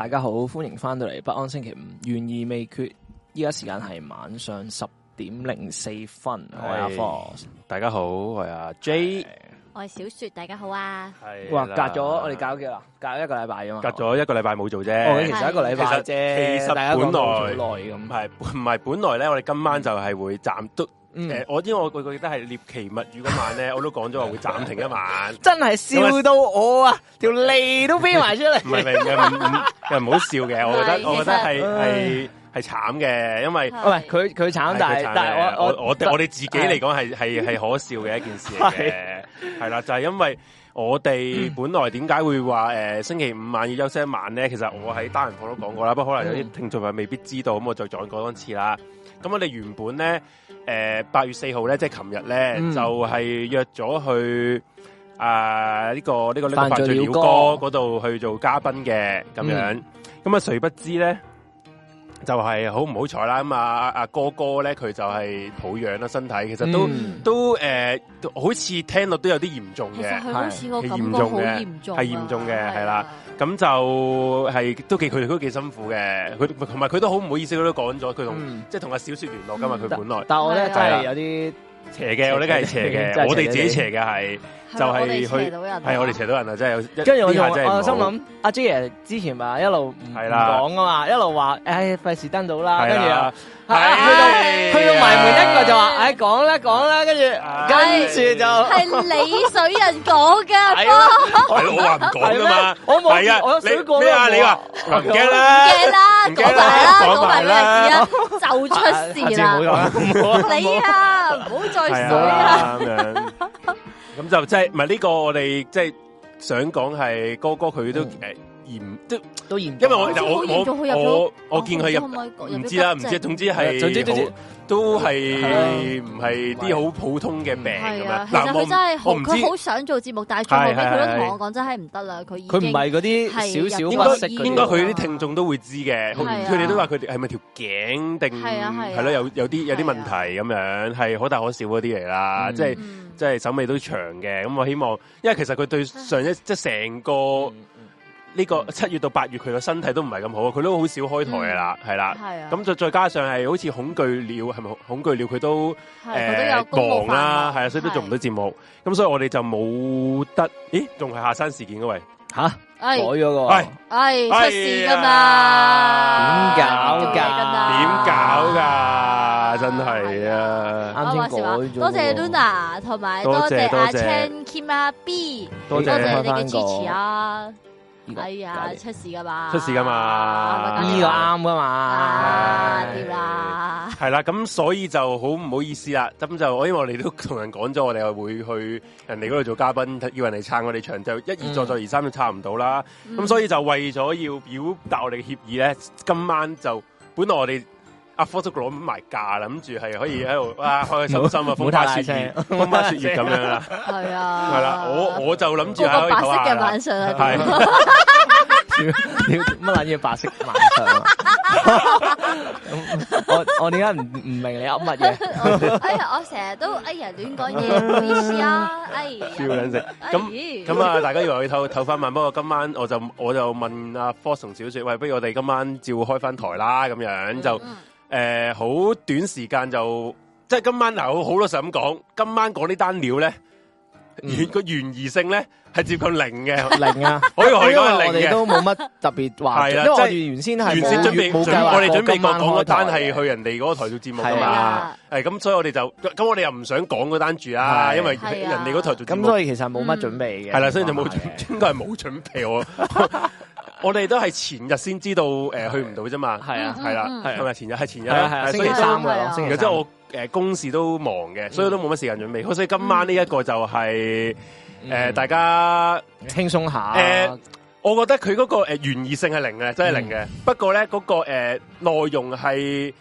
大家好，歡迎翻到嚟，不安星期五，懸疑未決。依家時間係晚上十點零四分。我係阿 f o 大家好，我係阿 Jay，我係小雪，大家好啊。係哇，隔咗我哋隔咗幾耐，隔咗一個禮拜啊嘛，隔咗一個禮拜冇做啫、哦，其實一個禮拜啫，其實本來咁係，唔係本來咧，我哋今晚就係會暫都。誒，我因為我我記得係獵奇物語嗰晚咧，我都講咗話會暫停一晚， 真係笑到我啊，條 脷，都飛埋出嚟。唔係唔係又唔，唔 好笑嘅， 我覺得我覺得係係係慘嘅，因為唔係佢佢慘，但係但係我我我我哋 自己嚟講係係係可笑嘅一件事嚟嘅。係啦，就係、是、因為我哋本來點解會話誒、呃、星期五晚要休息一晚咧？其實我喺單人房都講過啦，不過可能有啲聽眾係未必知道，咁我就再講多次啦。咁我哋原本咧誒八月四號咧，即係琴日咧，就係、是嗯就是、約咗去啊呢、呃這個呢、這個拎飯最鳥哥嗰度去做嘉賓嘅咁樣。咁啊誰不知咧？就係好唔好彩啦，咁啊哥哥呢，咧佢就係抱養啦身體其實都、嗯、都誒、呃、好似聽落都有啲嚴重嘅，嚴重嘅係嚴重嘅係啦，咁就係都幾佢都幾辛苦嘅，佢同埋佢都好唔好意思，佢都講咗佢同即係同阿小雪聯絡今日佢本來但，但係我咧真係有啲邪嘅，我呢梗係邪嘅，我哋自己邪嘅係。是是就係去係我哋斜到人啊，真係有。跟住我我心諗阿 j 爺之前嘛一路係啦講啊嘛，一路話誒費事登到啦。跟住啊係去到去到埋門一個就話誒講啦講啦、哎、啦，啦啦跟住跟住就係你水人講噶。我話唔講噶嘛，我冇啊。你咩啊，你話唔驚啦唔驚啦，講埋啦講埋嗰事啊，就，就出事啦。 你啊唔好再水、啊、啦。 咁就即係，唔係呢個我哋即係想講係哥哥佢都誒。嗯都都因為我其實我我我見佢入，唔、哦、知啦，唔、就是、知，總之係總之總之都係唔係啲好普通嘅病、啊。嗱、啊，我真係我好想做節目，嗯、但係佢都同我講，真係唔得啦，佢唔係嗰啲少少，應該佢啲聽眾都會知嘅，佢哋、啊、都話佢係咪條頸定係啦，有有啲有啲問題咁樣，係可、啊啊啊啊啊啊啊、大可小嗰啲嚟啦，即係、嗯、即係手尾都長嘅，咁我希望，因為其實佢對上一即係成個。嗯呢、這個七月到八月，佢個身體都唔係咁好，佢都好少開台噶啦，係啦。係啊。咁就再加上係好似恐懼鳥，係咪恐懼鳥？佢都誒忙啦，係啊、呃，所以都做唔到節目。咁所以我哋就冇得。咦？仲係下山事件嗰位嚇？改咗、那個？係、啊，係、哎、出事㗎嘛？點搞㗎？點搞㗎、啊？真係啊！啱先改咗。多謝 Luna 同埋多謝阿青 Kimmy B，多謝你嘅支持啊！哎呀，出事噶嘛？出事噶嘛？呢個啱噶嘛？啱、啊、啦，係、啊、啦，咁、啊啊啊啊啊、所以就好唔好意思啦。咁就我因為我哋都同人講咗，我哋會去人哋嗰度做嘉賓，要人嚟撐我哋場，就一而再，再而三都撐唔到啦。咁、嗯、所以就為咗要表達我哋嘅協議咧，今晚就本來我哋。阿 Force 攞埋架，諗住係可以喺度啊開開心啊，風花雪月，風花雪月咁樣啦。係 啊，係啦，我我就諗住喺白色嘅晚上啊，做乜捻嘢白色晚上、啊、 我我點解唔唔明你噏乜嘢？哎呀，我成日都哎呀亂講嘢，唔好意思啊！哎，笑捻咁咁啊，大家以為佢透透翻晚，不過今晚我就我就問阿 Force 小雪，喂，不如我哋今晚照開翻台啦，咁樣就。誒，好短時間就，即係今晚嗱，我好多時咁講，今晚講呢單料咧，個懸疑性咧係接近零嘅，零啊，可以可以零嘅，我哋都冇乜特別話，因為我哋原先係原先準備，我哋準備講講嗰單係去人哋嗰台做節目噶嘛，係咁，所以我哋就咁，我哋又唔想講嗰單住啦，因為人哋嗰台做，咁所以其實冇乜準備嘅，係啦，所以就冇，應該係冇準備喎。我哋都係前日先知道誒、呃，去唔到啫嘛。係啊，係啦，係係咪前日？係前日，係星期三嘅星期三即係我，我、呃、誒公事都忙嘅，所以都冇乜時間準備。所以今晚呢一個就係、是、誒、嗯呃，大家輕鬆下、呃。誒，我覺得佢嗰、那個誒，懸疑、呃、性係零嘅，真係零嘅。嗯、不過咧，嗰、那個誒內、呃、容係因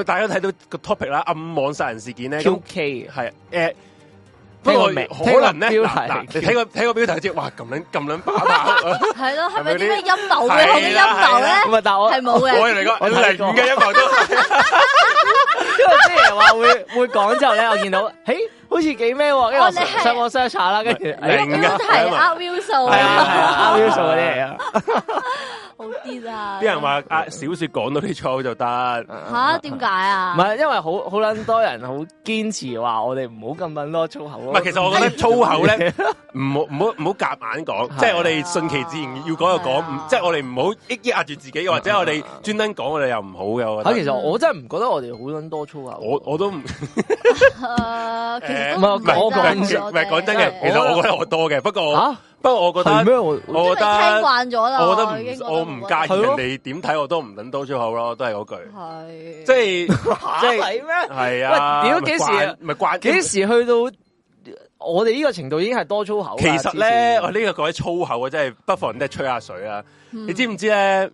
為大家睇到個 topic 啦，暗網殺人事件咧，Q K 係誒。個可能咧？你睇個睇個標題哇！撳撳撳撳，係咯，係咪啲咩陰謀嘅陰謀咧？咁啊，但係我係冇嘅。我嚟講我嚟過嘅陰謀都係 因為即前話會會講之後咧，我見到，嘿、hey?。好似幾咩，因為我我 search 下啦，跟住係 view 數啊，view 數啲嚟啊，好啲啊！啲人話啊小說講到啲粗口就得吓？點解啊？唔係因為好好捻多人好堅持話我哋唔好咁捻多粗口。唔係，其實我覺得粗口咧，唔好唔好唔好夾硬講，即係、啊就是、我哋順其自然要講、啊、就講，即係我哋唔好抑抑壓住自己，或者我哋專登講我哋又唔好嘅。其實我真係唔覺得我哋好捻多粗口。我我都唔。唔係，唔係，講真嘅，其實我覺得我多嘅，啊，不過，不過我覺得，我我得，聽慣咗啦，我覺得我唔介意人哋點睇，我都唔等多粗口咯，都係嗰句，係，即係， 即係咩？係啊，屌，幾時咪關？幾時去到我哋呢個程度，已經係多粗口。其實咧，我呢個講粗口，啊，真係不妨都係吹下水啊，嗯。你知唔知咧？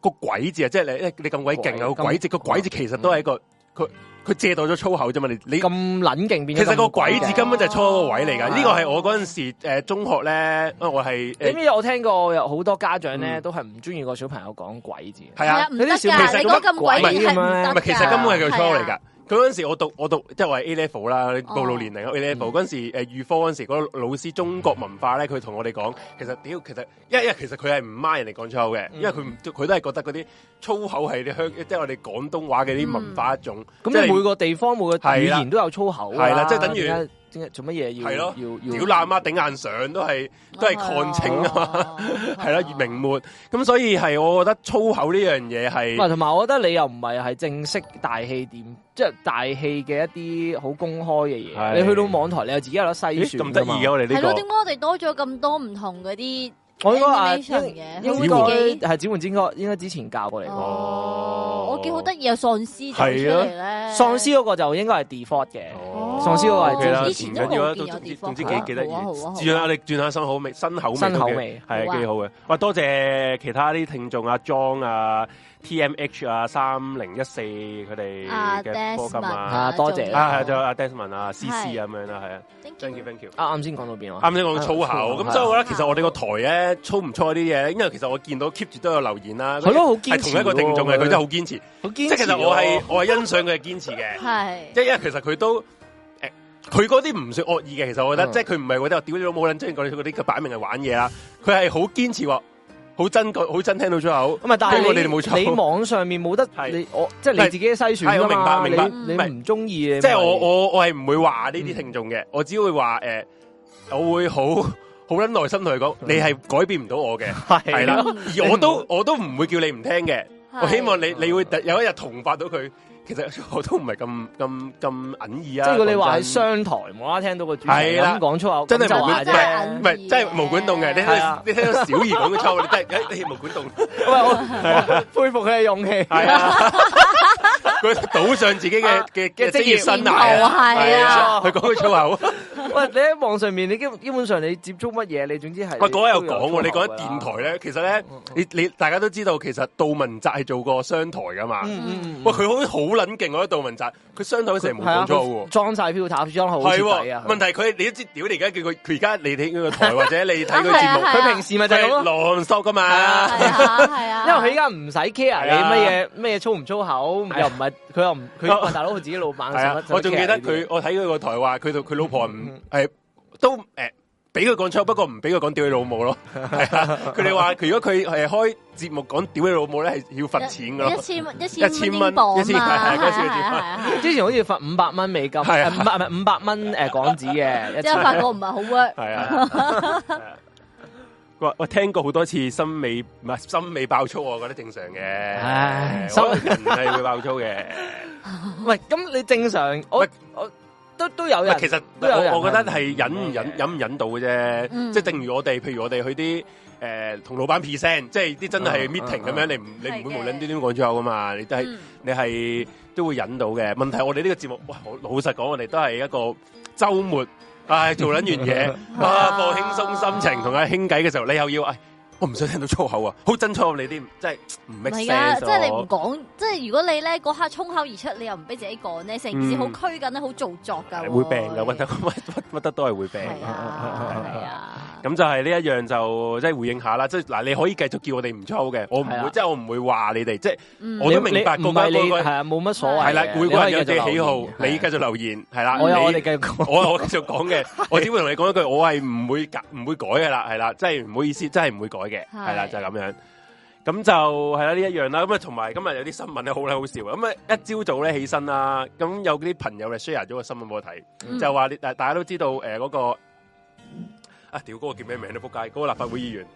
個鬼字啊，即係你，你咁鬼勁啊，個鬼字，個鬼字其實都係一個佢。嗯佢借到咗粗口啫嘛，你你咁撚勁邊？其實個鬼字根本就係錯個位嚟㗎。呢個係我嗰陣時中學咧，我係點知我聽過有好多家長咧都係唔中意個小朋友講鬼字。係啊，你啲小其實如果咁鬼，唔唔係，其實根本係叫錯嚟㗎。佢嗰陣時我，我讀我讀即係我係 A level 啦，暴露年齡、哦、A level 嗰陣時誒預科嗰陣時，嗰、呃嗰個老師中國文化呢，佢同我哋講，其實屌其實，因為其實佢係唔罵人哋講粗口嘅，嗯、因為佢佢都係覺得嗰啲粗口係啲香，即係我哋廣東話嘅啲文化一種。咁、嗯、即你每個地方、就是、每個語言都有粗口、啊，係啦，即、就、係、是、等於。做乜嘢要？係咯，要屌爛啊！頂硬上都係、啊、都係抗清啊嘛，係啦， 明末。咁所以係，我覺得粗口呢樣嘢係。唔同埋，我覺得你又唔係係正式大戲店，即係大戲嘅一啲好公開嘅嘢。你去到網台，你又自己有得篩，咁得意嘅我哋呢個？係咯，點解我哋多咗咁多唔同嗰啲？我應該啊，應該係轉換，應該應該之前教過嚟、哦哦。我見好得意啊，喪屍走出嚟咧。喪屍嗰個就應該係 default 嘅。喪屍我係之前都有有 default。係下、啊啊啊啊、你轉下新口味，新口味係幾好嘅、啊。喂，多謝其他啲聽眾啊，莊啊。T M H 啊，三零一四佢哋嘅波金啊，啊啊多謝啊，仲有阿戴斯文啊，C C 咁樣啦，係啊，thank you thank you。啊啱先講到邊啊？啱先講粗口，咁所，所，所以我咧其實我哋個台咧粗唔粗啲嘢咧，因為其實我見到 keep 住都有留言啦，佢都好係同一個聽眾嘅，佢都好堅持，好堅。即、係、其實我係我係欣賞佢嘅堅持嘅，即 因為其實佢都佢嗰啲唔算惡意嘅，其實我覺得，即係佢唔係覺得屌你老母，即係嗰啲嗰啲嘅擺明係玩嘢啦，佢係好堅持喎。好真覺，好真聽到出口。咁啊，但係你你網上面冇得，你我即係你自己嘅篩選噶嘛。明白，明白。你唔中意嘅，即係我我我係唔會話呢啲聽眾嘅，我只會話誒，我會好好捻耐心同佢講，你係改變唔到我嘅，係啦。而我都我都唔會叫你唔聽嘅，我希望你你會有一日同化到佢。其實我都唔係咁咁咁容易啊！即係你話係商台，冇啱聽到個主持人啊，講粗口,粗口真係毛管動，係真係毛管動嘅。你聽你聽到小儀講嘅粗口， 你真係一啲毛管動。喂，我佩服佢嘅勇氣，係啊，佢 賭上自己嘅嘅嘅職業生涯啊，係啊。佢講句粗口。喂， 你喺網上面，你基基本上你接觸乜嘢？你總之係喂講又講。你講電台咧，其實咧， 你你大家都知道，其實杜汶澤係做過商台㗎嘛、嗯嗯。喂，佢好似好。卵勁我阿杜汶澤，佢相當成滿裝噶喎，裝晒飄塔，裝好係啊，啊。問題佢你都知屌你而家叫佢，佢而家你睇佢個台 或者你睇佢節目，佢、啊啊啊、平時咪就係咁囉嗦噶嘛。係啊，啊，啊 因為佢而家唔使 care 你乜嘢咩粗唔粗口，啊、又唔係佢又唔佢大佬自己老闆、啊。我仲記得佢，我睇佢個台話佢佢老婆唔、嗯嗯哎、都誒。哎俾佢講粗，不過唔俾佢講屌你老母咯。係啊，佢哋話佢如果佢係開節目講屌你老母咧，係要罰錢噶咯，一千一千蚊，一千蚊，一千蚊。之前好似罰五百蚊美金，係五百五百蚊誒港紙嘅。之後發覺唔係好 work。係啊。我我聽過好多次心美唔係心理爆粗，我覺得正常嘅。心係會爆粗嘅。喂，咁你正常我我。都都有嘅，其實我我覺得係忍忍忍唔忍到嘅啫，即係正如我哋，譬如我哋去啲誒同老闆 present，即係啲真係 meeting 咁樣，你唔你唔會無端端講出口㗎嘛，你都係你係都會忍到嘅。問題我哋呢個節目，哇！老實講，我哋都係一個週末，唉，做撚完嘢，一個輕鬆心情同佢傾偈嘅時候，你又要。我唔想聽到粗口啊！好真粗你啲，即係唔明 a k 唔係啊，即係你唔講，即係如果你咧嗰刻衝口而出，你又唔俾自己講咧，成件事好拘緊呢，好、嗯、做作㗎。會病㗎，屈得屈得都係會病。係啊，咁、啊啊、就係呢一樣就即、是、係回應下啦。即係嗱，你可以繼續叫我哋唔粗嘅，我唔會即係、啊、我唔會話、就是、你哋。即、就、係、是嗯、我都明白你你你、嗰個個嗰個冇乜、啊、所謂。係啦、啊，每個人嘅喜好，你繼續留言係啦、啊。我哋繼續講， 我我繼續講嘅、 啊，我只會同你講一句，我係唔會，會改，唔、啊、會改㗎啦。係啦，即係唔好意思，真係唔會改。嘅係啦，就係、是、咁樣，咁就係啦呢一樣啦。咁啊，同埋今日有啲新聞咧，好好笑。咁啊，一朝早咧起身啦，咁有啲朋友咧 share 咗個新聞俾我睇，嗯、就話大家都知道誒、那個，嗰個啊、屌、那、嗰個叫咩名都仆街，嗰、那個立法會議員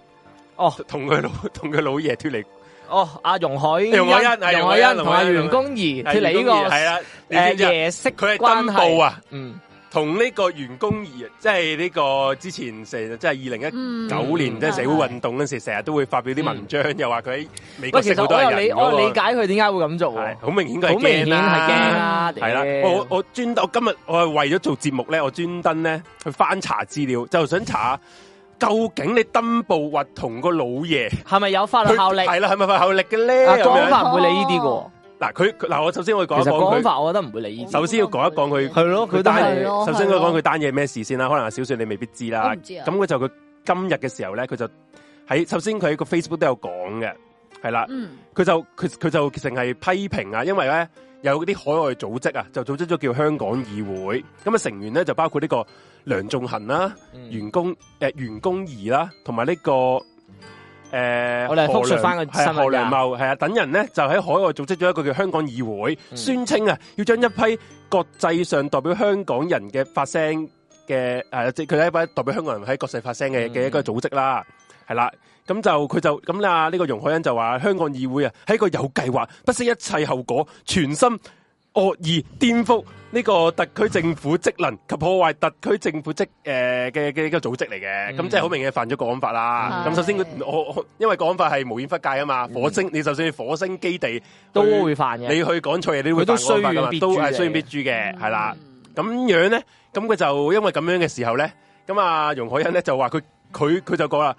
哦，同佢老同佢老爺脫離哦，啊容容啊容啊、容容阿容海容海一，係容海一，同阿袁公儀脫離呢個係啦，誒夜色佢係登報啊，嗯。同呢個員工而，即係呢個之前成日即係二零一九年即係、嗯即係、社會運動嗰時候，成、嗯、日都會發表啲文章，嗯、又話佢喺美國好多人其實我，理、啊、我理解佢點解會咁做，好明顯係驚啦。係啦，我我，我專登，我今日我係為咗做節目咧，我專登咧去翻查資料，就想查下究竟你登報或同個老爺係咪有法律效力？係啦，係咪法律效力嘅咧？咁、啊、樣會唔會理呢啲喎。啊嗱，佢嗱我首先要講一講法，我講講佢，首先要講一講佢係咯，佢單，首先我講佢單嘢咩事先啦，可能阿小雪你未必知啦。咁佢、啊、就佢今日嘅時候咧，佢就喺首先佢喺個 Facebook 都有講嘅，係啦，佢、嗯、就佢佢就成日批評啊，因為咧有啲海外組織啊，就組織咗叫香港議會，咁啊成員咧就包括呢個梁仲恒啦、袁弓誒袁弓夷啦，同埋呢個。呃、我哋覆述誒何良、何良茂係啊，等人咧就喺海外組織咗一個叫香港議會，嗯、宣稱啊，要將一批國際上代表香港人嘅發聲嘅誒，即佢係一批代表香港人喺國際發聲嘅嘅一個組織啦，係、嗯、啦，咁就佢就咁啊，呢個容海恩就話香港議會啊，係一個有計劃、不惜一切後果、全心惡意顛覆，呢、這個特區政府職能及破壞特區政府職誒嘅嘅一個組織嚟嘅，咁、嗯、即係好明顯犯咗國安法啦。咁、嗯、首先我因為國安法係無遠弗屆啊嘛，嗯、火星你就算火星基地都會犯嘅，你去講錯嘢，你都會犯的都係需要必注嘅，係啦。咁樣咧，咁佢就因為咁樣嘅時候咧，咁啊容海恩咧就話佢佢佢就講啦，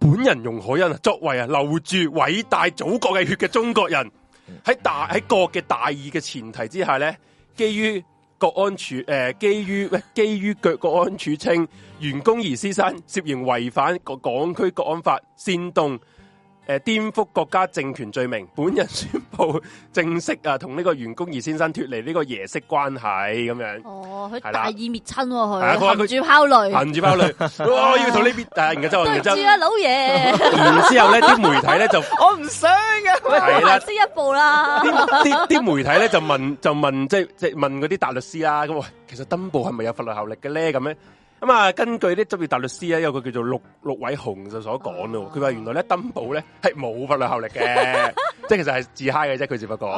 本人容海恩作為啊流住偉大祖國嘅血嘅中國人，喺大喺國嘅大義嘅前提之下咧。基於國安處，呃，基於基於國國安處稱員工余先生涉嫌違反個港區國安法，煽動。誒，顛覆國家政權罪名，本人宣布正式啊，同呢個袁弓夷先生脫離呢個爺式關係咁樣。哦，佢大義滅親，佢係啊，掛住炮雷，行住炮雷。我要同呢邊，但係而家周文杰周啊老爺。然之後咧，啲媒體咧就，我唔想嘅，係啦，先一步啦。啲啲媒體咧就問，就問即係即係問嗰啲大律師啦。咁喂，其實登報係咪有法律效力嘅咧？咁樣？咁啊，根據啲執業大律師咧，有個叫做陸陸偉雄就所講咯，佢、啊、話原來咧登報咧係冇法律效力嘅， 即係其實係自嗨嘅啫，佢只不過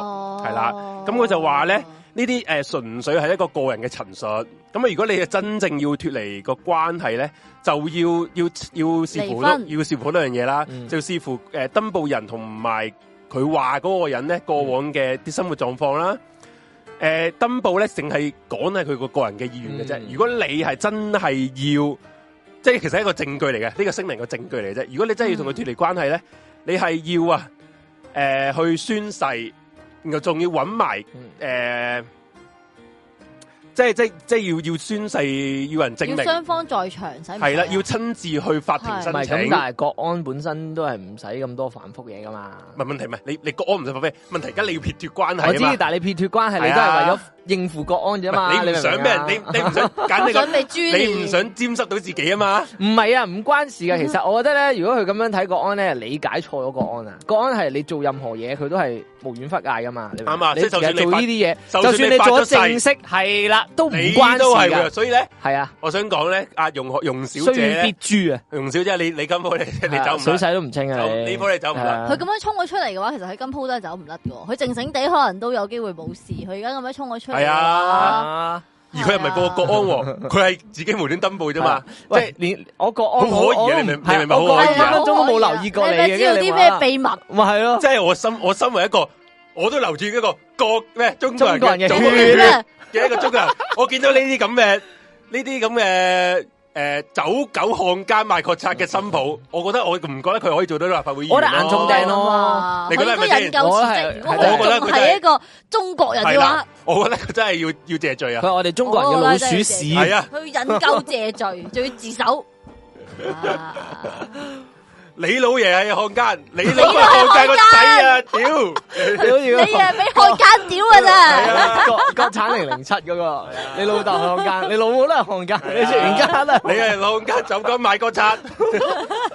係啦。咁、啊、佢就話咧，呢啲、呃、純粹係一個個人嘅陳述。咁啊，如果你係真正要脫離個關係咧，就要要要，要視乎要視乎好多樣嘢啦，嗯、就要視乎、呃、登報人同埋佢話嗰個人咧過往嘅啲生活狀況啦。誒、呃、登報咧，淨係講係佢個個人嘅意願嘅啫。嗯、如果你係真係要，即係其實係一個證據嚟嘅，呢個聲明個證據嚟嘅啫。如果你真係要同佢脱離關係咧，你係要啊誒、呃、去宣誓，然後仲要揾埋誒。呃即係即係即係要要宣誓，要人證明。雙方在場使係啦，要親自去法庭申請。但係國安本身都係唔使咁多繁複嘢噶嘛。唔係問題，唔係你你國安唔使發揮？問題而家你要撇脱關係。我知，但係你撇脱關係，你都係為咗。應付國安啫嘛，你唔想咩人？你 你唔想揀呢個，你唔想沾濕到自己啊嘛？唔係啊，唔關事噶。其實我覺得咧，如果佢咁樣睇國安咧，理解錯咗國安啊。國安係你做任何嘢，佢都係無遠弗屆噶嘛。啱啊，你就算你做呢啲嘢，就算你做正式係啦，都唔關事。所以咧，係啊，我想講咧，阿、啊、容容小姐咧，需要必豬啊。容小姐，你你今鋪你，、啊、你走唔？水洗都唔清啊，你你鋪你走唔甩。佢咁、啊、樣衝咗出嚟嘅話，其實佢今鋪都係走唔甩噶。佢靜靜哋可能都有機會冇事。佢而家咁樣衝咗出。係啊，啊，而佢又唔係個國安王，佢係、啊、自己無端登報啫嘛，即、啊就是、連我國安好可疑啊！你明你明白？好可疑我啊！五分鐘都冇留意過你嘅，你知啲咩秘密？咪係咯，即、就、係、是、我身我身為一個，我都留住一個國咩中國人嘅血嘅一個中國人，我見到呢啲咁嘅呢啲咁嘅。 這誒、呃，走狗漢奸賣國賊嘅新抱，我覺得我唔覺得佢可以做到立法會議員。我哋眼中釘咯，應該引咎辭職。我仲係一個中國人嘅話，我覺得佢真係要要謝罪啊！佢話我哋中國人嘅老鼠屎，係啊，佢引咎謝罪，仲要自首。 啊你老爺係漢奸，你老爺漢奸，漢奸個仔啊，屌！ 你漢 啊，俾漢奸屌啊！真係國國產零零七嗰個、 啊，你老豆漢奸， 你老母都係漢奸， 你全家都係，你係漢奸走狗賣國賊，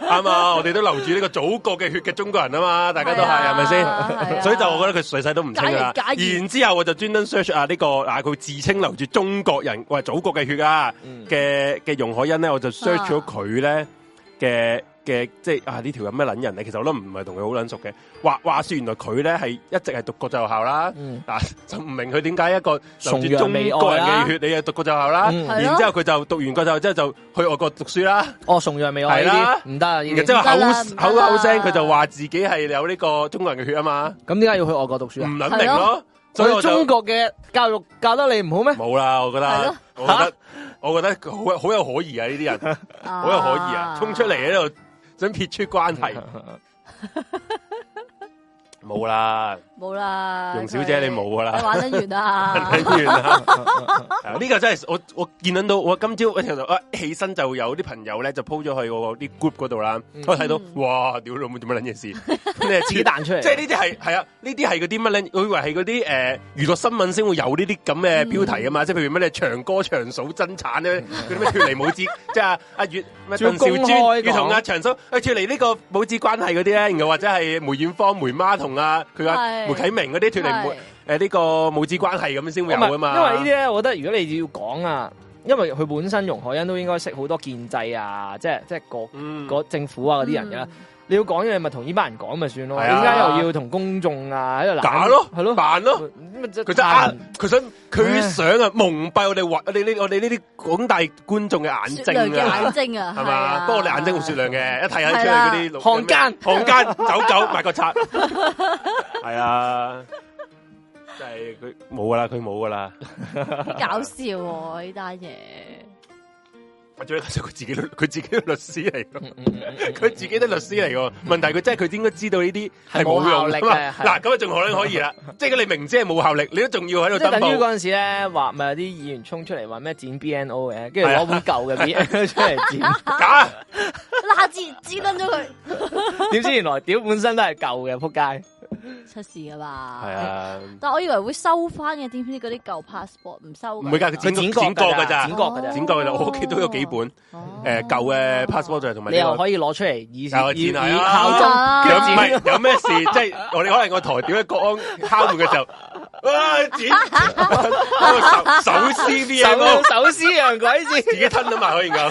啱嘛？我哋都留住呢個祖國嘅血嘅中國人啊嘛，大家都係係咪先？所以就我覺得佢水洗都唔清啦。然之後我就專登 search 啊呢個，嗱佢自稱留住中國人喂祖國嘅血啊嘅嘅，嗯、容海恩咧，我就 search 咗佢咧嘅。啊嘅即係啊條呢條有咩捻人咧，其實我都唔係同佢好捻熟嘅。話話說，原來佢咧係一直係讀國際學校啦，嗱、嗯、就唔明佢點解一個國崇洋媚外人嘅血你又讀國際學校啦，然之後佢就讀完就國際、嗯、之後就去外國讀書啦。哦，崇洋媚外係啦，唔得、啊，即係口、啊啊、口口聲佢就話自己係有呢個中國人嘅血啊嘛，咁點解要去外國讀書唔、啊、捻明咯、啊，所以中國嘅教育教得你唔好咩？冇啦，我覺得，我覺得，我覺得好好有可疑啊！呢啲人好有可疑啊，衝出嚟喺度。想撇出關係。冇啦，冇啦，容小姐你冇噶啦，你玩得完啦，玩得完啦。呢個真係我我見到，我今朝一起身就有啲朋友咧就鋪咗去我啲 group 嗰度啦。我睇到、嗯，哇，屌老母做乜捻嘢事？ 你子彈出嚟？即係呢啲係係啊，呢啲係嗰啲乜咧？我以為係嗰啲誒娛樂新聞先會有呢啲咁嘅標題啊嘛。嗯、即係譬如咩嘢長哥長嫂爭產咧，嗰啲咩脱離母子，即係阿阿月咩鄧兆尊，同阿長嫂去脱離呢個母子關係嗰啲咧，又或者係梅艷芳梅媽同。啊！佢話梅啟明嗰啲脫離誒呢個母子關係咁先會有啊嘛，因為呢啲咧，我覺得如果你要講啊，因為佢本身容海恩都應該識好多建制啊，即係即係個個政府啊嗰啲人嘅、啊嗯。你要講嘢咪同呢班人講咪算咯，點解、啊、又要同公眾啊喺度鬧？假咯，係咯，扮咯，佢佢想佢想啊蒙蔽我哋我你我哋呢啲廣大觀眾嘅眼睛嘅眼睛啊， 係嘛？不過你眼睛好雪亮嘅，一睇眼出嚟嗰啲漢奸，漢奸、啊、 走走賣國賊，係啊，即係佢冇噶啦，佢冇噶啦，搞笑喎呢單嘢。再加佢自己律，佢自己律師嚟噶，佢自己都律師嚟噶。問題佢真係佢應該知道呢啲係冇效力嗱，咁啊仲可能可以啦。 即係你明知係冇效力，你都仲要喺度。等於嗰陣時咧，話咪有啲議員衝出嚟話咩剪 B N O 嘅，跟住攞本舊嘅 B N O 出嚟剪，啊 剪假，假拉住剪斷咗佢。點知原來屌本身都係舊嘅，撲街！出事噶嘛？係啊，但我以為會收翻嘅，點知嗰啲舊 passport 唔收？唔會噶，佢剪剪角噶咋？剪角噶咋？剪角啦，啊啊啊、我屋企都有幾本誒舊嘅 passport，同埋你又可以攞出嚟以、啊、以以考證。唔、啊、係、啊、有咩事？即係我哋可能個台點解國安敲門嘅時候，哇、 啊！剪、啊、手撕 B M，手撕、啊啊、人鬼事，自己吞咗埋可以咁。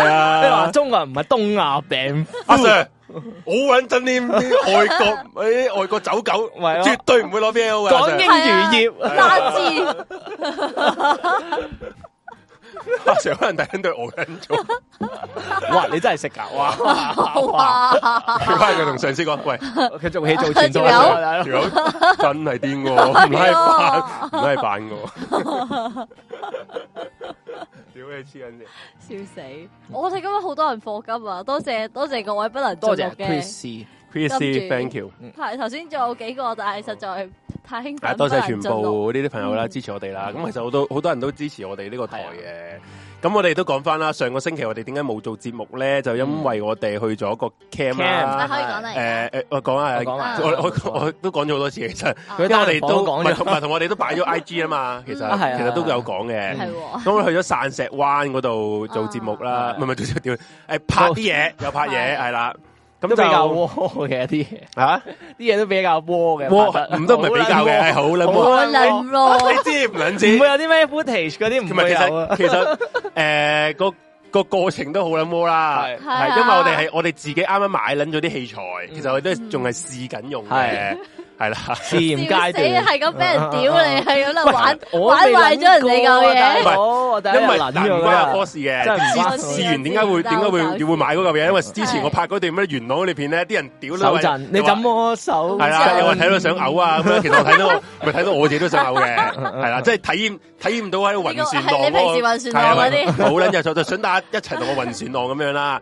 啊、你話中國人唔係東亞病？阿 Sir。 好穩真啲外國，誒外國走狗，絕對唔會攞 B L 嘅。港、 啊、英餘孽、啊，渣子。成、啊、班人睇緊對我人做，哇！你真係食噶，哇哇！佢係佢同上司講，喂，佢、啊、做戲做全套，真係癲個，唔係扮，唔係扮個，屌你黐緊線，啊啊啊，、 笑死！我睇今日好多人課金啊，多謝多謝各位不能多謝，謝。P.S. Thank you。係，頭先仲有幾個，嗯、但係實在太興奮。多謝全部呢啲朋友啦，嗯、支持我哋啦。咁、嗯、其實好多好多人都支持我哋呢個台嘅。咁、啊、我哋都講返啦。上個星期我哋點解冇做節目咧？就因為我哋去咗個 camp 啦、嗯啊。可以講誒、欸、我講下，講下、啊、我，我，我，我都講咗好多次。其實佢、啊、我哋都唔係同我哋都擺咗 I G 啊嘛。其實、啊啊、其實都有講嘅。係、啊。咁、嗯嗯、去咗散石灣嗰度做節目啦。唔係唔係，誒、啊， 拍啲嘢，有拍嘢，係 啦。是啊咁都比較窩嘅啲嘢，啲嘢都比較窩嘅，窩唔都唔係比較嘅，係好撚窩，好撚窩， 你知唔撚知？唔會有啲咩 footage 嗰啲唔係，其實其實誒個個過程都好撚窩啦，因為我哋係我哋自己啱啱買撚咗啲器材、嗯，其實我哋都仲係試緊用嘅。係啦，試驗階段，係咁俾人屌你，係咁嚟玩，玩壞咗人哋嚿嘢。因為人哋都有 c 嘅。試完點解會點解會會買嗰嚿嘢？因為之前我拍嗰段咩元朗里片呢，啲人屌啦手震，你怎麼手？係啦，有人睇到想嘔啊！咁 其實睇 到睇到我自己都想嘔嘅。係啦，即係體驗體驗唔到喺度暈船浪，平時暈船浪嗰啲好撚弱就想大家一齊同我暈船浪咁樣啦。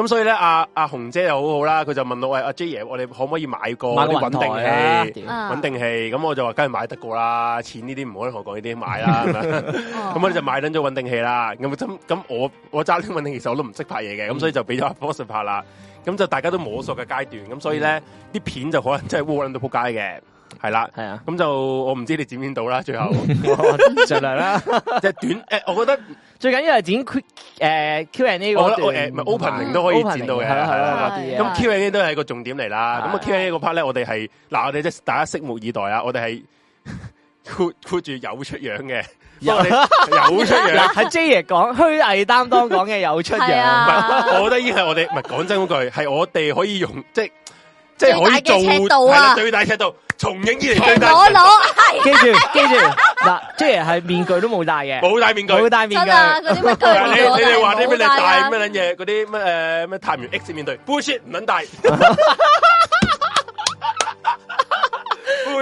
咁所以咧，阿阿紅姐又好好啦，佢就問我：喂、啊，阿 J 爺，我哋可唔可以買個穩定器？啊、穩定器咁、啊、我就話：梗係買得過啦，錢呢啲唔可以同我講呢啲買啦。咁 我哋就買緊咗穩定器啦。咁咁我我揸呢穩穩定器，其實我都唔識拍嘢嘅，咁、嗯、所以就俾咗阿波士拍啦。咁就大家都摸索嘅階段，咁所以咧啲、嗯、片就可能真係烏倫都撲街嘅。係啦，係啊，咁、嗯、就我唔知你剪邊到啦，最後盡 量啦呢，即 係短誒、呃，我覺得最緊要係剪誒、呃、Q&A，我覺得唔係、呃、opening 都可以剪到嘅，係啦、啊，咁 Q&A 都係一個重點嚟啦。咁 Q&A 個 part 咧，我哋係嗱我哋即係大家拭目以待啊，我哋係括住有出樣嘅， 有，出樣 有出樣，喺 J 爺講虛偽擔當講嘅有出樣，我覺得已經係我哋唔係講真嗰句，係我哋可以用即係。即係可以做係啦，最大尺度，重影以嚟最大。攞攞，記住記住嗱，即係係面具都冇戴嘅，冇戴面具，冇戴面具。嗰啲乜鬼嘢？你你哋話啲咩？你戴咩撚嘢？嗰啲乜誒乜探員 X 面具？bullshit 唔捻戴。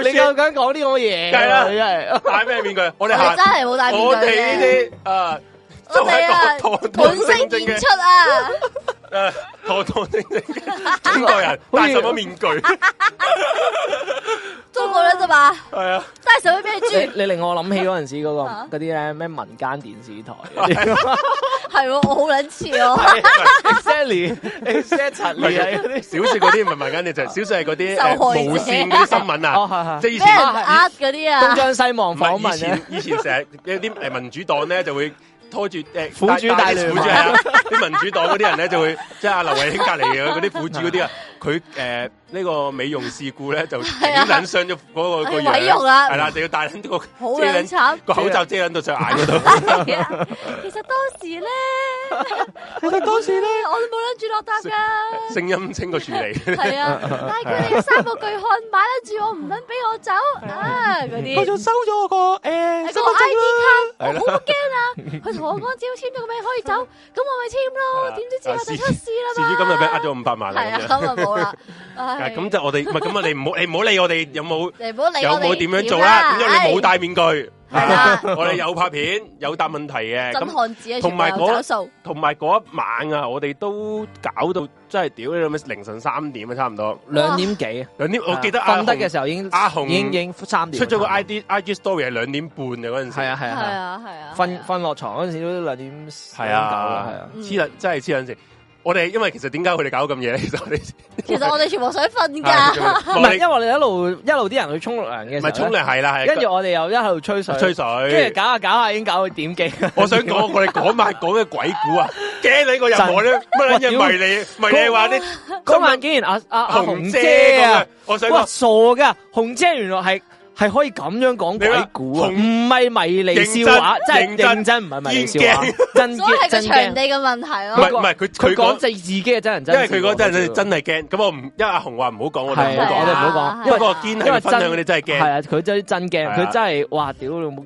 你又咁講呢個嘢？係啦，你真係戴咩面具？我哋係真係冇戴面具。我哋呢啲誒，我哋啊，本色演出啊。誒、呃，堂堂正正中國人戴什麼面具 ？中國人是嘛？係啊，戴什麼面具？你令我諗起嗰陣時嗰個啲咧咩民間電視台，係 我好卵似哦。excellion e x 嗰啲小說嗰啲民間嘅就小說係嗰啲無綫嗰啲新聞啊，即係以前壓啲啊東張西望訪問。以前成日啲誒民主黨咧就會。拖住誒，苦主帶路係啊！啲民主黨嗰啲人咧就會，即係阿劉慧卿隔籬嘅嗰啲苦主嗰啲啊，佢誒。呢、這個美容事故咧、啊啊啊，就要忍傷咗嗰個，係美容啦，係啦，就要戴緊呢個，好慘個口罩遮緊到隻眼嗰度、啊 其實當時咧， 我哋當時咧，我都冇諗住落搭噶，聲音清個處理係 啊，但係佢哋三個巨漢買得住我，唔肯俾我走啊啲，佢仲收咗我個誒身份證我好驚啊，佢同我講，照簽咗個名可以走，咁我咪簽咯，點、啊、知簽下就出事啦至於今日俾呃咗五百萬啦，係 啊，咁啊冇啦。 咁就我哋唔係咁啊！你唔好你唔好理我哋有冇有冇點樣做啦，因為你冇戴面具。我哋有拍片，有答問題嘅。真漢子啊！同埋嗰同埋嗰一晚啊，我哋都搞到真係屌咁樣，凌晨三點啊，差唔多兩點幾。兩點我記得瞓得嘅時候已經阿紅已經已經三點，出咗個 I D I G story 係兩點半嘅嗰陣時。係啊係啊係啊係啊，瞓瞓落床嗰陣時都兩點係啊係啊，黐捻真係黐捻線。我哋因為其實點解佢哋搞咁嘢咧？其實我哋其實我哋全部想瞓噶，唔係因為我哋一路一路啲人去沖涼嘅，唔係沖涼係啦，跟住我哋又一喺度吹水吹水，跟住搞下搞下已經搞到點勁。我想講我哋講埋講嘅鬼故啊，驚你個入我咧乜嘢？唔係你，唔係你話咧，嗰晚竟然阿阿紅姐啊，我想話傻噶，紅姐原來係。係可以咁樣講鬼故啊，唔係迷你笑，真真迷你笑話，真係認真唔係迷你笑話，真真係個場地嘅問題咯、啊。唔係唔係，佢佢講正自己嘅真人真事。因為佢嗰陣真係驚，咁我唔，因為阿雄話唔好講，我哋唔好講，唔好講，因為堅係、啊啊、分享真係驚。係啊，佢真真驚，佢、啊、真係，哇，屌你冇！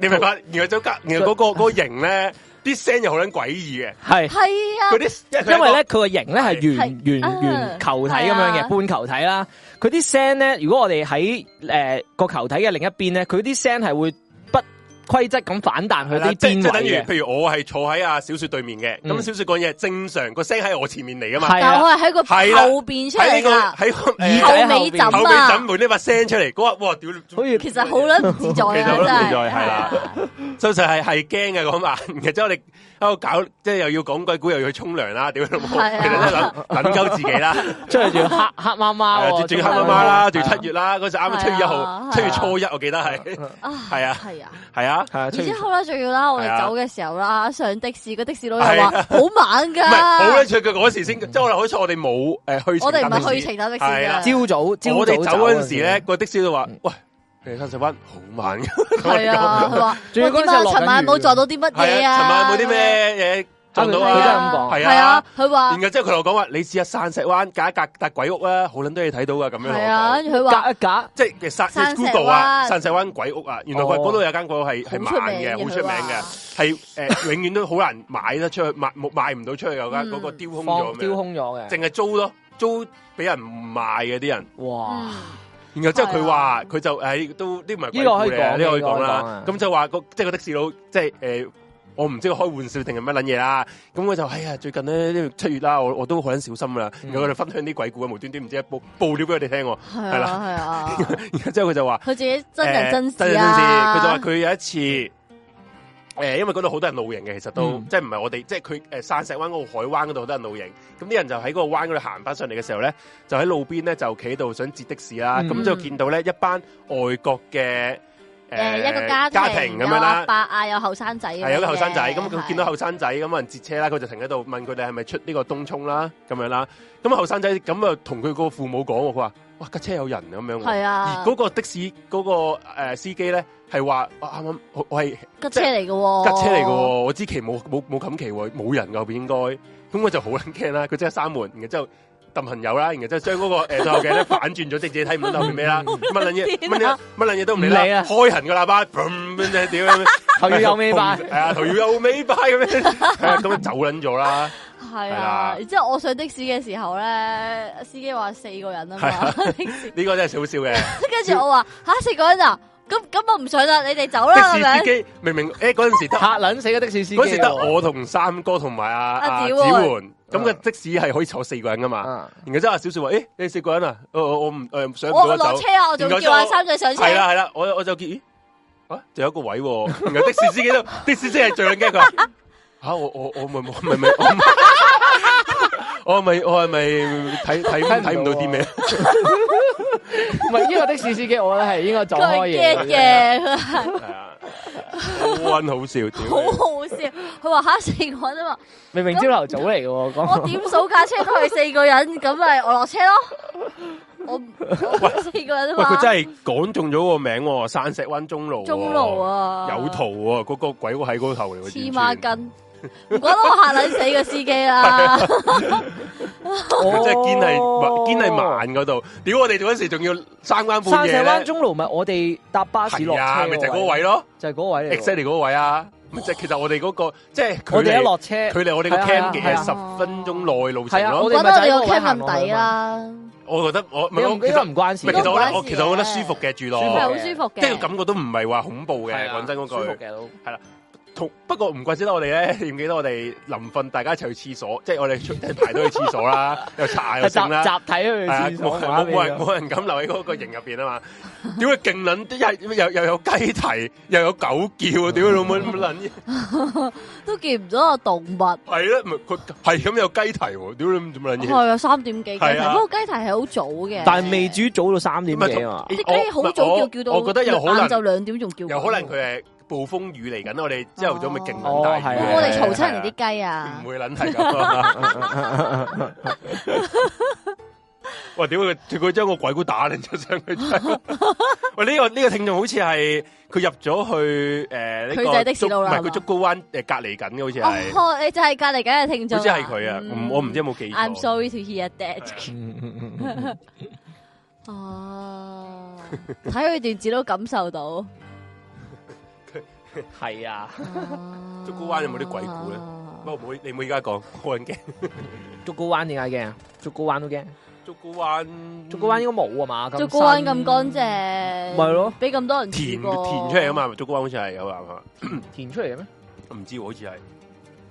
你明白？原來就加，原後嗰個嗰、嗰個形咧，啲 聲又好撚詭異嘅，係 係啊。啲因為咧，佢個形咧係圓圓圓球體咁樣嘅，半、啊、球體啦。佢啲聲咧，如果我哋喺誒個球體嘅另一邊咧，佢啲聲係會不規則咁反彈去啲邊，即等於，譬如我係坐喺阿小雪對面嘅，咁、嗯、小雪講嘢正常、嗰個聲喺我前面嚟噶嘛。啊、但係我係喺個後邊出嚟啦。喺呢個喺、啊啊、後尾枕、啊、後尾枕門呢把聲出嚟嗰個，哇！屌，其實好卵唔自在啊，真係。其實係係驚嘅咁啊，其實我哋。搞，即係又要講鬼古，又要去沖涼啦，點樣？其實即係諗，諗鳩自己啦。出嚟仲要吓吓媽媽、啊，仲、啊啊、要嚇媽媽啦，仲七月啦，嗰、啊、時啱啱七月一號，啊、七月初一，我記得係。係啊，係啊，係啊。之後啦，仲要啦，我哋走嘅時候啦，啊、上的士個的士佬又話好晚噶，好啱出腳嗰時先，即係可能好彩我哋冇誒去。我哋唔係去情感的士，係啦，朝早。我哋走嗰陣時咧，個的士都話喂。誒，山石灣好猛嘅，係啊，佢話，我點解尋晚冇撞到啲乜嘢啊，啊？尋晚冇啲咩嘢撞到，呀？係咁講，係啊，佢話，然後即佢同我講話，你試下山石灣隔一隔搭鬼屋啊，好捻多嘢睇到噶，咁樣，係啊，佢話，隔一隔，即係山，Google 啊，山石灣鬼屋啊，原來佢嗰度有間鬼屋係係猛嘅，好出名，嘅，係誒，永遠都好難買得出去，賣賣唔到出去，有間嗰個丟空咗嘅，丟空咗嘅，淨係租咯，租俾人賣嘅啲人，哇！然後之後佢話佢就誒、哎、都啲唔係鬼故事嚟，呢、這個可以講啦。咁、這個這個、就話、啊、即係個的士佬，即係誒、呃，我唔知佢開玩笑定係乜捻嘢啦。咁我就哎呀，最近咧呢七月啦，我我都好捻小心噶啦。嗯、然後我哋分享啲鬼故事，無端端唔知報爆料俾我哋聽。係啊係啊，、嗯、啊，啊。然後之後佢就話佢自己真人真事啊真人真事。佢就話佢有一次。誒、呃，因為嗰度好多人露營嘅，其實都、嗯、即係唔係我哋，即係佢誒、呃、山石灣嗰個海灣嗰度好多人露營。咁啲人就喺嗰個灣嗰度行翻上嚟嘅時候咧，就喺路邊咧就企喺度想截的士啦。咁、嗯、就見到咧一班外國嘅誒、呃、一個家庭家庭咁樣啦，伯啊有，有後生仔，係有啲後生仔。咁佢見到後生仔咁可能截車啦，佢就停喺度問佢哋係咪出呢個東涌啦，咁樣啦。咁後生仔咁啊同佢個父母講，佢話。架車有人咁樣，啊、而嗰個的士嗰、嗰個誒、呃、司機咧係話，啱啱我係架車嚟嘅，架車嚟嘅，我知其冇冇冇冚其，冇人後邊應該，咁我就好撚驚啦，佢即刻閂門，然之後揼朋友啦，然之後將嗰個誒鏡嘅咧反轉咗，即 係自己睇唔到後面咩啦，乜撚嘢乜嘢乜撚嘢都唔理啦，理開行㗎喇叭，屌 東，頭搖尾擺，係啊，頭搖尾擺咁樣，咁走撚咗啦。係啊，然之後我上的士嘅時候咧，司機話四個人啊嘛，呢、啊啊、 個真係少少嘅。跟住我話吓四個人啊，咁咁我唔上啦，你哋走啦。的士司機明明誒嗰陣時吓撚 死嘅的，的士司機嗰陣時得我同三哥同埋阿阿子煥，咁、啊、個的士係可以坐四個人噶嘛、啊？然後真係少少話誒，你四個人啊？我唔誒上唔我落車，我我車我啊，啊！我仲叫阿三仔上車。係啦係啦，我我就見啊，就有一個位、啊， 的士司機都的士司機係最驚佢。 吓、哎、我我我咪咪咪我咪我係咪睇睇睇唔到啲咩？唔係呢個的士司機，我覺得係應該做開嘢嘅。佢、就是 對 嗯、 好溫好笑，好好笑。佢話吓四個人嘛，明明朝頭早嚟嘅。嗯那個、我點數架車都係四個人，咁 咪結巴根笑我落車咯。我，我四個人嘛。佢真係講中咗個名、哦，山石灣中路。中路啊，有圖啊，嗰、那個鬼屋喺嗰頭嚟。黐孖筋。唔覺得我嚇撚死個司機啦 是、啊！佢真係堅係慢，堅係慢嗰度。屌，我哋做嗰時仲要三更半夜沙石灣中路咪我哋搭巴士落，咪就係嗰位咯，就係、是、嗰位。exactly 嗰位啊！即、就、係、是 exactly 啊，哦、其實我哋嗰、那個即係我哋一落車，距離我哋個 camp 嘅，十分鐘內路程、啊啊、我覺得你個 camp 抵啦。我覺得我其實唔關事。其實，關事，其實我覺得舒服嘅住落，係好舒服嘅，即係感覺都唔係話恐怖嘅。講、啊、真嗰句，係啦。不過唔怪之得我哋咧，唔記得我哋臨瞓大家一齊去廁所，即係我哋出排隊去廁所啦， 又擦牙又剩啦，集體去廁所。冇、啊、人冇人敢留喺嗰個營入邊啊嘛？點解勁卵啲？又又有雞啼，又有狗叫，點老母咁卵都見唔到個動物。係咧，係佢係咁有雞啼，點老母咁卵嘢？係啊，三點幾雞啼，不過雞啼係好早嘅，但係未至於早到三點嘅嘛。啲雞好早叫叫到我我，我覺得有可能就兩點仲叫。有可能佢係。暴風雨嚟緊，我哋朝頭早咪勁大。我我哋嘈親啲雞啊！唔、啊啊、會諗係咁。哇！點解，佢將個鬼古打你上上去。喂，呢、 這個呢、這個聽眾好似係佢入咗去誒，佢、呃這個、就喺度啦。唔係佢捉高灣誒、呃，隔離緊好似係。Oh, oh, 你就係隔離緊嘅聽眾。即係佢啊，是他我唔知有冇記憶。I'm sorry to hear that、 啊。哦，睇佢段子都感受到。係 啊，竹篙灣有冇啲鬼故咧？唔、啊、好，你唔好而家講，好驚。竹篙灣點解驚？竹篙灣都驚。竹篙灣，竹篙灣應該冇啊嘛。竹篙灣咁乾淨，係咯，俾咁多人填填出嚟啊嘛。竹篙灣好似係有啊嘛，填出嚟嘅咩？唔知，好似係。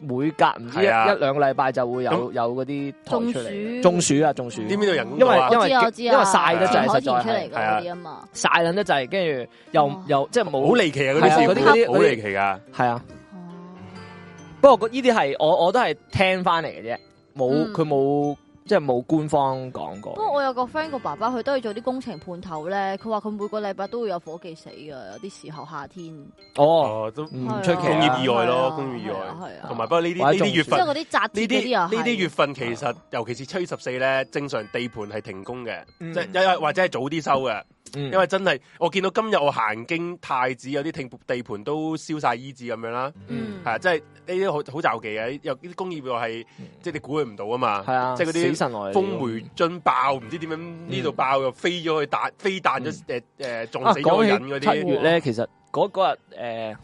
每隔唔知一兩個禮拜就會有有嗰啲糖出嚟，啊，中暑啊中暑啊，啲邊度人，因為因為、啊、因為曬得滯實在係啊嘛，曬得滯，跟住，就是啊就是啊就是，又又即係冇好離奇啊嗰啲事，好離、啊、奇噶，啊，係啊，啊。不過呢啲係我我都係聽翻嚟嘅啫，冇佢冇，即係冇官方講過。不過我有個 friend 個爸爸，佢都係做啲工程判頭咧。佢話佢每個禮拜都會有夥計死嘅，有啲時候夏天。哦，嗯、都唔出、啊、奇、啊。工業意外咯、啊，工業意外。係啊。同埋不過呢啲呢啲月份，即係啲紮鐵，呢啲啊呢啲月份其實、啊、尤其是七月十四咧，正常地盤係停工嘅，即係又或者係早啲收嘅。嗯、因為真係，我見到今日我行經太子有啲地盤都燒晒衣紙咁樣啦，係、嗯、啊，即係呢啲好好驟忌嘅，有啲工業又係、嗯，即係你估佢唔到啊嘛，係、嗯、啊，即係嗰啲風梅樽爆，唔、嗯、知點樣呢度爆又飛咗去彈，飛彈咗誒誒，撞死咗人嗰啲。啊、七月咧，其實嗰日誒。呃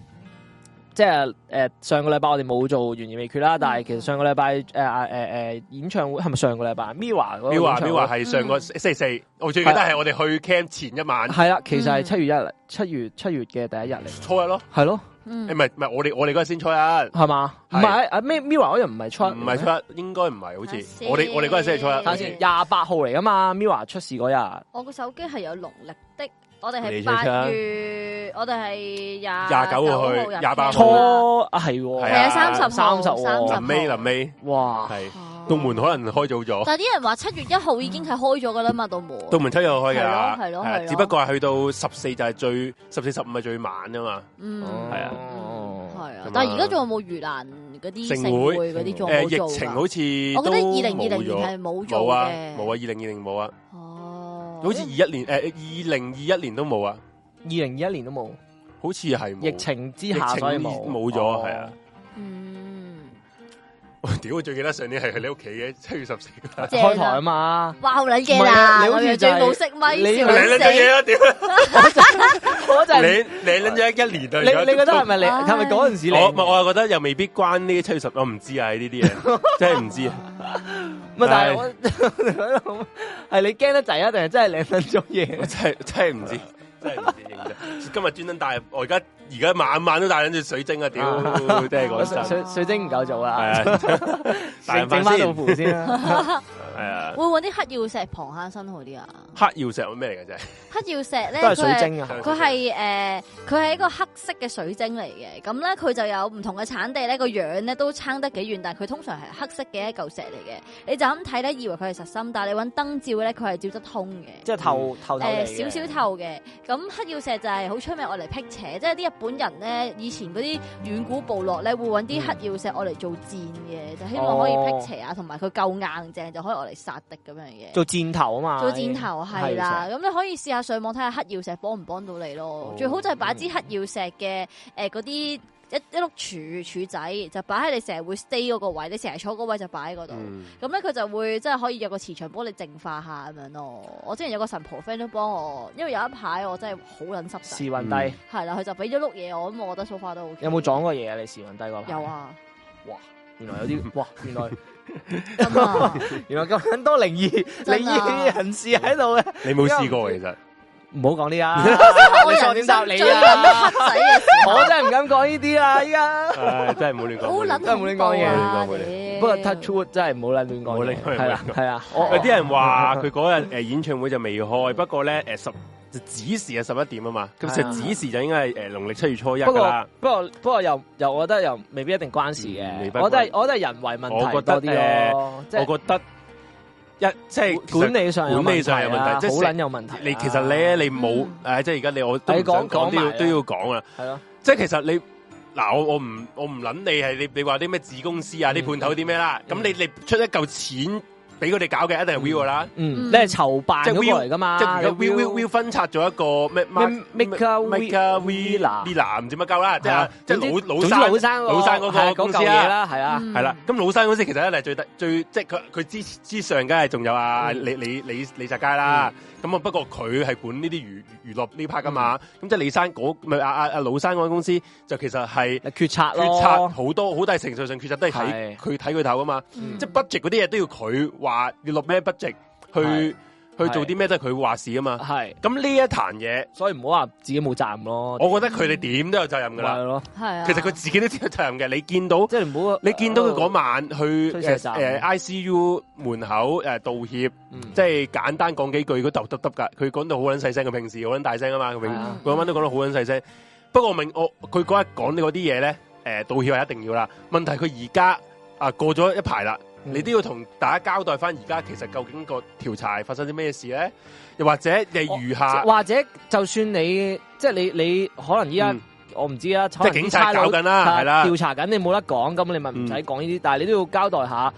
即係誒、呃，上個禮拜我哋冇做懸而未決啦，嗯、但係其實上個禮拜誒誒誒演唱會係咪上個禮拜？Mirror 嗰個演唱會係上個星期四，嗯、我最記得係我哋去 camp 前一晚是、啊。係、嗯、啦，其實係七月一日七月七月嘅第一日嚟。初一咯，係咯、嗯，唔係唔係我哋我哋嗰日先初一，係嘛？唔係啊，Mi Mirror 嗰日唔係初唔係初，應該唔係，好似我哋我哋嗰日先係初一。等下先，廿八號嚟噶嘛？Mirror 出事嗰日，我嘅手機係有農曆的。我哋係八月，我哋係廿廿九號去，廿八初啊，係，係啊三十三十，臨尾臨尾，哇，係，度門可能開早咗。但係啲人話七月一號已經係開咗噶啦嘛，度、嗯、門度門七月開噶，係咯係咯，只不過係去到十四就係最十四十五係最晚啊嘛。嗯，係啊，係、嗯、啊、嗯。但係而家仲有冇盂蘭嗰啲勝會嗰啲做、呃？疫情好似，我覺得二零二零年係冇冇啊，冇啊，二零二零冇啊。好似二一年，誒、欸，二零二一年都冇啊，二零二一年都冇，好似係疫情之下疫情所以冇咗，係啊。我屌，最記得上年係喺你屋企嘅七月十四開台啊嘛！哇，好捻驚啊！你好似最冇識咪，你舐捻咗嘢啊！屌，我就你舐咗一年啊！你你，你，你，你覺得係咪你係咪嗰陣時你我我覺得又未必關呢七月十，我唔知啊，呢啲嘢，真係唔知啊！唔係，但係我係你驚得滯啊，定係真係舐捻咗嘢？真係真係唔知。 今日專登戴我而家而家晚晚都戴緊隻水晶啊！屌 爹，真係嗰陣水水晶唔夠做啊，係啊，先整翻套符先啦，係啊，會搵啲黑曜石傍下身好啲啊？黑曜石咩嚟嘅啫？ 黑曜石咧，都係水晶啊！佢係誒，佢、呃、係一個黑色嘅水晶嚟嘅，咁咧佢就有唔同嘅產地咧，個樣咧都差得幾遠，但係佢通常係黑色嘅一嚿石嚟嘅。你就咁睇咧，以為佢係實心，但係你搵燈照咧，佢係照得通嘅，即係透、嗯、透少少、呃、透嘅。咁黑曜石就係好出名，愛嚟辟邪，即係啲日本人咧，以前嗰啲遠古部落咧，會揾啲黑曜石愛嚟做箭嘅、嗯，就希望可以辟邪啊，同埋佢夠硬淨就可以愛嚟殺敵咁樣嘢。做箭頭啊嘛，做箭頭係、欸、啦，咁你可以試下上網睇下黑曜石幫唔幫到你咯。好，最好就係擺支黑曜石嘅誒嗰啲。嗯呃一一碌柱柱仔就擺喺你成日會 stay 嗰個位，你成日坐嗰位就擺喺嗰度。咁咧佢就會即係可以有個磁場幫你淨化一下咁樣咯。嗯、我之前有個神婆 friend 都幫我，因為有一排我真係好撚濕。時運低係啦，佢就俾咗碌嘢我，咁我覺得 so far 都好、OK。有冇撞過嘢啊？你時運低嗰 part？有啊哇有！哇，原來有啲哇， 真的啊、 原來原來咁多靈異靈異人士喺度嘅。你冇試過其實？唔好講呢啊！我錯點答你啊！我真係唔敢講呢啲啊。依家真係唔好亂講，真係唔好亂講嘢。不過 Touchwood 真係唔好諗亂講，係啊係啊！有啲人話佢嗰日誒演唱會就未開，是啊，不過咧誒十指時係十一點啊嘛，咁其實指時就應該係誒農曆七月初一啦。不過不過不過又又我覺得又未必一定關事嘅，我都係我都係人為問題啲即係我覺得。一即係管理上管理上有問題，好卵有問題。你其實咧，你冇誒，即係而家你我，你講講都要都要講啊。係咯，即係其實你嗱，我我唔我唔捻你係你你話啲咩子公司啊，啲判頭啲咩啦。咁你你出一嚿錢。俾佢哋搞嘅一定係 Viu 啦，嗯嗯、你係籌辦，即係 Viu 嚟噶嘛？即係 Viu，Viu，Viu Viu, 分拆咗一個咩 MakerVille 唔知乜鳩啦，即係即係老老山老山嗰、那個、個公司啦，係啊，係啦、yeah,。咁、嗯、老山公司其實咧係最低最即係佢佢之之上，梗係仲有啊、嗯、李李李李澤楷啦。咁、嗯、啊不過佢係管呢啲娛娛樂呢 part 噶嘛。咁即係李生嗰咪阿阿阿老山嗰間公司就其實係決策決策好多好大程度上決策都係睇佢睇佢頭噶嘛。即係 budget 嗰啲嘢都要佢話要落咩 budget 去是去做啲咩，都係佢話事啊嘛。係咁呢一壇嘢，所以唔好話自己冇責任咯。我覺得佢哋點都有責任噶啦。係，其實佢自己都知有責任嘅。啊、你見到即係唔好，啊、你見到佢嗰晚去誒、呃、I C U 門口誒、呃、道歉，嗯、即係簡單講幾句，佢就得得噶。佢講到好捻細聲嘅，平時好捻大聲啊嘛。佢嗰、啊、晚都講得好捻細聲。嗯、不過明我佢嗰日講呢啲嘢咧，誒、呃、道歉係一定要啦。問題佢而家啊過咗一排啦。你都要同大家交代翻，而家其實究竟個調查發生啲咩事咧？又或者你如下，或者就算你即係你你可能依家、嗯、我唔知啊，即係警察搞緊啦，係啦，調查緊你冇得講，咁你咪唔使講呢啲，但係你都要交代下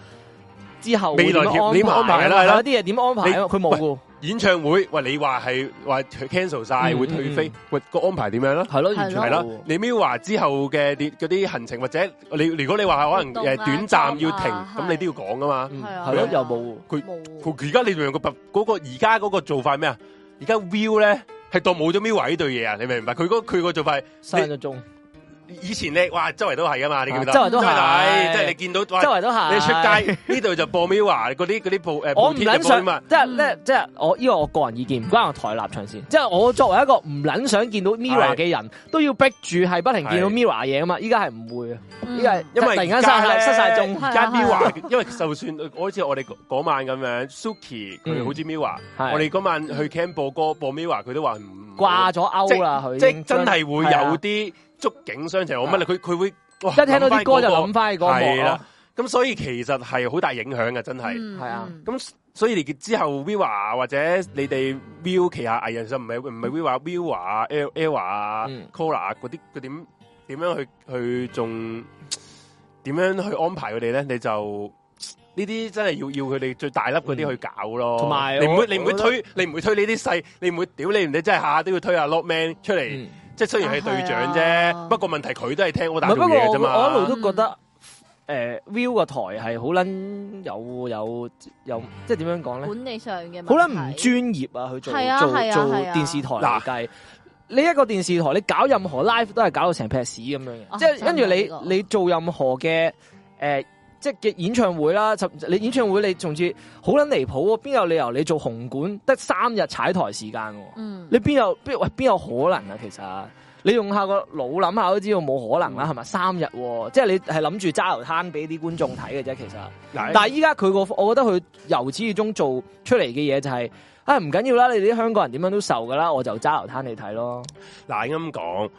之後未來點安排啦，係啦，啲嘢點安排，佢冇。演唱會，喂，你話係話 cancel 曬會退飛，喂、嗯、個、嗯、安排點樣啦？係咯，完全係啦。你 Mirror 之後嘅啲嗰啲行程，或者你如果你話係可能誒短暫要停，咁、啊啊、你都要講噶嘛？係咯，又冇佢，佢而家你用、那個嗰、那個而家嗰個做法咩啊？而家 Viu 咧係當冇咗 Mirror 呢對嘢啊？你明唔明白？佢佢個做法，係三個鐘。.以前你哇周圍都係噶嘛，你見到周圍都係，即係、就是、你見到周圍都係。你出街呢度就播 Mirror， 嗰啲嗰啲報誒，我唔想，即係、嗯、即係即係我依個我個人意見，唔關我台立場先。嗯、即係我作為一個唔捻想見到 Mirror 嘅人，都要逼住係不停見到 Mirror 嘢噶嘛。依家係唔會啊、嗯，因為突然間失失晒中，而家 Mirror，Mirror, 因為就算我 Suki, 好似我哋嗰晚咁樣，Suki 佢好似 Mirror，我哋嗰晚去 Camp 播歌，播 Mirror，佢都話掛咗勾啦，佢即，即真係會有啲。觸景傷情就我乜啦？佢佢會，一聽到啲歌就諗翻嗰幕啦。咁所以其實係好大影響嘅，真係。係啊，咁所以之後 Viva 啊，或者你哋 View 旗下藝人，唔係唔係 Viva 啊，Viva 啊，El El 啊，Cola 嗰啲，佢點點樣去去仲點樣去安排佢哋咧？你就呢啲真係要要佢哋最大粒嗰啲去搞咯。同埋你唔會你唔會推你唔會推呢啲細，你唔會屌你你真係下下都要推下 Lock Man 出嚟。即係雖然係隊長啫，啊啊不過問題佢都係聽好打鼓嘢嘛。我一路都覺得，誒，Viu 個台係好捻有有有，即係點樣講咧？管理上嘅問題，好捻唔專業啊！去做、啊啊啊、做做電視台嚟計，啊、你一個電視台你搞任何 live 都係搞到成撇屎咁樣嘅、啊，即係跟住你你做任何嘅誒。呃即係嘅演唱會啦，你演唱會你從此好捻離譜，邊有理由你做紅館得三日踩台時間？喎、嗯？你邊有邊喂邊有可能啊？其實你用下個腦諗下都知道冇可能啦、啊，係、嗯、咪三日、啊？即係你係諗住揸流攤俾啲觀眾睇嘅啫，其實。但係依家佢個，我覺得佢由始至終做出嚟嘅嘢就係、是，啊唔緊要啦，你哋啲香港人點樣都受噶啦，我就揸流攤你睇咯。嗱咁講，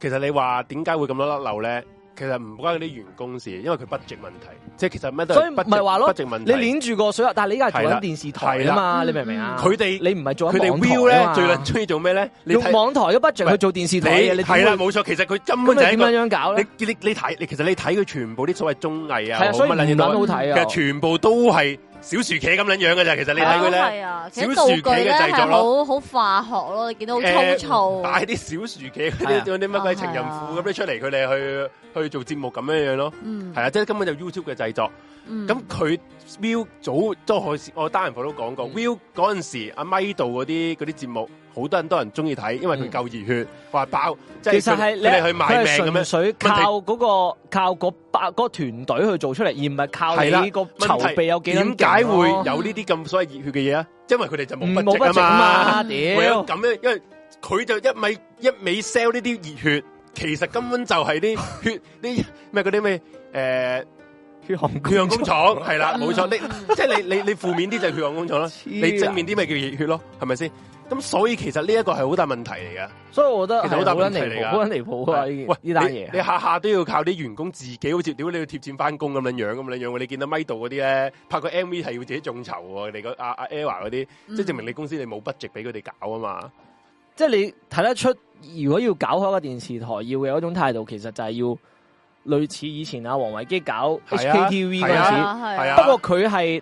其實你話點解會咁多甩漏咧？其實唔關嗰啲員工事，因為佢 budget 問題，即係其實咩都。所以唔係話咯，budget 問題。你捏住個水啊！但係你而家做緊電視台啊嘛，你明唔明啊？佢哋你唔係做緊佢哋 view 咧，最撚中意做咩咧？用網台嘅 budget 去做電視台你係啦，冇錯。其實佢根本就咁樣樣搞你你你睇，你，你，你，你其實你睇佢全部啲所謂綜藝啊，係咪連年都好睇啊？其實全部都係。小薯茄咁樣樣嘅咋，其實你睇佢咧，小薯茄嘅製作囉，好好化學咯，你見到好粗糙。擺、呃、啲小薯茄嗰啲嗰啲乜鬼情人褲咁樣出嚟，佢哋去去做節目咁樣樣咯。嗯，係啊，即、就、係、是、根本就 YouTube 嘅製作。咁佢 Will 早都我我單人房都講過，Will、嗯、嗰陣時阿麥度嗰啲嗰啲節目。好多人都人中意睇，因為佢夠熱血，話爆，即係佢哋去賣命咁樣。純粹靠嗰個靠嗰個嗰個團隊去做出嚟，而唔係靠你個籌備有幾點解會有呢啲咁所謂熱血嘅嘢啊？因為佢哋就冇乜職嘛，屌咁樣，因為佢就一味一味 sell 呢啲熱血，其實根本就係啲血，啲咩嗰啲咩誒血汗血汗工廠係啦，冇錯，你即係你你你負面啲就係血汗工廠啦，你正面啲咪叫熱血咯，係咪先？咁所以其實呢一個係好大問題嚟噶，所以我覺得其實好大問題嚟噶，好離譜啊。呢，喂，呢單嘢，你下下都要靠啲員工自己好似屌你要貼錢翻工咁樣樣，咁樣樣。你見到咪道嗰啲咧拍個 M V 係要自己眾籌喎，你個阿阿 v a 嗰啲，即係證明你公司你冇 budget 俾佢哋搞啊嘛。即係你睇得出，如果要搞開個電視台，要有嗰種態度，其實就係要類似以前阿黃維基搞 HKTV 嗰陣時，係啊。不過佢係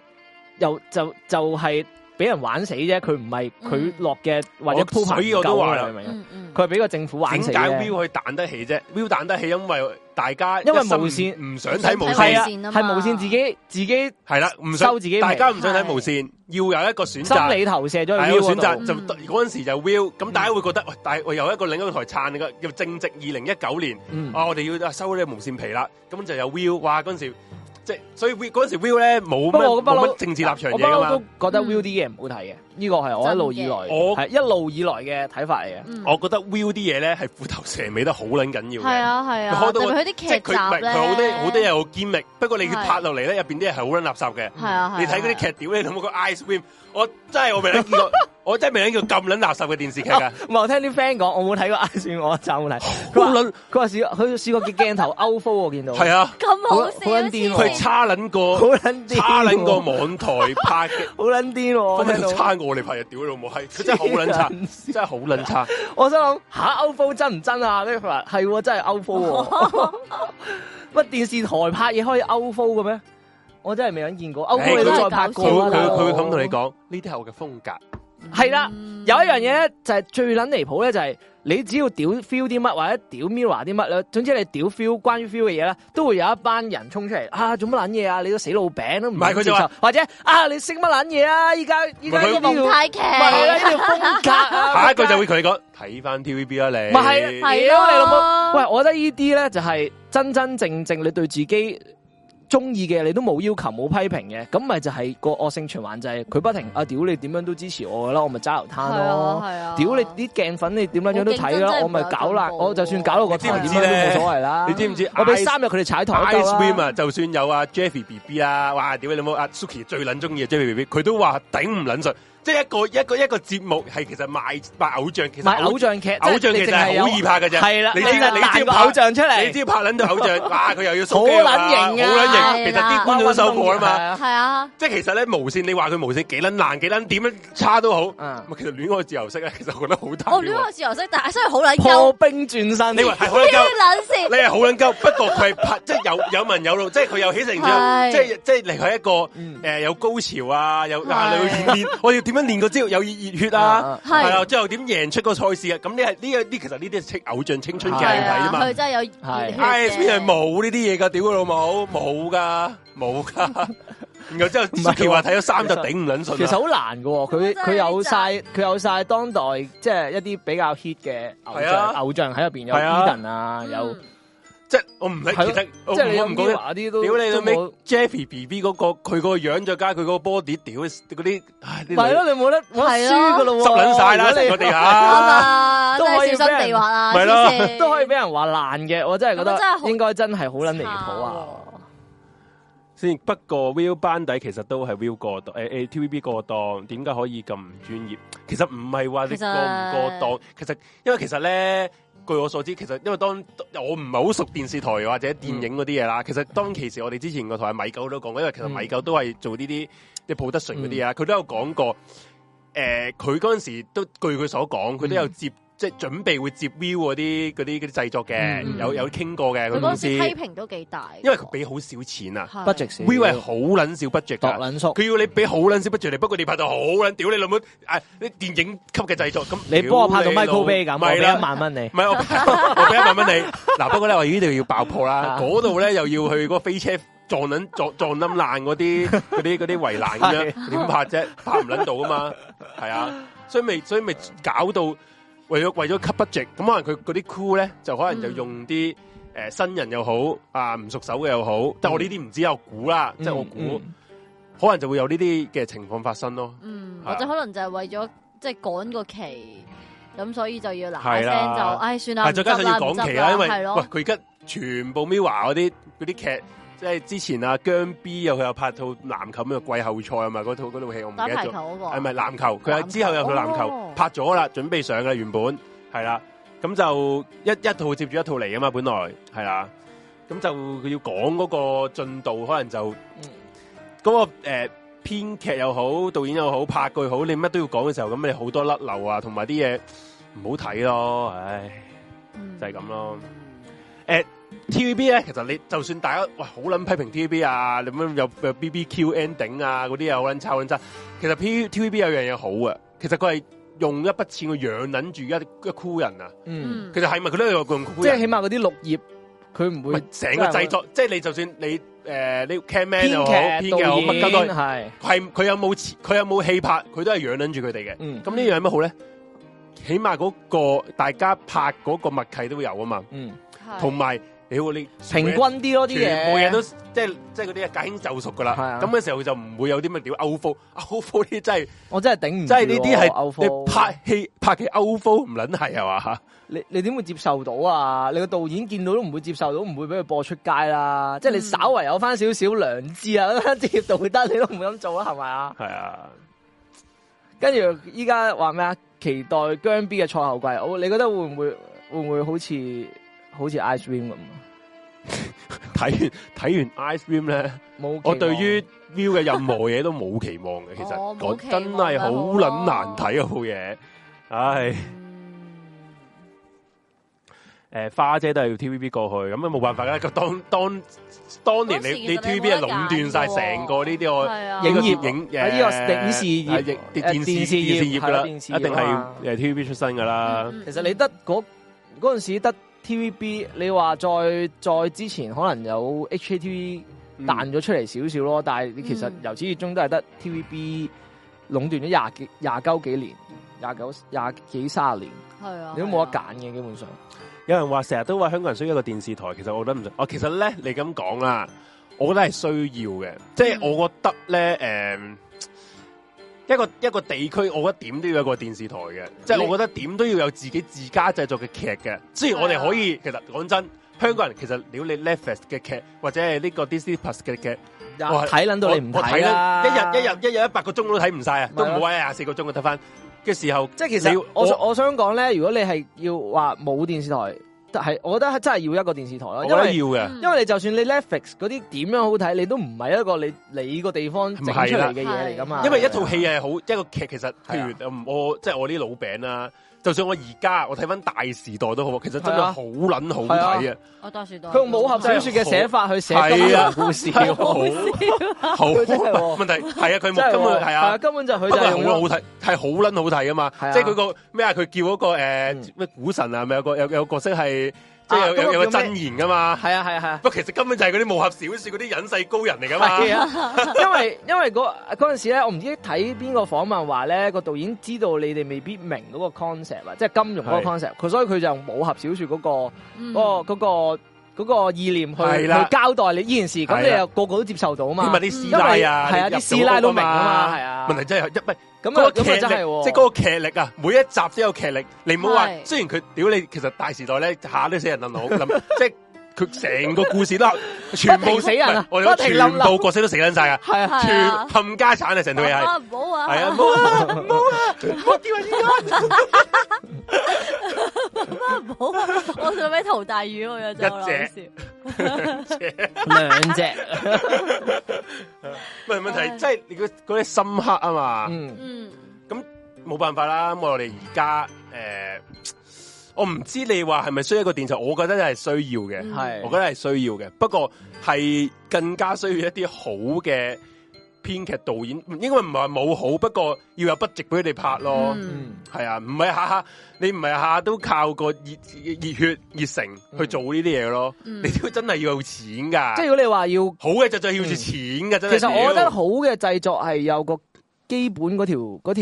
又就就係。俾人玩死啫，佢唔係佢落嘅、嗯、或者鋪牌呢個都話啦佢係俾個政府玩死。點解 Viu 佢彈得起啫？Viu 彈得起，因為大家因為無線唔想睇無線，係無,、啊、無線自己自己係啦，唔想收自己。大家唔想睇無線，要有一個選擇，心理投射咗要個選擇。就嗰陣時就 Viu，咁大家會覺得喂，但我有一個另一個台撐你噶，又正值二零一九年、嗯，啊，我哋要收呢個無線皮啦。咁就有 Viu 話嗰陣時。即所以嗰陣時 Will 咧，冇乜冇乜政治立場嘅嘛，我都覺得 Will 啲嘢唔好睇嘅，呢個係我一路以來我係一路以來嘅睇法嚟嘅。我覺得 Will 啲嘢咧係虎頭蛇尾是啊是啊得好捻緊要嘅，係啊係啊，佢啲劇集咧，佢好啲好啲好堅力，不過你拍落嚟咧，入邊啲嘢係好捻垃圾嘅。係啊，你睇嗰啲劇屌咧，同嗰個 Ice Cream，我真係我未睇到。我真係未諗住咁卵垃圾嘅電視劇噶，啊啊，我聽啲 friend 講，我冇睇過，啊、我暫冇睇。佢話佢話試佢試過鏡頭歐 我見到係啊，咁好，好，好佢、啊啊、差卵過、啊，差卵過網台拍，好卵癲，佢、啊、差我哋拍嘢，屌你老母閪，佢真係好卵差，真係好卵差。 我想諗下歐敷真唔真啊？啲佢係真係歐喎！乜 電視台拍嘢可以歐敷嘅咩？我真係未諗見過，歐你都再拍過，佢佢會咁同你講，呢啲係我嘅風格。係啦， 有一樣嘢咧，就係最捻離譜咧，就係你只要屌 feel 啲乜，或者屌 Mirror 啲乜咧，總之你屌 feel 關於 feel 嘅嘢咧，都會有一班人衝出嚟啊！做乜捻嘢啊？你個死老餅都唔係佢就話，或者啊你識乜捻嘢啊？依家依家呢啲太強，呢條風格、啊， 下一句就會佢講，睇 翻 TVB 啦、啊、你。唔係，屌你老母！喂，我覺得呢啲咧就係真真正正你對自己。中意嘅你都冇要求冇批評嘅，咁咪就係個惡性循環，就係佢不停啊！屌、嗯、你點樣都支持我噶啦，我咪揸流攤咯！屌、啊、你啲鏡粉你點樣樣都睇啦，我咪搞啦！嗯、我就算搞到一個台知唔知，知唔知冇所謂啦！你知唔知？我哋三日佢哋踩台啦！Swim 啊，Cream, 就算有阿 Jeffy BB 想想啊，哇！屌你老母啊！Suki 最捻中意啊 Jeffy BB，佢都話頂唔捻順。即一個一個一個節目係其實賣賣偶像，其實偶像劇偶像劇係好易拍噶啫。係啦，你知道？你只要偶像出嚟，你只要拍捻到偶像， 哇佢又要收肌好，啊、型、啊、型其實啲觀眾收貨，啦嘛。係啊，即、就是、其實咧無綫，你話佢無綫幾撚爛，幾撚點樣差都好。的其實《戀愛自由式》咧，其實我覺得好大。《戀愛自由式》但係雖然好撚，破冰轉身，你話係好撚你好 不過佢係拍 即有有文有路，即佢又起成咗，即即係佢一個誒、嗯、呃、有高潮啊，有啊裏面我要點？咁練過之後有熱血啊，係、uh, 啊，之後點贏出個賽事啊？咁呢係呢一啲其實呢啲係偶像青春劇嚟啊嘛？佢真係有熱血。I swear 冇呢啲嘢噶，屌老母冇噶冇噶。 然後之後杰奇話睇咗三就頂唔卵順。其實好難噶、哦，佢佢有晒佢有晒當代即係、就是、一啲比較 hit 嘅偶像偶像喺入邊有 Edan 啊有。嗯即係我唔係，其實即係我唔覺得。屌你到尾 Jeffy BB 嗰，那個佢個樣，再加佢嗰個 body，屌嗰啲，係咯，你冇得輸咯，濕卵晒啦，你你個地下， 都係小心地滑啊，都係都可以俾人話爛嘅，我真係覺得真係應該真係好撚離譜啊。先不過 Will 班底其實都係 Will 過檔誒誒，哎、T V B 過檔，點解可以咁唔專業？其實唔係話你過唔過檔，其實，其實因為其實咧。據我所知，其實因為當我唔係好熟電視台或者電影嗰啲嘢啦，其實當其時我哋之前個台米狗都講過，因為其實米狗都係做呢啲即係普德純嗰啲啊，佢、嗯、都有講過，誒、呃，佢嗰陣時都據佢所講，佢都有接。即係準備會接 view 嗰啲嗰啲啲製作嘅、嗯，有有傾過嘅。佢嗰時批評、那個、都幾大，因為佢俾好少錢啊，budget。view 係好捻少，budget，搏捻縮。佢要你俾好捻少 budget 嚟，不過你拍到好捻屌、哎、你老母！誒，啲電影級嘅製作咁，你幫我拍到 Michael 咁，我俾一萬蚊你。唔係我，我俾一萬蚊你。嗱、 啊，不過咧我依度要爆破啦，嗰度咧又要去嗰個飛車撞捻撞撞冧爛嗰啲嗰啲嗰啲圍欄咁樣，點拍啫？拍唔捻到啊嘛，係 啊，所以咪所以咪搞到。為咗為咗 cut budget，咁可能佢嗰啲 crew 呢，咧，就可能就用啲誒、嗯呃、新人又好，啊唔熟手嘅又好，但、嗯、係我呢啲唔知有估啦，即係我估，嗯我猜嗯、可能就會有呢啲嘅情況發生咯。嗯，或者可能就係為咗即係趕個期，咁所以就要難聽就，唉，算啦，再加上要講期啦，因為，喂，佢而家全部 Mirror 嗰啲啲劇。即係之前阿姜 B 又佢又拍套籃球嘅、那個、季後賽啊嘛嗰套嗰套戲我唔記得咗，係咪籃球？佢喺之後又去籃球《籃、哦、球拍咗啦，準備上啦，原本係啦，咁、哦、就一一套接住一套嚟啊嘛，本來係啦，咁就佢要講嗰個進度，可能就嗰、嗯那個誒編劇又好，導演又好，拍劇好，你乜都要講嘅時候，咁你很多漏好多甩漏啊，同埋啲嘢唔好睇咯，唉，就係、是、咁咯，誒、嗯。欸 T V B 咧，其實你就算大家喂好捻批評 T V B 啊，你樣有 B B Q ending 啊，嗰啲有好抄差好。其實 T V B 有樣嘢好啊，其實佢係用一筆錢去養捻住一一箍人啊。嗯、其實係咪佢都係用箍人？即係起碼嗰啲綠葉，佢唔會成個製作。即係你就算你誒、呃，你 can man 又好，編劇好，不交代係佢有冇佢有冇戲拍？佢都係養捻住佢哋嘅。咁、嗯嗯、呢樣有乜好咧？起碼嗰、嗰個大家拍嗰個默契都有啊嘛。同、嗯、埋。哎、平均啲咯啲嘢，全部嘢都即係即係嗰啲啊，駕輕就熟噶啦。咁嘅、啊、時候就唔會有啲咩屌歐風，歐風啲真係，我真係頂唔住、啊。即係呢啲係歐風，拍戲拍嘅歐風唔撚係係嘛吓？你你點會接受到啊？你個導演見到都唔會接受到，唔會俾佢播出街啦。嗯、即係你稍為有翻少少良知啊，職業道德你都唔會咁做是是啊，係咪啊？係啊。跟住依家話咩啊？期待姜 B 嘅賽後季，你覺得會唔會會唔會好似？好似 Ice Cream 咁，睇完睇完 Ice Cream 咧，我對於 View 嘅任何嘢都冇期望嘅。其實，我真係好捻難睇啊！部嘢，唉，誒，花姐都係要 TVB 過去，咁啊冇辦法啦。當當當年你你 TVB 係壟斷晒成個呢啲我影業影誒影視業誒電視業嘅啦，一定係誒 TVB 出身噶啦。其實你得嗰嗰陣時得。T V B，你話再再之前可能有 H K T V 彈咗出嚟少少咯，但係其實由始至終都係得 T V B 壟斷咗廿幾廿九幾年，廿九廿幾卅年，係啊，你都冇得揀嘅。基本上，啊啊、有人話成日都話香港人需要一個電視台，其實我覺得唔使。哦、啊，其實咧你咁講啦，我覺得係需要嘅，即、嗯、係、就是、我覺得咧誒。Uh, 一個一個地區，我覺得點都要有個電視台嘅，即係我覺得點都要有自己自家製作嘅劇嘅。雖然我哋可以，其實講真，香港人其實如果你 Netflix 嘅劇或者係呢個 Disney+ 嘅劇，睇捻到你唔睇啦。一日一日一日一百個鐘都睇唔曬啊，就是、都唔好啊，廿四個鐘嘅睇翻嘅時候。即係其實我我，我想講咧，如果你係要話冇電視台。但係，我覺得係真係要一個電視台咯，我覺得要嘅因為、嗯、因為你就算你 Netflix 嗰啲點樣好睇，你都唔係一個你你個地方整出嚟嘅嘢嚟噶嘛。因為一套戲係好一個劇，其實譬如我即係、就是、我啲老餅啦、啊。就算我而家我睇翻《大時代》都好，其實真係好撚好睇啊！啊，《大時代》佢用武俠小説嘅寫法去寫故事，係啊，故事 好笑，好好、 哦、 問題係啊，佢 冇根本係 啊，根本就佢真係好，好啊，好睇係好撚好睇啊嘛！即係佢個咩啊？佢叫嗰個誒咩股神啊？咪有個有有個角色係。啊、即係有、啊、有，有個真言噶嘛，啊，係啊係啊係啊，啊！不過其實根本就係嗰啲武俠小説嗰啲隱世高人嚟噶嘛，啊 因，因為因為嗰嗰陣時咧，我唔知睇邊個訪問話咧，嗰個導演知道你哋未必明嗰個 concept 啊，即係金融嗰個 concept，佢所以佢就用武俠小説嗰個嗰個嗰個。嗯嗰個嗰、那個意念去去交代你依件事，咁你又個個都接受到嘛啊嘛？問啲師奶啊，係啊，啲師奶都明啊嘛，係、那、啊、個。問題真係一唔係咁啊，咁真係即係嗰個劇力啊，每一集都有劇力。你唔好話，雖然佢屌你，其實大時代呢》咧下都死人輪到，即、 就是 佢成個故事都全部死人、啊，我哋、啊、全部角色都死緊晒啊！係啊係啊，全冚家產啊！成套嘢啊唔好啊，係啊唔好啊，我叫阿依家唔好啊！我想俾陶大宇。我嘅，一隻、兩隻。喂 兩隻，係、 啊啊、問題，即係你嗰啲深刻啊嘛。嗯嗯，咁冇辦法啦。咁我哋而家誒。呃我唔知你話係咪需要一個電視？我覺得係需要嘅。係、嗯，我覺得係需要嘅。不過係更加需要一啲好嘅編劇導演，應該唔係冇好，不過要有 budget 俾佢哋拍咯。嗯，係啊，唔係下下，你唔係下下都靠個熱熱血熱誠去做呢啲嘢咯。嗯、你都真係要有錢噶。即係如果你話要好嘅就就要住錢噶、嗯。其實我覺得好嘅製作係有個。基本嗰條條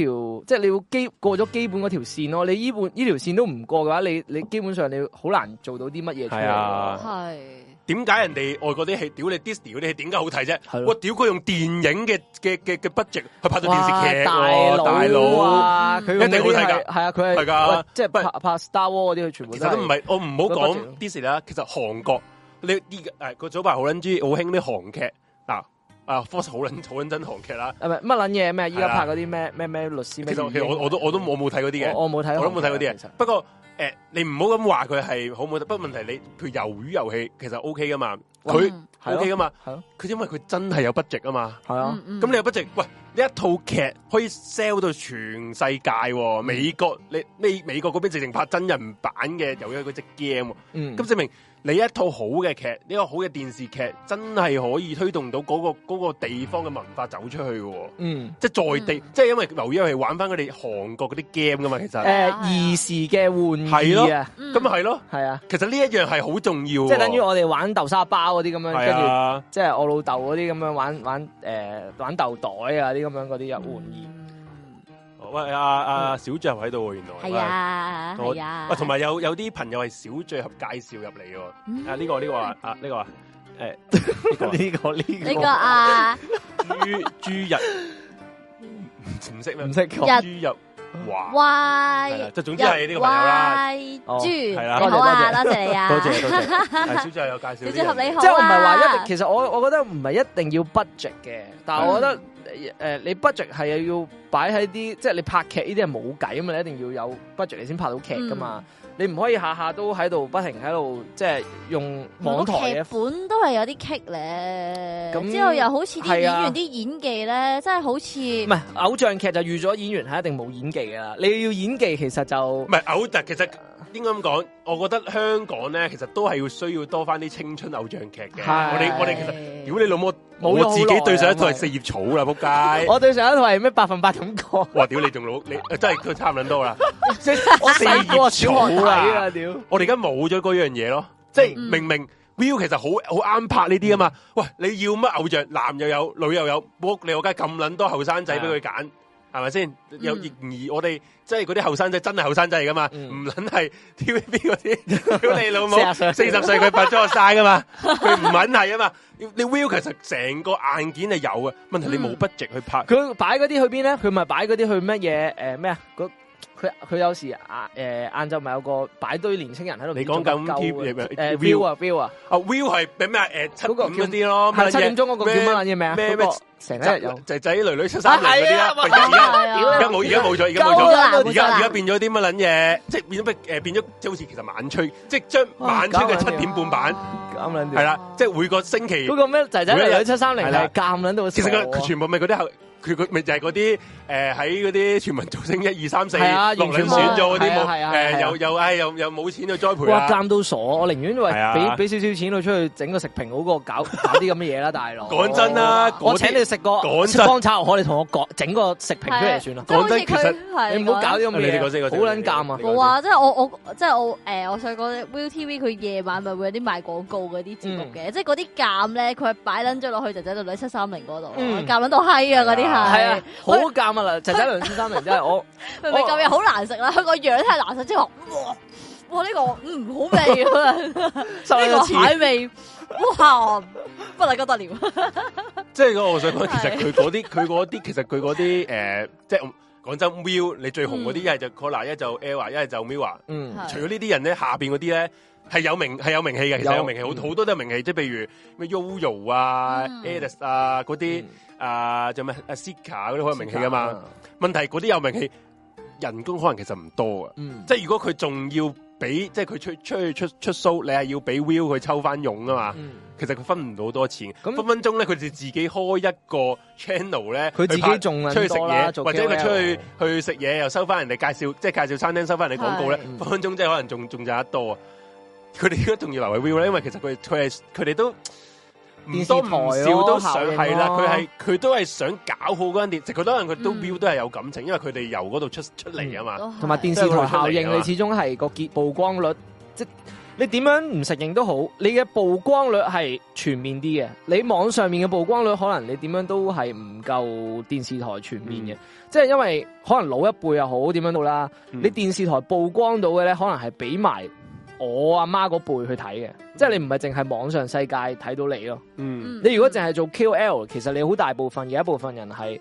即係你要基過咗基本嗰條線咯，你依半依條線都唔過嘅話，你你基本上你好難做到啲乜嘢出嚟。係啊，係、啊。點解人哋外國啲戲屌你 Disney 嗰啲戲點解好睇啫？我屌佢用電影嘅嘅嘅嘅 budget 去拍咗電視劇，大佬啊，佢、嗯、一定好睇噶。係啊，佢係係噶，即係、啊就是、拍 Star Wars 啲全部。其實唔係，我唔好講 Disney 啦。其實韓國你依、哎那個係早排好捻知，好興啲韓劇。啊、uh，科實好撚好撚真韓劇啦，啊！啊係咪乜撚嘢咩？依家拍嗰啲咩咩咩律師咩？其實我我都我都我冇睇嗰啲嘢。我冇睇，我都冇睇嗰啲。不過誒，你唔好咁話佢係好冇得。不過問題，你譬如魷魚遊戲其實 O K 噶嘛？佢 O K 噶嘛？係咯，啊。佢，啊、因為佢真係有 budget 啊嘛。係啊，嗯。咁、嗯、你有 budget？喂，呢一套劇可以 sell 到全世界喎，啊。美國你你美國嗰邊直情拍真人版嘅遊戲，又有嗰隻鏡。嗯。咁證明。你一套好嘅劇，呢個好嘅電視劇真係可以推動到嗰、嗰個嗰個地方嘅文化走出去嘅喎、哦，嗯，即係在地，嗯、即係因為由於係玩翻佢哋韓國嗰啲 game 噶嘛，其實誒兒、呃、時嘅玩意係啊，咁咪係咯，係、嗯、啊，其實呢一樣係好重要的，即係等於我哋玩豆沙包嗰啲咁樣，跟住、啊、即係我老豆嗰啲咁樣玩玩誒、呃、玩豆袋啊啲咁樣嗰啲嘅玩意。喂，阿阿小象喺度喎，原來係啊，我喂，同埋有有啲朋友係小聚合介紹入嚟嘅，啊呢個呢個啊呢個，誒呢個呢個呢個啊，朱朱入唔識咩？唔識入入話，即係總之係呢個朋友啦，朱係啦，多謝多謝，多謝多謝，小象有介紹，小聚合理，即係我唔係話一定，其實我我覺得唔係一定要 budget 嘅，但係我覺得。誒、呃，你 budget 係要擺喺啲，即係你拍劇呢啲係冇計啊嘛，你一定要有 budget 你先拍到劇噶嘛，嗯、你唔可以下下都喺度不停喺度即係用網台嘅。好多劇本都係有啲棘咧，之、嗯、後又好似啲演員啲演技咧、嗯，真係好似唔係偶像劇就預咗演員係一定冇演技噶啦，你要演技其實就唔係，偶、呃、特，其、呃、實。應該咁講？我覺得香港咧，其實都係要需要多翻啲青春偶像劇嘅。我哋我哋其實，屌你老母，我自己對上一套係四葉草啦，仆街！我對上一套係咩百分百咁講？哇！屌 你仲老你，真係都差唔多啦。我四葉草啊！屌， 草 我哋而家冇咗嗰樣嘢咯。嗯、即係明明、嗯、Will 其實好好啱拍呢啲啊嘛。嗯、喂，你要乜偶像男又有，女又有，我你我梗係咁撚多後生仔俾佢揀。係咪先？又而我哋即係嗰啲後生仔，真係後生仔嚟㗎嘛？唔撚係 TVB 嗰啲屌你老母，四十歲佢拍咗我曬㗎嘛？佢唔撚係啊嘛？你 Will 其實成個硬件係有嘅，問題你冇 budget 去拍。佢擺嗰啲去邊咧？佢咪擺嗰啲去乜嘢？誒咩啊？嗰佢佢有時啊誒，晏晝咪有個擺堆年青人喺度，你講緊 view view 啊 view 啊啊、uh, view 係俾咩誒七點嗰啲咯，係七點鐘嗰個叫乜嘢、那個那個、啊？咩咩成日仔仔女女七三零嗰啲啦，而家而家冇而家冇咗而家冇咗，而家而家變咗啲乜撚嘢？即係變咗咩？誒變咗即好似其實晚吹，即係將晚吹嘅七點半版，夾捻係啦，即係、啊啊啊啊就是、每個星期嗰、那個咩仔仔女女七三零係夾捻到，其實佢全部咪嗰啲佢咪就係嗰啲誒喺嗰啲全民造星一二三四龍輪選咗嗰啲冇誒又、啊、又唉、啊、又又冇錢去栽培啊！鑑都傻，我寧願話俾俾少少錢佢出去整個食評好過搞搞啲咁嘅嘢啦，大佬。講 真啦、啊哦，我請你食個四方炒河，你同我，我整個食評都係算啦。講真、啊就是，其實你唔好搞啲咁你哋嗰啲，好撚鑑啊！冇啊，即係我我即係我誒、呃、我想講咧，ViuTV 佢夜晚咪會有啲賣廣告嗰啲節目嘅、嗯，即係嗰啲鑑咧，佢擺撚咗落去就喺到攞七三零嗰度，鑑撚到閪啊嗰啲。係啊，好、啊、尷啊啦！陳仔梁先生嚟真係我，明明今、啊這個嗯、好難食啦，佢個樣都係難食，即係話哇呢個嗯好味啊，呢 三日子笑個海味 哇，不過，你覺得了、就是。即係我我想講，其實佢嗰啲佢嗰啲，其實佢嗰啲誒，即係廣州 Will 你最紅嗰啲，一係就 Collar 一就 Error，一係就 Mirror。嗯，除咗呢啲人咧，下邊嗰啲咧係有名係有名氣嘅，其實有名氣好好多都係名氣，即係譬如咩 Yoyo 啊、嗯、Alice 啊嗰啲。啊、uh，仲咩？阿 C 卡嗰啲好有名氣啊嘛，問題嗰啲有名氣，人工可能其實唔多啊、嗯。即係如果佢仲要俾，即係佢出出去出出 show，你係要俾 Will 佢抽翻佣啊嘛、嗯。其實佢分唔到好多錢，嗯、分分鐘咧，佢就自己開一個 channel 咧，佢自己仲出去食嘢，或者佢出去去食嘢又收翻人哋介紹，即係介紹餐廳收翻人哋廣告咧，分分鐘即係可能仲仲有得多啊！佢哋而家仲要留喺 Will 咧，因為其實佢佢係佢哋都。都唔台都想，係、啊啊、啦，佢係佢都係想搞好嗰間店。即佢當然佢都表都係有感情，嗯、因為佢哋由嗰度出出嚟啊嘛。同、嗯、埋電視台效應，你始終係個結曝光率。嗯、即你點樣唔承認都好，你嘅曝光率係全面啲嘅。你網上面嘅曝光率可能你點樣都係唔夠電視台全面嘅、嗯。即係因為可能老一輩又好，點樣都啦、嗯。你電視台曝光到嘅咧，可能係畀埋。我阿媽嗰輩去睇嘅，即係你唔係淨係網上世界睇到你咯。嗯，你如果淨係做 KOL，其實你好大部分有一部分人係、嗯，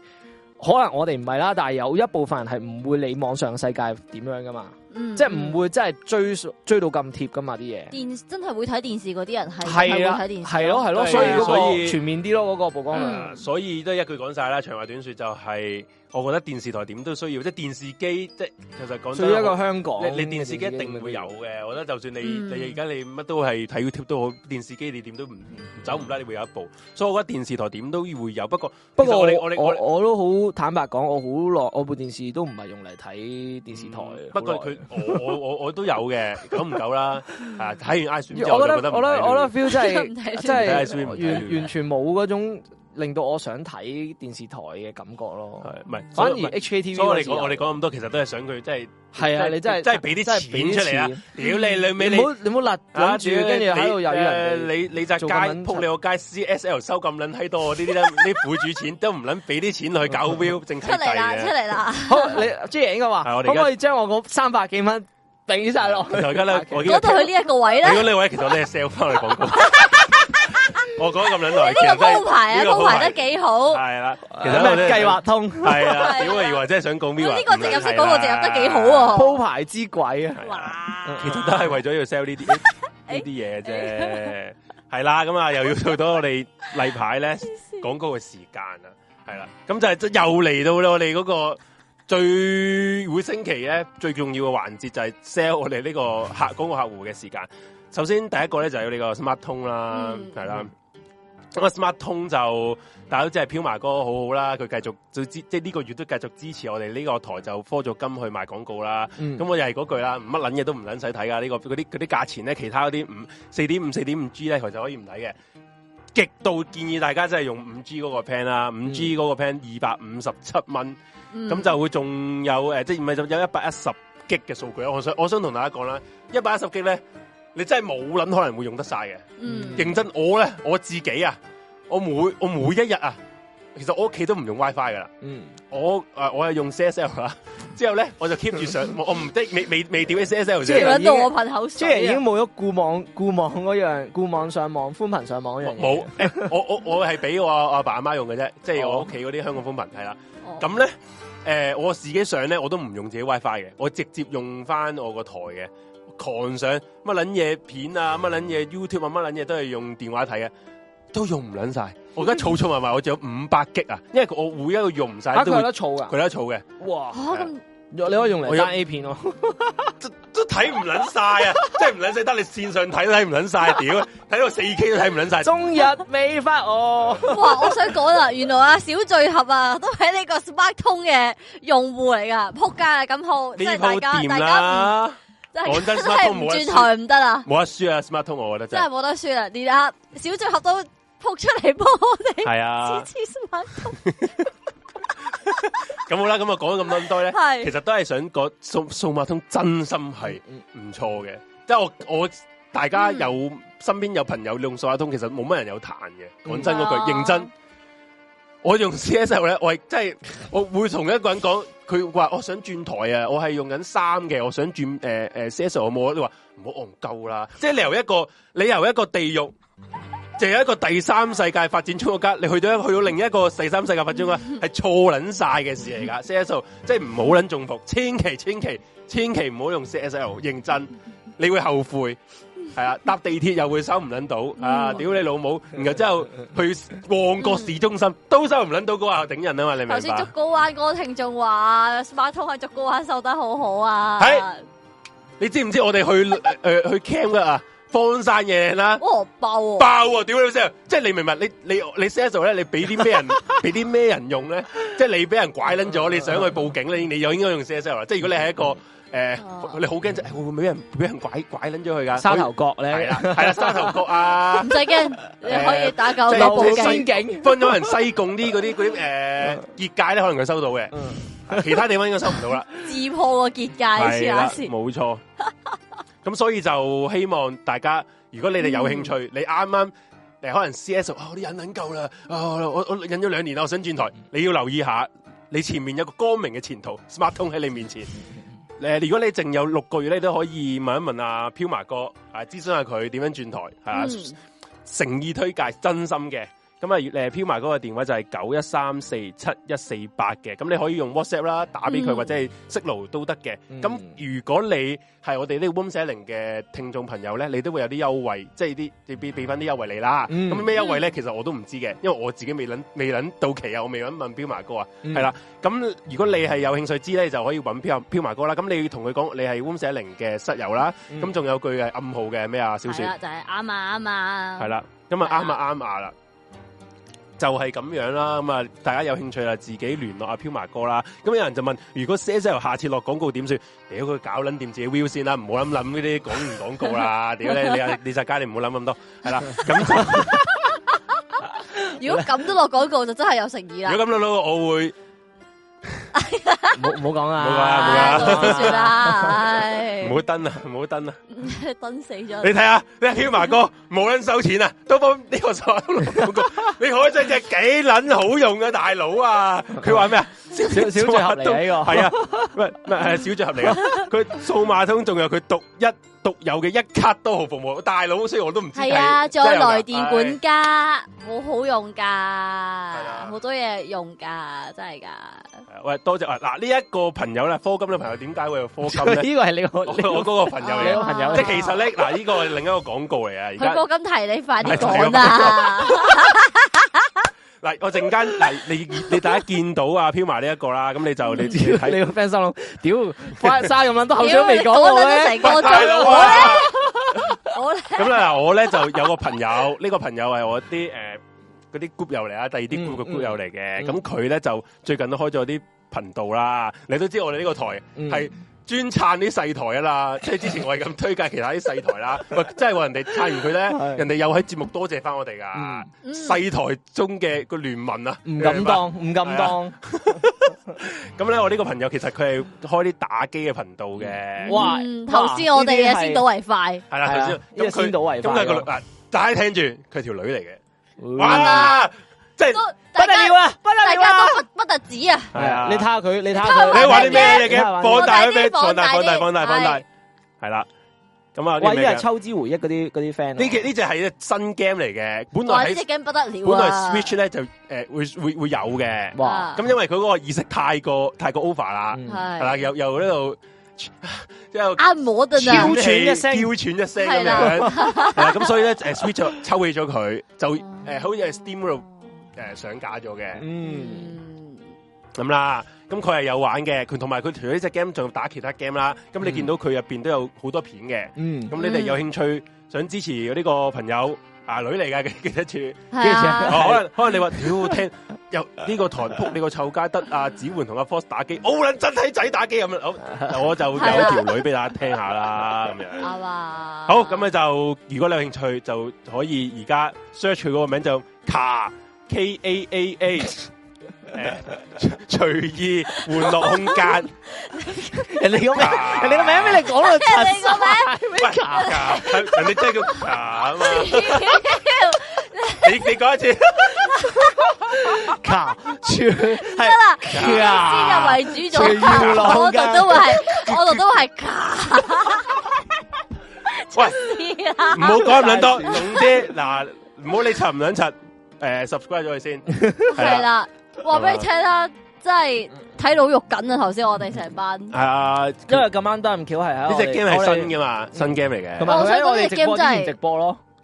可能我哋唔係啦，但係有一部分人係唔會理網上世界點樣噶嘛、嗯。即係唔會真係追追到咁貼噶嘛啲嘢。電真係會睇電視嗰啲人係係啊睇電視係咯係咯，所以、那個、所以全面啲咯嗰個曝光率、嗯。所以都一句講晒啦，長話短說就係、是。我覺得電視台點都需要，即係電視機，即係其實講對於一個香港，你電視機一定會有嘅。我覺得就算你，嗯、你而家你乜都係睇 YouTube 都好，電視機你點都唔走唔甩，嗯、你會有一部。所以我覺得電視台點都會有。不過不過我我我我都好坦白講，我好耐我部電視都唔係用嚟睇電視台。不過佢我我我都有嘅，久唔久啦，睇完 Istream 就 我覺得我覺得,我覺得,我,覺得,我,覺得我覺得 feel 真係 真係完完全冇嗰種。令到我想睇電視台嘅感覺咯，係唔係反而 H A T V。所以，所以我哋講，我哋講咁多，其實都係想佢即係係啊！你真係真係俾啲錢出嚟 啊！屌你、呃、你你唔好你唔好立住，跟住喺度有人你你就街撲你個街 C S L 收咁撚喺多，呢啲啦。啲賠住錢都唔撚俾啲錢去搞 view 正出嚟啦！出嚟啦！出 好，你朱爺應該話、啊，可唔可以將我嗰三百幾蚊頂晒落？我覺得佢呢一 個位呢？如果呢位其實你係 sell 翻嚟廣告。 我講咁撚耐，呢個鋪排啊，鋪排得幾好。係啦，其實咩計劃通，係啊，表例如話真係想講咩啊？咁呢個植入式講，個植入得幾好啊？鋪排之鬼啊！哇，其實都係為咗要 sell 呢啲呢啲嘢啫，係啦，咁啊，又要做到我哋例牌咧廣告嘅時間啊，係啦，咁就係又嚟到啦，我哋嗰個最會星期咧最重要嘅環節就係 sell 我哋呢個客嗰個客戶嘅時間。首先第一個咧就係要我哋個 smart 通啦，係啦。咁 Smart 通就大家都真係飄埋哥好好啦，佢繼續就即係呢個月都繼續支持我哋呢個台就科咗金去賣廣告啦。咁、嗯、我又係嗰句啦，唔乜撚嘢都唔撚使睇噶呢個嗰啲啲價錢咧，其他嗰啲五四點五四點五 G 咧，其實可以唔睇嘅。極度建議大家真係用五 G 嗰個 plan 啦，五 G 嗰個 plan 二百五十七蚊，咁就會仲有誒，即係唔係有一百一十 G 嘅數據？我想我想同大家講啦，一百一十 G 咧。你真係冇諗可能會用得晒嘅，認真我咧我自己啊，我每我每一日啊，其實我屋企都唔用 WiFi 噶啦、嗯呃，我誒我係用 CSL 啦，之後咧我就 keep 住上， 我唔得未未未點起 CSL 先，即係到我噴口先。即係已經冇咗固網固網嗰樣，固網上網寬頻上網嗰樣冇、 欸，我我我係俾我阿爸阿媽用嘅啫，即 係我屋企嗰啲香港寬頻係啦。咁咧誒，我自己上咧我都唔用自己 WiFi 嘅，我直接用翻我個台嘅。狂上乜捻嘢片啊，乜捻嘢 YouTube 啊，乜捻嘢都係用電話睇嘅，都用唔捻晒。嗯、我而家儲儲埋埋，嗯、我仲有五百 G 啊，因為我會一路用唔晒、啊，都佢有得儲噶，佢有得儲嘅。哇，咁、啊、你可以用嚟刪 A 片咯、啊 ，都睇唔捻晒啊，即係唔捻晒，得 你綫上睇都睇唔捻晒，屌， 睇到四 K 都睇唔捻晒。終日未發我。哇，我想講啦，原來啊小聚合啊都喺呢個 SmarTone 嘅用戶嚟噶，仆街啊咁好，即係大家大家真係唔轉台唔得啊！冇得輸啊！smart 通我覺得真係冇得輸啦，連阿小雀合都撲出嚟幫我哋、啊 嗯。係啊，smart 通。咁好啦，咁啊講咗咁多咧，其實都係想講數數碼通真心係唔錯嘅，即、就、為、是、我我大家有身邊有朋友用數碼通，其實冇乜人有彈嘅。講真嗰句，認真。我用 C S L 咧，我係即係我會同一個人講，佢話我想轉台啊，我係用緊三嘅，我想轉誒誒、呃呃、C S L，我冇，你話唔好戇鳩啦，即係、就是、你由一個你由一個地獄，就有一個第三世界發展中國家，你去到一個去到另一個第三世界發展中國家係錯捻晒嘅事嚟㗎，C S L 即係唔好捻中伏，千祈千祈千祈唔好用 C S L，認真你會後悔。係啊，搭地鐵又會收唔捻到啊！屌你老母！然後之後去旺角市中心都收唔捻到個啊頂人啊嘛！你明唔明頭先竹谷灣嗰個聽眾話 SmarTone 喺竹谷灣收得好好啊！係你知唔知我哋去誒去 camp 啊？荒山野嶺啦，爆爆啊！屌你老細！即係你明唔明？你你你 social 咧？你俾啲咩人俾啲咩人用咧？即係你俾人拐捻咗，你想去報警咧？你又應該用 social 啦！即係如果你係一個。誒、欸啊，你好驚即係會唔會俾人俾人拐拐捻咗去噶？沙頭角咧，係啦，沙 頭角啊，唔使驚， 你可以打九個報警，分咗人西貢啲嗰啲嗰啲誒結界咧，可能佢收到嘅、嗯，其他地方應該收唔到啦，自破個結界，試下先，冇錯。咁 所以就希望大家，如果你哋有興趣，嗯、你啱啱誒可能 C S，啊，我啲忍忍夠啦，我我忍咗兩年，我想轉台，你要留意下，你前面有個光明嘅前途 ，Smart 通喺你面前。如果你剩有六個月，你都可以問一問阿飄馬哥，諮詢下佢點樣轉台，誠、嗯、意推介，真心嘅。咁啊，誒飄麻哥嘅電話就係九一三四七一四八嘅，咁你可以用 WhatsApp 啦，打俾佢、嗯、或者係 Signal 都得嘅。咁、嗯嗯、如果你係我哋呢個 Warm Sharing 嘅聽眾朋友咧，你都會有啲優惠，即係啲要俾翻啲優惠你啦。咁、嗯、咩優惠咧、嗯？其實我都唔知嘅，因為我自己未揾未揾到期啊，我未揾問飄麻哥啊。係、嗯、啦，咁如果你係有興趣知咧，你就可以揾飄飄麻哥啦。咁你要同佢講，你係 Warm Sharing 嘅室友啦。咁、嗯、仲有句係暗號嘅咩啊？小說就係啱啊啱啊。係、啊、啦，咁啊啱啊啱啊啦。就係、是、咁樣啦，咁啊大家有興趣啊，自己聯絡阿飄麻哥啦。咁、嗯、有人就問，如果 CSL 下次落廣告點算？屌佢搞捻掂自己 view 先啦，唔好諗諗呢啲講唔廣告啦。屌 你你啊，李澤楷你唔好諗咁多，係 啦。咁 如果咁都落廣告，就真係有誠意啦。如果咁樣，我我會。唔好講啊！唔好講啊！唔好蹲啊！唔好蹲啊！蹲死咗！你睇下，你阿軒華哥冇人收錢啊！都幫呢個手，你海真係幾卵好用嘅大佬啊！佢話咩啊？小小聚合嚟呢個係啊，喂，唔係唔係小聚合嚟啊！佢數碼通仲有佢獨一獨有嘅一卡多號服務，大佬雖然我都唔知係啊，仲有來電管家，好好用噶，好多嘢用噶，真係噶。喂，多謝啊！嗱，呢一個朋友咧，科金嘅朋友，點解會有科金咧？呢個係你我我嗰個朋友嚟，即係其實咧，嗱，呢個係另一個廣告嚟啊！而家科金提你快啲講啊！嗱，我陣間，嗱，你你大家見到啊，飄埋呢一個啦，咁你就你自己睇。你個 fans 咯，屌，花生咁樣，都後生未講我咧。我咧，咁咧嗱，我咧就有個朋友，呢個朋友係我啲誒嗰啲 group 友嚟啊，第二啲 group 嘅 group 友嚟嘅。咁佢咧就最近都開咗啲頻道啦。你都知我哋呢個台係。專撐啲細台啊啦，即係之前我係咁推介其他啲細台啦，喂，即係話人哋撐完佢咧，人哋又喺節目多謝翻我哋噶，細、嗯、台中嘅個聯盟啊，唔敢當，唔敢當。咁咧，我呢個朋友其實佢係開啲打機嘅頻道嘅、嗯。哇，頭先我哋啊，先睹為快，係啦係啦，咁、嗯、啊先睹為快，咁係個女啊，大家聽住，佢係條女嚟嘅。玩啦。即係都不得了啊！不得了啊！不不特止啊！係啊！你睇下佢，你睇下佢，你玩啲咩嘢嘅？放大佢咩？放大放大放大放大！係啦，咁啊，呢啲係秋之回憶嗰啲嗰啲 friend。呢嘅呢隻係一新 game 嚟嘅，本來呢隻 game 不得了啊！本來 Switch 咧就誒會會會有嘅，哇！咁因為佢嗰個意識太過太過 over 啦，係啦，又又呢度又壓冇得啊！超喘一聲，超喘一聲咁樣，咁所以咧就 Switch 抽起咗佢，就誒好似係 Steam 嗰度。誒，上架咗嘅，嗯，咁啦，咁佢係有玩嘅，佢同埋佢除咗呢隻 game，仲打其他 game 啦。咁你見到佢入邊都有好多片嘅，嗯，咁你哋有興趣、嗯、想支持呢個朋友啊，女嚟㗎，記得住，幾錢、啊啊？可能、啊、可能你話，屌 聽有呢個台仆呢個臭街得啊， 子媛同阿 Force 打機，哦， 真係仔打機咁樣，好 我就有條女俾大家聽下啦，咁 這樣， 好，咁咧就，如果你有興趣，就可以而家 search 佢嗰個名就卡。K A A H，隨、 欸、意玩樂空間 。人哋講咩？人哋個名咩 家的、 啊 啊？你講啦，人哋個名。唔係，人哋真係叫卡你你講一次。卡、啊、全得啦！卡以字為主，仲我度都會係，我度都係卡。喂，唔好講咁卵多，用啲嗱，唔好你沉唔卵沉。誒，subscribe 咗佢先 對了對了，係啦，話俾你聽啦，真係睇老肉緊啊！頭先我哋成班，係、這個嗯、啊，因為，今晚都係唔巧係啊，呢隻 game 係新噶嘛，新 game 嚟嘅，我睇我哋直播之前直播咯、就是。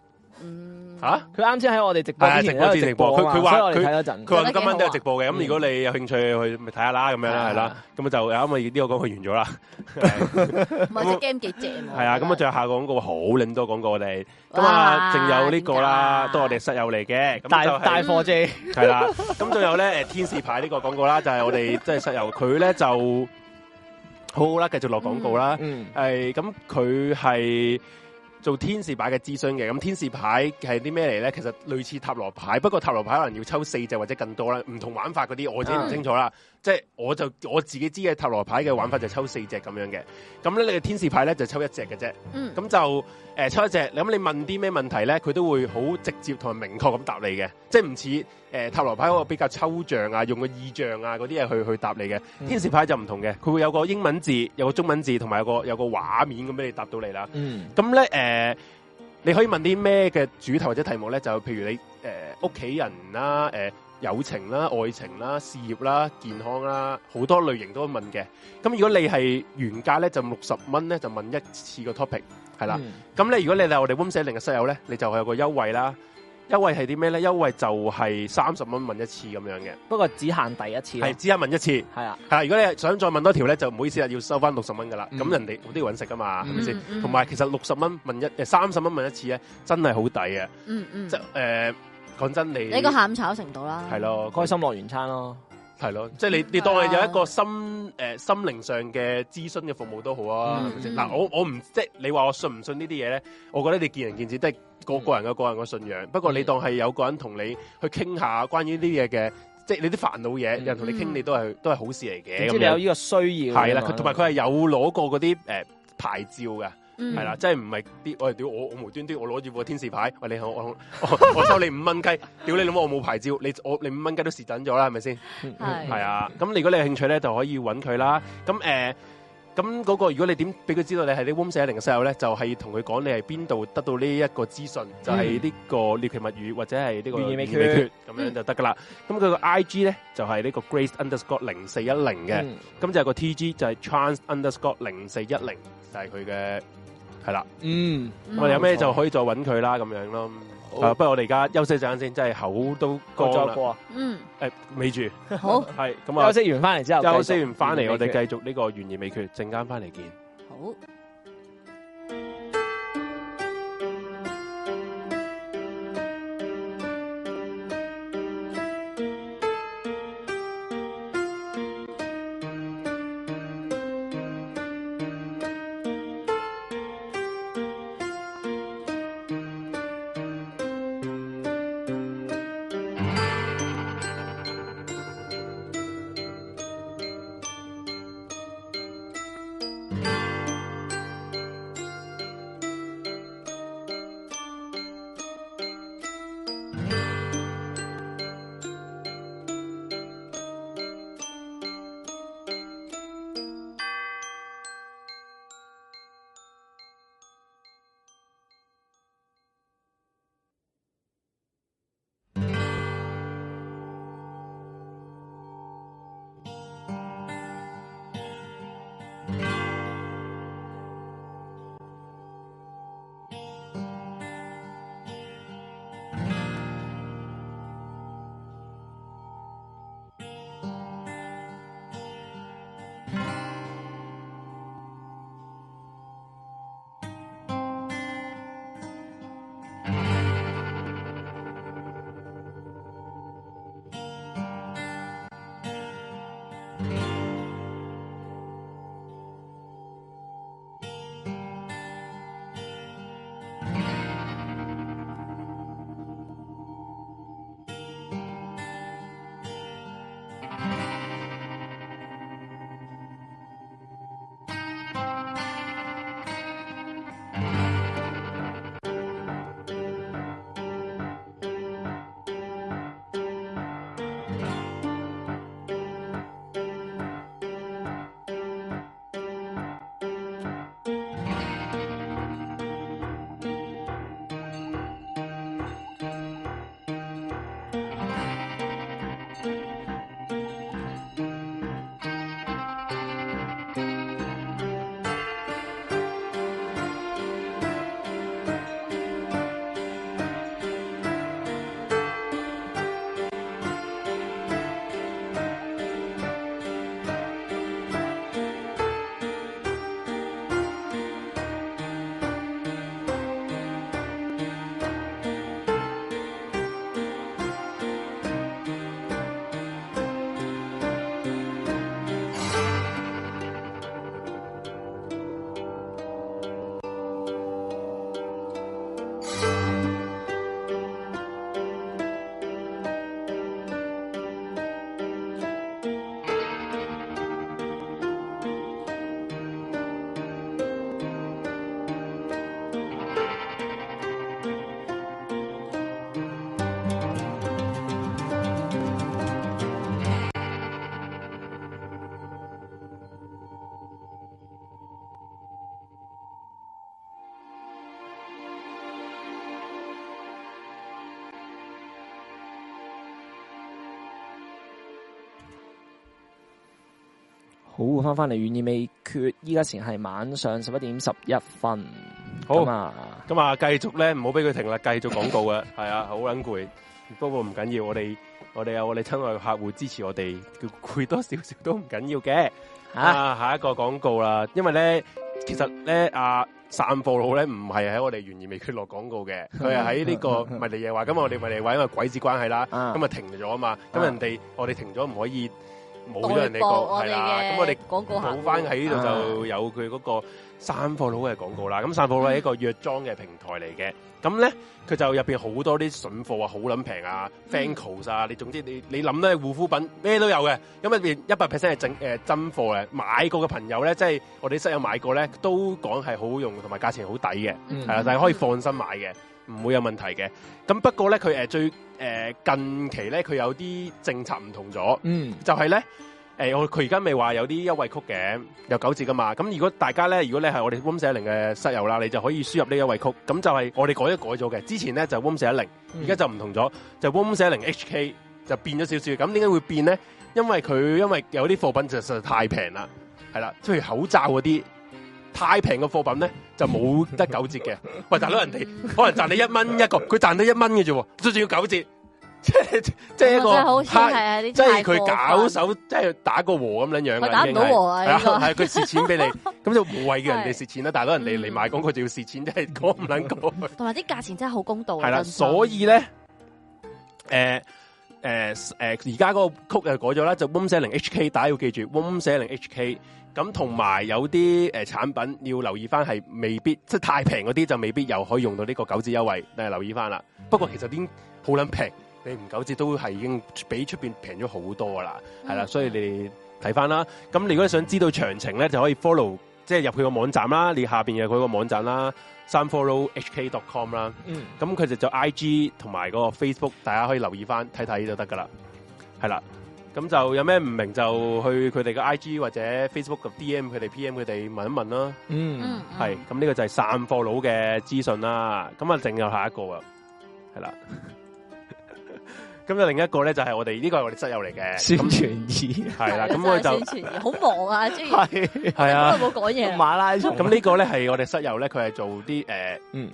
啊！佢啱先喺我哋直播，係直播直播。佢佢話佢佢話今晚都有直播嘅。咁如果你有興趣去，咪睇下啦，咁樣啦，係啦。咁啊就因為，呢個廣告完咗啦。唔係，隻 game 幾正啊！係啊，咁啊，仲有下個廣告好靚多廣告，我哋咁啊，仲有呢個啦，都係我哋室友嚟嘅。帶帶貨啫，係啦。咁仲有咧，誒，天使牌呢個廣告啦，就係我哋即係室友佢咧就，好好啦，繼續落廣告啦。嗯，係咁，佢係。做天使牌嘅諮詢嘅，咁天使牌係啲咩嚟呢？其實類似塔羅牌，不過塔羅牌可能要抽四隻或者更多啦，唔同玩法嗰啲我自己唔清楚啦。嗯。即係我就我自己知嘅塔羅牌嘅玩法就抽四隻咁樣嘅，咁咧你嘅天使牌咧就抽一隻嘅啫。咁、嗯、就誒、呃、抽一隻。咁你問啲咩問題咧，佢都會好直接同埋明確咁答你嘅。即係唔似誒塔羅牌嗰個比較抽象啊，用個意象啊嗰啲嘢去去答你嘅，嗯。天使牌就唔同嘅，佢會有個英文字，有個中文字，同埋有，有個有個畫面咁俾你答到你啦。咁咧誒，你可以問啲咩嘅主題或者題目咧？就譬如你誒屋企人啦、啊、誒、呃。友情啦、愛情啦、事業啦、健康啦，好多類型都會問嘅。咁如果你係原價咧，就六十蚊咧，就問一次個 topic 係啦。咁、嗯、咧，如果你係我哋温舍零嘅室友咧，你就係有一個優惠啦。優惠係啲咩咧？優惠就係三十蚊問一次咁樣嘅。不過只限第一次，係只限問一次，係啊。係啊，如果你係想再問多條咧，就唔好意思啊，要收返六十蚊噶啦。咁、嗯、人哋好啲搵食噶嘛，係咪先？同埋、嗯嗯、其實六十蚊問一誒三十蚊問一次咧，真係好抵嘅。嗯嗯，講真你你個下午炒都食唔到啦，係咯開心樂園餐咯，係咯，即係你你當係有一個心誒心靈上嘅諮詢嘅服務都好啊。嗱、嗯就是、我我唔即係你話我信唔信這些東西呢啲嘢咧，我覺得你見仁見智，都係個個人嘅、嗯、個人嘅信仰。不過你當係有個人同你去傾下關於呢啲嘢嘅，即係你啲煩惱嘢，有人同你傾，你都係、嗯、都係好事嚟嘅。點知你有呢個需要係啦，同埋佢係有攞過嗰啲誒牌照嘅。係、嗯、啦，即係唔係啲我屌我我無端端我攞住個天使牌，喂你好，我收你五蚊雞， 屌你諗我冇牌照，你我你五蚊雞都蝕緊咗啦，係咪先？係啊，咁如果你有興趣咧，就可以搵佢啦。咁誒，咁、呃、嗰個如果你點俾佢知道你係啲 w o o m 四一零嘅細友咧，就係同佢講你係邊度得到呢一個資訊，嗯、就係呢個獵奇物語或者係呢個咁樣就得噶啦。咁佢個 I G 咧就係、是、呢個 Grace Underscore 零四一零嘅，咁、嗯、就係個 T G 就係 Trans Underscore 零四一零。就係佢嘅係啦，嗯，咁啊有咩就可以再揾佢啦咁樣咯。啊，不過我哋而家休息陣先，真係口都乾咗啦。嗯，誒、欸，未住，好，係咁啊。休息完翻嚟之後，休息完翻嚟，我哋繼續呢個懸疑未決，陣間翻嚟見。好。保護翻翻嚟，原意未缺。依家先係晚上十一點十一分。好，咁啊，咁啊，繼續咧，唔好俾佢停啦。繼續廣告嘅，係 啊，好撚攰，不過唔緊要。我哋我哋有我哋親愛客戶支持我哋，攰多少少都唔緊要嘅、啊。啊，下一個廣告啦，因為咧，其實咧，散、啊、步佬咧，唔係喺我哋原意未缺落廣告嘅，佢係喺呢個咪嚟嘢話。咁 我哋咪嚟話，因為鬼子關係啦，咁啊就停咗啊嘛。咁、啊、人哋我哋停咗，唔可以。冇多人嚟講，係啦，咁我哋廣告好翻喺呢度就有佢嗰個散貨佬嘅廣告啦。咁散貨佬係一個藥妝嘅平台嚟嘅，咁咧佢就入面好多啲筍貨啊，好、嗯、撚平啊，Fancl 啊，你總之你你諗咧護膚品咩都有嘅，咁入面一百 percent 係正真貨嘅，買過嘅朋友咧，即係我哋室友買過咧，都講係好用同埋價錢好抵嘅，啊、嗯，但係可以放心買嘅，唔會有問題嘅。咁不過咧，佢最。近期咧，佢有啲政策唔同咗，嗯就呢，就係咧，誒我佢而家未話有啲優惠曲嘅，有九折噶嘛，咁如果大家咧，如果咧係我哋 Warm 舍零嘅室友啦，你就可以輸入呢優惠曲，咁就係我哋改一改咗嘅，之前咧就 Warm 舍零，而家就唔同咗，就 Warm 舍零 HK 就變咗少少，咁點解會變咧？因為佢因為有啲貨品就實在太平啦，係啦，即如口罩嗰啲。太平嘅貨品咧就冇得九折嘅。喂，大佬，人哋可能賺你一蚊一個，佢賺得一蚊嘅啫，最仲要九折，即係即係一個，嗯好係啊、即係佢搞手，即係打個和咁樣樣、啊、嘅。打唔到和啊，係佢蝕錢俾你，咁 就無謂叫人哋蝕錢啦、啊。大佬，人哋嚟賣工，佢就要蝕錢，即係講唔撚講。同埋啲價錢真係好公道、啊。係啦，所以咧，誒、呃。誒、呃、誒，而家嗰個曲又改咗啦，就 w a 零 HK，大家要記住 w a 零 HK。咁同埋有啲誒、呃、產品要留意翻，係未必，即係太平嗰啲就未必又可以用到呢個九折優惠，誒，留意翻啦。不過其實已經好撚平，你唔九折都係已經比出面平咗好多啦，係、嗯、啦。所以你睇翻啦。咁如果你想知道詳情咧，就可以 follow 即係入佢個網站啦。你下邊有佢個網站啦。散貨佬 hk.com 啦，咁佢哋就 I G 同埋嗰個 Facebook，大家可以留意翻睇睇就得噶啦，係啦，咁就有咩唔明就去佢哋嘅 I G 或者 Facebook 嘅 D M 佢哋 P M 佢哋問一問啦，嗯，係，咁呢個就係散貨佬嘅資訊啦，咁啊，剩有下一個啊，係啦。咁另一個咧，就、這、係、個、我哋呢個係我哋室友嚟嘅宣傳意係啦，咁佢就宣傳好、嗯嗯嗯、 忙啊，即係係啊，冇講嘢，馬拉松。咁呢、啊、個咧係我哋室友咧，佢係做啲誒，uh, 嗯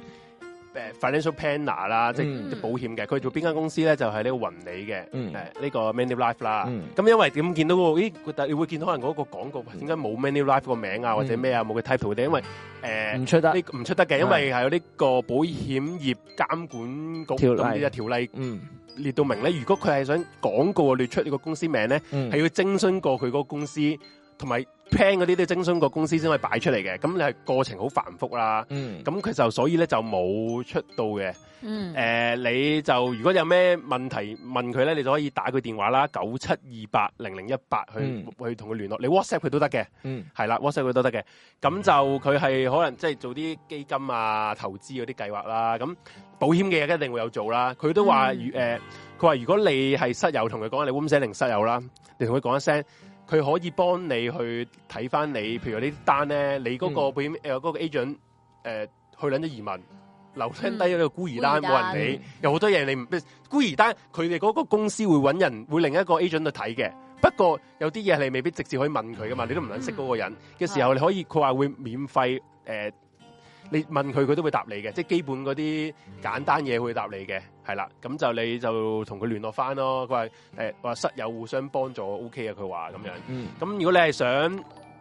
，financial planner 啦，即係保險嘅。佢做邊間公司咧？就係、是、呢個云里嘅，嗯，呢、啊這個 Manulife 啦、嗯。咁、嗯、因為點見到個咦？但你會見到可能嗰個廣告點解冇 Manulife 個名啊、嗯，或者咩啊冇嘅 type 嘅、uh,？因為誒唔出得呢，唔出得嘅，因為係有呢個保險業監管局一條嘅條例，嗯。列到明咧，如果佢係想廣告列出呢個公司名咧，係、嗯、要徵詢過佢嗰個公司，同埋 plan 嗰啲都要徵詢過公司先可以擺出嚟嘅。咁係過程好繁複啦。咁、嗯、佢就所以咧就冇出到嘅、嗯呃。你就如果有咩問題問佢咧，你就可以打佢電話啦，九七二八零零一八去、嗯、去同佢聯絡。你 WhatsApp 佢都得嘅，係、嗯、啦，WhatsApp 佢都得嘅。咁、嗯、就佢係可能即係做啲基金啊、投資嗰啲計劃啦。咁。保險嘅嘢一定會有做啦，佢都話，誒、嗯，佢、呃、話如果你係室友，同佢講，你溫莎寧室友啦，你同佢講一聲，佢可以幫你去睇翻你，譬如話呢單咧，你嗰個保險誒嗰、嗯呃嗰個 agent 誒、呃、去諗咗移民，留低咗個孤兒單冇人理，有好多嘢你孤兒單，佢哋嗰個公司會搵人會另一個 agent 度睇嘅，不過有啲嘢你未必直接可以問佢噶嘛，你都唔想識嗰個人嘅、嗯、時候，你可以佢話會免費誒。呃你問佢，佢都會答你嘅，即係基本嗰啲簡單嘢會答你嘅，係啦。咁就你就同佢聯絡翻咯。佢話誒話室友互相幫助 O K 啊，佢話咁樣。咁、嗯、如果你係想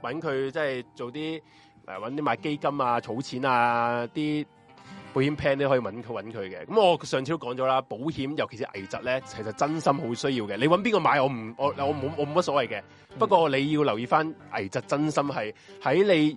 揾佢即係做啲誒揾啲買基金啊、儲錢啊啲保險 plan 你可以揾佢揾佢嘅。咁我上次都講咗啦，保險尤其是危疾咧，其實真心好需要嘅。你揾邊個買我唔我我冇我冇乜所謂嘅、嗯。不過你要留意翻危疾真心係喺你，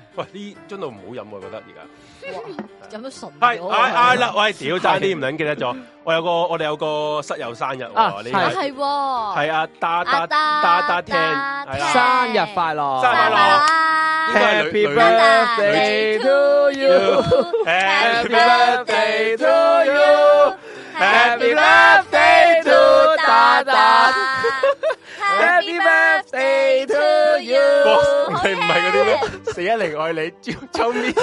喂，呢樽度唔好飲我，覺得而家有乜唇係係啦，喂，屌炸啲唔撚記得咗，我有，我有，我點點我有個我哋有個室友生日，我啊，我生日我啊，你啊，係係係阿達達達達聽生日快樂，快樂生日快樂、啊、happy, ，Happy birthday to you，Happy birthday to you，Happy birthday to Happy birthday to you！我係唔係嗰啲咩？寫嚟愛你，臭咪！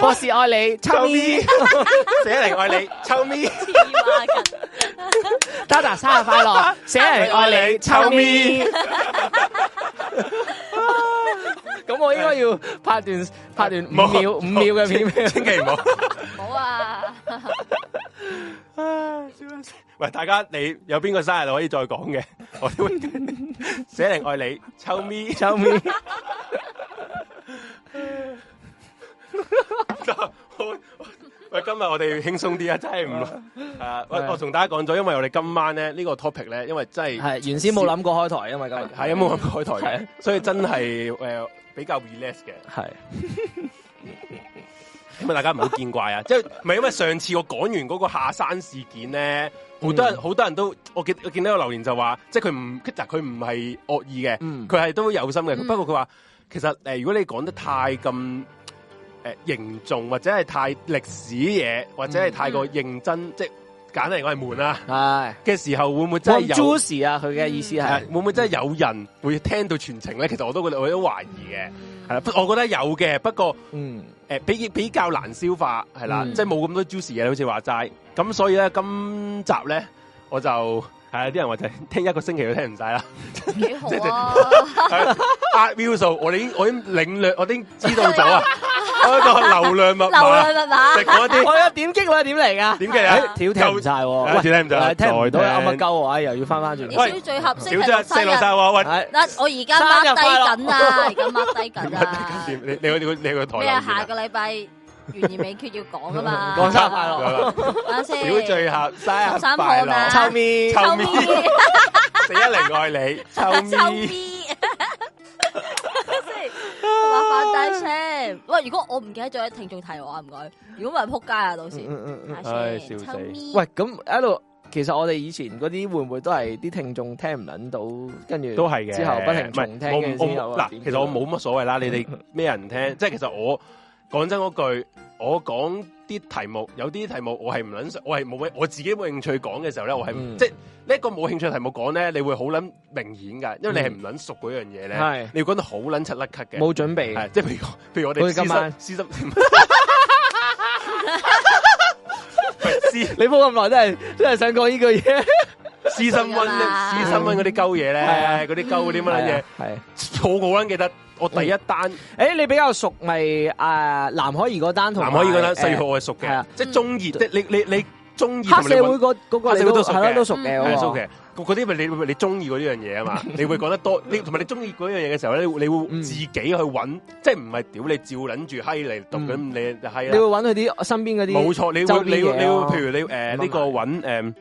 博士愛你，臭咪！寫嚟愛你，臭咪！痴話噶！Dada 生日快樂！寫嚟愛你，臭咪！咁我應該要拍段拍段五秒五秒嘅片咩？千祈唔好，好啊！啊！喂，大家你有邊個生日可以再講嘅？我寫嚟愛你，tell me，tell me。喂，今日我哋輕鬆啲啊！真係唔係啊！我我同大家講咗，因為我哋今晚咧呢個 topic 咧，因為真係係原先冇諗過開台，因為今日係冇諗過開台，所以真係誒比較 relax 嘅，係。咁大家唔好見怪啊！即係係因為上次我講完嗰個下山事件咧，好多人好多人都我見見到個留言就話，即係佢唔佢但係佢唔係惡意嘅，佢、嗯、係都好有心嘅。嗯、不過佢話其實誒、呃，如果你講得太咁誒凝重或者係太歷史嘢或者係太過認真，嗯、即係簡嚟我係悶啦。係、嗯、嘅時候會唔會真係有？啊，佢嘅意思係、嗯、會唔會真係有人會聽到全程咧？其實我都覺得我都懷疑嘅。係啦，我覺得有嘅，不過，嗯、呃，誒，比比較難消化，係啦，嗯、即係冇咁多 juice 嘅，好似話齋，咁所以咧，今集咧，我就。係啊！啲人話就聽一個星期都聽唔晒啦，幾好啊！view 數我哋已經我已經領略，我已經知道咗、 哎啊，哎、啊！我流量嘛，流量嘛，食嗰啲我有點擊嘛，點嚟啊？點擊啊，跳聽唔晒，條聽唔到，聽唔到又唔夠，又要翻翻轉。喂，最合適係六四六三喎。喂，嗱，我而家拉低緊啊，我而家拉低緊啊，拉低緊點？你你個你個台啊？下個禮拜。懸而未決要講㗎嘛？廣州快樂，小聚合，生日快樂，臭咪臭咪，四一零愛你，臭咪，即係，麻煩大聲。喂，如果我唔記得咗，聽眾提我啊，唔該。如果唔係撲街啊，到時，哎，笑死。喂，咁喺度，其實我哋以前嗰啲會唔會都係啲聽眾聽唔撚到，跟住都係嘅之後不停重聽嘅？之後嗱，其實我冇乜所謂啦。你哋咩人聽？即係其實我。講真嗰句，我講啲題目，有啲題目我係唔捻熟，我係冇我自己冇興趣講嘅時候咧，我係、嗯、即係呢個冇興趣題目講咧，你會好捻明顯噶，因為你係唔捻熟嗰樣嘢咧，嗯、你講得好捻七甩 c 嘅，冇準備、啊，即係譬如譬如我哋今晚私心，私 你冇咁耐，真係真係想講 Season one, 嗯、呢句嘢，私心溫私心溫嗰啲勾嘢咧，嗰啲勾嗰啲乜捻嘢，係、啊啊啊、我好捻記得。我第一單誒、嗯欸，你比較熟咪誒、呃？藍可兒嗰單同藍可兒嗰單四、呃、月號係熟嘅、啊，即係中意你你你中意黑社會那個嗰個係都,都熟嘅，係熟嘅。嗰啲咪你你你中意嗰樣嘢啊嘛？ 你會講得多，你同埋你中意嗰樣嘢嘅時候咧，你會自己去揾、嗯，即係唔係屌你照捻住閪嚟讀咁，你閪啦。你會揾佢啲身邊嗰啲，冇錯。你會你會你,會你會，譬如你誒呢、呃這個揾誒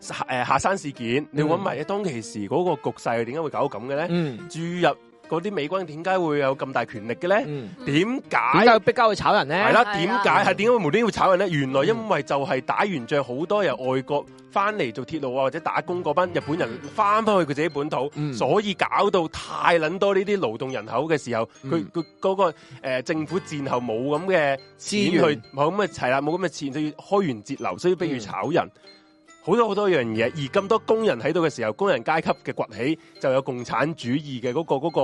誒下山事件，你揾埋、嗯、當其時嗰個局勢係點解會搞到咁嘅咧？注、嗯、入。嗰啲美軍點解會有咁大權力嘅咧？點解點解逼交去炒人咧？係啦，點解係點解無端端會炒人咧？原來因為就係打完仗，好多由外國翻嚟做鐵路啊，或者打工嗰班日本人翻翻去佢自己本土，嗯、所以搞到太撚多呢啲勞動人口嘅時候，佢佢嗰個、呃、政府戰後冇咁嘅資源去冇咁嘅係啦，冇咁嘅錢去開源節流，所以不如炒人。嗯好多好多樣嘢，而咁多工人喺度嘅時候，工人階級嘅崛起就有共產主義嘅嗰、嗰個、嗰個、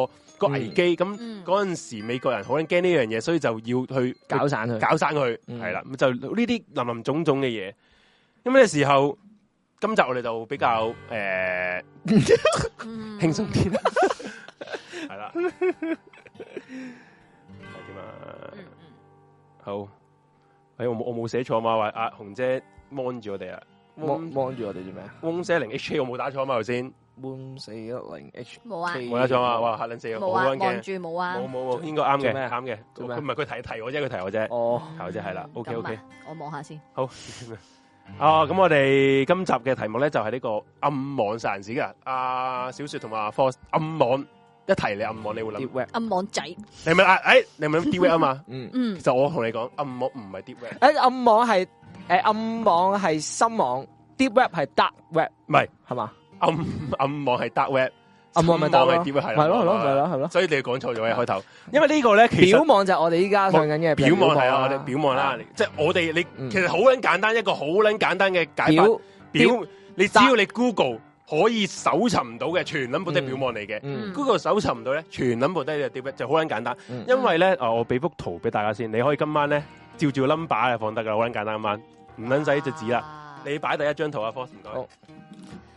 嗰個危機。咁嗰陣時，美國人可能驚呢樣嘢，所以就要去搞散佢，搞散佢，係、嗯、啦。咁就呢啲林林種種嘅嘢。咁、嗰、咩、個、時候？今集我哋就比較誒輕鬆啲啦。係、呃、啦，係 點，嗯嗯點 對了 啊？好。哎，我我冇寫錯嘛？喂，阿紅姐望住我哋啊！望望住我哋做咩啊？one 四一零 H，我冇打錯嘛？頭先 one 四一零 H，冇啊？冇打錯啊？哇，吓捻死我，冇眼鏡，望住冇啊？冇冇冇，應該啱嘅，啱嘅，唔係佢提提我啫，佢提我啫，哦，提我啫，係啦，OK OK，我望下先。好，啊，咁我哋今集嘅題目咧就係呢個暗網散子噶，啊，小雪同埋阿 Four 暗網一提你暗網，你會諗 DW 暗網仔，你咪啊，哎，你咪 DW 啊嘛，嗯嗯，其實我同你講暗網唔係 DW，哎，暗網係。誒，暗網係深網，deep web 係 dark web，唔係係嘛？暗暗網係 dark web，暗網咪 dark 係咯，係咯係咯係咯，所以你講錯咗一開頭。因為個呢個咧，其實表網就係我哋依家講緊嘅表網係啊，我哋，表網啦，即係我哋你其實好捻簡單，嗯、一個好捻簡單嘅解法。表，表你只要你 Google 可以搜尋唔到嘅，全捻部都係表網嚟嘅。嗯嗯 Google 搜尋唔到咧，全捻部都係 deep web，就好捻簡單。因為咧，我俾幅圖俾大家先，你可以今晚咧。照照 number 啊，放得噶，好撚簡單咁玩，唔撚使使隻紙啦。你擺第一張圖啊，four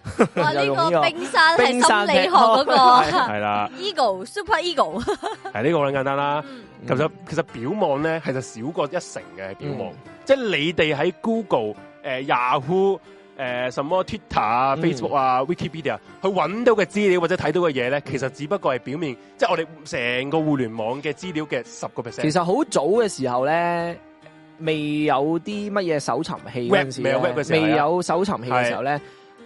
十年呢個冰山係心理學嗰、那個，係 啦。Eagle，Super Eagle，係呢 個好撚簡單啦。嗯、其實其實表望咧係就少過一成嘅表望、嗯，即係你哋喺 Google，誒、呃、Yahoo。誒，什麼 Twitter 啊、Facebook 啊、嗯、Wikipedia 去揾到嘅資料或者睇到嘅嘢咧，其實只不過係表面，即係我哋成個互聯網嘅資料嘅十個 percent。其實好早嘅時候咧，未有啲乜嘢搜尋器，未有未有搜尋器嘅時候咧。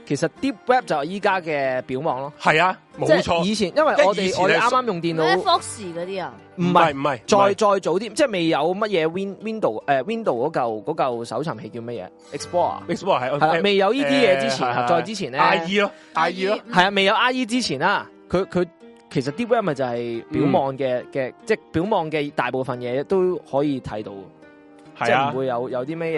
其實 Deep Web 就係依家嘅表網咯，係啊，冇錯。以前因為我哋我哋啱啱用電腦，咩 Fox 嗰啲啊？唔係唔係，再再早啲，即係未有乜嘢 Window 誒，Window 嗰、uh, 嚿搜尋器叫乜嘢？Explorer，Explorer 係未有呢啲嘢之前，uh, 再之前咧 IE 咯，IE 咯，係啊，未有 IE 之前啦，佢佢其實 Deep Web 咪就係表網嘅嘅、嗯，即係表網嘅大部分嘢都可以睇到。係啊，唔會有有啲咩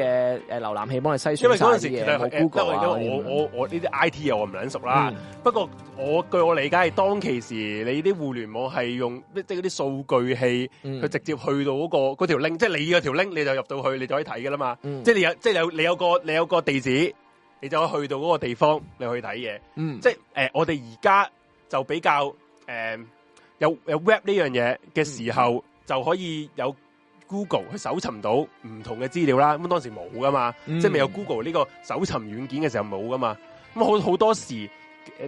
嘢，誒，瀏覽器幫你篩選，因為嗰陣時其實、呃呃、因為我我、啊、我呢啲、嗯、IT 我唔撚熟啦。嗯、不過我據我理解係當其時，你啲互聯網係用即係嗰啲數據器，佢直接去到嗰、嗰個嗰、嗯、條 link，即係你嗰條 link 你就入到去，你就可以睇㗎啦嘛。嗯、即係你有即係有你有個你有個地址，你就可以去到嗰個地方你去睇嘢。嗯、即係、呃、我哋而家就比較誒、呃、有有 web 呢樣嘢嘅時候、嗯、就可以有。Google 去搜尋到唔同嘅資料啦，咁當時冇噶嘛，嗯、即係未有 Google 呢個搜尋軟件嘅時候冇噶嘛，咁好好多時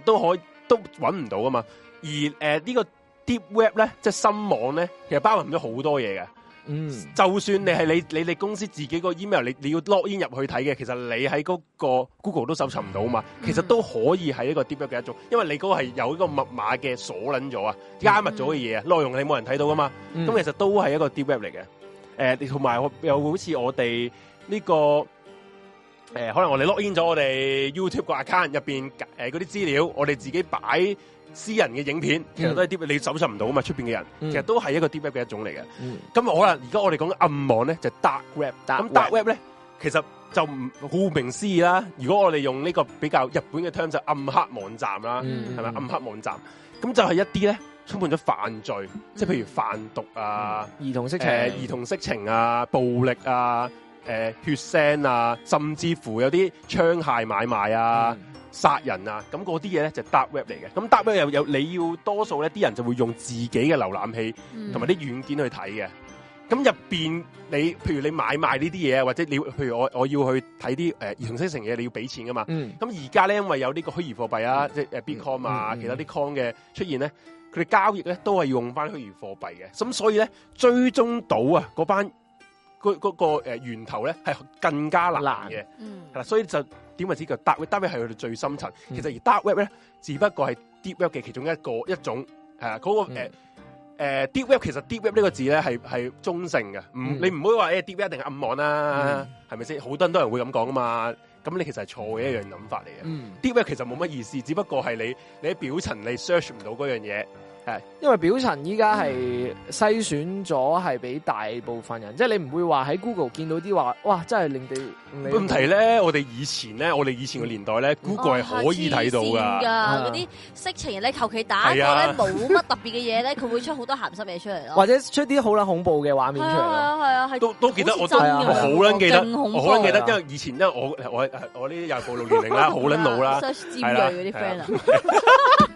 都可以都揾唔到噶嘛。而誒呢、呃這個 Deep Web 咧，即係深網咧，其實包含咗好多嘢嘅。嗯，就算你係你你，你公司自己個 email，你你要 log in 入去睇嘅，其實你喺嗰個 Google 都搜尋唔到啊嘛。其實都可以係一個 Deep Web 嘅一種，因為你嗰個係有一個密碼嘅鎖捻咗啊，加密咗嘅嘢啊，內、嗯、容你冇人睇到噶嘛。咁、嗯、其實都係一個 Deep Web 嚟嘅。誒、呃，同埋我又好似我哋呢、呢個誒、呃，可能我哋 login 咗我哋 YouTube 嘅 account 入面嗰啲、呃、資料，我哋自己擺私人嘅影片，其實都係啲、嗯、你搜索唔到啊嘛，出面嘅人、嗯、其實都係一個 deep web 嘅一種嚟嘅。咁、嗯嗯、可能而家我哋講暗網咧，就係、dark, web, dark, dark web。咁 dark web 咧，其實就唔顧名思義啦。如果我哋用呢個比較日本嘅 term 就暗黑網站啦，係、嗯、咪、嗯、暗黑網站？咁就係一啲咧。充滿咗犯罪，即係譬如販毒啊、兒、嗯、童色情、呃、兒童色情啊、暴力啊、呃、血腥啊，甚至乎有啲槍械買賣啊、嗯、殺人啊，咁嗰啲嘢咧就 dark web 嚟嘅。咁 dark 又有你要多數咧，啲人就會用自己嘅瀏覽器同埋啲軟件去睇嘅。咁入面你，你譬如你買賣呢啲嘢，或者你譬如我我要去睇啲誒兒童色情嘢，你要俾錢噶嘛。咁而家咧，因為有呢個虛擬貨幣啊，嗯、即係 bitcoin 啊、嗯嗯，其他啲 coin 嘅出現咧。佢哋交易咧都係用翻虛擬貨幣嘅，咁所以咧追蹤到啊嗰班嗰、嗰個源頭咧係更加難嘅，嗱、嗯，所以就點為之叫 dark web？dark web 係佢哋最深層，嗯、其實而 dark web 咧，只不過係 deep web 嘅其中一個一種，啊嗰、嗰個、嗯呃、deep web 其實 deep web 呢個字咧係係中性嘅，唔、嗯、你唔會話 deep web 一定係暗網啦、啊，係咪先？好多人會咁講啊嘛。咁你其實係錯嘅一樣諗法嚟嘅，啲、嗯、嘢其實冇乜意思，只不過係你你喺表層你 search 唔到嗰樣嘢。係，因為表層依家係篩選咗，係俾大部分人，即、嗯、係、就是、你唔會話喺 Google 見到啲話，哇，真係令你唔理問題咧。我哋以前咧，我哋以前嘅年代咧，Google 係、哦、可以睇到噶。嗰啲、啊、色情咧，求其打一個冇乜、啊、特別嘅嘢咧，佢會出好多鹹濕嘢出嚟咯。 或者出啲好撚恐怖嘅畫面出嚟。係啊係都都記得我真啊，好撚記得，好撚、啊啊、記得，啊啊記得啊、因為以前因為我我我呢又暴露年齡啦，好撚老啦，尖啦，嗰啲 friend 啊。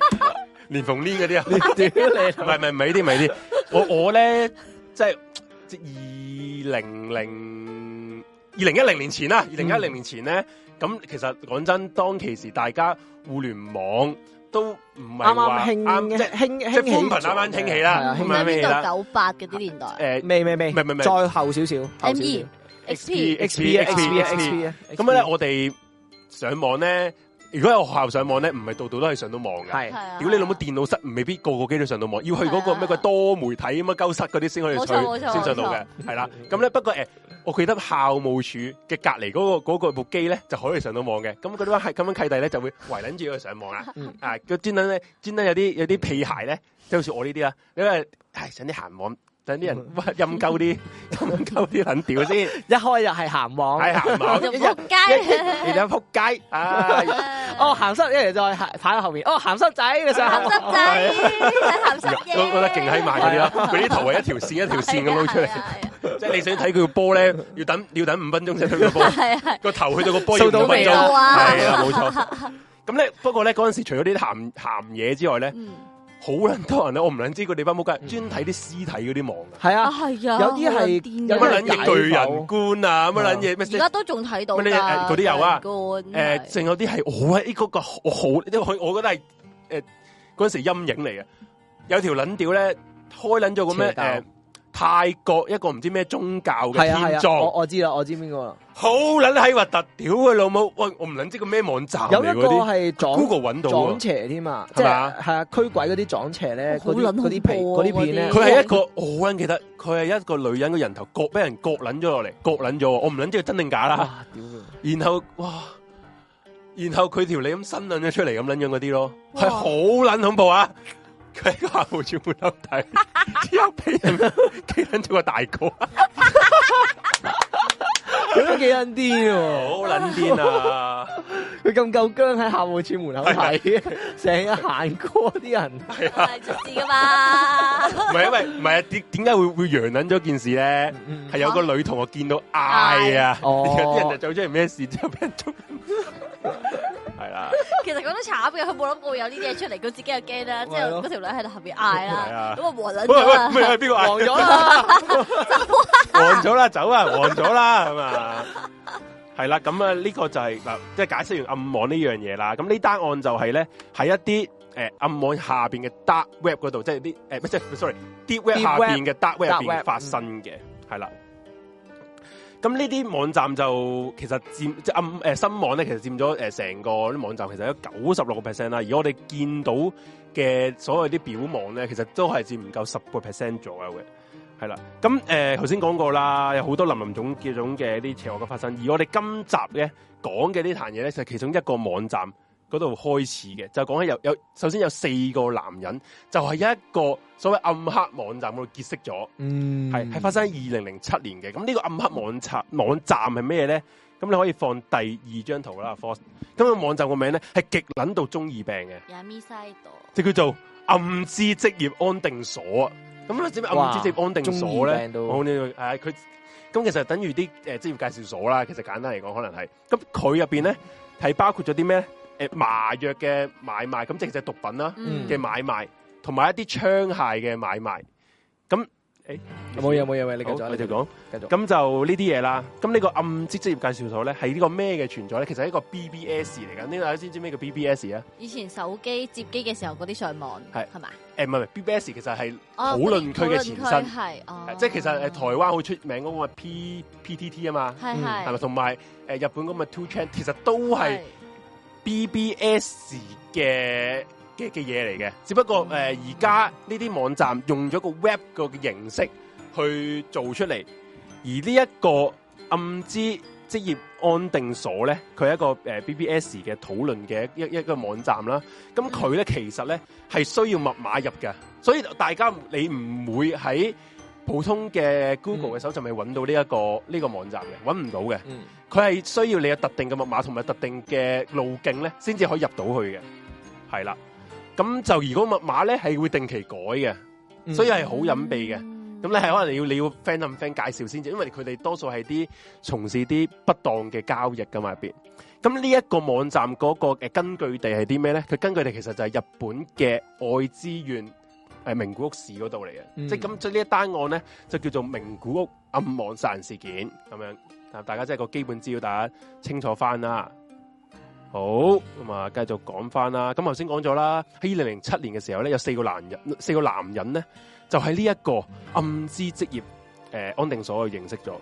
連縫呢嗰啲啊？唔係唔係唔係呢啲，唔係呢啲。我我咧，即係二零零二零一零年前啦，二零一零年前咧，咁、mm. 其實講真，當其時大家互聯網都唔係啱啱興，啱即係興興起，啱啱興起啦，係咪、就是？咩啦？九八嗰啲年代？誒， 未未未，未再後少少。M E X P X P X P X P 啊！咁咧，我哋上網咧。如果喺學校上網咧，唔係度度都係上到網嘅。係，如果你諗到電腦室未必個個機都上到網，要去嗰個咩個多媒體咁啊鳩室嗰啲先可以去上，先上到嘅。係 啦，咁咧不過誒、欸，我記得校務處嘅隔籬嗰個個部機咧就可以上到網嘅。咁嗰啲係咁樣契弟咧就會圍捻住佢上網 啊。啊，個專登咧，專登有啲有啲屁鞋咧，即係好似我呢啲啦，因為係上啲閒網。等啲人陰鳩啲陰鳩啲肯屌先，一開又係鹹網，係鹹網一仆街，而家仆街啊！哦鹹濕一嚟再排喺後邊，哦鹹濕仔，佢想鹹濕仔，想鹹濕嘢，我我覺得勁閪埋啲咯，佢啲、喔啊啊啊啊啊啊啊、頭係一條線一條線咁攞出嚟，係啊係啊係啊，即係你想睇佢個波咧，要等要等五分鐘先睇個波，係，係個頭去到個波要五分鐘，係啊冇錯。咁咧不過咧嗰陣時除咗啲鹹鹹嘢之外咧。啊好撚多人咧，我唔捻知佢地方冇計，專睇啲屍體嗰啲網係啊，係啊，啊，有啲係有乜撚嘢巨人觀啊，乜撚嘢咩？而家都仲睇到。嗰啲有啊，誒，剩、呃呃啊、有啲係我喺嗰、啊這個、那個、好，因為我我覺得係誒嗰陣時陰影嚟嘅。有條撚屌咧開撚咗個咩誒、呃、泰國一個唔知咩宗教嘅天葬、啊啊。我我知啦，我知邊個。好卵閪核突，屌佢、啊、老母！喂，我唔捻知個咩網站嚟嗰啲。有啲係 Google 搵到，撞邪添嘛，即係係驅鬼嗰啲撞邪咧，好、嗯、卵恐怖嗰啲片咧。佢係一個我好捻、嗯、記得，佢係一個女人嘅人頭割俾人割捻咗落嚟，割捻咗，我唔捻知佢真定假啦、啊。然後哇，然後佢條脷咁伸捻咗出嚟，咁捻樣嗰啲咯，係好捻恐怖啊！佢個下部全部凹底，之後俾人俾捻咗個大哥。 佢、啊 啊 啊、 都幾捻癲喎，好捻癲啊！佢咁夠僵喺校務處門口睇，成日行過啲人，係係出事噶嘛？唔係因為唔係啊，點點解會會揚捻咗件事咧？係有個女同學見到嗌啊，有啲人就走出嚟咩事，就俾人捉、哦。 其實講得慘嘅，佢冇諗過會有呢啲嘢出嚟，佢自己又驚啦，即係嗰條女喺度後邊嗌啦，咁 啊黃咗啦，喂喂 黃咗啦，黃咗啦，走啊，黃咗啦，係 嘛，係啦、啊，咁啊呢個就係、是、嗱，即係解釋完暗網呢樣嘢啦，咁呢單案就係咧喺一啲誒暗網下邊嘅 dark web 嗰度、就是欸，即係啲誒 sorry, deep web 下邊嘅 dark, dark web, dark web 入面發生嘅，係啦、啊。咁呢啲網站就其實佔即係暗誒新網咧，其實佔咗誒成個啲網站，其實有九十六個 percent 啦。而我哋見到嘅所謂啲表網咧，其實都係佔唔夠十個 percent 左右嘅。係啦，咁誒頭先講過啦，有好多林林總總嘅啲邪惡嘅發生。而我哋今集咧講嘅呢單嘢咧，就係其，其中一個網站。嗰度開始嘅就講起有有首先有四個男人就係、是、一個所謂暗黑網站嗰度結識咗，係、嗯、係發生喺二零零七年嘅。咁呢個暗黑網站網站係咩咧？咁你可以放第二張圖啦，咁、 啊、個網站個名咧係極捻到中二病嘅，即 叫做暗資職業安定所。咁咧，做咩暗資職業安定所咧？呢誒，佢咁、啊、其實等於啲誒職業介紹所啦。其實簡單嚟講，可能係咁佢入邊咧係包括咗啲咩？誒，麻藥嘅買賣，咁即係毒品啦嘅買賣，同、嗯、埋一啲槍械嘅買賣。咁誒，冇嘢，冇嘢，喂，你繼續，繼續，你就講，繼續。咁就呢啲嘢啦。咁、嗯、呢個暗職職業介紹所咧，係呢個咩嘅存在咧？其實係一個 BBS 嚟噶。呢個知唔知咩叫 BBS 啊？以前手機接機嘅時候，嗰啲上網係係嘛？誒，唔係 BBS，其實係討論區嘅前身，係即係其實誒，台灣好出名嗰個 P PTT 啊嘛，係、嗯、咪？同埋誒，日本嗰個 2chan 其實都係。BBS 嘅嘅嘅嘢嚟嘅，只不過誒而家呢啲網站用咗個 web 個形式去做出嚟，而呢一個暗資職業安定所咧，佢係一個誒 BBS 嘅討論嘅一一個網站啦。咁佢咧其實咧係需要密碼入嘅，所以大家你唔會喺。普通嘅 Google 嘅手就咪揾到呢、這、一個呢、嗯這個網站嘅，揾唔到嘅。佢、嗯、係需要你有特定嘅密碼同埋特定嘅路徑咧，先至可以入到去嘅。係啦，咁就如果密碼咧係會定期改嘅，嗯，所以係好隱蔽嘅。咁你係可能要你要 friend 引 friend 介紹先至，因為佢哋多數係啲從事啲不當嘅交易嘅嘛入邊。咁呢一個網站嗰個嘅根據地係啲咩咧？佢根據地其實就係日本嘅外資源。係名古屋市嗰度嚟嘅，即係咁，即係呢一單案咧，就叫做名古屋暗網殺人事件咁樣，啊，大家即係個基本資料，大家清楚翻啦。好，咁啊，繼續講翻啦。咁頭先講咗啦，喺二零零七年嘅時候咧，有四個男人，四個男人咧，就喺呢一個暗資職業誒、呃、安定所去認識咗。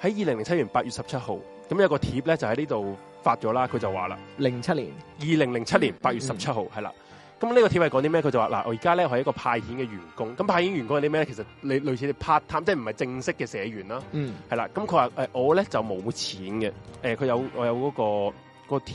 喺二零零七年八月十七號，咁有個貼咧就喺呢度發咗啦。佢就話啦，零七年，二零零七年八月十七號，係、嗯、啦。咁、這、呢個貼係講啲咩？佢就話嗱，我而家咧係一個派遣嘅員工。咁派遣員工係啲咩？其實你類似你 part time，即係唔係正式嘅社員啦。嗯，係啦。咁佢話誒，我咧就冇錢嘅。誒，佢有我有嗰、那個嗰、那個貼，誒、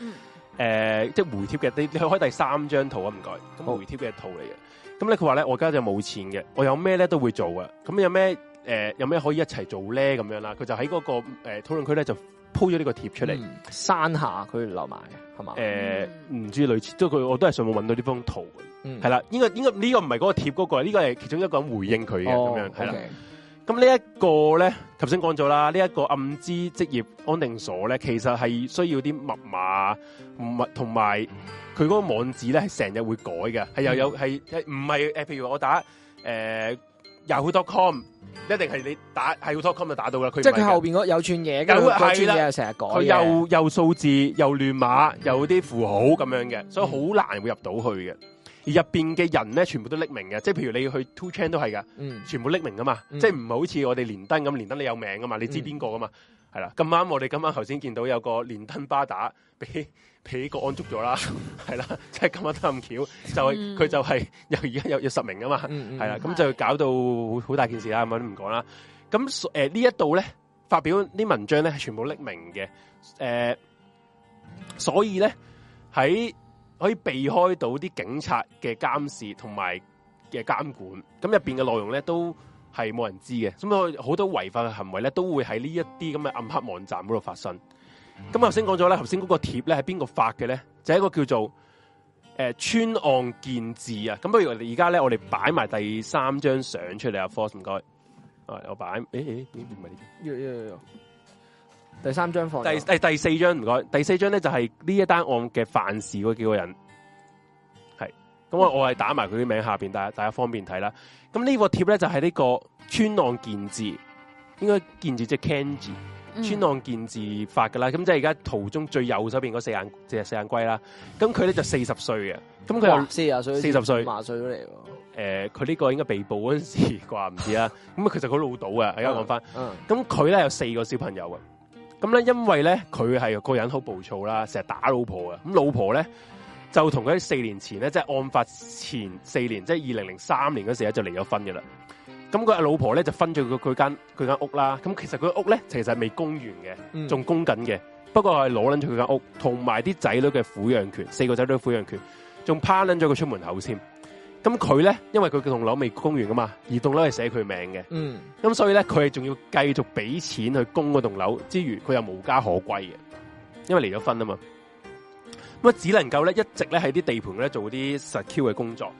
嗯呃，即係回貼嘅。你你開第三張圖啊，唔該。咁回貼嘅圖嚟嘅。咁咧佢話咧，我而家就冇錢嘅。我有咩咧都會做嘅。咁有咩誒、呃、有咩可以一齊做咧？咁樣啦，佢就喺、那個誒、呃、討論區咧就。鋪咗呢個貼出嚟，山、嗯、下佢留埋，係、呃、嘛？誒，唔知類似，即係佢，我都係上網搵到呢封圖。嗯，係啦，應該應該呢、這個唔係嗰個貼嗰、那個，呢、這個係其中一個人回應佢嘅咁樣，係、哦、啦。咁、okay、呢一個咧，頭先講咗啦，呢、這、一個暗資職業安定所咧，其實係需要啲密碼，密同埋佢嗰個網址咧係成日會改嘅，係、嗯、又有係唔係誒？譬如話我打誒 Yahoo.com。呃 Yahoo .com 一定係你打係要拖 com 就打到啦，即係佢後邊嗰有串嘢噶，嗰、那個、串嘢成日改，又又數字又亂碼又啲符號咁樣嘅，所以好難會入到去嘅。嗯、而入邊嘅人咧，全部都匿名嘅，即係譬如你要去 2chan 都係噶，嗯、全部匿名噶嘛，嗯、即係唔係好似我哋連登咁連登，你有名噶嘛，你知邊個噶嘛，係、嗯、啦。咁啱我哋今晚頭先見到有個連登巴打俾。俾個案捉咗啦，係啦，即係咁啱得咁巧，就係、是、佢就係、是嗯就是、又而家有有實名啊嘛，係、嗯、啦，咁、嗯、就搞到好大件事啦，咁我都唔講啦。咁誒、呃、呢一度咧，發表啲文章咧係全部匿名嘅，誒、呃，所以咧喺可以避開到啲警察嘅監視同埋嘅監管，咁入邊嘅內容咧都係冇人知嘅，咁好多違法嘅行為咧都會喺呢一啲咁嘅暗黑網站嗰度發生。咁頭先講咗咧，頭先嗰個貼咧係邊個發嘅咧？就係、是、一個叫做誒川岸健治」啊。咁不如而家咧，我哋擺埋第三張相出嚟啊，Force 唔該。我我擺，誒、欸，唔係呢？又、欸、第三張放第第四張唔該，第四張咧就係、是、呢一單案嘅犯事嗰幾個人。係，咁我我係打埋佢啲名，下面大家大家方便睇啦。咁呢、就是、個貼咧就係呢個川岸健治」，應該健治即係 Kenji。穿浪見字發噶啦，咁即係而家途中最右手邊嗰四眼就係四眼龜啦，咁佢咧就四十歲嘅，咁佢又四廿歲，四十歲，十歲都嚟喎。誒、呃，佢呢個應該被捕嗰陣時啩，唔 知啦。咁其實佢老到㗎。而家講翻，咁佢咧有四個小朋友啊。咁咧因為咧佢係個人好暴躁啦，成日打老婆啊。咁老婆咧就同佢四年前咧即係案發前四年，即係二零零三年嗰時咧就離咗婚嘅啦。咁佢阿老婆咧就分咗佢佢間佢間屋啦，咁其實佢屋咧其實未供完嘅，仲供緊嘅。不過係攞撚咗佢間屋，同埋啲仔女嘅撫養權，四個仔女撫養權，仲拋撚咗佢出門口先。咁佢咧，因為佢佢棟樓未供完㗎嘛，而棟樓係寫佢名嘅。嗯，咁所以咧，佢係仲要繼續俾錢去供嗰棟樓，之餘佢又無家可歸嘅，因為離咗婚啊嘛。咁啊，只能夠咧一直咧喺啲地盤咧做啲實 Q 嘅工作。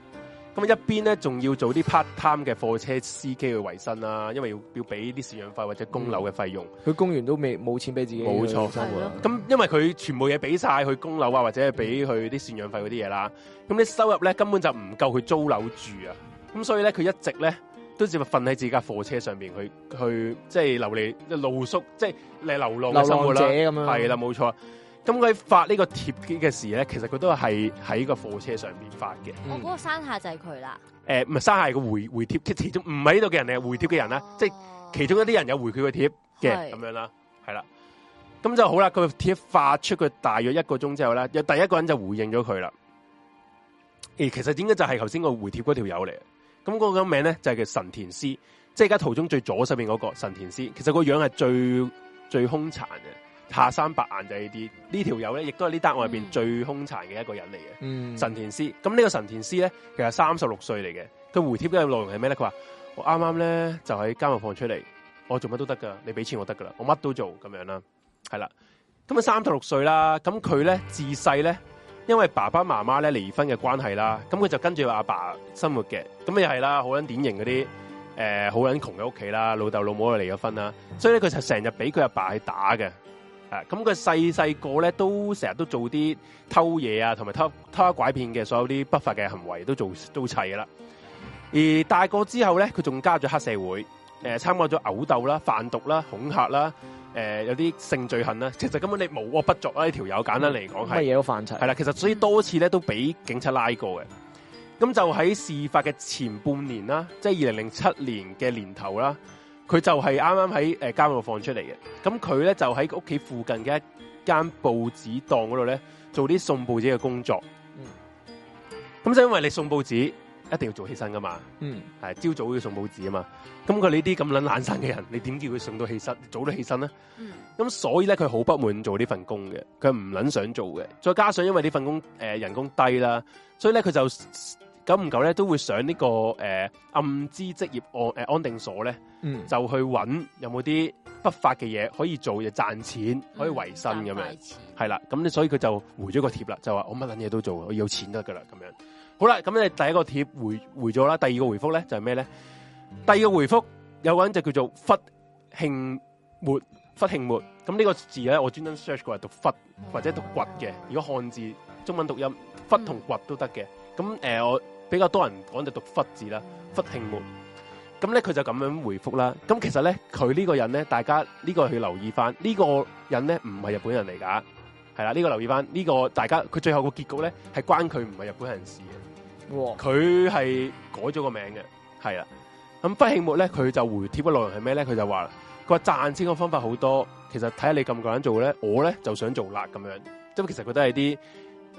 咁一邊咧，仲要做啲 part time 嘅貨車司機去維生啦，因為要要俾啲贍養費或者供樓嘅費用，佢供完都未冇錢俾自己冇錯、嗯，就是就是、生活。咁因為佢全部嘢俾晒去供樓啊，或者係俾佢啲贍養費嗰啲嘢啦，咁你收入咧根本就唔夠佢租樓住啊。咁所以咧，佢一直咧都只係瞓喺自己架貨車上邊去去，即係流離露宿，即係你流浪嘅生活啦。係啦，冇錯。咁佢發個貼呢個貼嘅時咧，其實佢都係喺個火車上邊發嘅。我嗰個山下就係佢啦。誒，唔係山下個回回帖，即係其中唔喺呢度嘅人嚟，回帖嘅人啦，哦、即係其中一啲人有回佢嘅貼嘅咁樣啦，係啦。咁就好啦，佢貼發出佢大約一個鐘之後咧，有第一個人就回應咗佢啦。誒、欸，其實應該就係頭先個回帖嗰條友嚟，咁、那、嗰個名咧就係叫神田詩，即係而家圖中最左手邊嗰個神田詩。其實個樣係最最兇殘嘅。下三白眼就係呢啲，呢條友咧亦都係呢單案入邊最兇殘嘅一個人嚟嘅、嗯。神田師，咁呢個神田師咧，其實三十六歲嚟嘅。佢回帖嘅內容係咩咧？佢話：我啱啱咧就喺監獄放出嚟，我做乜都得噶，你俾錢我得噶啦，我乜都做咁樣啦。係啦，咁啊三十六歲啦，咁佢咧自細咧，因為爸爸媽媽咧離婚嘅關係啦，咁佢就跟住阿爸生活嘅，咁又係啦，好撚典型嗰啲誒，好、呃、撚窮嘅屋企啦，老豆老母又離咗婚啦，所以咧佢就成日俾佢阿爸去打嘅。咁佢細細個咧都成日都做啲偷嘢啊，同埋偷偷拐騙嘅所有啲不法嘅行為都做都砌㗎啦。而大個之後咧，佢仲加咗黑社會，誒、呃，參加咗毆鬥啦、販毒啦、恐吓啦，誒、呃，有啲性罪行啦。其實根本你無惡不作啦，呢條友簡單嚟講係乜嘢都犯齊。係啦，其實所以多次咧都俾警察拉過嘅。咁就喺事發嘅前半年啦，即係二零零七年嘅年頭啦。佢就係啱啱喺誒監獄度放出嚟嘅，咁佢咧就喺屋企附近嘅一間報紙檔嗰度咧做啲送報紙嘅工作。嗯，咁就因為你送報紙一定要早起身噶嘛，嗯，係朝早要送報紙啊嘛，咁佢呢啲咁撚懶散嘅人，你點叫佢送到起身，早都起身咧？咁、嗯、所以咧佢好不滿做呢份工嘅，佢唔撚想做嘅，再加上因為呢份工誒、呃、人工低啦，所以咧佢就。久唔久咧，都會上呢、這個、呃、暗資職業安、呃、安定所咧、嗯，就去揾有冇啲不法嘅嘢可以做，又賺錢可以維生咁樣，係啦。咁咧所以佢就回咗個貼啦，就話我乜撚嘢都做，我要錢得噶啦咁樣。好啦，咁你第一個貼回回咗啦，第二個回覆咧就係咩咧？第二個回覆有個人就叫做「忽興末」。「忽興末」咁呢個字咧我專登 search 過，係讀忽或者讀掘嘅。如果漢字中文讀音，忽同掘都得嘅。咁、呃、我。比較多人講就讀忽字啦，忽慶末。咁咧佢就咁樣回覆啦。咁其實咧，佢呢個人咧，大家呢個要留意翻，呢個人咧唔係日本人嚟㗎，係啦。呢個留意翻，呢個大家佢最後個結局咧係關佢唔係日本人嘅事嘅。哇！佢係改咗個名嘅，係啦。咁忽慶末咧，佢就回帖嘅內容係咩咧？佢就話啦，佢話賺錢嘅方法好多，其實睇下你咁個人做咧，我咧就想做辣咁樣。即係其實佢都係啲。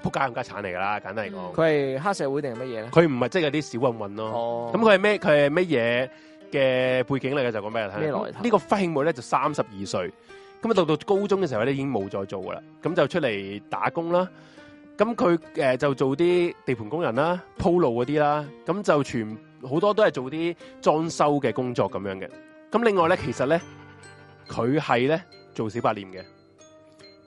仆街冚家鏟嚟噶啦，簡單嚟講。佢係黑社會定係乜嘢咧？佢唔係即係嗰啲小混混咯。哦。咁佢係咩？佢係咩嘢嘅背景嚟嘅？就講俾你聽。咩來頭？呢個輝妹咧就三十二歲，咁啊到到高中嘅時候咧已經冇再做噶啦，咁就出嚟打工啦。咁佢誒就做啲地盤工人啦，鋪路嗰啲啦，咁就全好多都係做啲裝修嘅工作咁樣嘅。咁另外咧，其實咧佢係咧做小白臉嘅。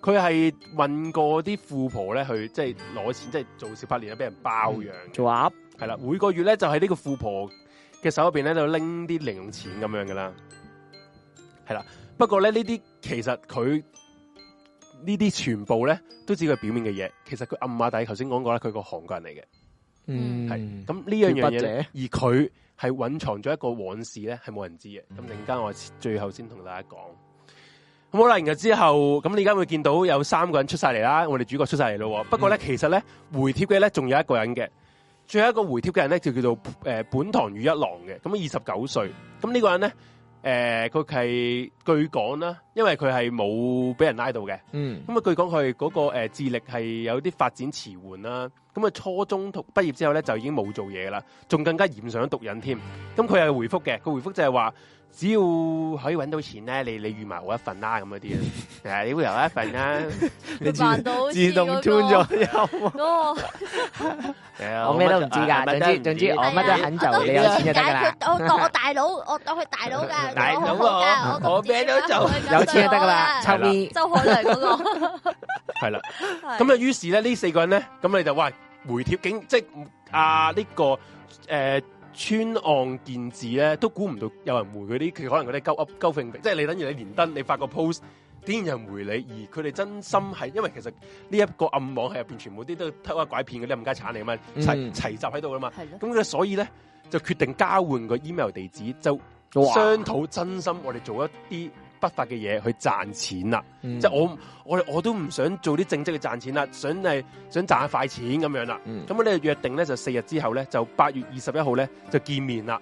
佢係問過啲富婆咧去，即係攞錢，即係做小八年俾人包養做鴨係啦，每個月咧就喺呢個富婆嘅手入邊咧就拎啲零用錢咁樣噶啦，係啦。不過咧呢啲其實佢呢啲全部咧都只係佢表面嘅嘢，其實佢暗馬底頭先講過啦，佢個韓國人嚟嘅，嗯係咁呢樣嘢，而佢係隱藏咗一個往事咧係冇人知嘅，咁陣間我最後先同大家講。好啦，然後之後咁，你而家會見到有三個人出晒嚟啦，我哋主角出晒嚟咯。不過咧、嗯，其實咧回帖嘅咧仲有一個人嘅，最後一個回帖嘅人咧就叫做誒、呃、本堂與一郎嘅，咁啊二十九歲，咁呢個人咧誒佢係據講啦，因為佢係冇俾人拉到嘅，嗯，咁啊據講佢嗰個誒、呃、智力係有啲發展遲緩啦，咁啊初中讀畢業之後咧就已經冇做嘢啦，仲更加染上毒癮添，咁佢係回復嘅，佢回復就係話。只要可以揾到錢咧，你你，預埋我一份啦。咁嗰啲啊，誒你會留一份啦，你自動轉咗，我咩都唔知噶，總之總之，我乜都肯做，你有錢就得啦，我當我大佬，我當佢大佬噶。大佬啊，我咩都做，有錢就得噶啦，秋咪周海良嗰個，係啦，咁啊於是咧呢四個人咧，咁你就話回貼警即係阿呢個誒。村岸建字咧，都估唔到有人回佢啲，佢可能嗰啲鳩噏鳩飛，即係你等於你連登，你發個 post，點解有人回你？而佢哋真心係，因為其實呢一個暗網喺入邊，全部啲都偷呃拐騙嗰啲冚家鏟嚟啊嘛，齊齊集喺度啊嘛，咁咧所以咧就決定交換個 email 地址，就商討真心，我哋做一啲。不法嘅嘢去賺錢啦，嗯，即係我我我都唔想做啲正職去賺錢啦，想係想賺快錢咁樣啦。咁、嗯、我咧約定咧就四日之後咧就八月二十一號咧就見面啦。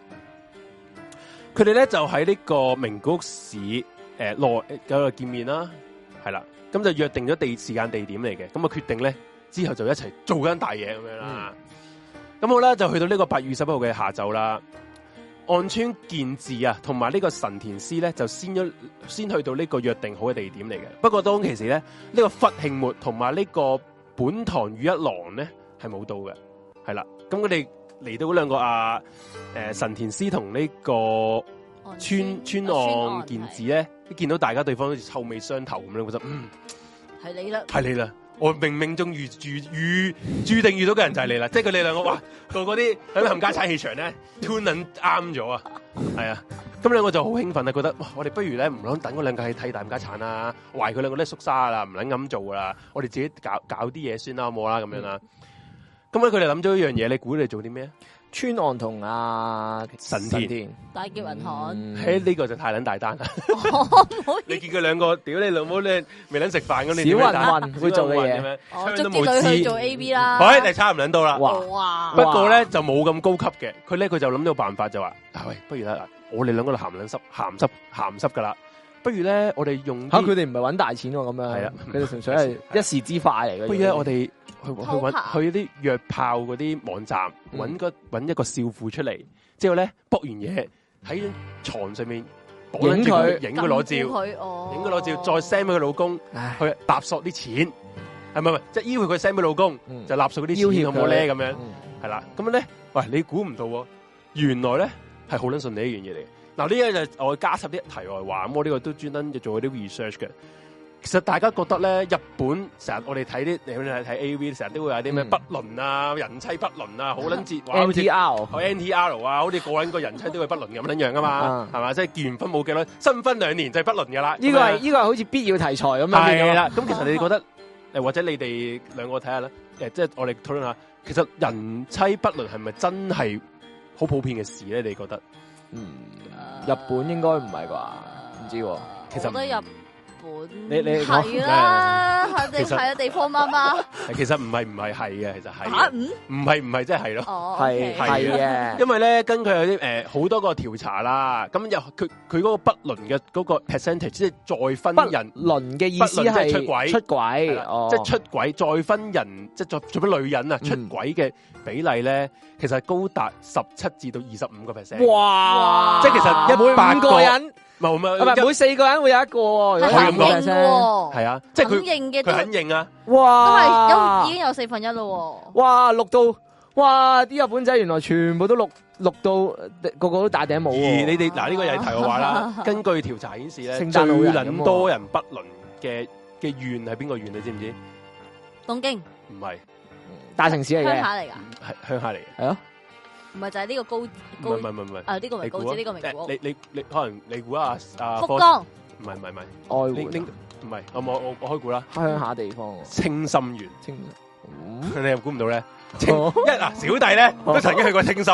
佢哋咧就喺呢個名古屋市誒內度見面啦，係啦，咁就約定咗地時間地點嚟嘅，咁啊決定咧之後就一齊做緊大嘢咁樣啦。咁、嗯、我咧就去到呢個八月二十一號嘅下晝啦。岸村建治啊，同埋呢個神田師咧就先咗先去到呢個約定好嘅地點嚟嘅。不過當其時咧，呢、呢個佛慶末同埋呢個本堂羽一郎咧係冇到嘅。係啦，咁佢哋嚟到嗰兩個啊，誒、呃、神田師同呢個村村川岸建治咧，一見到大家對方好似臭味相投咁樣，我覺得嗯係你啦，係你啦。我命命中預注預註定遇到嘅人就係你啦，即係佢哋兩個哇，到嗰啲喺冚家產氣場咧撚啱咗啊，係啊，咁咧兩個就好興奮啊，覺得哇，我哋不如咧唔卵等兩個去睇冚家產啊，壞佢兩個都係縮沙啦，唔卵咁做啦，我哋自己搞搞啲嘢先啦，好冇啦咁樣啦，咁咧佢哋諗咗一樣嘢，你估佢哋做啲咩？川岸同阿、啊、神田大叫云行，誒，呢個就太捻大單啦、哦！ 你見佢兩個屌你老母你未捻食飯嗰啲小云、啊、會做嘅嘢，我捉啲女去做 A B 啦，你差唔捻到啦。不過咧就冇咁高級嘅，佢咧佢就諗到辦法就話，喂，不如啦，我哋兩個嚟咸捻濕咸濕咸濕噶啦。不如咧，我哋用嚇佢哋唔係揾大錢喎，咁樣係啊，佢哋純粹係一時之快嚟嘅。不如咧，我哋去去揾去啲約炮嗰啲網站，揾個揾一個少婦出嚟，之後咧卜完嘢喺床上面影佢，影個裸照，影個裸照，再 send 俾佢老公去搭索啲錢。係咪咪即係要求佢 send 俾老公、嗯、就納索啲錢咁。冇咧？咁樣係啦。咁樣咧，喂，你估唔到，原來咧係好捻順利一樣嘢嚟。嗱呢個就我加插啲題外話咁，我呢個都專登做啲 research 嘅。其實大家覺得咧，日本成日我哋睇啲，你可睇 AV，成日都會有啲咩不倫啊、嗯、人妻不倫啊， 好捻折，好似 NTR，好、哦、NTR 啊，好似個人個人妻都會不倫咁捻樣噶嘛，係 嘛、啊？即係結完婚冇幾耐，新婚兩年就係不倫噶啦。呢、這個係呢、這個係好似必要題材咁樣嘅啦。咁其實你覺得，誒 或者你哋兩個睇下咧？誒，即係我哋討論下，其實人妻不倫係咪真係好普遍嘅事咧？你覺得？嗯，日本應該唔係啩，唔知喎，哦。其實。你你係啦，係地係啊地方媽媽。其實唔係唔係係嘅，其實係。啊唔係唔係，即係咯。哦，係係啊。因為咧，根據有啲誒，好、呃、多個調查啦。咁又佢佢嗰個不倫嘅嗰個 percentage，即係再分人倫嘅意思，即係出軌，出軌，即係、哦就是、出軌再分人，即、就、係、是、做咩女人啊？嗯、出軌嘅比例咧，其實係高達十七至到二十五個 percent。哇！即係其實每、啊、五個人。唔係唔唔，每四個人會有一個、哦，係咁講喎，啊，即係佢硬嘅，佢肯認啊！哇，都係有已經有四分一咯。哇，六到哇啲日本仔原來全部錄都六六到個個都打頂帽啊！你哋嗱呢個又要提我話啦。根據調查顯示咧，最令多人不倫嘅嘅縣係邊個縣？你知唔知？東京唔係、呃、大城市嚟嘅鄉下嚟㗎，係、嗯、鄉下嚟嘅係啊。唔係就係呢個高唔係唔係唔係啊呢個唔係高字呢個蘋果你你你可能你估下阿福江唔係唔係唔係愛湖唔係我我我開估啦鄉下地方清心園清你又估唔到咧清一嗱小弟咧都曾經去過清心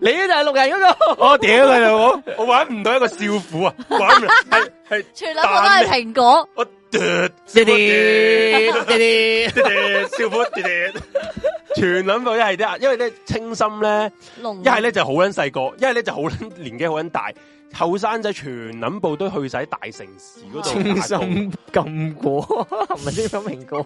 你咧就係六人嗰個我屌你我我玩唔到一個少婦啊玩係係全個都係蘋果。 全撚部一係啲啊，因為咧清心咧，一係咧就好撚細個，一係咧就好撚年紀好撚大，後生仔全撚部都去晒大城市嗰度。清 心樂 禁果唔係清心蘋果，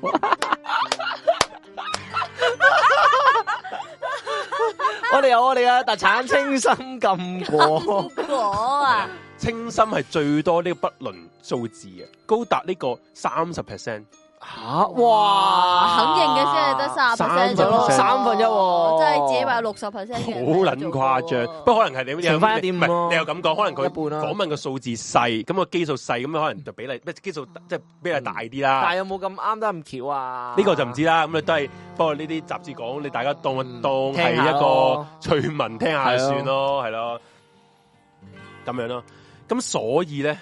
我哋有我哋嘅，特產清心禁果果啊！清新係最多呢個不論數字達啊，高達呢個三十 percent 吓哇，肯定嘅先係得三十 percent 三分一，啊哦、即係自己話六十 percent 好捻誇張。不過可能係你又成翻一點你又咁講，可能佢訪問嘅數字細，咁、那個基數細，咁、那個、可能就比例咩基數即係比較大啲啦、嗯。但係有冇咁啱得咁巧啊？呢、這個就唔知啦。咁都係，不過呢啲雜誌講，你大家當唔當係一個趣聞、嗯、聽下，聽下就算咯，係咯，咁樣咯。咁所以咧，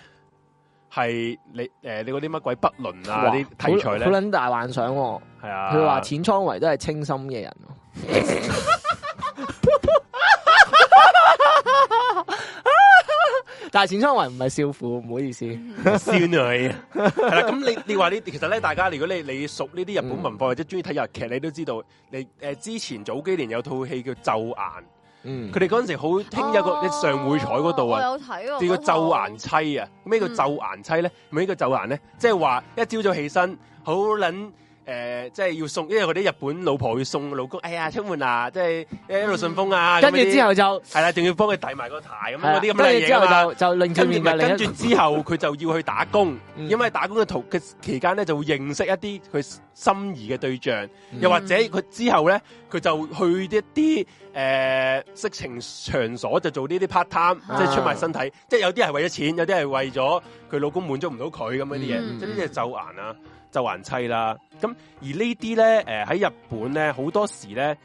係你誒、呃，你嗰啲乜鬼不倫啊啲題材咧，好捻大幻想。係啊，佢話淺倉唯都係清心嘅人，但係淺倉唯唔係少婦，唔好意思 宣女， 少女。係啦，咁你你話你，其實咧，大家如果你你熟呢啲日本文化或者中意睇日劇，嗯、其實你都知道，你誒、呃、之前早幾年有套戲叫《晝顏》。佢哋嗰陣時好聽一個喺上會彩嗰度啊，叫個咒顏妻啊，咩叫咒顏妻呢？咪、嗯、呢個咒顏呢？即係話一朝早上起身好撚。誒、呃，即係要送，因為嗰啲日本老婆要送老公。哎呀，出門啊，即係一、哎、路順風啊。嗯、跟住之後就係啦，仲要幫佢遞埋個台咁樣嗰啲咁嘅嘢就跟住之後，佢就、就要去打工，嗯、因為打工嘅途嘅期間咧，就會認識一啲佢心儀嘅對象、嗯，又或者佢之後咧，佢就去一啲誒、呃、色情場所，就做呢啲 part time，、啊、即係出賣身體。啊、即係有啲係為咗錢，有啲係為咗佢老公滿足唔到佢咁嗰啲嘢，即係呢啲係啊。就還妻啦，咁而呢啲咧，誒喺日本咧，好多時咧，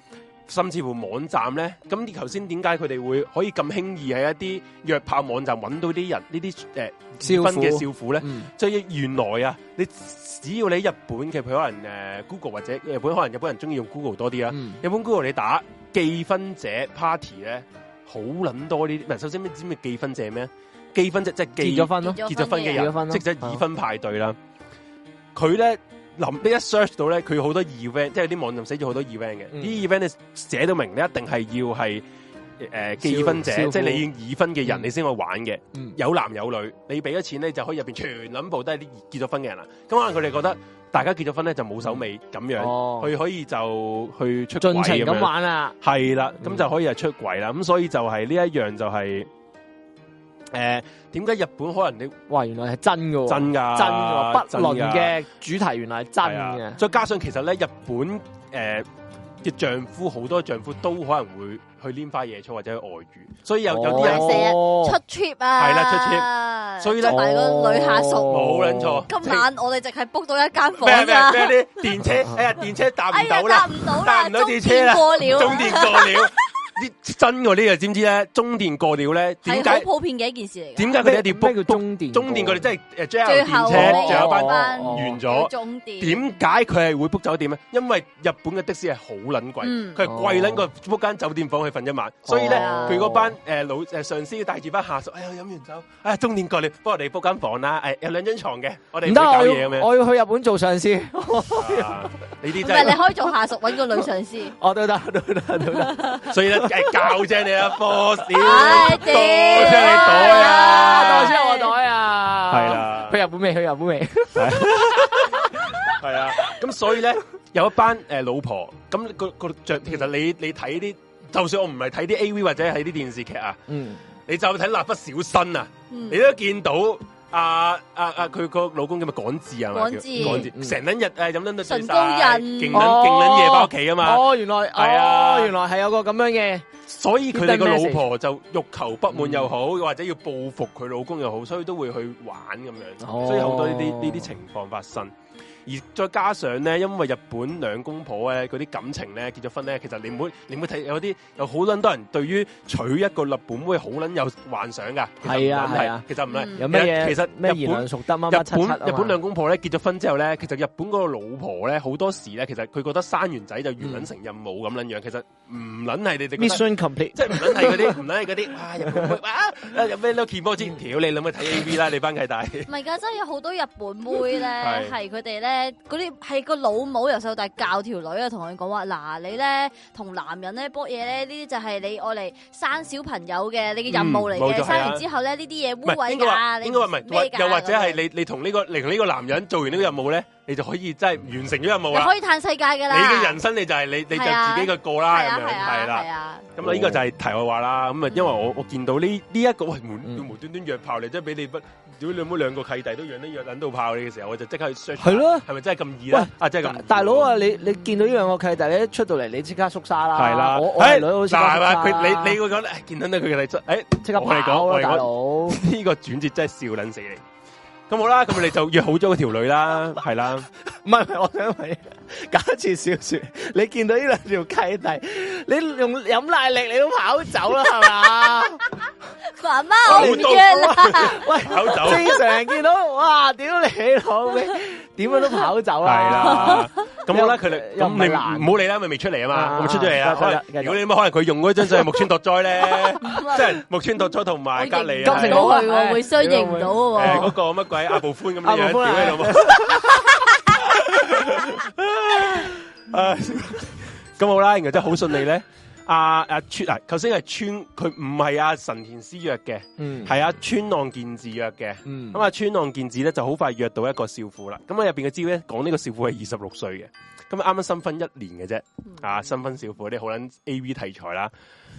甚至乎網站咧，咁你頭先點解佢哋會可以咁輕易喺一啲約炮網站揾到啲人、呃、少呢啲誒既婚嘅少婦咧？即係、嗯、原來啊，你只要你喺日本，如日本，其實可能誒 Google 或者日本可能日本人中意用 Google 多啲啦、啊。嗯、日本 Google 你打既婚者 party 咧，好捻多呢啲。嗱，首先你知唔知既婚者咩？寄，者寄，既婚者即係結咗婚咯，結咗婚嘅人，即係已婚派對啦。佢咧呢一 search 到咧，佢好多 event，即係啲網站寫咗好多 event 嘅。啲、嗯、event 寫到明，你一定係要係誒結婚者，即係你要已婚嘅人你會，你先去玩嘅。有男有女，你俾咗錢咧，就可以入面全 number 都係啲結咗婚嘅人啦。咁可能佢哋覺得大家結咗婚咧就冇手尾咁、嗯、樣，佢、哦、可以就去出，盡情咁玩啦。係啦，咁就可以係出軌啦。咁、嗯、所以就係呢一樣就係、是。誒，點解日本可能你？哇，原來係真嘅，真噶，真嘅不倫嘅主題，原來係真嘅。再加上其實咧，日本誒嘅、呃、丈夫好多丈夫都可能會去拈花惹草或者去外遇，所以有、哦、有啲人寫出 trip 啊，係啦出 trip，、啊、所以啦，同埋個女下屬冇捻錯。今晚我哋淨係 book 到一間房啦。咩啲電車？哎呀，電車搭唔到啦，搭唔到電車啦，終電過了，終電過了。 啲新嗰啲啊，知唔知咧？中電過了咧，點解好普遍嘅一件事嚟？點解佢哋一定要 book 中電過？中電佢哋即係誒，最後電車仲有班完咗，點解佢係會 book 酒店咧？因為日本嘅的，的士係好捻貴，佢係貴捻過 book 間酒店房去瞓一晚。哦、所以咧，佢、哦、嗰班誒老誒上司要帶住班下屬，哎呀飲完酒，哎中電過了，幫我哋 book 間房啦。誒、哎、有兩張床嘅，我哋唔得搞嘢，我要我要去日本做上司。啊、 你啲真係，唔係你可以做下屬，搵個女上司。 哦，得得得得， 所以咧。誒，教 正你啊科 o 多謝你袋啊，啊多謝我袋啊，係啦，去日本未？去日本未？係啊，咁 是、啊 是啊、 所以咧有一班誒老婆，咁、那個、那個着，其實你你睇啲，就算我唔係睇啲 A V 或者係啲電視劇、嗯、啊，嗯，你就睇蠟筆小新啊，你都見到。阿阿阿佢個老公叫咩？港治啊，港治，港治，成撚日誒飲撚到醉曬，勁撚勁撚夜翻屋企啊嘛！哦，原來係啊、哦，原來係有個咁樣嘅，所以佢哋個老婆就欲求不滿又好、嗯，或者要報復佢老公又好，所以都會去玩咁樣、哦、所以好多呢啲呢啲情況發生。而再加上咧，因為日本兩公婆咧嗰啲感情咧，結咗婚咧，其實你唔會你唔會睇，有啲有好撚多人對於娶一個日本妹好撚有幻想㗎。係啊係啊，其實唔係有咩嘢。其實日本兩熟得、啊、日本兩公婆咧結咗婚之後咧，其實日本嗰個老婆咧好多時咧，其實佢覺得生完仔就完撚成任務咁撚樣、嗯。其實唔撚係你哋 mission complete，即係唔撚係嗰啲唔撚係嗰啲日本妹有咩撈劍摩尖條？你諗去睇 A V 啦，你班契弟。唔係㗎，真係有好多日本妹咧，係佢哋咧。嗰啲係個老母由細到大教條女跟啊，同佢講話嗱，你咧同男人咧搏嘢咧，呢啲就係你愛嚟生小朋友嘅你嘅任務嚟嘅。嗯啊、生完之後咧，呢啲嘢污穢啊，應該話咩？又或者係你你同呢、這個你同呢個男人做完呢個任務咧？你就可以真係完成咗任務啦！可以歎世界噶啦！你嘅人生你就係你，啊、你就自己嘅過啦咁樣，係啦。咁啊，呢個就係題外話啦。咁啊，因為我我見到呢呢一個喂，嗯、無端端約炮嚟，即係俾你不屌你冇兩個契弟都養得約撚到炮你嘅時候，我就即刻去。係咯，係咪真係咁易啊，即係、啊啊、大佬啊，你你見到呢兩個契弟你一出到嚟，你即刻縮沙啦。係啦，我嘛，你你會講、哎，見撚到佢嘅你，誒、哎、即刻我哋講啦，大佬呢個轉折真係笑撚死你。咁好啦，咁 你就約好咗嗰條女啦，係 啦對了笑，唔係唔係，我想問。假設小說，你見到呢兩條契弟，你用飲奶力，你都跑走啦，係嘛？阿媽好驚啊！喂，跑走正常見到，哇！屌你老味，點樣都跑走啊？係啦，咁我咧佢哋又唔難，唔好理啦，咪未出嚟啊嘛，咪出咗嚟啊！如果你冇可能，佢用嗰張相係木村拓哉咧，即係木村拓哉同埋隔籬，感情好係，會相應唔到嘅。嗰個乜鬼阿部寬咁嘅樣，屌你老！咁、 uh, 好啦，然後真係好順利咧。阿阿川啊，頭先係川，佢唔係阿神田詩約嘅，係係阿川浪健治約嘅，咁阿川浪健治咧就好快約到一個少婦啦。咁啊入邊嘅資料咧，講呢個少婦係二十六歲嘅，咁啊啱啱新婚一年嘅啫，嗯、啊新婚少婦啲好捻 A V 題材啦。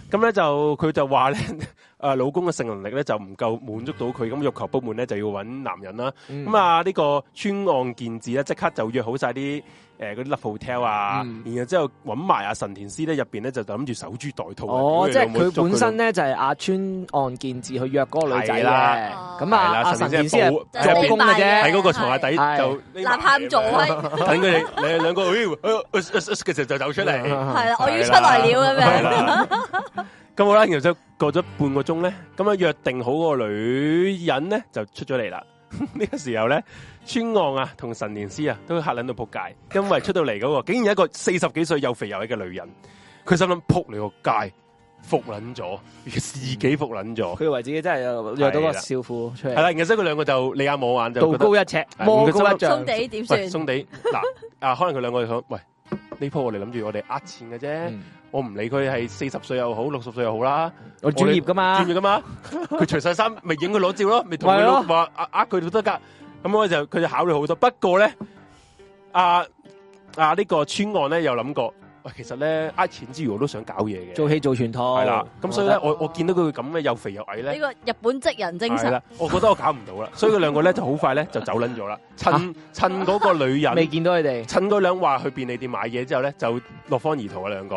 咁咧就佢就話咧，誒、啊、老公嘅性能力咧就唔夠滿足到佢，咁欲求不滿咧就要搵男人啦。咁、嗯、啊呢、這個川浪健治咧即刻就約好晒啲。誒嗰啲 love hotel 啊，然後之後揾埋阿神田師咧，入邊咧就諗住守株待兔哦就他。哦，即係佢本身咧就係阿川岸健治去約嗰個女仔啦。咁啊、嗯，神田師係補助攻嘅啫。喺嗰、那個牀下底就。嗱，怕唔做等佢哋，你兩個，哎，其、呃、實、呃、就走出嚟。係、啊、啦，我要出來了咁樣。咁好啦，然後過咗半個鐘咧，咁啊，約定好嗰個女人咧就出咗嚟啦。嗯 呢 個時候咧，川岸啊同神田師啊都吓撚到扑街，因為出到嚟嗰個竟然有一個四十幾歲又肥又矮嘅女人，佢心諗扑你個街，服撚咗，自己服撚咗，佢、嗯、以為自己真係有約到個少婦出嚟。係啦，然之後佢兩個就你眼望我眼，道高一尺，魔高一丈，鬆、哎、地點算？鬆地嗱， 啊，可能佢兩個就喂，呢鋪我哋諗住我哋呃錢嘅啫。嗯我唔理佢係四十歲又好，六十歲又好啦，我專業㗎嘛，專業㗎嘛，佢除晒衫，咪影佢攞照咯，咪同佢話呃佢都得㗎。咁我就佢、是、就考慮好多，不過呢，啊啊呢、這個村案呢，有諗過。喂，其實咧，呃錢之餘我都想搞嘢嘅，做戲做全套係啦。咁所以咧，我我見到佢咁嘅又肥又矮咧，呢、這個日本職人精神，我覺得我搞唔到啦。所以佢兩個咧就好快咧就走捻咗啦。趁、啊、趁嗰個女人未見到佢哋，趁嗰兩話去便利店買嘢之後咧就落荒而逃。嗰兩個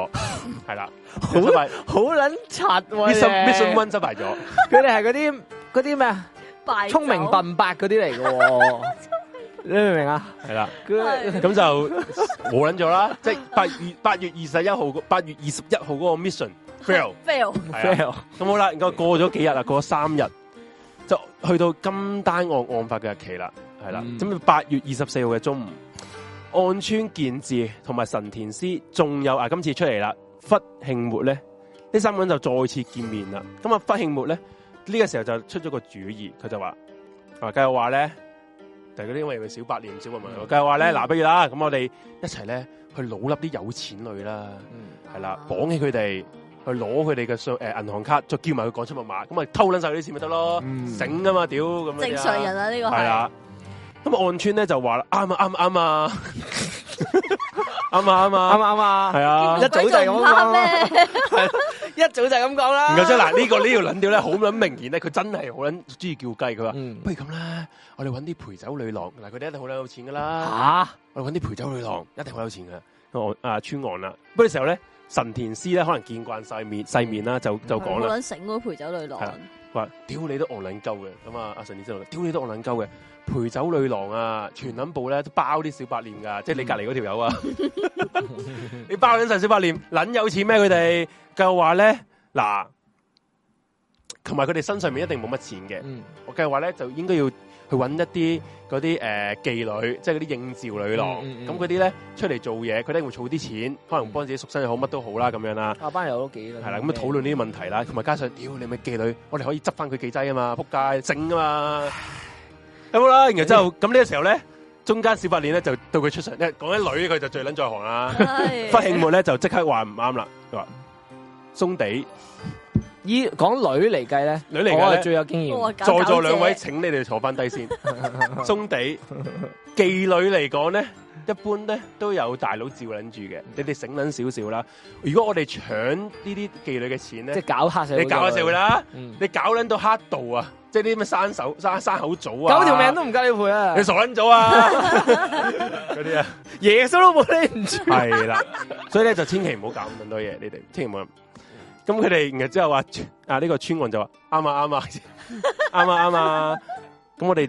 係啦，好快好捻柒 miss o 須溫失敗咗。佢哋係嗰啲嗰啲咩啊，聰 明笨白嗰啲嚟嘅喎。 你明唔明 啊？係 啦，咁就冇撚咗啦，即係八月八月二十一號，八月二十一號嗰個 mission fail fail fail，咁好啦，然之後過咗幾日啦，過咗三日，就去到金單案案發嘅日期啦，係啦，咁、嗯、八月二十四號嘅中午，岸川健治同埋神田師，仲有啊今次出嚟啦，忽慶末咧，呢三個人就再次見面啦。咁啊忽慶末咧呢、這個時候就出咗個主意，佢就話啊繼續話咧。但係嗰啲因為係小白臉少密碼，梗係話咧，嗱、嗯、不、嗯、如啦，咁我哋一齊咧去努笠啲有錢女啦，係、嗯、啦，綁起佢哋去攞佢哋嘅信誒銀行卡，再叫埋佢講出密碼，咁啊偷捻晒啲錢咪得咯，醒啊嘛，屌咁正常人啊呢、這個係啦，咁岸川咧就話啦，啱 啊，啱啊，啱啊，啱啊，啱 啊，啱啊，係啊，一 早、 啊啊啊嗯啊、就咁啦。 一早就咁講啦。唔即、這個這個、 真嗱，呢個呢條捻掉咧，好捻明顯咧，佢真係好捻中意叫雞。佢話不如咁啦，我哋搵啲陪酒女郎，嗱，佢哋一定好捻有錢噶啦。吓、啊，我哋搵啲陪酒女郎，一定好有錢噶。我、啊，阿、啊、川昂啦。不過時候咧，神田師咧可能見慣世面、嗯、世面啦，就就講啦。我捻醒嗰陪酒女郎。話屌你都戇捻鳩嘅，咁啊阿神田師傅，屌你都戇捻鳩嘅。陪酒女郎啊，全捻部咧都包啲小白臉噶，即、嗯、係你隔籬嗰條友啊， 你包緊晒小白臉，捻有錢咩？佢、嗯、哋，計話咧，嗱，同埋佢哋身上面一定冇乜錢嘅，嗯、我計話咧就應該要去揾一啲嗰啲誒妓女，即係嗰啲應召女郎，咁嗰啲咧出嚟做嘢，佢哋會儲啲錢，可能幫自己贖身又好，乜都好啦，咁樣啦。阿班友都係啦，咁討論呢啲問題啦，同、嗯、埋加上，屌、哎、你咪妓女，我哋可以執翻佢幾劑啊嘛，仆街，整啊嘛。有啦，然後之後咁呢個時候咧，中間小白臉咧就到佢出場，因為講起女佢就最捻在行啦。忽慶末咧就即刻話唔啱啦，佢話松地以講女嚟計咧，女嚟嘅我係最有經驗。在座兩位，請你哋坐翻低先。松地妓女嚟講咧。一般咧都有大佬照捻住嘅，你哋醒捻少少啦。如果我哋搶呢啲妓女嘅錢咧，即係搞黑社會，你搞黑社會啦，嗯、你搞捻到黑道啊，即係啲咩山手山山口組啊，九條命都唔夠你賠啊！你傻捻咗啊？嗰啲啊， 耶穌都冇你唔？係 啦，所以咧就千祈唔好搞咁多嘢，你哋千祈唔好。咁佢哋然之後話啊呢、這個村運就話啱啊啱啊啱啊啱啊，咁我哋。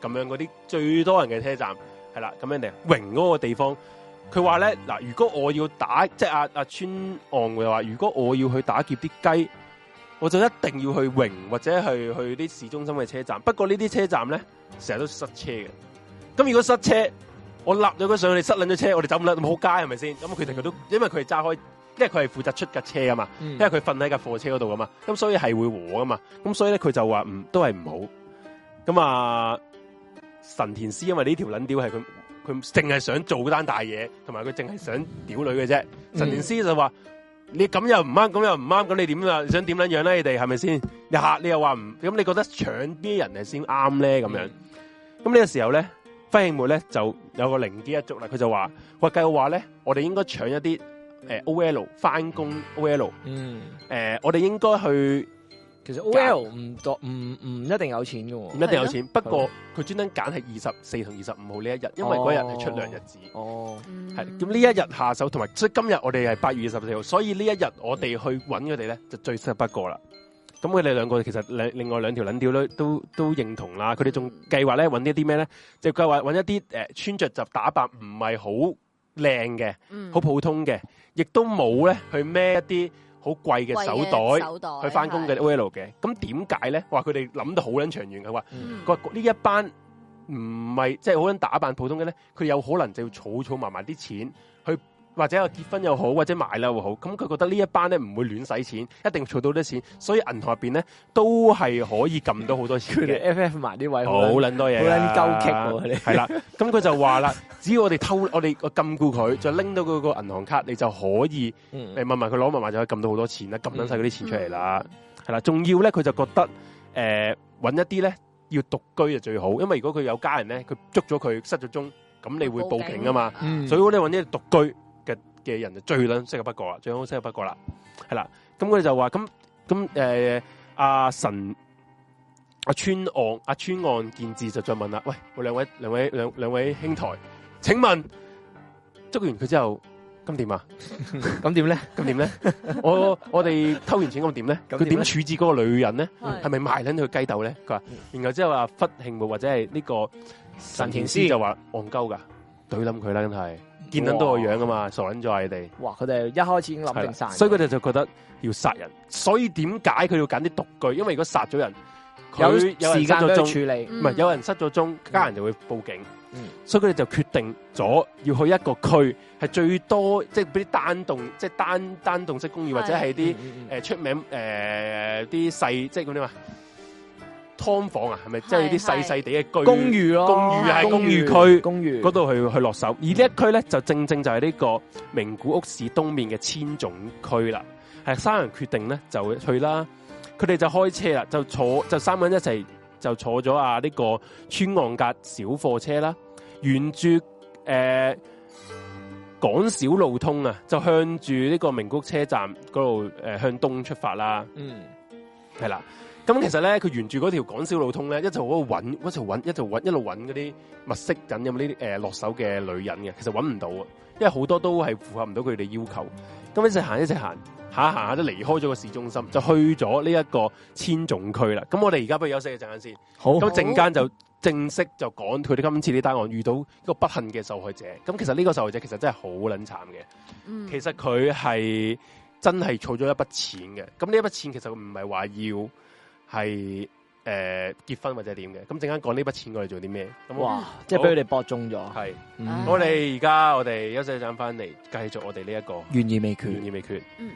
咁樣嗰啲最多人嘅車站係啦，咁樣嚟榮嗰個地方，佢話咧嗱，如果我要打，即係阿阿川岸佢話，如果我要去打劫啲雞，我就一定要去榮或者係去啲市中心嘅車站。不過呢啲車站咧成日都塞車嘅。咁如果塞車，我立咗佢上去，塞捻咗車，我哋走唔甩，好街係咪先？咁佢哋佢都因為佢係揸開，因為佢係負責出架車噶嘛，因為佢瞓喺架貨車嗰度噶嘛，咁所以係會和噶嘛。咁所以咧，佢就話唔都係唔好。咁啊。神田師因為呢條撚屌係佢，佢淨係想做單大嘢，同埋佢淨係想屌女嘅啫。神田師就話：你咁又唔啱，咁又唔啱，咁你點啊？你想點撚樣咧？你哋係咪先？你吓你又話唔咁？你覺得搶啲人係先啱咧？咁、嗯、樣咁呢個時候咧，翻譯妹咧就有個靈機一觸啦。佢就話：我計劃咧，我哋應該搶一啲誒 O L 返工 O L。嗯。誒，我哋應該去。其實 O. L. 唔多唔唔一定有錢嘅，唔一定有錢。是的，不過佢專登揀係二十四同二十五號呢一日，哦，因為嗰日係出糧日子。哦，係咁呢一日下手，同埋即係今日我哋係八月二十四號，所以呢一日我哋去揾佢哋咧，就最適合不過啦。咁佢哋兩個其實另外兩條捻吊女都都認同啦。佢哋仲計劃咧揾一啲咩咧？就計劃揾一啲誒、呃、穿着就打扮唔係好靚嘅，好、嗯、普通嘅，亦都冇咧去孭一啲。好貴嘅手袋去的的，去返工嘅 O L 嘅，咁點解咧？話佢哋諗到好捻長遠，佢話，佢呢一班唔係即係好捻打扮普通嘅咧，佢有可能就要儲儲埋埋啲錢。或者又結婚又好，或者買樓又好，咁佢覺得呢一班咧唔會亂使錢，一定儲到啲錢，所以銀行入邊咧都係可以撳到好多錢 F F 埋啲位，好捻多嘢，啊，好捻鳩激，係啦。咁佢就話啦， 只要我哋偷，我哋禁錮佢，就拎到佢個銀行卡，你就可以誒、嗯、問埋佢攞密碼，就可以撳到好多錢啦，撳捻晒嗰啲錢出嚟啦。係、嗯、啦，仲、嗯、要咧，佢就覺得誒揾、呃、一啲咧要獨居就最好，因為如果佢有家人咧，佢捉咗佢失咗蹤，咁你會報警啊嘛、嗯。所以咧，揾啲獨居嘅人就最吝嗇不過啦，最吝嗇不過啦，係啦，咁佢就話咁咁誒、阿、呃啊、神阿、啊、川岸阿、啊、川岸健治就再問啦，喂，兩位兩位兩兩位兄台，嗯、請問捉完佢之後，咁點啊？咁點咧？咁點咧？我我哋偷完錢咁點咧？佢點處置嗰個女人咧？係咪賣緊佢雞豆咧？佢話，然後之後話忽慶或或者係呢個神田師就話戇鳩噶，懟冧佢啦，真係。見得到個樣㗎嘛，傻撚咗你哋，哇！佢哋一開始已經諗定曬，所以佢哋就覺得要殺人。所以點解佢要揀啲獨居？因為如果殺咗人，佢有時間再處理，唔、嗯、係有人失咗蹤，家人就會報警。嗯、所以佢哋就決定咗要去一個區，係最多即係畀啲單棟，即、就、係、是、單單棟式公寓或者係啲誒出名誒啲細，即係嗰啲嘛。劏房啊，係咪即係啲細細地嘅公寓咯？公寓係公寓區，公寓嗰、啊、度去去落手。而這一區呢一區咧，就正正就係呢個名古屋市東面嘅千種區啦。係三人決定咧，就去啦。佢哋就開車啦，就坐就三個人一齊就坐咗啊呢、這個川岸格小貨車啦，沿住誒、呃、廣小路通啊，就向住呢個名古屋車站嗰度誒向東出發啦。嗯，係啦。咁其實咧，佢沿住嗰條港珠路通咧，一齊喺度揾，一齊揾，一齊揾，一路揾嗰啲物色緊有冇呢啲誒落手嘅女人嘅，其實揾唔、呃、到啊，因為好多都係符合唔到佢哋要求。咁一直行，一直行，行下行下都離開咗個市中心，就去咗呢一個千總區啦。咁我哋而家不如休息一陣間先。好，咁陣間就正式就講佢哋今次啲單案遇到一個不幸嘅受害者。咁其實呢個受害者其實真係好撚慘嘅、嗯。其實佢係真係儲咗一筆錢嘅。咁呢一筆錢其實唔係話要。係誒、呃、結婚或者點嘅，咁陣間講呢筆錢我哋做啲咩？咁哇，即係俾佢哋博中咗。係、嗯，我哋而家我哋休息一陣翻嚟，繼續我哋呢一個懸而未決，懸而未決。嗯。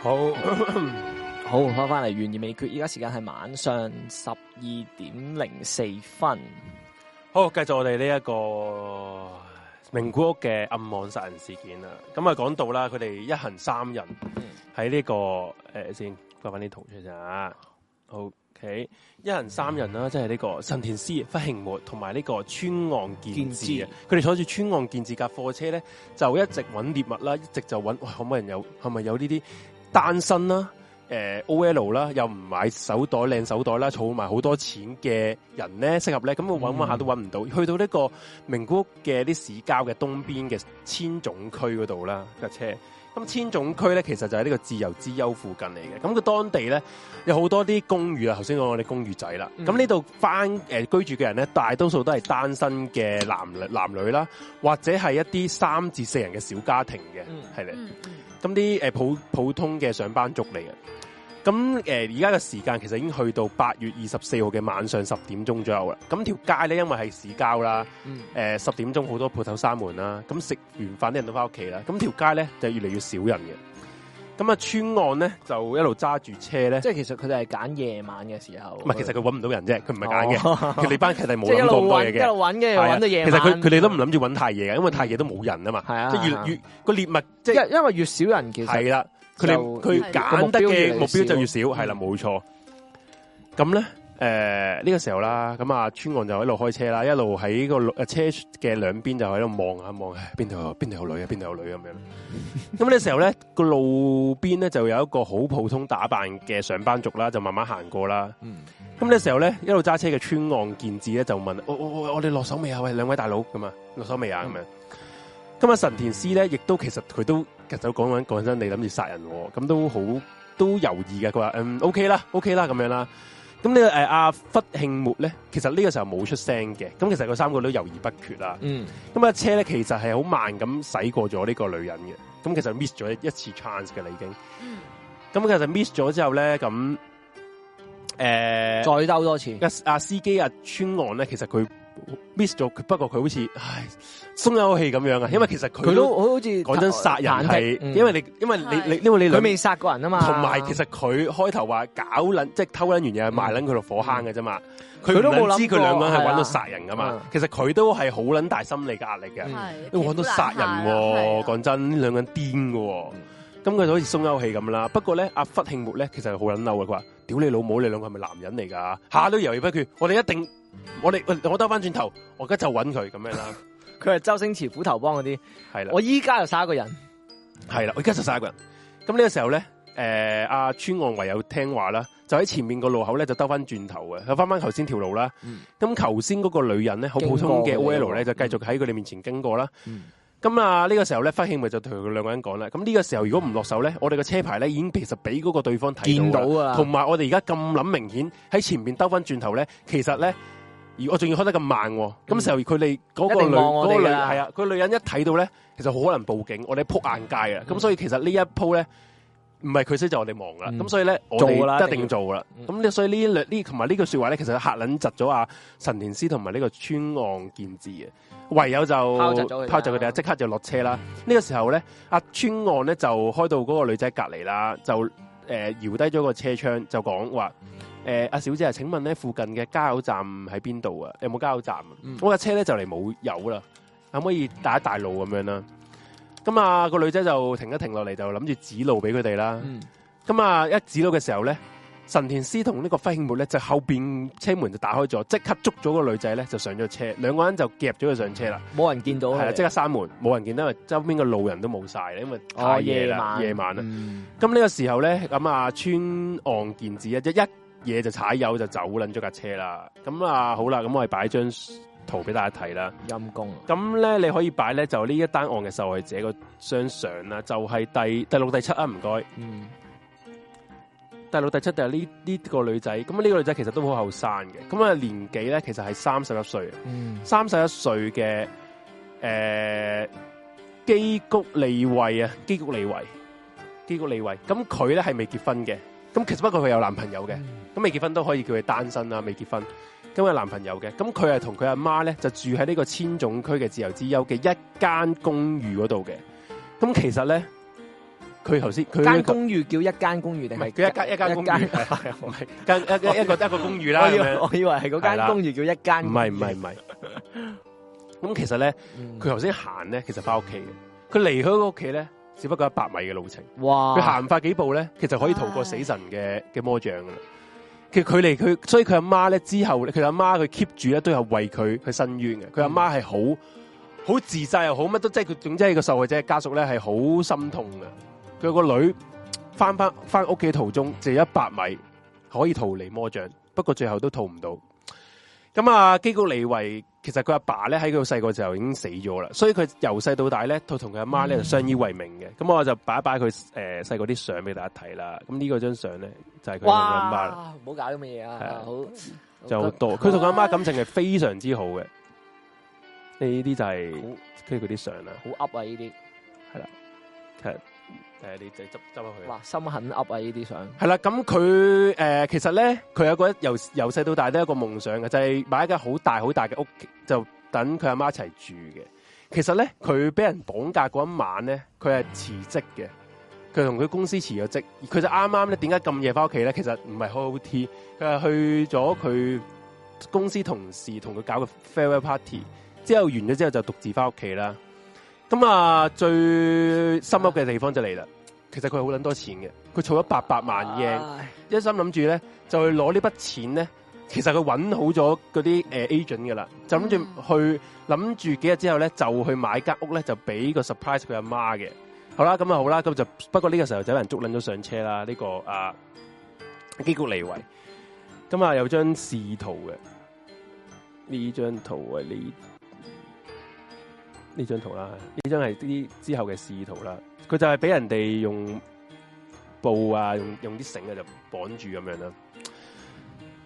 好 好翻翻嚟，懸而未決。依家時間係晚上十二點零四分。好，繼續我哋呢一個名古屋嘅暗網殺人事件啦。咁啊，講到啦，佢哋一行三人喺呢、這個誒、呃，先翻翻啲圖出咋？好 OK，一行三人啦，即係呢個神田師、福興末同埋呢個川岸建治啊。佢哋坐住川岸建治架貨車咧，就一直揾獵物啦，一直就揾，喂，可唔可以有，係咪有呢啲？單身啦，誒、呃、O L 啦，又唔買手袋靚手袋啦，儲埋好多錢嘅人咧，適合咧，咁我揾揾下都揾唔到、嗯，去到呢個名古屋嘅啲市郊嘅東邊嘅千種區嗰度啦架車，咁千種區咧其實就喺呢個自由之丘附近嚟嘅，咁佢當地咧有好多啲公寓啊，頭先講我哋公寓仔啦，咁呢度翻誒居住嘅人咧，大多數都係單身嘅男男女啦，或者係一啲三至四人嘅小家庭嘅，係、嗯、咧。是咁啲誒普普通嘅上班族嚟嘅，咁誒而家嘅時間其實已經去到八月二十四號嘅晚上十點鐘左右啦。咁條街咧，因為係市郊啦，誒、嗯、呃、十點鐘好多鋪頭閂門啦，咁食完飯啲人都翻屋企啦，咁條街咧就越嚟越少人嘅。咁啊，村岸咧就一路揸住車咧，即係其實佢哋係揀夜晚嘅時候。唔係，其實佢揾唔到人啫，佢唔係揀嘅。佢哋班其實係冇。一路揾，一路揾嘅，揾到夜晚。其實佢佢哋都唔諗住揾太夜嘅，因為太夜都冇人啊嘛。係啊，即係越越個獵物，即係因為越少人，其實係啦，佢哋佢揀得嘅目標就越少，係、嗯、啦，冇、啊、錯。咁咧。誒、呃、呢、這個時候啦，咁啊，川岸就喺度開車啦，一路喺個車嘅兩邊就喺度望啊望，邊度邊度有女啊，邊度有女咁樣。咁呢個時候咧，個路邊咧就有一個好普通打扮嘅上班族啦，就慢慢行過啦。咁呢個時候咧，一路揸車嘅川岸健治咧就問：我我哋落手未啊？喂，兩位大佬，咁啊，落手未啊？咁、um, okay okay、樣。咁啊，神田師咧，亦都其實佢都夾手講緊，講緊你諗住殺人，咁都好都猶豫嘅。佢話：嗯，OK 啦，OK 啦，咁樣啦。咁、這個啊、呢個誒阿弗慶末咧，其實呢個時候冇出聲嘅。咁其實佢三個都猶豫不決啦。嗯。咁啊車咧其實係好慢咁駛過咗呢個女人嘅。咁其實 miss 咗一次 chance 嘅啦已經。嗯。咁其實 miss 咗之後咧，咁誒、呃、再兜多次。阿、啊、司機阿川岸咧，其實佢。miss 咗佢，不過佢好似唉鬆一口氣咁樣啊，因為其實佢都，都好似講真殺人係、嗯，因為你、嗯、因為你你因為你佢未殺過人啊嘛，同埋其實佢開頭話搞捻即係偷捻完嘢賣捻佢落火坑嘅啫嘛，佢、嗯、都冇諗佢兩個人係揾、啊嗯、到殺人噶嘛、啊啊啊啊啊，其實佢都係好捻大心理嘅壓力嘅，因為揾到殺人，講真，呢兩個人癲噶，咁佢就好似鬆一口氣咁啦。不過咧，阿忽慶木咧其實好捻嬲嘅，佢話：，屌你老母，你兩個係咪男人嚟噶？下下都猶豫不決，我哋一定。我哋我兜翻轉頭，我而家就揾佢咁樣啦。佢 係周星馳斧頭幫嗰啲，係啦。我依家就殺一個人，係啦。我依家就殺一個人。咁呢個時候咧，誒、呃、阿、啊、川岸唯有聽話啦，就喺前面個路口咧就兜翻轉頭嘅，返翻翻頭先條路啦。咁頭先嗰個女人咧，好普通嘅 O L 咧，就繼續喺佢哋面前經過啦。咁、嗯、啊，呢個時候咧，輝慶咪就同佢兩個人講啦。咁呢個時候如果唔落手咧，我哋個車牌咧已經其實俾嗰個對方睇到，同埋我哋而家咁諗明顯喺前面兜翻轉頭咧，其實咧。我仲要開得咁慢、啊，咁、嗯、時候佢哋嗰個女嗰、啊、個女係啊，個女人一睇到咧，其實好可能報警，我哋撲眼界啊！咁、嗯、所以其實一呢一鋪咧，唔係佢識就我哋忙啦。咁所以咧，我哋一定做啦。咁所以呢兩、嗯、呢同埋呢句說話咧，其實嚇撚窒咗阿神田師同埋呢個川岸見志嘅，唯有就拋就咗佢哋啊！即刻就落車啦。呢、嗯呢個時候咧，阿川岸咧就開到嗰個女仔隔離啦，就誒、呃、搖低咗個車窗就講話。嗯誒、呃，阿小姐啊，請問咧，附近嘅加油站喺邊度啊？有冇加油站啊？嗯、我架車咧就嚟冇油啦，可唔可以帶一帶路咁樣啦？咁啊、個女仔就停一停落嚟，就諗住指路俾佢哋啦。咁、嗯、啊一指路嘅時候咧，神田師同呢個飛慶末咧就後邊車門就打開咗，即刻捉咗個女仔咧就上咗車，兩個人就夾咗佢上車啦。冇人、啊、人見到，即刻閂門，冇人見到，因為周邊嘅路人都冇晒。因為太夜啦、哦，夜晚啦。咁呢、嗯、個時候咧，咁啊川岸健治一一，嘢就踩油就走，捻咗架車啦。咁啊，好啦，咁我哋擺張圖俾大家睇啦。陰功。咁咧，你可以擺咧就呢一單案嘅受害者個相常啦，就係、是、第第六、第七啊，唔該。嗯。第六、第七就係呢呢個女仔。咁呢個女仔其實都好後生嘅。咁啊，年紀咧其實係三十一歲三十一歲嘅誒，基、嗯呃、谷利維啊，基谷利維，基谷利維。咁佢咧係未結婚嘅。咁其實不過佢有男朋友嘅，咁未結婚都可以叫佢單身啦。未結婚，咁有男朋友嘅，咁佢係同佢阿媽咧就住喺呢個千種區嘅自由之丘嘅一間公寓嗰度嘅。咁其實咧，佢頭先，間、嗰個、公寓叫一間公寓定係佢一間一間公寓？唔係一間一一,一，是是一個， 一，個一個公寓啦。 我以為係嗰間公寓叫一間，唔係唔係唔係。咁 其實咧，佢頭先行咧，其實返屋企嘅。佢離開屋企咧。只不過一百米嘅路程，佢行快翻幾步咧，其實可以逃過死神嘅嘅魔掌噶啦。其實距離佢，所以佢阿媽咧之後咧，佢阿媽佢 keep 住咧，都有為佢去申冤嘅。佢阿媽係好好自責又好，乜都即係佢，總之係個受害者家屬咧，係好心痛噶。佢個女翻翻翻屋企途中就一百米可以逃離魔掌，不過最後都逃唔到。咁啊，基高嚟為。其實佢阿爸咧喺佢細個時候就已經死咗啦，所以佢由細到大咧都同佢阿媽咧就相依為命嘅。咁、嗯、我就擺一擺佢誒細個啲相俾大家睇啦。咁呢個張相咧就係佢同佢阿媽啦。唔好搞啲乜嘢啊！好就好多。佢同佢阿媽感情係非常之好嘅。呢啲就係跟佢啲相啦。好 up 啊！呢啲。誒，你就執執佢哇，心狠噏啊！呢啲相係啦，咁佢誒，其實咧，佢有一個由由細到大都有一個夢想嘅，就係、是、買一間好大好大嘅屋，就等佢阿媽一齊住嘅。其實咧，佢俾人綁架嗰一晚咧，佢係辭職嘅，佢同佢公司辭咗職，佢就啱啱咧，點解咁夜翻屋企咧？其實唔係開 O T，佢係去咗佢公司同事同佢搞個 farewell party，之後完咗之後就獨自翻屋企啦。咁啊，最心噏嘅地方就嚟啦！其實佢好捻多錢嘅，佢儲咗八百萬嘅，啊、一心諗住咧就去攞呢筆錢咧。其實佢揾好咗嗰啲 agent 嘅啦，就諗住去諗住、嗯、幾日之後咧就去買間屋咧就俾個 surprise 佢阿媽嘅。好啦，咁啊好啦，咁就不過呢個時候就有人捉撚咗上車啦。呢、這個啊，基金嚟位。咁啊有張示圖嘅，呢張圖啊。呢。呢張圖啦，呢張係呢啲之後嘅示意圖啦，佢就係俾人哋用布啊，用用啲繩啊就綁住咁樣啦。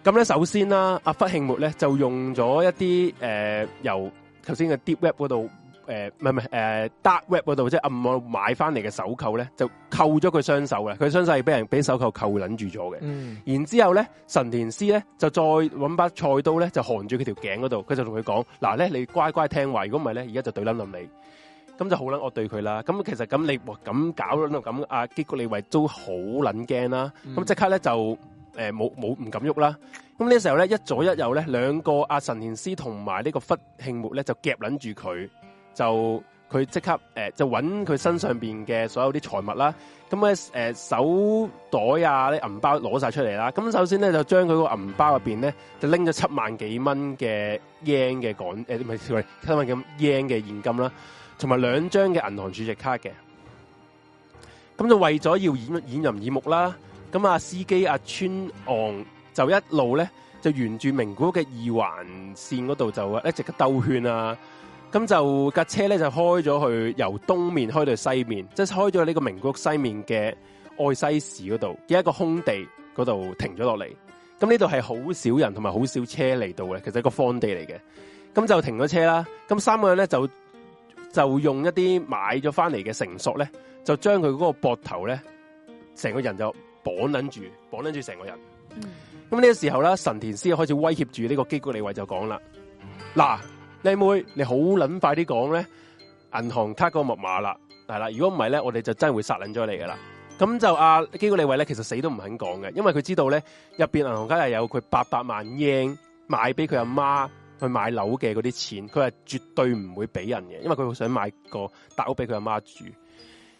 咁咧，首先啦、啊，阿忽慶末咧就用咗一啲誒、呃，由頭先嘅 Deep Web 嗰度。誒、呃，唔係唔係，誒、呃、dark web 嗰度即係暗網買翻嚟嘅手扣咧，就扣咗佢雙手嘅。佢雙手俾人俾手扣扣捻住咗嘅。嗯、然之後咧，神田師咧就再揾把菜刀咧就焊住佢條頸嗰度。佢就同佢講，嗱咧，你乖乖聽話，如果唔係咧，而家就懟捻捻你。咁就好捻惡對佢啦。咁其實咁你咁搞捻就咁啊，結果你為都好捻驚啦。咁即刻咧就誒冇冇唔敢喐啦。咁呢時候咧一左一右咧兩個阿神田師同埋呢個忽慶木咧就夾捻住佢。就佢即刻誒、呃，就揾佢身上邊嘅所有啲財物啦。咁咧誒，手袋啊，啲銀包攞晒出嚟啦。咁首先咧，就將佢個銀包入邊咧，就拎咗七萬幾蚊嘅 yen 嘅港誒，唔係、sorry、七萬幾 yen 嘅現金啦，同埋兩張嘅銀行儲值卡嘅。咁就為咗要掩掩人耳目啦。咁啊，司機阿川昂就一路咧，就沿住名古屋嘅二環線嗰度就一直嘅兜圈啊。咁就架車咧就開咗去，由東面開到西面，即係開咗呢個名古屋西面嘅愛西市嗰度，有一個空地嗰度停咗落嚟。咁呢度係好少人同埋好少車嚟到嘅，其實係一個荒地嚟嘅。咁就停咗車啦。咁三個人咧就就用一啲買咗翻嚟嘅繩索咧，就將佢嗰個膊頭咧，成個人就綁撚住，綁撚住成個人。咁、嗯、呢個時候咧，神田師開始威脅住呢個基古利位，就講啦，嗱。靚妹，你好，捻快啲講咧，銀行卡個個密碼啦，係啦，如果唔係咧，我哋就真會殺捻咗你噶啦。咁就阿、啊、基哥李偉咧，其實死都唔肯講嘅，因為佢知道咧，入邊銀行卡係有佢八百萬英 e 買俾佢阿媽去買樓嘅嗰啲錢，佢係絕對唔會俾人嘅，因為佢好想買個大屋俾佢阿媽住。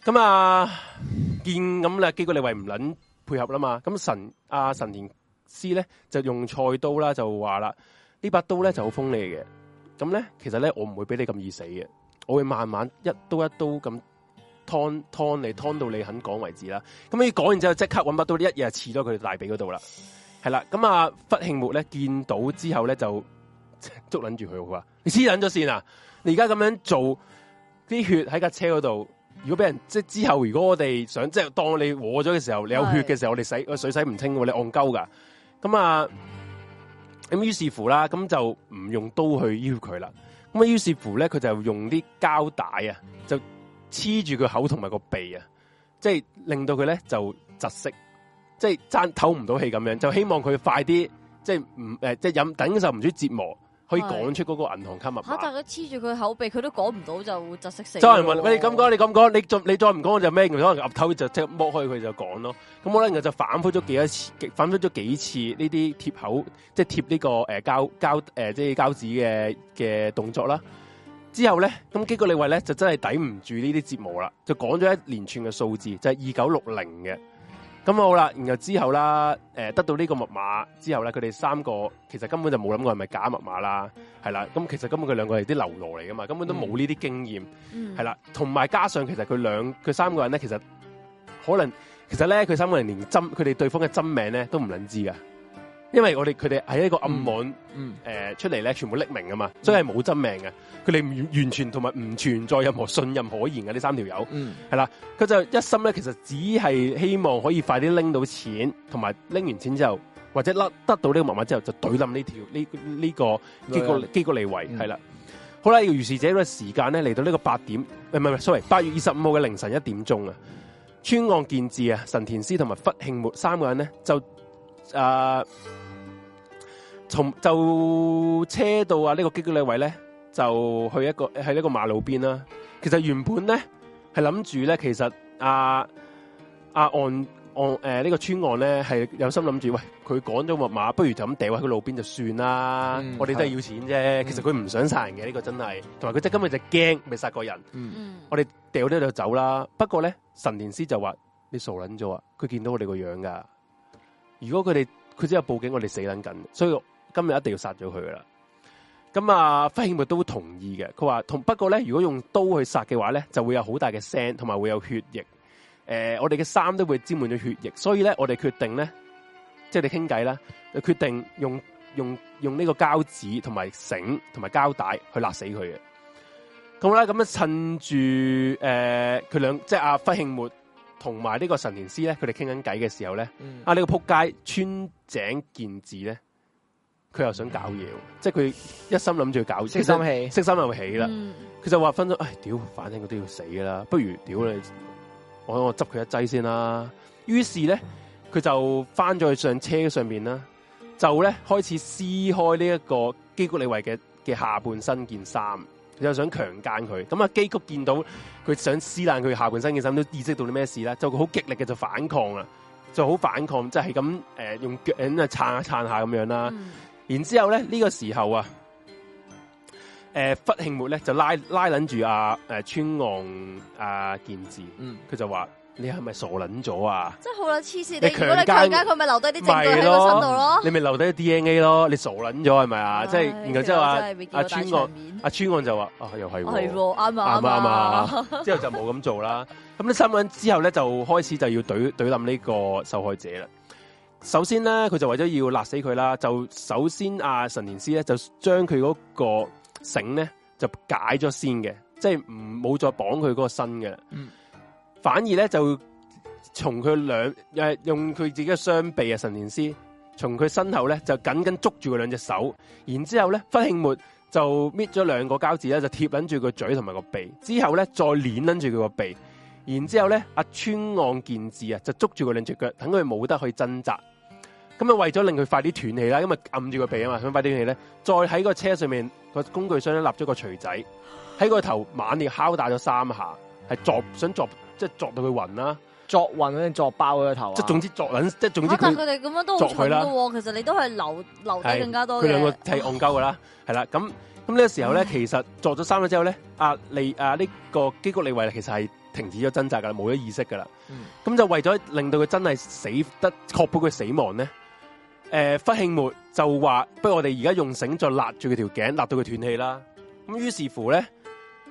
咁啊，見咁咧、啊，基哥李偉唔捻配合啦嘛，咁神阿、啊、神田師咧就用菜刀啦，就話啦，呢把刀咧就好鋒利嘅。咁咧，其實咧，我唔會俾你咁易死嘅，我會慢慢一刀一刀咁劏劏你，劏到你肯講為止啦。咁你講完之後，即刻搵把刀，呢一日刺咗佢大髀嗰度啦。係啦，咁啊，忽慶木咧見到之後咧，就 捉撚住佢好話：你黐撚咗線啊！你而家咁樣做，啲血喺架車嗰度。如果俾人即之後，如果我哋想即當你和咗嘅時候，你有血嘅時候，我哋洗我水洗唔清喎，你戇鳩噶。咁啊！咁於是乎啦，咁就唔用刀去要佢啦。咁啊於是乎咧，佢就用啲膠帶啊，就黐住佢口同埋個鼻啊，即係令到佢咧就窒息，即係爭唞唔到氣咁樣，就希望佢快啲，即係唔誒，即係忍忍受唔住折磨。可以講出嗰個銀行卡密碼吓、啊，但係黐住佢口鼻，佢都講唔到就窒息死。周人問，喂，你咁講，你咁講，你仲你再唔講我就咩？咁可能岌頭就即刻剝開佢就講咯。咁我咧就就反覆咗幾多次，反覆咗幾次呢啲貼口，即係貼呢個誒膠膠誒即係膠紙嘅嘅動作啦。之後咧，咁幾個你慧咧就真係抵唔住呢啲折磨啦，就講咗一連串嘅數字，就係二九六零嘅。咁好啦，然後之後啦，誒，得到呢個密碼之後咧，佢哋三個其實根本就冇諗過係咪假密碼啦，係啦，咁其實根本佢兩個係啲流羅嚟噶嘛，根本都冇呢啲經驗，係、嗯、啦，同埋加上其實佢兩佢三個人咧，其實可能其實咧佢三個人連真佢哋對方嘅真名咧都唔諗知噶因為我哋佢哋喺一個暗網，誒、嗯嗯呃、出嚟咧，全部匿名㗎嘛、嗯，所以係冇真名嘅。佢哋完全同埋唔存在任何信任可言嘅呢三條友，係、嗯、啦。佢就一心咧，其實只係希望可以快啲拎到錢，同埋拎完錢之後，或者得得到呢個密碼之後，就㨃冧呢條呢呢、呢個機構結果利維係啦。好啦，如是者呢個時間咧嚟到呢個八點，唔、哎、係 sorry 八月二十五號嘅凌晨一點鐘啊。川岸建治啊、神田司同埋忽慶末三個人咧就誒。呃從就車到啊呢個激多釐位咧，就去一個喺呢個馬路邊啦。其實原本咧係諗住咧，其實阿、啊、阿、啊、岸岸誒呢、呃呢個村岸咧係有心諗住，喂佢講咗密碼，不如就咁掉喺佢路邊就算啦、嗯。我哋都係要錢啫。其實佢唔想殺人嘅呢、呢個真係，同埋佢即係今日就驚未殺過人。嗯，我哋掉呢度走啦。不過咧，神田師就話：你傻撚咗啊！佢見到我哋個樣噶。如果佢哋佢真係報警，我哋死撚緊。所以。今日一定要殺咗佢㗎啦！咁啊，輝慶末都會同意嘅。佢話同不過咧，如果用刀去殺嘅話咧，就會有好大嘅聲，同埋會有血液。誒、呃，我哋嘅衫都會沾滿咗血液，所以咧，我哋決定咧，即係你傾偈啦，就決定用用用呢個膠紙同埋繩同埋膠帶去勒死佢嘅。咁啦，咁啊，趁住，誒，佢、呃、兩即係阿輝慶末同埋呢個神田師咧，佢哋傾緊偈嘅時候咧，嗯、啊呢、呢個撲街穿井健治咧。佢又想搞嘢，即係佢一心諗住要搞嘢，色心起，色心又起啦。佢就話分咗，唉，屌，反正佢都要死㗎啦，不如屌你，我我執佢一劑先啦。於是咧，佢就翻咗去上車上面啦，就咧開始撕開呢一個基谷利維嘅嘅下半身件衫，佢就想強姦佢。咁啊，基谷見到佢想撕爛佢下半身件衫，都意識到啲咩事咧，就好極力嘅就反抗啊，就好反抗，即係咁誒，用腳咁啊撐下撐下咁樣啦。然之後咧，呢、這個時候啊，誒、呃、忽慶末咧就拉拉撚住阿誒川岸阿健治，嗯，佢就話：你係咪傻撚咗啊？即係好啦，黐線、啊！你強姦佢，咪留低啲證據喺個身度咯？你咪留低啲 DNA 咯？你傻撚咗係咪啊？即、哎、係，然後即係話阿川岸，阿川岸就話：啊，又係，係啱啊，啱啊！啊後 後之後就冇咁做啦。咁啲新聞之後咧，就開始就要懟懟攬呢個受害者啦。首先咧，佢就為咗要勒死佢啦，就首先阿神田師咧就將佢嗰個繩咧就解咗先嘅，即係唔冇再綁佢嗰個身嘅，嗯，反而咧就從佢兩誒，用佢自己嘅雙臂啊，神田師從佢身後咧就緊緊捉住佢兩隻手，然之後咧福慶末就搣咗兩個膠紙咧就貼緊住佢嘴同埋個鼻，之後咧再捻緊住佢個鼻，然之後咧阿、啊、川岸健治啊就捉住佢兩隻腳，等佢冇得去掙扎。咁啊，為咗令佢快啲斷氣啦，咁就按住個鼻啊嘛，想快啲斷氣咧，再喺個車上面個工具箱咧立咗個錘仔，喺個頭猛烈敲打咗三下，係鑿想鑿，即係鑿到佢暈啦，鑿暈咧鑿爆佢個頭。即係總之鑿捻，即係總之。但係佢哋咁樣都好殘忍噶喎，其實你都係流流血更加多。佢兩個係戇鳩噶啦，係啦，咁咁呢個時候咧，其實鑿咗三下之後咧，啊利啊呢、這個基肉利維其實係停止咗掙扎噶，冇咗意識噶啦。咁、嗯、就為咗令到佢真係死得確保佢死亡咧。誒、呃，忽慶梅就話：不如我哋而家用繩再勒住佢條頸，勒到佢斷氣啦。咁於是乎咧，誒、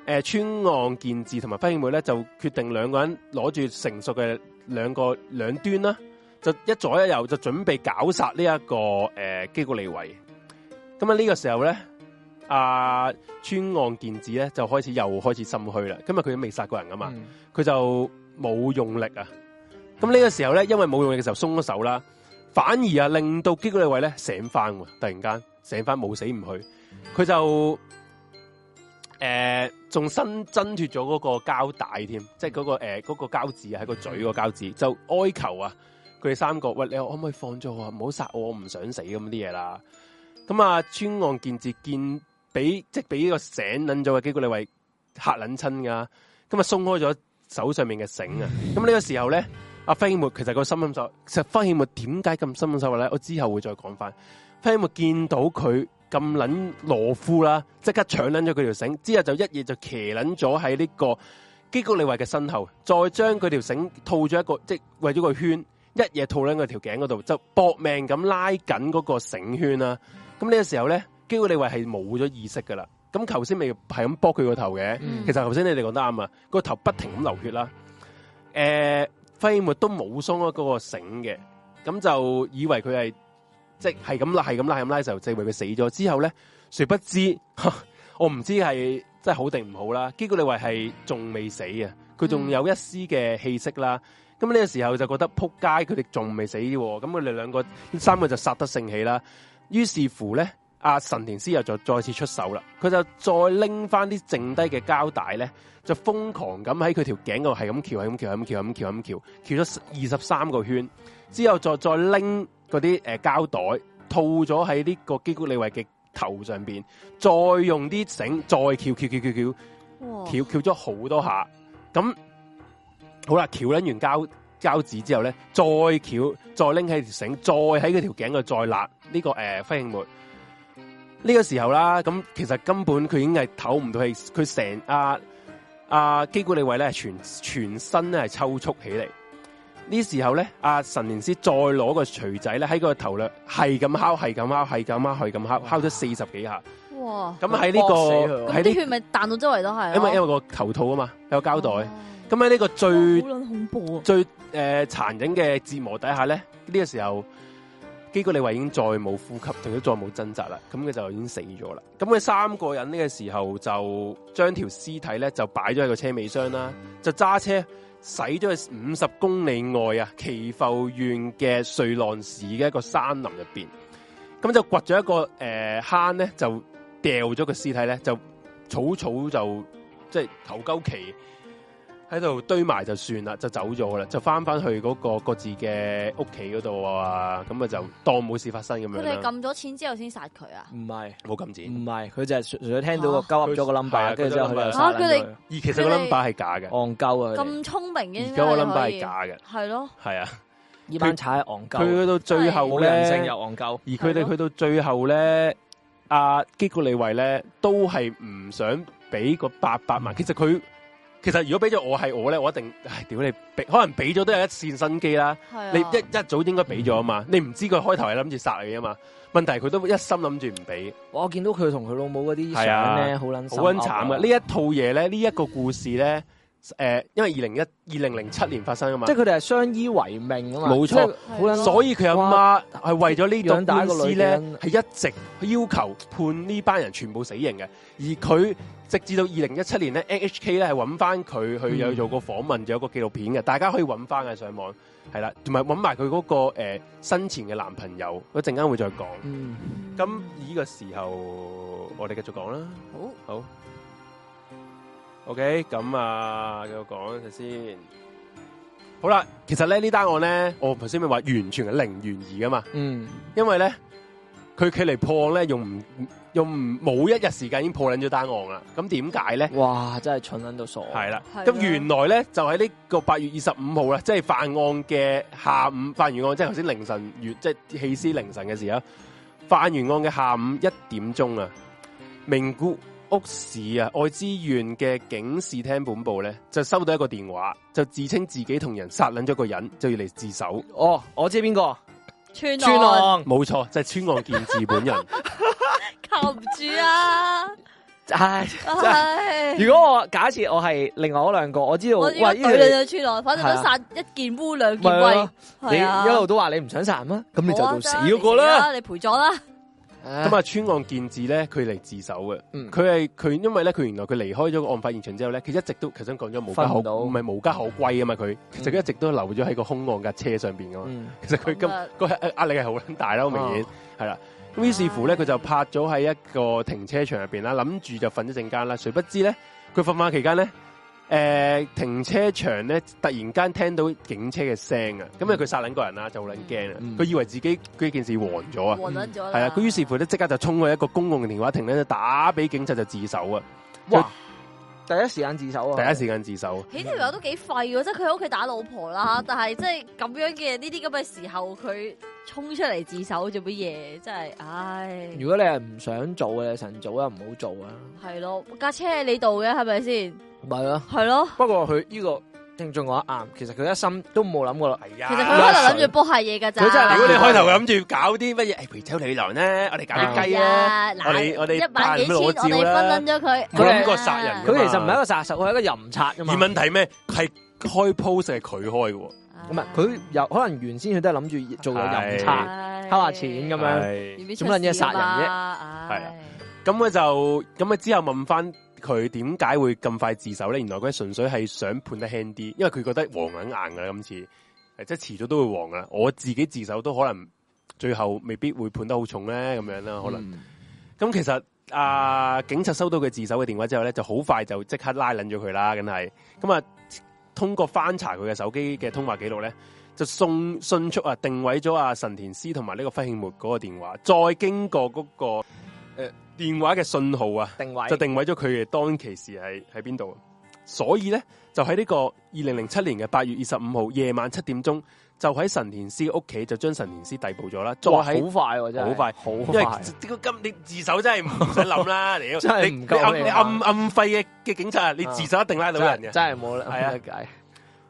呃，川岸健治同埋忽慶梅咧就決定兩個人攞住成熟嘅兩個兩端啦，就一左一右就準備絞殺呢一個誒機關利維。咁啊呢個時候咧，阿、呃、川岸健治咧就開始又開始心虛啦。今日佢都未殺過人噶嘛，佢、嗯、就冇用力啊。咁呢個時候咧，因為冇用力嘅時候鬆咗手啦。反而啊，令到基哥利偉咧醒翻，突然間醒翻冇死唔去，佢就誒仲伸掙脱咗嗰個膠帶添，即係嗰、嗰個誒嗰、呃嗰個膠紙啊，喺個嘴個膠紙，就哀求啊，佢哋三個喂，你我可唔可以放咗我啊？唔好殺我，我唔想死咁啲嘢啦。咁啊，專案見字見俾即係俾呢個醒捻咗嘅基哥利偉吓捻親噶，咁啊鬆開咗手上面嘅繩啊，咁呢個時候咧。阿飛沫其實個心狠手，其實飛沫點解咁心狠手辣咧？我之後會再講翻。飛沫見到佢咁撚懦夫啦，即刻搶捻咗佢條繩，之後就一夜就騎捻咗喺呢個基谷利維嘅身後，再將佢條繩套咗一個，即係為咗個圈，一夜套捻佢條頸嗰度，就搏命咁拉緊嗰個繩圈啦。咁呢個時候咧，基谷利維係冇咗意識噶啦。咁頭先咪係咁剝佢個頭嘅、嗯，其實頭先你哋講得啱啊，個頭不停咁流血啦。誒、呃。沫都冇鬆開，嗰個繩嘅，咁就以為佢係即係咁拉，係咁拉咁拉，拉時候就認為佢死咗之後咧，誰不知我唔知係真係好定唔好啦。結果你話係仲未死啊，佢仲有一絲嘅氣息啦。咁、嗯、呢個時候就覺得扑街，佢哋仲未死，咁佢哋兩個三個就殺得盛起啦。於是乎咧。阿、啊、神田師又再再次出手啦，佢就再拎翻啲剩低嘅膠帶咧，就瘋狂咁喺佢條頸度係咁翹，係咁翹，係咁翹，係咁翹，咁翹，翹咗二十三個圈之後再，再再拎嗰啲誒膠袋套咗喺呢個基古利維嘅頭上邊，再用啲繩再翹翹翹翹翹翹咗好多下，咁好啦，翹捻完膠膠紙之後咧，再翹，再拎起條繩，再喺佢條頸度再勒呢、這個誒飛鷹呢、這個時候啦，咁其實根本佢已經係唞唔到氣，佢成阿阿基古利位咧，全全身咧係抽搐起嚟。呢時候咧，阿、啊、神靈師再攞個錘仔咧喺個頭度係咁敲，係咁敲，係咁敲，係咁敲，敲，敲咗四十幾下。哇！咁喺呢個，咁啲血咪彈到周圍都係。因為因為個頭套啊嘛，有膠袋。咁喺呢個最恐怖、啊、最誒殘、呃、忍嘅折磨底下咧，呢、這個時候。結果你話已經再冇呼吸，仲要再冇掙扎啦，咁佢就已經死咗啦。咁佢三個人呢個時候就將條屍體咧就擺咗喺個車尾箱啦，就揸車駛咗去五十公里外啊，岐阜縣嘅瑞浪市嘅一個山林入邊。咁就掘咗一個誒坑咧，就掉咗個屍體咧，就草草就即係、就是、投鳩期。喺度堆埋就算啦，就走咗啦，就翻翻去嗰、那個各自嘅屋企嗰度啊，咁啊就當冇事發生咁樣。佢哋撳咗錢之後先殺佢啊？唔係冇撳錢，唔係佢就係純聽到個鳩噏咗個 number，跟住佢就殺佢。哋、啊、而其實個 number 係假嘅，戇鳩啊！咁聰明嘅而家個 number 係假嘅，係咯，係啊，班踩戇鳩，佢去到最後咧，人又戇鳩，而佢哋去到最後咧，阿基哥利偉咧都係唔想俾個八百萬，其實佢。其實如果俾咗我係我咧，我一定唉，屌你，可能俾咗都有一線生機啦。啊、你一一早應該俾咗啊嘛，啊你唔知佢開頭係諗住殺你啊嘛。問題佢都一心諗住唔俾。我見到佢同佢老母嗰啲相呢，好捻好捻慘噶。呢一套嘢咧，呢 一個故事咧，誒，因為二零一二零零七年發生啊嘛，即係佢哋係相依為命啊嘛，冇錯、好捻慘，所以佢阿媽係為咗呢等大女咧，係一直要求判呢班人全部死刑嘅，而佢。直至到二零一七年咧，NHK 咧係揾翻佢去有做個訪問，有一個紀錄片嘅，嗯、大家可以揾翻嘅上網，係啦，同埋揾埋佢嗰個誒、呃、生前嘅男朋友，我陣間會再講。嗯，咁依個時候我哋繼續講啦。好，好，OK，咁啊，繼續講一陣先。好啦，其實咧呢單案咧，我頭先咪話完全係零懸疑噶嘛。嗯，因為咧佢距離破案咧用唔用唔冇一日時間已經破捻咗單案啦，咁點解咧？哇，真係蠢捻到傻！係啦，咁原來咧就喺呢個八月二十五號啦，即係犯案嘅下午犯完案，即係頭先凌晨，即係棄屍凌晨嘅時候，犯完案嘅下午一點鐘啊，名古屋市啊愛知縣嘅警視廳本部咧就收到一個電話，就自稱自己同人殺捻咗個人，就要嚟自首。哦，我知邊個。村浪，冇錯，就係、是、村浪劍治本人，靠唔住啊 ！唉，如果我假設我係另外嗰兩個，我知道我你喂，兩個村浪，反正都殺一件污兩、啊、件貴、就是啊啊，你一路都話你唔想殺人，咁、啊、你就做死嗰啦！你賠咗啦。咁啊，村案建治咧，佢嚟自首嘅，佢係佢因為咧，佢原來佢離開咗個案發現場之後咧，佢一直都頭先講咗冇家可，唔係冇家可歸啊嘛！佢、嗯、其實一直都留咗喺個凶案架車上邊噶嘛，其實佢今個壓力係好大啦，好明顯係啦。咁、啊、於是乎咧，佢就泊咗喺一個停車場入邊啦，諗住就瞓一陣間啦。誰不知咧，佢瞓覺期間咧。誒、呃、停車場咧，突然間聽到警車嘅聲啊！咁、嗯、啊，佢殺撚個人啦，就撚驚啦，佢、嗯、以為自己嗰件事黃咗啊！黃咗啦，係啊！佢於是乎咧，即刻就衝去一個公共嘅電話亭咧，打俾警察就自首啊！哇第一時間自首啊！第一時間自首啊！呢條友都幾廢喎，即係佢喺屋企打老婆啦，但係即係咁樣嘅呢啲咁嘅時候，佢衝出嚟自首做乜嘢？真係，唉！如果你係唔想做嘅，晨早又唔好做啊！係咯，架車喺你度嘅，係咪先？唔係啊！係咯，不過佢呢個。我其實佢一心都冇諗過，係啊。其實佢開頭諗住煲下嘢噶咋。佢真係，如果你開頭諗住搞啲乜嘢，譬如，Peter 李來呢，我哋搞啲雞啊，我哋我哋一百幾千，我哋分潤咗佢。佢諗過殺人，佢其實唔係一個殺手，佢係一個淫賊噶嘛。而問題咩？係開 post 係佢開嘅，咁、哎、啊，佢有可能原先佢都係諗住做個淫賊，慳、哎、下錢咁、哎、樣，做乜嘢殺人啫？係、哎、啦，咁佢就咁佢之後問翻。佢點解會咁快自首咧？原來佢純粹係想判得輕啲，因為佢覺得黃很硬噶啦，今次，即係遲早都會黃噶啦。我自己自首都可能最後未必會判得好重咧，咁樣啦，可能。咁、嗯、其實啊、呃，警察收到佢自首嘅電話之後咧，就好快就即刻拉捻咗佢啦，梗係。咁啊，通過翻查佢嘅手機嘅通話記錄咧，就送迅速啊定位咗阿、啊、神田詩同埋呢個輝慶末嗰個電話，再經過嗰、那個誒。呃電話嘅信號啊，定位就定位咗佢哋當其時係喺邊度，所以咧就喺呢個二零零七年嘅八月二十五號夜晚七點鐘，就喺神田師屋企就將神田師逮捕咗啦。哇，好快、啊、快，真係好快，好快，因為 今你自首真係唔使諗啦，嚟 真係你，你暗你暗費嘅嘅警察，你自首一定拉到人嘅、啊，真係冇係啊，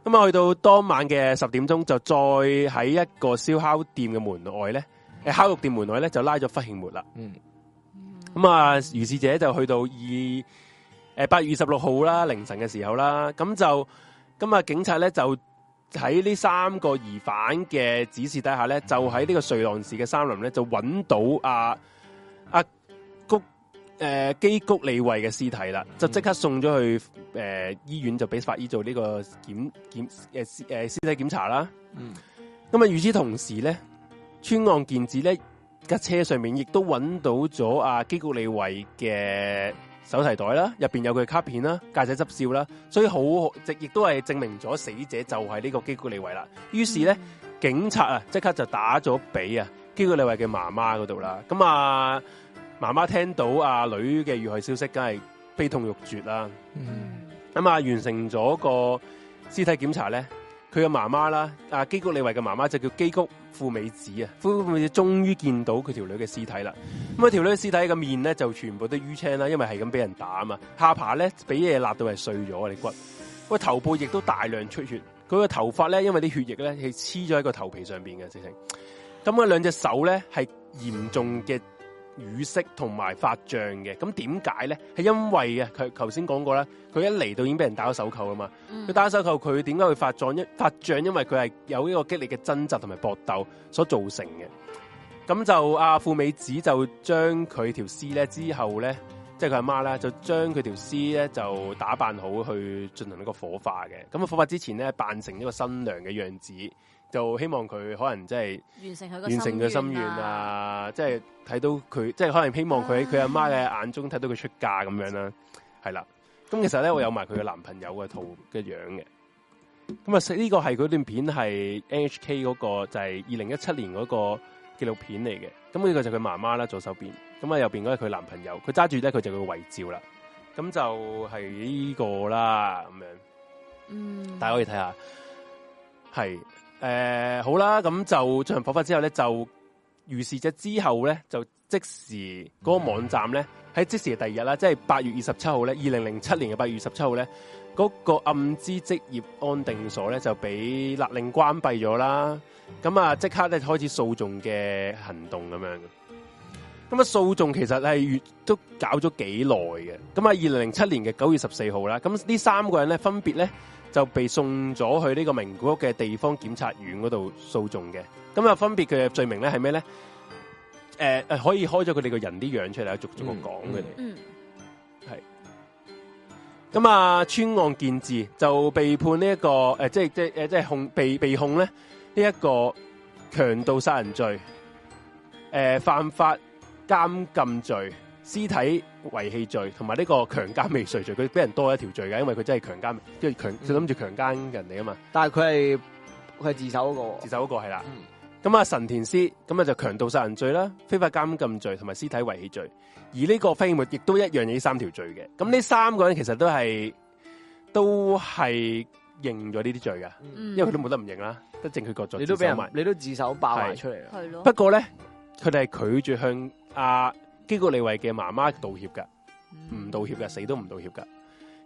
咁啊， 去到當晚嘅十點鐘，就再喺一個燒烤店嘅門外咧，烤肉店門外咧就拉咗忽慶門啦，嗯。咁、嗯、啊，於是者就去到二誒八月二十六號啦，凌晨嘅時候啦，咁、嗯、就咁啊、嗯，警察咧就喺呢三個疑犯嘅指示底下咧，就喺呢個瑞浪市嘅三輪咧，就揾到阿阿谷誒基谷利慧嘅屍體啦，就即刻送咗去誒、呃、醫院，就俾法醫做呢個檢檢誒誒屍體檢查啦。嗯，咁、嗯、啊，與、嗯、此、嗯、同時咧，川岸健治咧。架車上面亦都揾到咗阿基谷利維嘅手提袋啦，入邊有佢卡片啦、駕駛執照啦，所以好亦都係證明咗死者就係呢個基谷利維啦。於是咧，警察啊即刻就打咗俾啊基谷利維嘅媽媽嗰度啦。咁啊，媽媽聽到阿女嘅遇害消息，梗係悲痛欲絕啦。咁、嗯、啊，完成咗個屍體檢查咧，佢嘅媽媽啦，阿基谷利維嘅媽媽就叫基谷、富美子啊，富美子終於見到佢條女嘅屍體啦。咁啊，條女屍體嘅面咧就全部都淤青啦，因為係咁俾人打啊嘛。下巴咧俾嘢辣到係碎咗啊，啲骨。喂，頭部亦都大量出血。佢個頭髮咧，因為啲血液咧係黐咗喺個頭皮上邊嘅直情。咁啊，兩隻手咧係嚴重嘅。瘀色同埋發脹嘅，咁點解咧？係因為啊，佢頭先講過啦，佢一嚟到已經俾人打咗手扣啊嘛。佢打手扣，佢點解會發脹一發脹？因為佢係有呢個激烈嘅掙扎同埋搏鬥所造成嘅。咁就阿富美子就將佢條屍咧之後咧，即係佢阿媽咧，就將佢條屍咧就打扮好去進行呢個火化嘅。咁啊火化之前咧扮成一個新娘嘅樣子。就希望佢可能即係完成佢個心願啊，完成佢個心願啊，啊，即係睇到佢，即係可能希望佢喺佢阿媽嘅眼中睇到佢出嫁咁 樣啦，啊，係啦。咁其實咧，我有埋佢嘅男朋友嘅圖嘅樣嘅。咁啊，呢個係佢段片係 NHK 嗰個就係二零一七年嗰個紀錄片嚟嘅。咁呢個就佢媽媽啦，左手邊。咁啊，右邊嗰個佢男朋友，佢揸住咧，佢就佢個遺照啦。咁就係呢個啦，咁樣。嗯，大家可以睇下，係。誒、呃，好啦，咁就進行火化之後咧，就如是者之後咧，就即時嗰個網站咧，喺即時嘅第二、就是、日啦，即係八月二十七號咧，二零零七年嘅八月二十七號咧，嗰個暗資職業安定所咧就俾勒令關閉咗啦。咁啊，即刻咧開始訴訟嘅行動咁樣。咁啊，訴訟其實係越都搞咗幾耐嘅。咁啊，二零零七年嘅九月十四號啦，咁呢三個人咧分別咧。就被送咗去呢個名古屋嘅地方檢察院嗰度訴訟嘅，咁啊，分別佢嘅罪名咧係咩咧？誒誒、呃，可以開咗佢哋個人啲樣出嚟，逐逐個講佢哋。嗯，係。咁啊，川岸健治就被判呢、這、一個誒、呃，即係即係誒，即係、呃、控被被控咧呢一、這個強盜殺人罪，誒、呃、犯法監禁罪，屍體。遺棄罪同埋呢個強奸未遂罪，佢俾人多一條罪嘅，因為佢真係強奸，即係強，佢諗住強奸人哋啊嘛。但係佢係佢係自首嗰個，自首嗰個係啦。咁啊、嗯，神田師咁啊就強盜殺人罪啦，非法監禁罪同埋屍體遺棄罪。而呢個飛沫亦都一樣有呢三條罪嘅。咁呢三個人其實都係都係認咗呢啲罪噶、嗯，因為佢都冇得唔認啦，得證佢個罪。你都俾人埋，你都自首爆出嚟係咯。不過咧，佢哋係拒絕向、啊呢個李慧嘅媽媽道歉噶，唔道歉噶，死都唔道歉噶。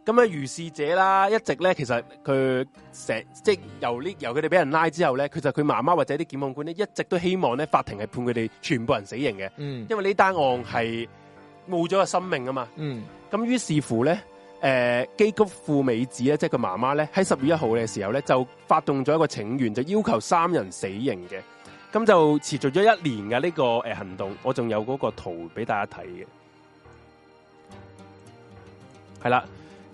咁啊，如是者啦，一直咧，其實佢成即係由呢由佢哋俾人拉之後咧，其實佢媽媽或者啲檢控官咧，一直都希望咧，法庭係判佢哋全部人死刑嘅。嗯，因為呢單案係冇咗個生命啊嘛。嗯，咁於是乎咧，誒、呃，基谷富美子咧，即係佢媽媽咧，喺十月一號嘅時候咧，就發動咗一個請願，就要求三人死刑嘅。咁就持續咗一年嘅呢個誒行動，我仲有嗰個圖俾大家睇嘅，係啦。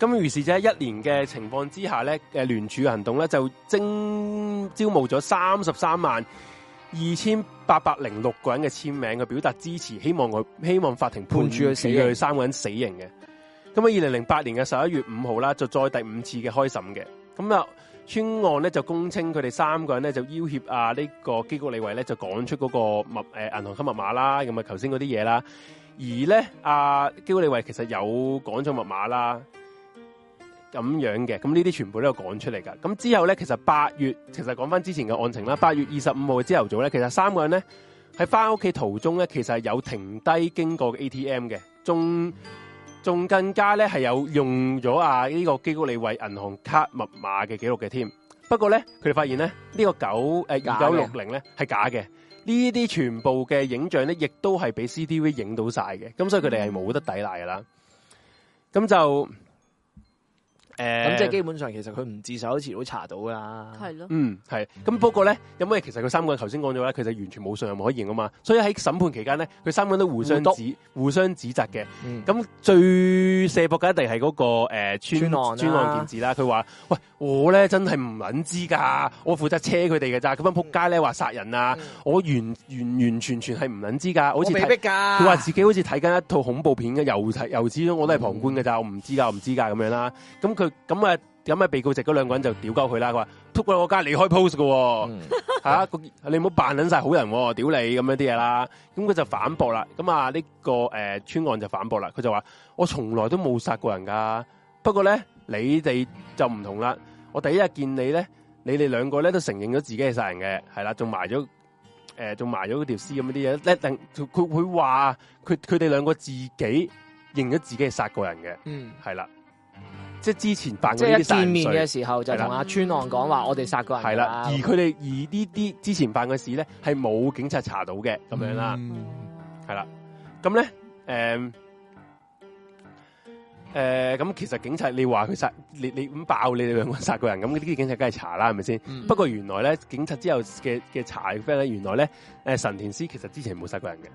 咁於是就喺一年嘅情況之下咧，誒聯署行動咧就徵招募咗三十三萬二千八百零六個人嘅簽名去表達支持，希望佢希望法庭判，判處佢死死三個人死刑嘅。咁喺二零零八年嘅十一月五號啦，就再第五次嘅開審嘅，咁啊。專案咧就供稱佢哋三個人咧就要挾啊呢個焦李慧咧就講出嗰個密，誒，銀行卡密碼啦，咁啊頭先嗰啲嘢啦，而咧阿焦李慧其實有講咗密碼啦，咁樣嘅，咁呢啲全部都有講出嚟噶。咁之後咧，其實八月其實講翻之前嘅案情啦，八月二十五號嘅朝頭早咧，其實三個人咧喺翻屋企途中咧，其實係有停低經過 ATM 嘅，中。仲更加咧，係有用咗啊！呢、呢個基高利為銀行卡密碼嘅記錄嘅添。不過咧，佢哋發現咧，呢個9，呃、2960呢個九誒二九六零咧係假嘅。呢啲全部嘅影像咧，亦都係俾 C T V 影到晒嘅。咁所以佢哋係冇得抵賴噶啦。咁就。誒、嗯，咁即係基本上，其實佢唔自首，好似都查到噶啦。係咯。嗯，係。咁不過咧，有咩？其實佢三個人頭先講咗啦，佢就完全冇信用可言㗎嘛。所以喺審判期間咧，佢三個人都互相指、互相指責嘅。咁、嗯、最卸膊嘅一定係嗰、那個誒，專案專案件啦。佢話、啊：喂，我咧真係唔捻知噶，我負責車佢哋嘅咋。咁、那、翻、個、仆街咧話殺人啊，嗯、我完完完全全係唔捻知噶，好似逼佢話自己好似睇緊一套恐怖片嘅，又睇又知。我都係旁觀嘅咋，我唔知噶，我唔知噶咁樣啦。咁咁啊，咁啊，被告席嗰兩個人就屌鳩佢啦。佢話：出 k 我間離開 post 嘅，吓，你唔好扮捻晒好人，屌你咁樣啲嘢啦。咁佢就反駁啦。咁啊、這個，呢個誒，村案就反駁啦。佢就話：我從來都冇殺過人噶。不過咧，你哋就唔同啦。我第一日見你咧，你哋兩個咧都承認咗自己係殺人嘅，係啦，仲埋咗誒，仲、呃、埋咗條屍咁一啲嘢。一定佢會話，佢佢哋兩個自己認咗自己係殺過人嘅，嗯是的，係啦。即係之前犯嗰啲殺人，即係一見面嘅時候就同阿川浪講話，我哋殺過人。係啦，而佢哋而呢啲之前犯嘅事咧，係冇警察查到嘅，咁樣啦，係啦，咁咧誒。誒、呃，咁其實警察你話佢殺你你咁爆你哋兩棍殺過人，咁呢啲警察梗係查啦，係咪先？不過原來咧，警察之後嘅嘅查嘅 friend 咧，原來咧，誒神田師其實之前冇殺過人嘅，係、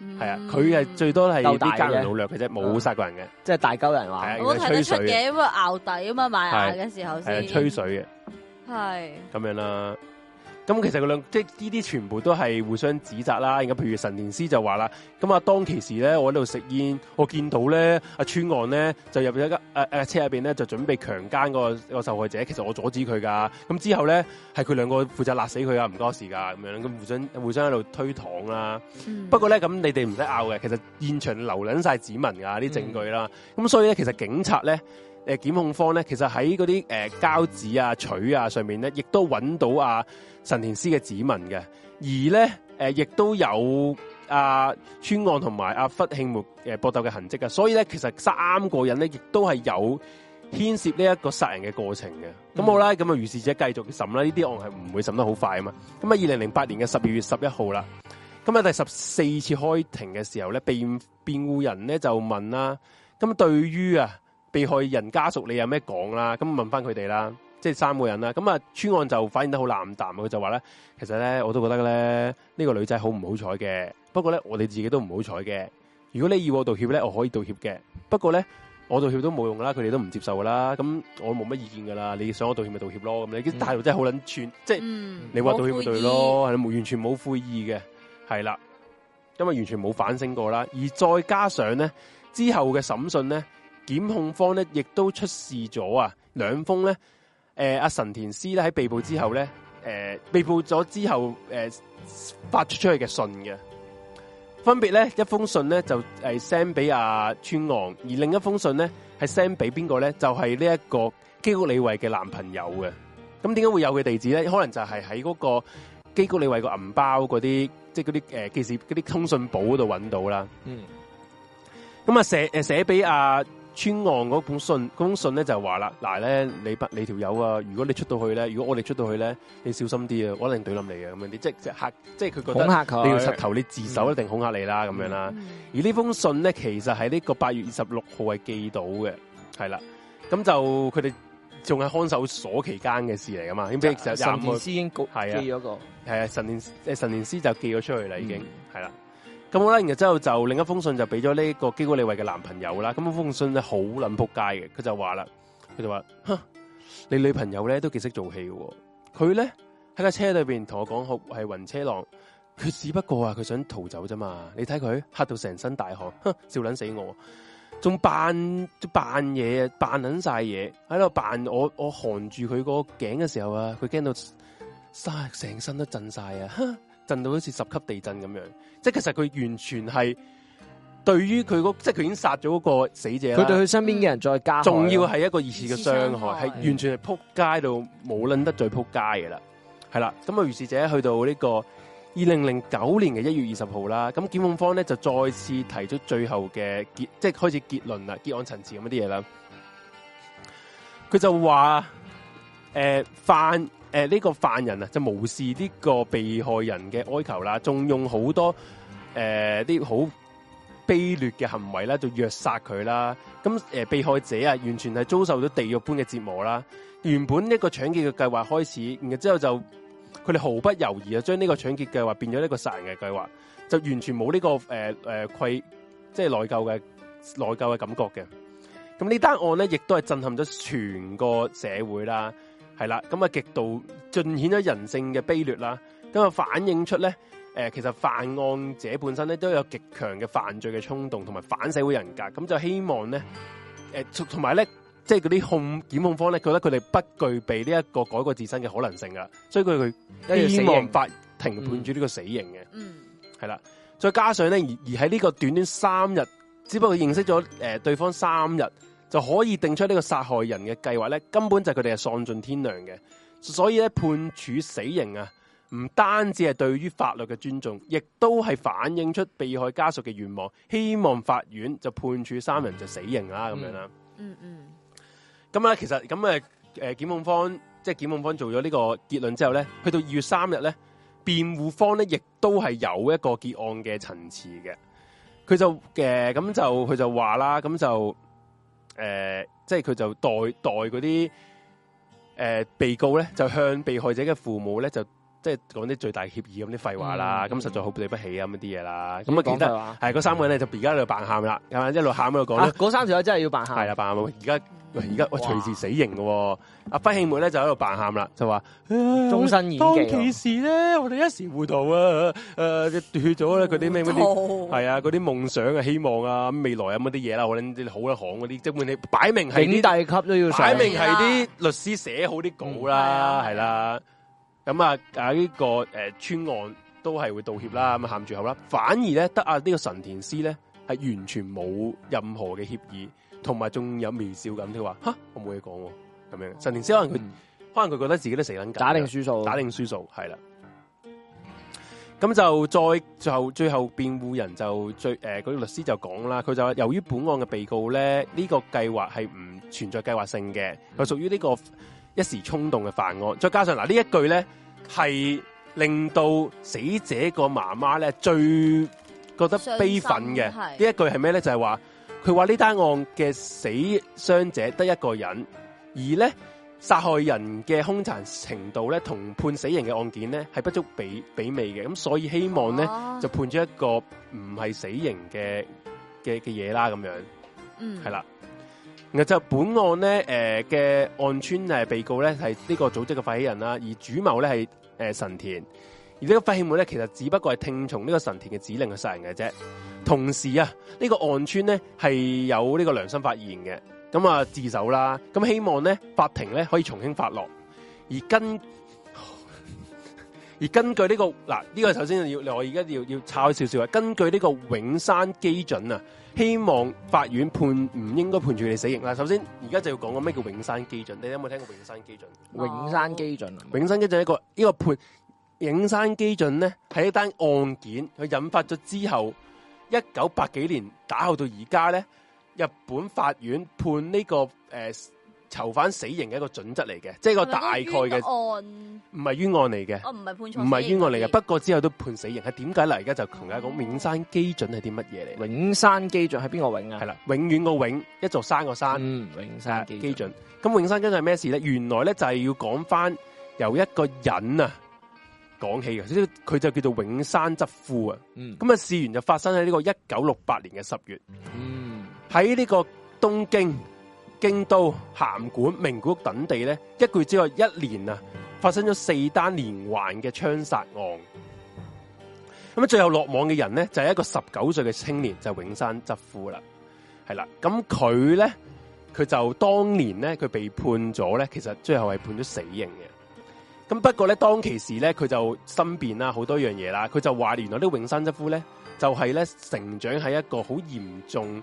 嗯、啊，佢係最多係有啲奸人好掠嘅啫，冇殺過人嘅，即係大鳩人話我睇得出嘢，因為拗底啊嘛買牙嘅時候，係吹水嘅，係咁樣啦。咁其實佢兩即係呢啲，全部都係互相指責啦。而家譬如神田師就話啦：咁啊，當其時咧，我喺度食煙，我見到咧，阿村岸咧就入咗架誒誒車入邊咧，就準備強奸個個受害者。其實我阻止佢噶。咁之後咧，係佢兩個負責勒死佢噶，唔多事噶咁樣咁互相互相喺度推搪啦、嗯。不過咧，咁你哋唔使拗嘅。其實現場留撚晒指紋㗎，啲證據啦。咁、嗯、所以咧，其實警察咧，誒檢控方咧，其實喺嗰啲誒膠紙啊、錘啊上面咧，亦都揾到啊。神田司嘅指紋嘅，而咧誒亦都有啊川岸同埋阿忽慶末誒、呃、搏鬥嘅痕迹啊，所以咧，其實三個人咧亦都係有牽涉呢一個殺人嘅過程嘅。咁好啦，咁啊如是者繼續審啦，呢啲案係唔會審得好快啊嘛。咁啊，二零零八年嘅十二月十一號啦，咁啊第十四次開庭嘅時候咧，辯辯護人咧就問啦，咁對於啊被害人家屬你有咩講啦？咁問翻佢哋啦。即係三個人啦，咁啊，村案就反應得好冷淡。佢就話咧，其實咧我都覺得咧呢個女仔好唔好彩嘅。不過咧，我哋自己都唔好彩嘅。如果你要我道歉咧，我可以道歉嘅。不過咧，我道歉都冇用噶啦，佢哋都唔接受噶啦。咁我冇乜意見噶啦。你想我道歉咪道歉咯咁、嗯嗯。你啲態度真係好撚串，即係你話道歉咪對咯，係冇完全冇悔意嘅，係啦，因為完全冇反省過啦。而再加上咧，之後嘅審訊咧，檢控方咧亦都出示咗啊兩封咧。誒、呃，阿神田師咧喺被捕之後咧，誒、呃，被捕咗之後，誒、呃，發出出去嘅信嘅，分別咧一封信咧就係 send 俾阿川昂，而另一封信咧係 send 俾邊個咧？就係呢一個基谷李慧嘅男朋友嘅。咁點解會有嘅地址咧？可能就係喺嗰個基谷李慧個銀包嗰啲，即係嗰啲誒，記事嗰啲通訊簿嗰度揾到啦、嗯。嗯、呃。咁啊，寫誒寫俾阿。川岸嗰本信，嗰封信咧就話啦，嗱咧你不你條友啊，如果你出到去咧，如果我哋出到去咧，你小心啲啊，我一定懟冧你啊。」咁樣你即係吓，即係佢覺得恐你要出頭，你自首、嗯、一定恐嚇你啦，咁樣啦、嗯。而呢封信咧，其實喺呢個八月二十六號係寄到嘅，係啦，咁就佢哋仲喺看守所期間嘅事嚟噶嘛，咁即係神念師已經寄咗個，係啊神念誒神念師就寄咗出去啦，已經係啦。咁好啦，然之後就另一封信就俾咗呢個基古里維嘅男朋友啦。咁封信就好撚仆街嘅，佢就話啦，佢就話，哼，你女朋友咧都幾識做戲嘅，佢咧喺架車裏邊同我講好係暈車浪，佢只不過啊佢想逃走啫嘛。你睇佢吓到成身大汗，哼，笑撚死我，仲扮都扮嘢，扮撚晒嘢，喺度扮，扮我我含住佢個頸嘅時候啊，佢驚到成身都震晒啊，哼。震到好似十級地震咁樣，即係其實佢完全係對於佢嗰即係佢已經殺咗嗰個死者，佢對佢身邊嘅人再加，仲要係一個二次嘅傷害，係完全係扑街到冇倫撚得再撲街嘅啦，係啦。咁啊，如是者去到呢個二零零九年嘅一月二十號啦，咁檢控方咧就再次提出最後嘅結，即係開始結論啦，結案陳詞咁啲嘢啦。佢就話誒、呃、犯。誒、呃，呢個犯人啊，就無視呢個被害人嘅哀求啦，仲用好多誒啲好卑劣嘅行為咧，就虐殺佢啦。咁誒，呃、被害者啊，完全係遭受咗地獄般嘅折磨啦。原本呢個搶劫嘅計劃開始，然之後就佢哋毫不猶豫啊，將呢個搶劫計劃變咗一個殺人嘅計劃，就完全冇呢個誒誒愧，即係內疚嘅內疚嘅感覺嘅。咁呢單案咧，亦都係震撼咗全個社會啦。係啦，咁啊極度盡顯咗人性嘅卑劣啦，咁啊反映出咧，誒其實犯案者本身咧都有極強嘅犯罪嘅衝動同埋反社會人格，咁就希望咧，誒同埋咧，即係嗰啲控檢控方咧，覺得佢哋不具備呢一個改過自身嘅可能性啦，所以佢哋希望法庭判處呢個死刑嘅，嗯，係啦，再加上咧，而而喺呢個短短三日，只不過認識咗誒對方三日。就可以定出呢個殺害人嘅計劃咧，根本就係佢哋係喪盡天良嘅，所以咧判處死刑啊，唔單止係對於法律嘅尊重，亦都係反映出被害家屬嘅願望，希望法院就判處三人就死刑啦，咁、嗯、樣啦。嗯嗯。咁啦、啊，其實咁誒，誒檢、呃、控方即係檢控方做咗呢個結論之後咧，去到二月三日咧，辯護方咧亦都係有一個結案嘅層次嘅，佢就嘅，咁、呃、就佢就話啦，咁就。誒、呃，即係佢就代代嗰啲誒被告咧，就向被害者嘅父母咧，就。即係講啲最大協議咁啲廢話啦，咁、嗯、實在好對不起咁啲嘢啦，咁啊記得係嗰三個人咧就而家喺度扮喊啦，一路喊喺度講嗰三條友真係要扮喊，係啦扮喊。而家而家喂隨時死刑噶、哦，阿輝慶妹咧就喺度扮喊啦，就話終、哎、身了當其時咧，我哋一時糊塗、呃、啊，誒脫咗咧佢啲咩啲係啊，嗰啲夢想啊希望啊未來啊咁啲嘢啦，我諗好一行嗰啲，即你擺明係啲大級都要上，擺明係啲律師寫好啲稿啦、啊，係、啊、啦。啊咁、嗯、啊！啊、這、呢個誒、呃，村案都係會道歉啦，咁啊喊住口啦。反而咧，得啊呢、這個神田師咧，係完全冇任何嘅歉意同埋仲有微笑咁佢話，吓我冇嘢講，咁樣、哦、神田師可能佢、嗯，可能佢覺得自己都死捻打定輸數，打定輸數係啦。咁就再最後，最後辯護人就，就最誒、嗰、呃那個、律師就講啦，佢就話由於本案嘅被告咧、呢、這個計劃係唔存在計劃性嘅，佢、嗯、屬於呢、這個。一時衝動嘅犯案，再加上嗱呢一句咧，係令到死者個媽媽咧最覺得悲憤嘅。呢一句係咩咧？就係話佢話呢單案嘅死傷者得一個人，而咧殺害人嘅凶殘程度咧，同判死刑嘅案件咧係不足比比美嘅，咁所以希望咧就判咗一個唔係死刑嘅嘅嘅嘢啦，咁樣，嗯，係啦。就本案咧，誒嘅岸村誒被告咧係呢個組織嘅發起人啦，而主謀咧係誒神田，而呢個發起們咧其實只不過係聽從呢個神田嘅指令去殺人嘅啫。同時啊，呢、這個岸村咧係有呢個良心發現嘅，咁啊自首啦，咁希望咧法庭咧可以從輕發落，而跟。而根據呢個嗱，呢個首先要，我而家要要抄少少啊。根據呢個永山基準啊，希望法院判唔應該判住你死刑啦。首先而家就要講個咩叫永山基準？你有冇聽過永山基準、哦？永山基準，永山基準係一個呢個判永山基準咧，係一單案件佢引發咗之後，一九八幾年打後到而家咧，日本法院判呢個誒。呃囚犯死刑嘅一個準則嚟嘅，即係個大概嘅案，唔係冤案嚟嘅，唔係判錯，唔係冤案嚟嘅。不過之後都判死刑，係點解嚟？而家就同大家講永山基準係啲乜嘢嚟？永山基準係邊個永啊？係啦，永遠個永，一座山個山，嗯，永山基準。咁永山基準係咩事咧？原來咧就係要講翻由一個人啊講起嘅，佢就叫做永山則夫啊。咁、嗯、啊，事緣就發生喺呢個一九六八年嘅十月，喺、嗯、呢個東京。京都、函館、名古屋等地咧，一個月之內，一年啊，發生咗四單連環嘅槍殺案。咁最後落網嘅人咧，就係一個十九歲嘅青年，就永山則夫啦，係啦。咁佢咧，佢就當年咧，佢被判咗咧，其實最後係判咗死刑嘅。咁不過咧，當其時咧，佢就申辯啦，好多樣嘢啦，佢就話原來啲永山則夫咧，就係咧成長喺一個好嚴重。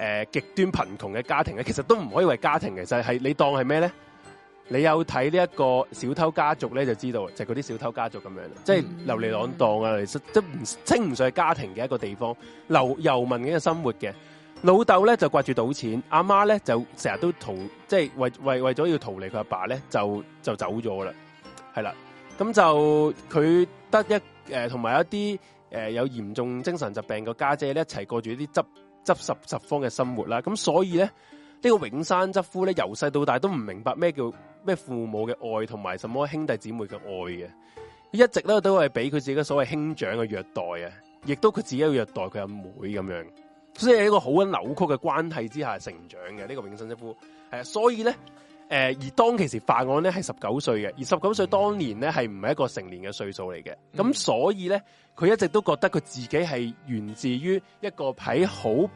誒、呃，極端貧窮嘅家庭咧，其實都唔可以為家庭其實係你當係咩咧？你有睇呢一個小偷家族咧，就知道就，嗰、是、啲小偷家族咁樣、嗯、即係流離浪蕩啊，即唔稱唔上係家庭嘅一個地方，流遊民嘅生活嘅。老豆咧就掛住賭錢，阿媽咧就成日都逃，即、就、係、是、為為為咗要逃離佢阿爸咧，就就走咗啦。係啦，咁就佢得一誒、同、呃、埋一啲誒、呃、有嚴重精神疾病嘅家姐咧，一齊過住啲執，執拾拾荒嘅生活啦，咁所以咧，呢個永山執夫咧，由細到大都唔明白咩叫咩父母嘅愛，同埋什麼兄弟姊妹嘅愛嘅，一直咧都係俾佢自己嘅所謂兄長嘅虐待啊，亦都佢自己要虐待佢阿妹咁樣，所以喺一個好扭曲嘅關係之下成長嘅呢個永山執夫，係啊，所以咧。誒、呃、而當其時犯案咧係十九歲嘅，而十九歲當年咧係唔係一個成年嘅歲數嚟嘅？咁、嗯、所以咧佢一直都覺得佢自己係源自於一個喺好誒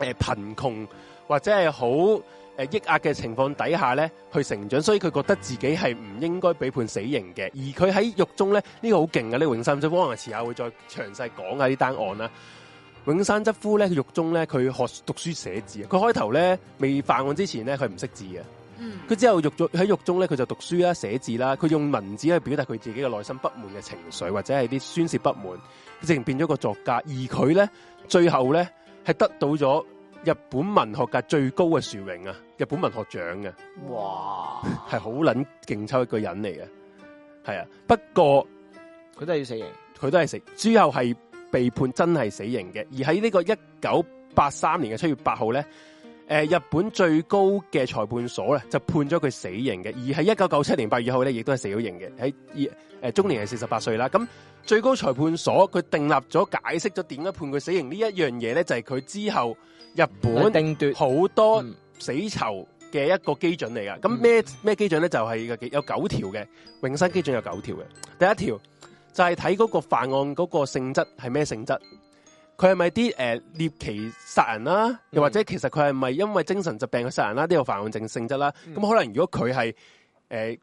貧窮或者係好誒抑壓嘅情況底下咧去成長，所以佢覺得自己係唔應該俾判死刑嘅。而佢喺獄中咧呢、呢個好勁嘅呢永生，希望我遲下會再詳細講下呢單案啦。永山則夫咧，佢獄中咧，佢學讀書寫字啊！佢開頭咧未犯案之前咧，佢唔識字嘅。佢、嗯、之後獄喺獄中咧，佢就讀書啦、寫字啦，佢用文字去表達佢自己嘅內心不滿嘅情緒，或者係啲宣泄不滿，佢直情變咗個作家。而佢咧最後咧係得到咗日本文學界最高嘅殊榮啊！日本文學獎嘅，哇，係好捻勁抽一個人嚟嘅，係啊。不過佢都係要死刑，佢都係食。之後係。被判真係死刑嘅，而喺呢個一九八三年嘅七月八號咧，誒、呃，日本最高嘅裁判所咧就判咗佢死刑嘅，而喺一九九七年八月號咧，亦都係死咗刑嘅。喺二誒，中年係四十八歲啦。咁最高裁判所佢訂立咗解釋咗點解判佢死刑一呢一樣嘢咧，就係、是、佢之後日本好多死囚嘅一個基準嚟㗎。咁咩咩基準咧就係、是、有九條嘅永生基準有九條嘅，第一條。就係睇嗰個犯案嗰個性質係咩性質，佢係咪啲誒獵奇殺人啦、啊，又或者其實佢係咪因為精神疾病去殺人啦、啊，呢、這個犯案正性質啦、啊，咁、嗯、可能如果佢係誒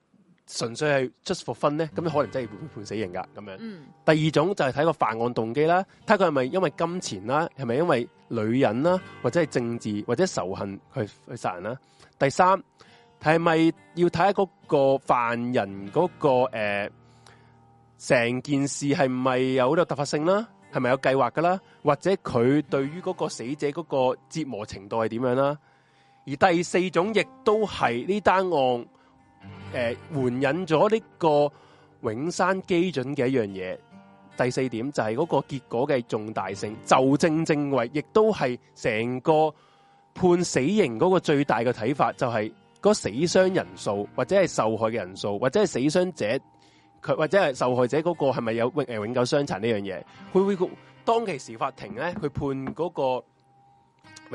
純粹係 just for fun 咧，咁可能真係判判死刑噶咁樣、嗯。第二種就係睇個犯案動機啦、啊，睇佢係咪因為金錢啦、啊，係咪因為女人啦、啊，或者係政治或者仇恨去去殺人啦、啊。第三係咪要睇下嗰個犯人嗰、那個誒？呃成件事係咪有好多突發性啦？係咪有計劃噶啦？或者佢對於嗰個死者嗰個折磨程度係點樣啦？而第四種亦都係呢單案誒、呃，援引咗呢個永山基準嘅一樣嘢。第四點就係嗰個結果嘅重大性。就正正為亦都係成個判死刑嗰個最大嘅睇法，就係嗰死傷人數，或者係受害嘅人數，或者係死傷者。佢或者係受害者嗰個係咪有永誒永久傷殘呢樣嘢？佢會當其時法庭咧，佢判嗰個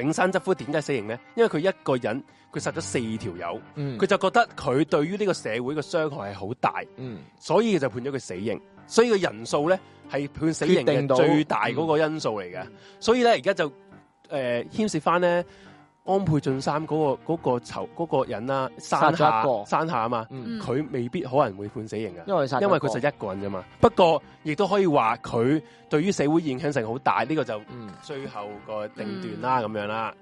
永生執夫點解死刑咧？因為佢一個人佢殺咗四條友，佢就覺得佢對於呢個社會嘅傷害係好大，所以就判咗佢死刑。所以嗰個人數咧係判死刑嘅最大嗰個因素嚟嘅。所以咧而家就誒牽、呃、涉翻咧。安倍晉三嗰、那個嗰、那個嗰、那個人啦、啊，山下山下啊嘛，佢、嗯、未必可能會判死刑啊，因為因為佢就一個人啫嘛。不過亦都可以話佢對於社會影響性好大，呢、這個就最後個定段啦，咁、嗯、樣啦，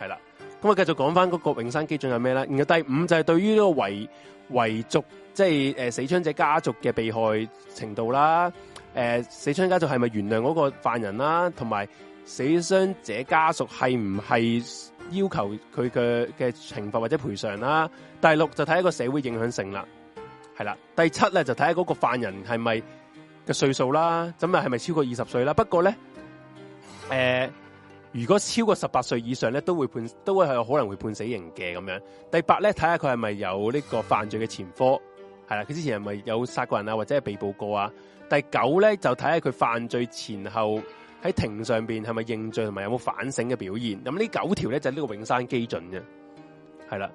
係、嗯、啦。咁我繼續講返嗰個永生基準有咩咧？然後第五就係對於呢個遺遺族，即係誒死傷者家族嘅被害程度啦，誒、呃、死傷家族係咪原諒嗰個犯人啦，同埋死傷者家族係唔係要求佢嘅嘅懲罰或者賠償啦。第六就睇一個社會影響性啦，係啦。第七咧就睇下嗰個犯人係咪嘅歲數啦，咁啊係咪超過二十歲啦？不過咧，誒、呃、如果超過十八歲以上咧，都會判都會係可能會判死刑嘅咁樣。第八咧睇下佢係咪有呢個犯罪嘅前科，係啦，佢之前係咪有殺過人啊或者係被捕過啊？第九咧就睇下佢犯罪前後。喺庭上邊係咪認罪，同埋有冇反省嘅表現？咁呢九條咧就係呢個永山基準嘅，係啦，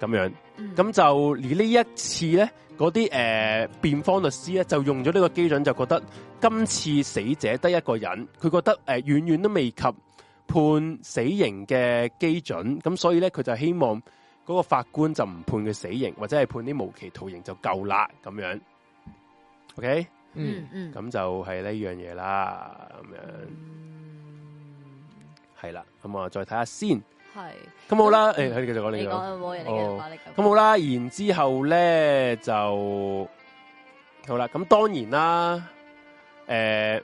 咁樣，咁就而呢一次咧，嗰啲誒辯方律師咧就用咗呢個基準，就覺得今次死者得一個人，佢覺得誒遠遠都未及判死刑嘅基準，咁所以咧佢就希望嗰個法官就唔判佢死刑，或者係判啲無期徒刑就夠啦，咁樣，OK。嗯嗯，咁、嗯、就係呢樣嘢啦，咁樣係啦，咁我再睇下先，係咁好啦，誒，佢繼、欸、續講嚟講，咁好啦，然之後咧就好啦，咁當然啦，誒、呃，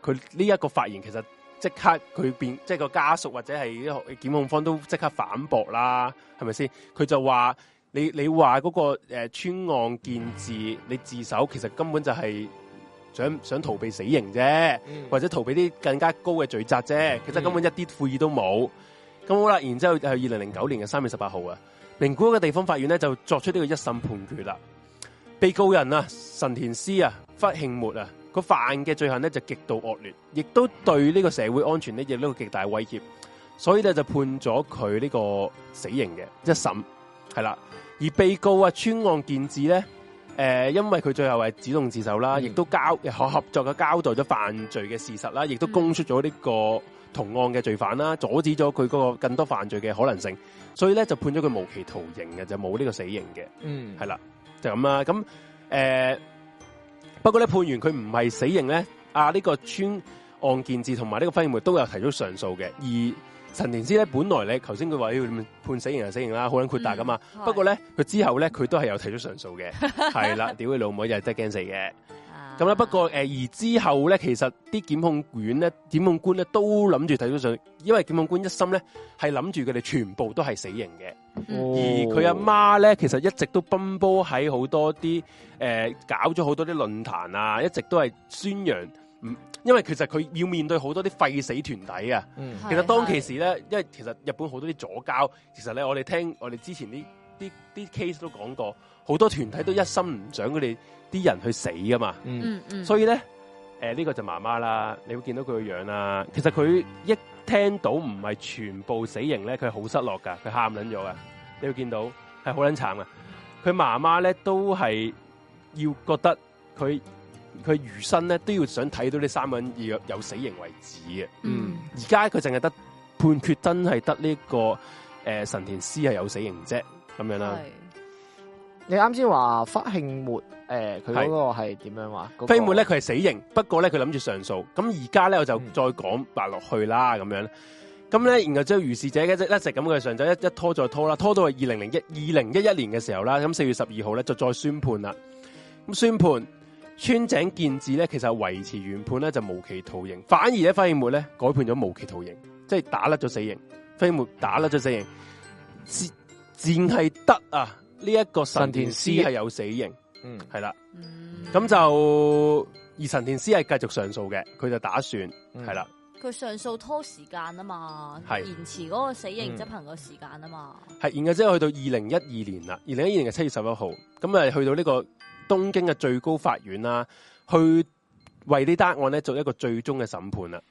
佢呢一個發言，其實即刻佢變即係個家屬或者係啲檢控方都即刻反駁啦，係咪先？佢就話你你話嗰個誒，川岸建治，你自首，其實根本就係、是。想想逃避死刑啫，嗯、或者逃避啲更加高嘅罪責啫。嗯、其實根本一啲悔意都冇。咁、嗯、好啦，然之後就係二零零九年嘅三月十八號啊，名古屋嘅地方法院呢，就作出呢個一審判決啦。被告人啊，神田司啊，忽慶末啊，個犯嘅罪行呢，就極度惡劣，亦都對呢個社會安全呢，亦都極大威脅，所以咧就判咗佢呢個死刑嘅一審係啦。而被告啊，川岸健治咧。誒，因為佢最後係主動自首啦，亦都交合合作嘅交代咗犯罪嘅事實啦，亦都供出咗呢個同案嘅罪犯啦，阻止咗佢嗰個更多犯罪嘅可能性，所以咧就判咗佢無期徒刑嘅，就冇呢個死刑嘅，嗯，係啦，就咁啦，咁誒、呃，不過咧判完佢唔係死刑咧，啊呢、這個村，案件字同埋呢個輝妹都有提出上訴嘅，而。神田司咧，本來咧，頭先佢話要判死刑啊，死刑啦，好捻闊達噶嘛、嗯。不過咧，佢之後咧，佢都係有提出上訴嘅，係 啦。屌佢老母，又係得驚死嘅。咁啦，不過誒、呃，而之後咧，其實啲檢控員咧，檢控官咧，都諗住提出上訴，因為檢控官一心咧係諗住佢哋全部都係死刑嘅、嗯嗯。而佢阿媽咧，其實一直都奔波喺好多啲誒、呃，搞咗好多啲論壇啊，一直都係宣揚。嗯，因為其實佢要面對好多啲廢死團體啊。其實當其時咧，因為其實日本好多啲左膠，其實咧我哋聽我哋之前啲啲啲 case 都講過，好多團體都一心唔想佢哋啲人去死噶嘛。嗯嗯，所以咧，誒、呃、呢、這個就媽媽啦，你會見到佢個樣啦、啊。其實佢一聽到唔係全部死刑咧，佢係好失落噶，佢喊撚咗噶。你會見到係好撚慘啊。佢媽媽咧都係要覺得佢。佢餘生咧都要想睇到呢三個人要有死刑為止嘅。嗯，而家佢淨係得判決，這個，真係得呢個誒神田師係有死刑啫，咁樣啦，啊。你啱先話發慶末，誒，呃，佢嗰個係點樣話？飛沫咧，佢係死刑，不過咧佢諗住上訴。咁而家咧，我就再講白落去啦，咁，嗯，樣咁咧，然後之後如是者一直一直咁佢上走，一一拖再拖啦，拖到二零零一二零一一年嘅時候啦。咁四月十二號咧就再宣判啦。咁宣判。村井建制咧，其實維持原判咧就無期徒刑，反而咧，飛沫咧改判咗無期徒刑，即係打甩咗死刑。飛沫打甩咗死刑，戰係係得啊！呢、這、一個神田思係有死刑，嗯，係啦，咁、嗯、就而神田思係繼續上訴嘅，佢就打算係啦，佢、嗯、上訴拖時間啊嘛，係延遲嗰個死刑執行個時間啊嘛，係然後之後去到二零一二年啦，二零一二年嘅七月十一號，咁啊去到呢、這個。東京嘅最高法院啦、啊，去為這呢單案咧做一個最終嘅審判啦。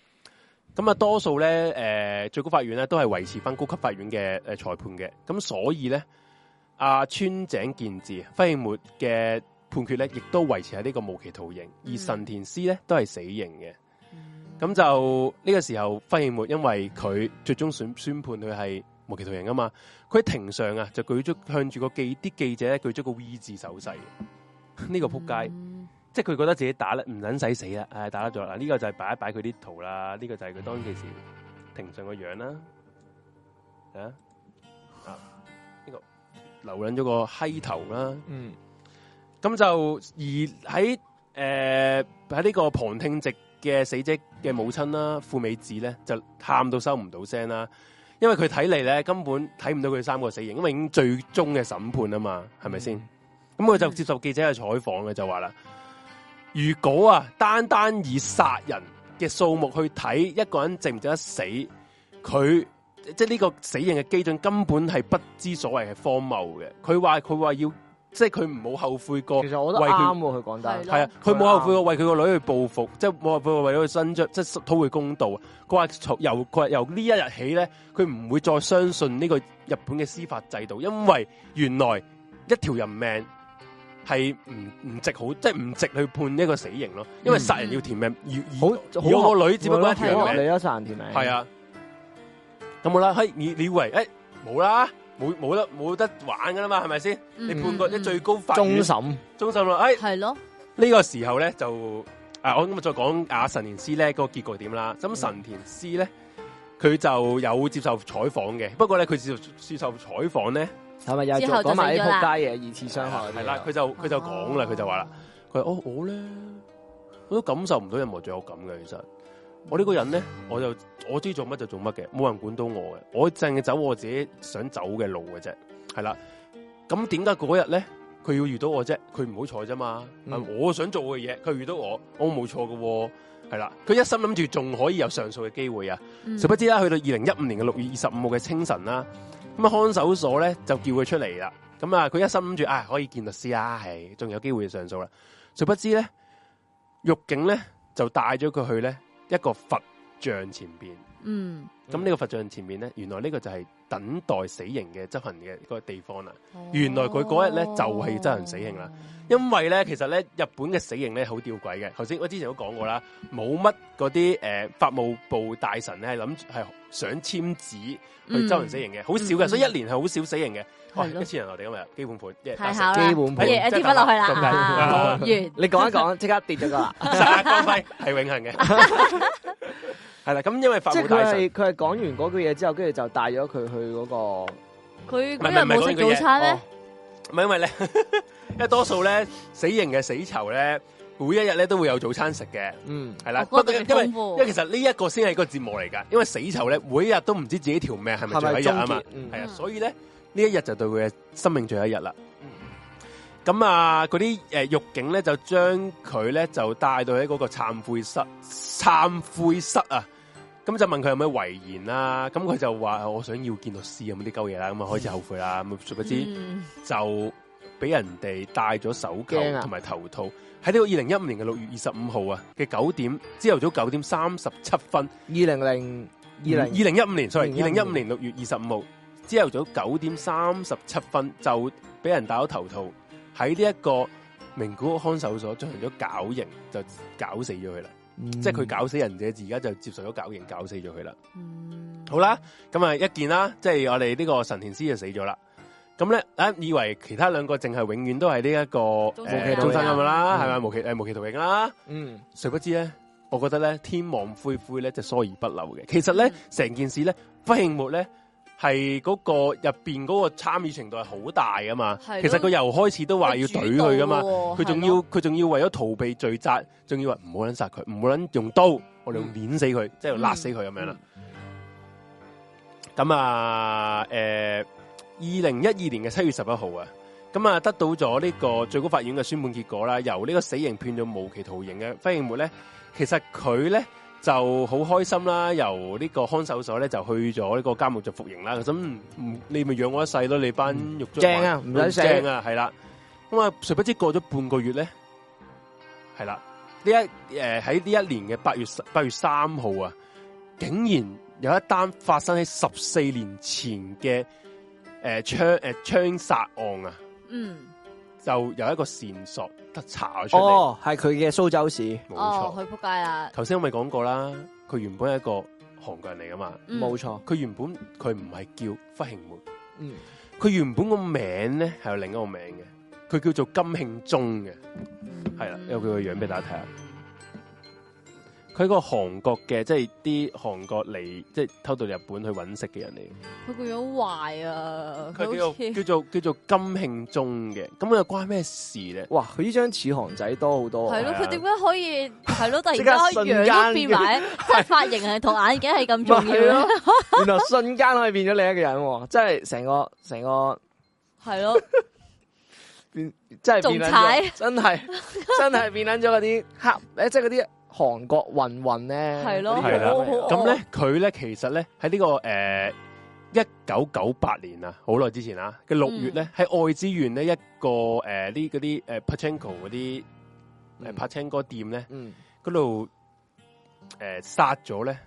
咁啊，多數咧，誒、呃、最高法院咧都係維持翻高級法院嘅誒、呃、裁判嘅。咁所以咧，阿、啊、川井健治、飛末嘅判決咧，亦都維持喺呢個無期徒刑；嗯、而神田司咧都係死刑嘅。咁就呢、這個時候，飛末因為佢最終宣宣判佢係無期徒刑啊嘛，佢喺庭上啊就舉咗向住個記啲記者咧舉咗個 V 字手勢。呢、這個扑街、嗯，即係佢覺得自己打得唔撚使死啦，誒、哎、打得咗啦。呢、這個就係擺一擺佢啲圖啦，呢、這個就係佢當其時庭上個樣啦。啊，啊、這、呢個留捻咗個閪頭啦。嗯，咁就而喺誒喺呢個旁聽席嘅死者嘅母親啦，富美子咧就喊到收唔到聲啦，因為佢睇嚟咧根本睇唔到佢三個死刑，因為已經最終嘅審判啊嘛，係咪先？是咁佢就接受記者嘅採訪嘅，就話啦，如果啊，單單以殺人嘅數目去睇一個人值唔值得死，佢即係呢個死刑嘅基準根本係不知所謂，係荒謬嘅。佢話佢話要即係佢唔好後悔過，其實我覺得啱去講，講得係啊，佢冇後悔過，為佢個女去報復，即係冇後悔為咗佢伸出，即係討回公道。佢話由佢話由呢一日起咧，佢唔會再相信呢個日本嘅司法制度，因為原來一條人命。係唔唔值好，即係唔值去判一個死刑咯，因為殺人要填命，要好。個、嗯、女只不過填命，你都殺人填命，係啊。咁好啦，嘿、嗯，你你以為誒冇、哎、啦，冇冇得冇得玩噶啦嘛，係咪先？你判個啲最高法院終審，終審啦，誒、係、哎、咯。呢、這個時候咧就啊，我今日再講阿神田師咧、那個結果點啦。咁、嗯、神田師咧，佢就有接受採訪嘅，不過咧佢接受接受採訪咧。係咪有？之後講埋啲仆街嘢，二次傷害。係啦，佢就佢就講啦，佢、uh -huh. 就話啦，佢：，哦，我咧，我都感受唔到任何罪惡感嘅。其實我呢個人咧，我就我知做乜就做乜嘅，冇人管到我嘅，我淨係走我自己想走嘅路嘅啫。係啦，咁點解嗰日咧，佢要遇到我啫？佢唔好彩啫嘛。Mm. 我想做嘅嘢，佢遇到我，我冇錯嘅。係啦，佢一心諗住仲可以有上訴嘅機會啊！Mm. 殊不知啦，去到二零一五年嘅六月二十五號嘅清晨啦、啊。咁啊，看守所咧就叫佢出嚟啦。咁啊，佢一心諗住啊，可以見律師啦，係仲有機會上訴啦。殊不知咧，獄警咧就帶咗佢去咧一個佛像前邊。嗯，咁呢個佛像前面咧，原來呢個就係等待死刑嘅執行嘅個地方啦、哦。原來佢嗰日咧就係執行死刑啦，因為咧其實咧日本嘅死刑咧好弔詭嘅。頭先我之前都講過啦，冇乜嗰啲誒法務部大臣咧諗住係。想簽紙去執行死刑嘅，好少嘅，嗯嗯所以一年係好少死刑嘅，一、哦、千人我哋咁啊，基本盤，一、yeah, 打十，基本盤，一跌翻落去啦，你講一講，即是了、啊啊、 即刻跌咗、那個啦， 殺光輝係永恆嘅，係 啦， 咁因為法務大臣，佢係講完嗰句嘢之後，跟住就帶咗佢去嗰、那個，佢嗰日冇食早餐咧，唔係、哦、因為咧，因為多數咧死刑嘅死囚咧。每一日咧都會有早餐食嘅，嗯，係啦，因為因為其實呢一個先係個節目嚟噶，因為死囚咧每一日都唔知自己條命係咪最後一日啊嘛，係、嗯、啊，所以咧呢一日就對佢嘅生命最後一日啦。咁、嗯、啊，嗰啲誒獄警咧就將佢咧就帶到喺嗰個懺悔室，懺悔室啊，咁就問佢有咩遺言啦、啊，咁佢就話我想要見到屍咁啲鳩嘢啦，咁啊開始後悔啦，咁誰不知就俾人哋戴咗手銬同埋頭套。喺呢個二零一五年嘅六月二十五號啊嘅九點，朝頭早九點三十七分，二零零二零二零一五年 sorry 二零一五年六月二十五號，朝頭早九點三十七分就俾人戴咗頭套，喺呢一個名古屋看守所進行咗絞刑，就搞死咗佢啦，即係佢搞死人者，而家就接受咗絞刑，搞死咗佢啦。好啦，咁啊一件啦，即係我哋呢個神田師就死咗啦。咁咧，誒，以為其他兩個淨係永遠都係呢、這個啊呃、一個終身咁啦，係咪無期誒無期徒刑啦？嗯，誰、啊嗯、不知咧？我覺得咧，天網恢恢咧，就係疏而不漏嘅。其實咧，成、嗯、件事咧，花慶末咧，係嗰個入邊嗰個參與程度係好大噶嘛。嗯、其實佢由開始都話要懟佢噶嘛，佢仲要佢仲、嗯、要，要為咗逃避罪責，仲要話唔好捻殺佢，唔好捻用刀，我哋要捻死佢，即、嗯、係要辣死佢咁樣啦。咁、嗯嗯、啊，誒、呃。二零一二年嘅七月十一號啊，咁啊得到咗呢個最高法院嘅宣判結果啦，由呢個死刑判咗無期徒刑嘅輝映末咧，其實佢咧就好開心啦，由呢個看守所咧就去咗呢個監獄做服刑啦。咁、嗯嗯、你咪養我一世咯，你班獄中正啊，唔使正啊，係、啊、啦。咁啊，殊不知過咗半個月咧，係啦呢一誒喺呢一年嘅八月八月三號啊，竟然有一單發生喺十四年前嘅。誒槍誒槍殺案啊，嗯，就有一個線索得查咗出嚟，哦，係佢嘅蘇州市，冇錯，去撲街啦。頭先我咪講過啦，佢原本係一個韓國人嚟噶嘛，冇、嗯、錯，佢原本佢唔係叫福慶門，嗯，佢原本個名咧係有另一個名嘅，佢叫做金慶宗嘅，係、嗯、啦，有佢個樣俾大家睇下。佢個韓國嘅，即係啲韓國嚟，即係偷渡日本去揾食嘅人嚟。佢個樣好壞啊！佢叫做叫做叫做金慶忠嘅，咁佢又關咩事咧？哇！佢呢張似韓仔多好多啊！係咯、啊，佢點解可以係咯、啊？突然間 樣都變埋，發 型係同眼鏡係咁重要咯。然 後、啊、瞬間可以變咗另一個人，即係成個成個係咯， 變真係變捻咗，真係真係變捻咗嗰啲黑誒，即係嗰啲。韓國云云呢，係咯，係咯，咁呢，佢呢，其實呢，喺呢、這個誒一九九八年啊，好耐之前啊嘅六月呢，喺、嗯、外資園呢一個誒啲嗰啲誒 Pachinko 嗰啲誒 Pachinko 店呢，嗰度誒殺咗呢，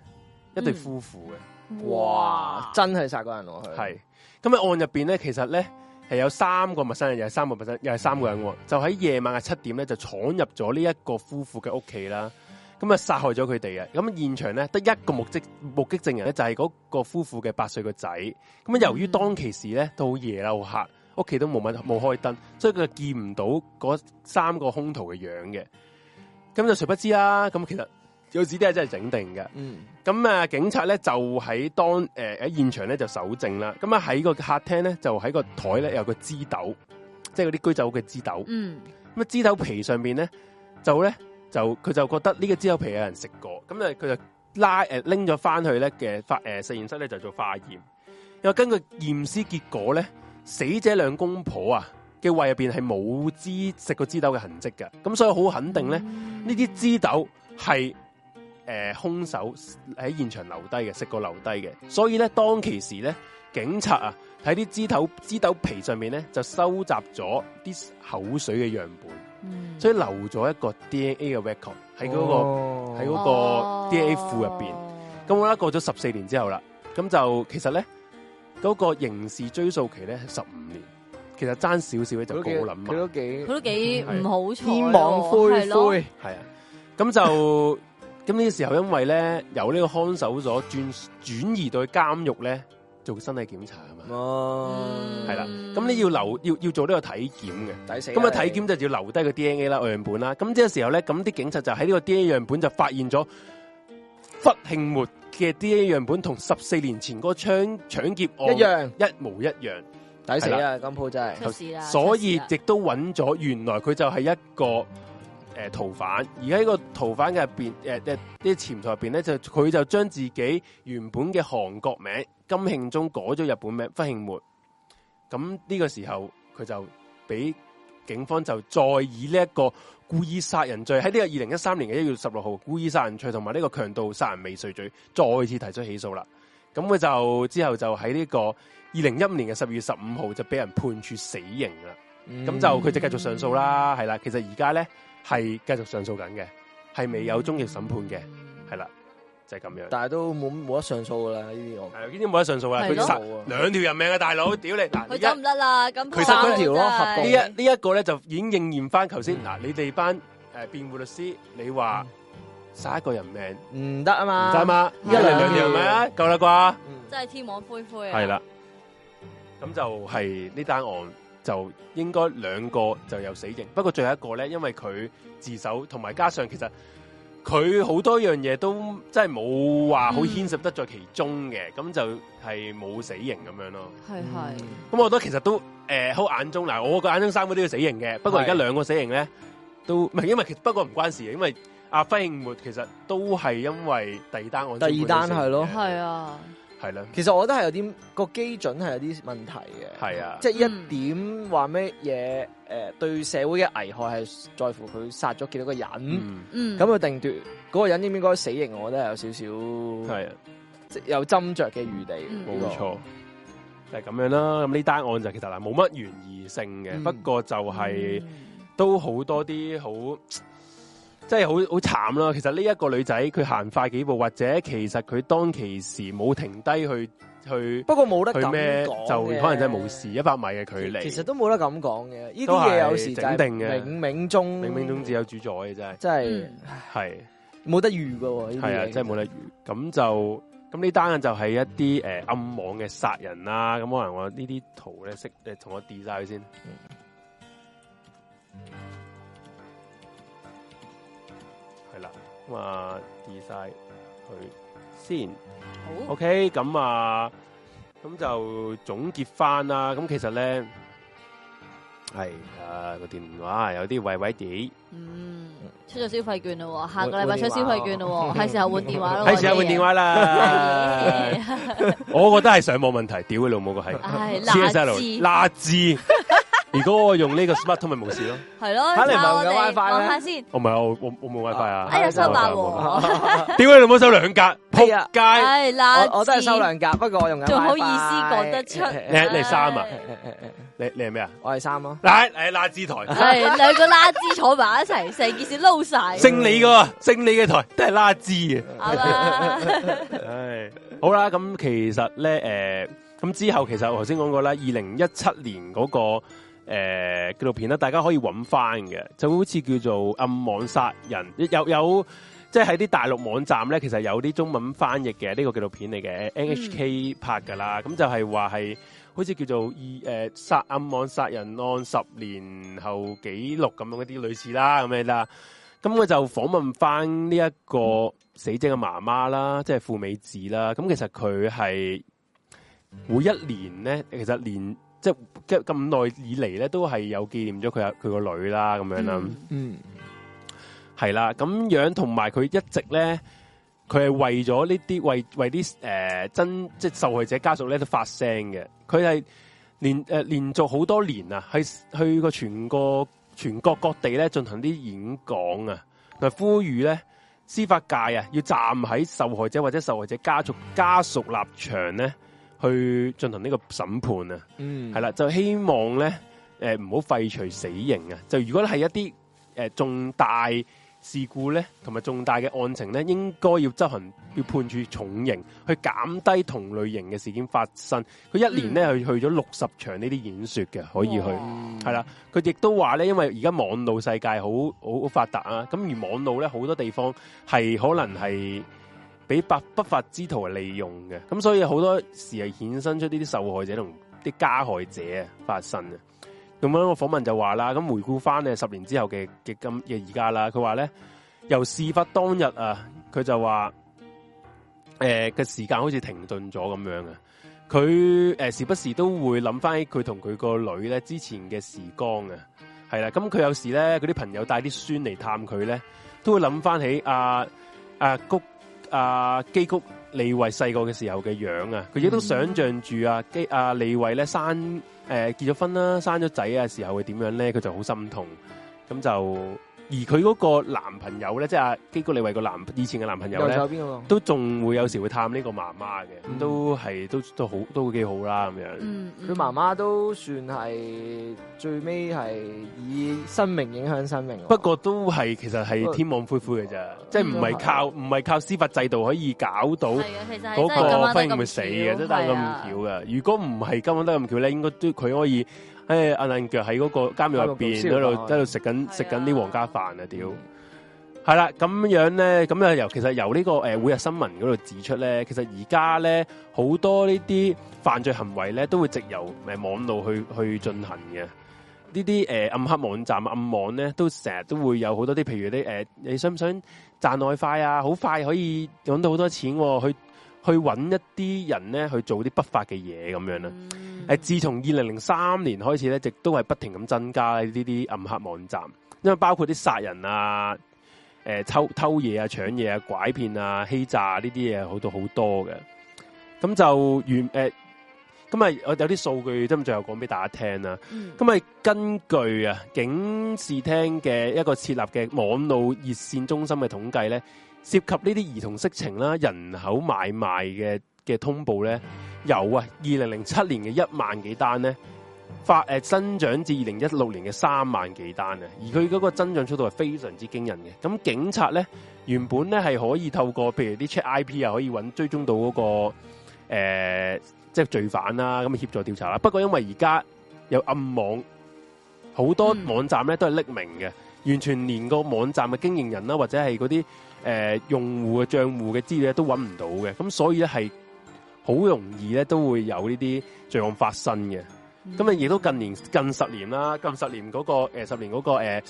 一對夫婦嘅、嗯，哇，真係殺個人落去！係咁啊，案入面呢，其實呢，係有三個陌生人，又係三個陌生人，又係三個人喎、嗯，就喺夜晚嘅七點呢，就闖入咗呢一個夫婦嘅屋企啦。咁啊，殺害咗佢哋啊！咁現場咧，得一個目擊目擊證人咧，就係、是、嗰個夫婦嘅八歲個仔。咁啊，由於當其時咧都好夜啦，好黑，屋企都冇乜冇開燈，所以佢就見唔到嗰三個兇徒嘅樣嘅。咁就誰不知啦、啊。咁其實有指啲人真係整定嘅。嗯。咁啊，警察咧就喺當誒喺、呃、現場咧就搜證啦。咁啊喺個客廳咧就喺個台咧有個枝豆，即係嗰啲居酒屋嘅枝豆。嗯。咁啊枝豆皮上面咧就咧。就佢就覺得呢個枝豆皮有人食過，咁就佢就拉誒拎咗翻去咧嘅化誒實驗室咧就做化驗，因為根據驗屍結果咧，死者兩公婆啊嘅胃入邊係冇枝食過枝豆嘅痕迹嘅，咁所以好肯定咧，呢啲枝豆係誒凶手喺現場留低嘅，食過留低嘅，所以咧當其時咧，警察啊喺啲枝豆枝豆皮上面咧就收集咗啲口水嘅樣本。所以留咗一個 DNA 嘅 record 喺個喺嗰、哦、個 DNA 庫入邊，咁我咧過咗十四年之後啦，咁就其實咧、嗰個刑事追訴期咧係十五年，其實爭少少咧就冇諗，佢都幾佢都幾唔好彩，天網恢恢係啊，咁 就咁呢時候因為咧由呢個看守所轉轉移到監獄咧做身體檢查。哦、oh.，係啦，咁你要留要要做呢個體檢嘅，咁啊體檢就要留低個 DNA 啦樣本啦，咁即係時候咧，咁啲警察就喺呢個 DNA 樣本就發現咗，屈慶末嘅 DNA 樣本同十四年前嗰個槍搶劫案一樣一模一樣，抵死啊！咁好真係出事啦，所以亦都揾咗，原來佢就係一個。誒，逃犯而喺呢個逃犯嘅入邊，誒、呃、誒，啲潛台入邊咧，就佢就將自己原本嘅韓國名金慶中改咗日本名金慶末。咁呢個時候，佢就俾警方就再以呢一個故意殺人罪喺呢個二零一三年嘅一月十六號故意殺人罪同埋呢個強盜殺人未遂罪再次提出起訴啦。咁佢就之後就喺呢個二零一五年嘅十二月十五號就俾人判處死刑啦。咁就佢就繼續上訴啦，係、嗯、啦。其實而家咧。係繼續上訴緊嘅，係未有終極審判嘅，係啦，就係、是、咁樣。但係都冇冇得上訴噶啦呢啲案，係呢啲冇得上訴啊！佢殺兩條人命啊，大佬，屌 你！佢得唔得啦？咁三條咯，呢一呢一,一個咧就已經應驗翻頭先嗱，你哋班誒辯護律師，你話殺、嗯、一個人命唔得啊嘛？得嘛？一人兩條命啊，夠啦啩？真係天網恢恢係啦，咁就係呢單案。就應該兩個就有死刑，不過最後一個咧，因為佢自首，同埋加上其實佢好多樣嘢都真係冇話好牽涉得在其中嘅。咁、嗯、就係冇死刑咁樣咯。係係，咁我覺得其實都誒，呃、好眼中，嗱、呃，我個眼中三個都要死刑嘅，不過而家兩個死刑咧都唔係，因為其實不過唔關事嘅，因為阿輝應其實都係因為第二單案，第二單係咯，係啊。係啦，其實我覺得係有啲個基準係有啲問題嘅，係啊，即係一點話咩嘢誒對社會嘅危害係在乎佢殺咗幾多個人，嗯，咁去定奪嗰、嗰個人應唔應該死刑，我覺得係有少少、啊、即有斟酌嘅餘地，冇、嗯、錯，係咁、嗯、樣啦。咁呢單案就其實啦冇乜懸疑性嘅、嗯，不過就係、是嗯、都好多啲好。真係好好慘啦！其實呢一個女仔佢行快幾步，或者其實佢當其時冇停低去去，不過冇得咩就可能真係冇事，一百米嘅距離。其實都冇得咁講嘅，呢啲嘢，有時就整定嘅，冥冥中冥冥中自有主宰嘅真係，真係係冇得預嘅。係啊，真係冇、嗯、得預。咁就咁呢單就係一啲誒暗網嘅殺人啦。咁、嗯、可能我呢啲圖咧，識同我 delete 晒佢先。話跌晒佢先，OK，咁啊，咁、okay, 嗯嗯嗯、就總結翻啦。咁其實咧係啊，個電話有啲畏畏地，嗯，出咗消費券咯，下個禮拜出消費券咯，係、哦、時候換電話咯，係時候換電話啦。我，話 我覺得係上網問題，屌老母個係黐晒拉字致。 如果我用呢個 smart 通咪冇事咯，係咯，睇下我嘅 WiFi 咧。我唔係我我我冇 WiFi 啊！哎呀，收八喎！點解你冇收兩格？撲街！我我都係收兩格，不過我用緊 WiFi。仲好意思講得出？你你係三啊？你你係咩啊？我係三咯。嗱，你係，拉枝台。係兩個拉枝坐埋一齊，成件事撈晒。姓你個，姓你嘅台都係拉枝啊。好啦，唉，好啦，咁其實咧，誒，咁之後其實我頭先講過啦，二零一七年嗰個。誒、呃，紀錄片咧，大家可以揾翻嘅，就好似叫做暗網殺人，有有即係喺啲大陸網站咧，其實有啲中文翻譯嘅呢個紀錄片嚟嘅，NHK 拍噶啦，咁、嗯、就係話係好似叫做二誒殺暗網殺人案十年後紀錄咁樣啲類似啦咁樣啦，咁我就訪問翻呢一個死者嘅媽媽啦，即係富美子啦，咁其實佢係每一年咧，其實連。即係咁耐以嚟咧，都係有紀念咗佢阿佢個女啦，咁樣啦，嗯，係、嗯、啦，咁樣同埋佢一直咧，佢係為咗呢啲為為啲誒、呃、真即係受害者家屬咧，都發聲嘅。佢係連誒、呃、連續好多年啊，去去過全個全國各地咧進行啲演講啊，嚟呼籲咧司法界啊，要站喺受害者或者受害者家屬家屬立場咧。去進行呢個審判啊，嗯，係啦，就希望咧，誒，唔好廢除死刑啊。就如果係一啲誒、呃、重大事故咧，同埋重大嘅案情咧，應該要執行要判處重刑，去減低同類型嘅事件發生。佢一年咧、嗯、去去咗六十場呢啲演說嘅，可以去係啦。佢亦都話咧，因為而家網路世界好好好發達啊，咁而網路咧好多地方係可能係。俾不不法之徒利用嘅，咁所以好多時係衍生出呢啲受害者同啲加害者啊發生啊。咁咧，我訪問就話啦，咁回顧翻呢十年之後嘅嘅今嘅而家啦，佢話咧由事發當日啊，佢就話誒嘅時間好似停頓咗咁樣啊。佢誒、呃、時不時都會諗翻佢同佢個女咧之前嘅時光啊，係啦。咁佢有時咧，佢啲朋友帶啲孫嚟探佢咧，都會諗翻起阿阿谷。啊啊基谷李慧細個嘅時候嘅樣啊，佢亦都想象住啊基啊李慧咧生誒，結咗婚啦，生咗仔啊時候會點樣咧，佢就好心痛，咁就。而佢嗰個男朋友咧，即係阿基哥，你為個男以前嘅男朋友咧、那個，都仲會有時會探呢個媽媽嘅，咁、嗯、都係都都好都會幾好啦咁樣。佢、嗯嗯、媽媽都算係最尾係以生命影響生命。不過都係其實係天網恢恢嘅咋，即係唔係靠唔係、嗯、靠，靠司法制度可以搞到嗰個，忽、那個、會，會死嘅，真係咁巧嘅。如果唔係根本得咁巧咧，應該都佢可以。誒、嗯，阿爛腳喺個監獄入邊，喺度喺度食緊食緊啲皇家飯啊！屌、嗯，係、嗯、啦，咁樣咧，咁啊由其實由呢、這個誒、呃、每日新聞度指出咧，其實而家咧好多呢啲犯罪行為咧都會直由誒網絡去去進行嘅。呢啲誒暗黑網站暗網咧，都成日都會有好多啲，譬如啲誒、呃，你想唔想賺外快啊？好快可以搵到好多錢、哦、去。去揾一啲人咧去做啲不法嘅嘢咁樣啦。誒、嗯呃，自從二零零三年開始咧，亦都係不停咁增加呢啲暗黑網站，因為包括啲殺人啊、誒、呃、偷偷嘢啊、搶嘢啊、拐騙啊、欺詐啊呢啲嘢好多好多嘅。咁就完誒，咁咪我有啲數據，都最後講俾大家聽啦。咁、嗯、咪根據啊警視廳嘅一個設立嘅網路熱線中心嘅統計咧。涉及呢啲兒童色情啦、人口買賣嘅嘅通報咧，由啊二零零七年嘅一萬幾單咧，發、呃、增長至二零一六年嘅三萬幾單啊，而佢嗰個增長速度係非常之驚人嘅。咁警察咧原本咧係可以透過譬如啲 check IP 啊，可以搵追蹤到嗰、個、呃、即係罪犯啦，咁協助調查啦。不過因為而家有暗網，好多網站咧都係匿名嘅，嗯、完全連個網站嘅經營人啦，或者係嗰啲。誒、呃、用戶嘅帳戶嘅資料都揾唔到嘅，咁所以咧係好容易咧都會有呢啲罪案發生嘅。咁啊，亦都近年近十年啦，近十年嗰、那個、呃、十年嗰、那個、呃、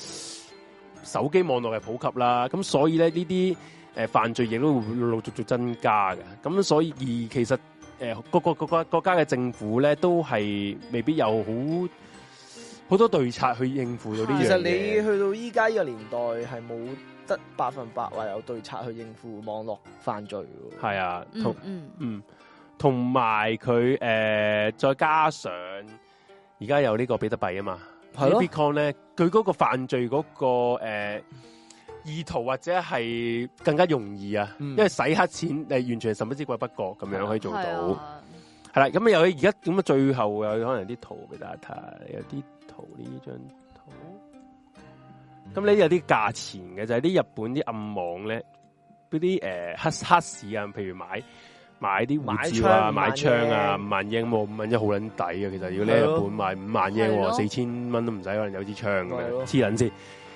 手機網絡嘅普及啦，咁所以咧呢啲誒、呃、犯罪亦都會陸陸續續增加嘅。咁所以而其實誒、呃、各個各個國家嘅政府咧都係未必有好好多對策去應付到呢樣嘢。其實你去到依家呢個年代係冇。得百分百話有對策去應付網絡犯罪喎。係啊，同嗯嗯，同埋佢誒，再加上而家有呢個比特幣啊嘛，比特幣呢啲 bitcoin 咧，佢嗰個犯罪嗰、嗰個誒、呃、意圖或者係更加容易啊，嗯、因為洗黑錢誒、呃、完全係神不知鬼不覺咁樣可以做到。係啦，咁啊又佢而家點啊，最後有可能啲圖俾大家睇下，有啲圖呢張。咁咧有啲價錢嘅就係、是，啲日本啲暗網咧嗰啲誒黑黑市啊，譬如買買啲護照、啊、買、買槍啊、買槍啊萬英冇五蚊一好撚抵啊。其實如果喺日本買五萬英五喺日本買五萬英四千蚊都唔使，可能有支槍咁樣黐撚線。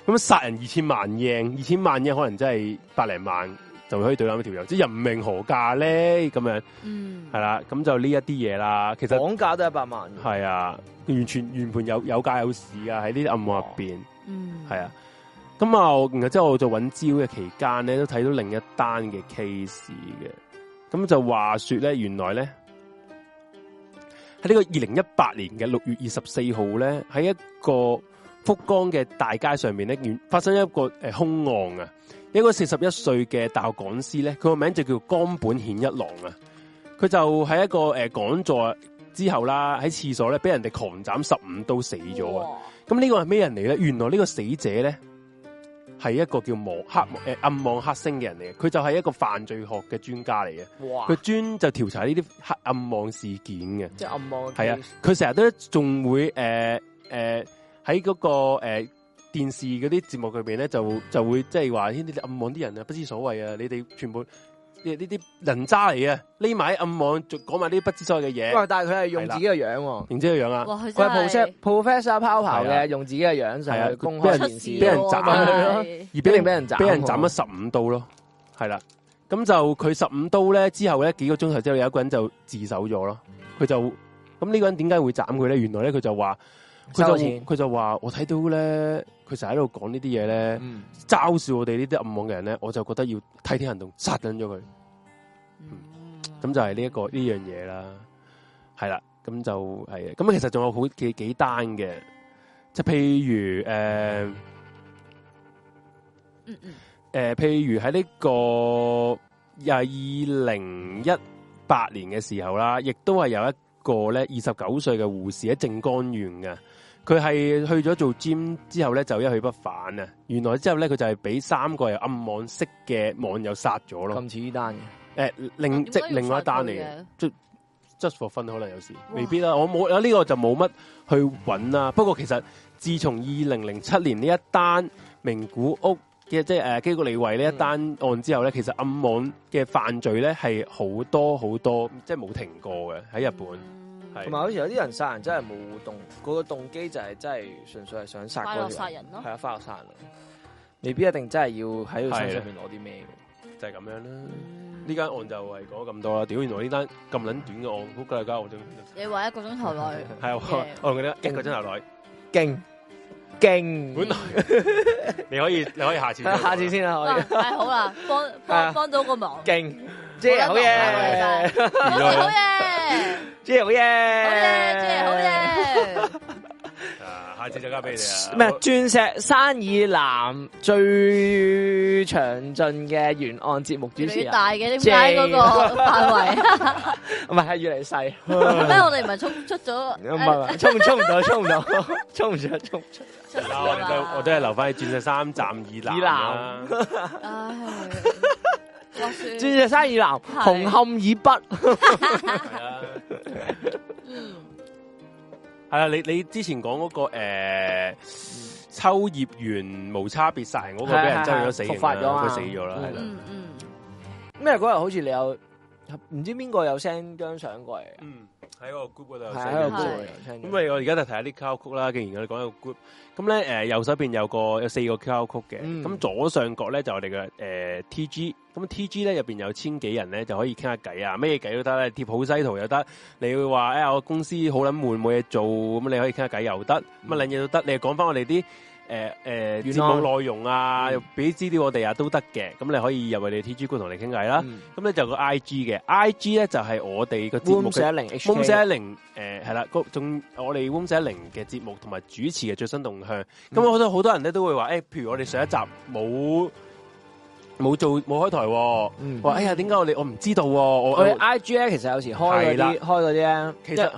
咁殺人二千萬英二千萬英可能真係百零萬就可以對攬一條友，即、就是，人命何價咧？咁樣嗯，係啦，咁就呢一啲嘢啦。其實講價都一百萬。係啊，完全原盤有有價有市啊，喺呢啲暗網入邊、啊。嗯，係啊。咁啊，然後之後我就揾招嘅期間咧，都睇到另一單嘅 case 嘅。咁就話說咧，原來咧喺呢個二零一八年嘅六月二十四號咧，喺一個福岡嘅大街上面咧，發生一個誒、呃、凶案啊！一個四十一歲嘅大學講師咧，佢個名字就叫江本顯一郎啊。佢就喺一個誒講、呃、座之後啦，喺廁所咧俾人哋狂斬十五刀死咗啊！咁、yeah. 呢個係咩人嚟咧？原來呢個死者咧。係一個叫望黑望誒暗網黑星嘅人嚟嘅，佢就係一個犯罪學嘅專家嚟嘅。哇！佢專就調查呢啲黑暗網事件嘅，即係暗網係啊！佢成日都仲會誒誒喺嗰個誒、呃、電視嗰啲節目裏邊咧就就會即係話，呢啲暗網啲人啊，不知所謂啊！你哋全部。呢啲人渣嚟嘅，匿埋喺暗網，講埋啲不知所謂嘅嘢。但係佢係用自己嘅樣，啊啊跑跑，用自己嘅樣啊，佢係 professor p o f e r power 嘅，用自己嘅樣就去公開面市，俾人斬，二比零俾人斬，俾人斬咗十五刀咯，係啦。咁就佢十五刀咧，之後咧幾個鐘頭之後，有一個人就自首咗咯。佢就咁呢個人點解會斬佢咧？原來咧佢就話。佢就佢就話，我睇到咧，佢成日喺度講呢啲嘢咧，嘲笑我哋呢啲暗網嘅人咧，我就覺得要替天行動，殺緊咗佢。咁、嗯、就係呢一個呢、嗯、樣嘢啦，係啦，咁就係咁。其實仲有好幾幾單嘅，即係譬如誒，誒、呃嗯呃，譬如喺呢、這個二零一八年嘅時候啦，亦都係有一個咧二十九歲嘅護士喺靜岡縣嘅。佢係去咗做 gym 之後咧，就一去不返啊！原來之後咧，佢就係俾三個又暗網識嘅網友殺咗咯。咁次呢單嘅，誒、呃，另、啊、即另外一單嚟、啊，just for fun 可能有時未必啦。我冇呢、這個就冇乜去揾啦、啊。不過其實自從二零零七年呢一單名古屋嘅即係誒、啊，基谷利維呢一單案之後咧、嗯，其實暗網嘅犯罪咧係好多好多，即係冇停過嘅喺日本。嗯同埋，好似有啲人殺人真係冇動機，個動機就係真係純粹係想殺嗰人，係啊，快樂殺人咯。未必一定真係要喺佢身上面攞啲咩，就係、是、咁樣啦。呢、嗯、間案就係講咁多啦。屌，原來呢單咁捻短嘅案，估、嗯、大家我都你話一個鐘頭內係，我仲覺得一個鐘頭內，勁勁。本來、嗯、你可以你可以下次，下次先啦、啊，可、啊、好啦，幫幫、啊、到個忙。J 好嘢，J 好嘢，J 好嘢，J 好嘢，啊，下次再交俾你啊！咩鑽石山以南最詳盡嘅沿岸節目主持人，越大嘅點解嗰個範圍？唔係係越嚟越細。咩？我哋唔係衝出咗，衝衝唔到，衝唔到，衝唔出，衝唔出。我都係留翻喺鑽石山站以南啦。啊係。鑽石山以南， 紅磡以北 係啊，你你之前講嗰、那個誒、呃，秋葉原無差別殺人嗰個俾人執咗死刑啦，佢、啊、死咗啦，係啦。嗯咩嗰日好似你有？唔知邊個有 send 張相過嚟嘅？嗯，喺個 group 度 send 張相，咁我而家就睇下啲交流區啦。既然我哋講個 group，咁咧誒，右手邊有個有四個交流區嘅，咁、嗯、左上角咧就我哋嘅誒 T G，咁 T G 咧入邊有千幾人咧就可以傾下偈啊，咩偈都得咧，貼好西圖又得，你會話誒、哎、我公司好捻悶冇嘢做，咁你可以傾下偈又得，乜兩嘢都得，你又講翻我哋啲。誒、呃、誒，節、呃、目內容啊，俾啲資料我哋啊，都得嘅。咁你可以入去你 T G 官同你傾偈啦。咁、嗯、咧就有個 I G 嘅 I G 咧就係我哋個節目嘅。410，410，誒係啦，個仲、嗯、我哋410嘅節目同埋主持嘅最新動向。咁好多好多人咧都會話，誒、欸，譬如我哋上一集冇冇做冇開台、啊，話、嗯、哎呀，點解我哋我唔知道、啊？我哋 I G 咧，其實有時開嗰開嗰啲咧，其實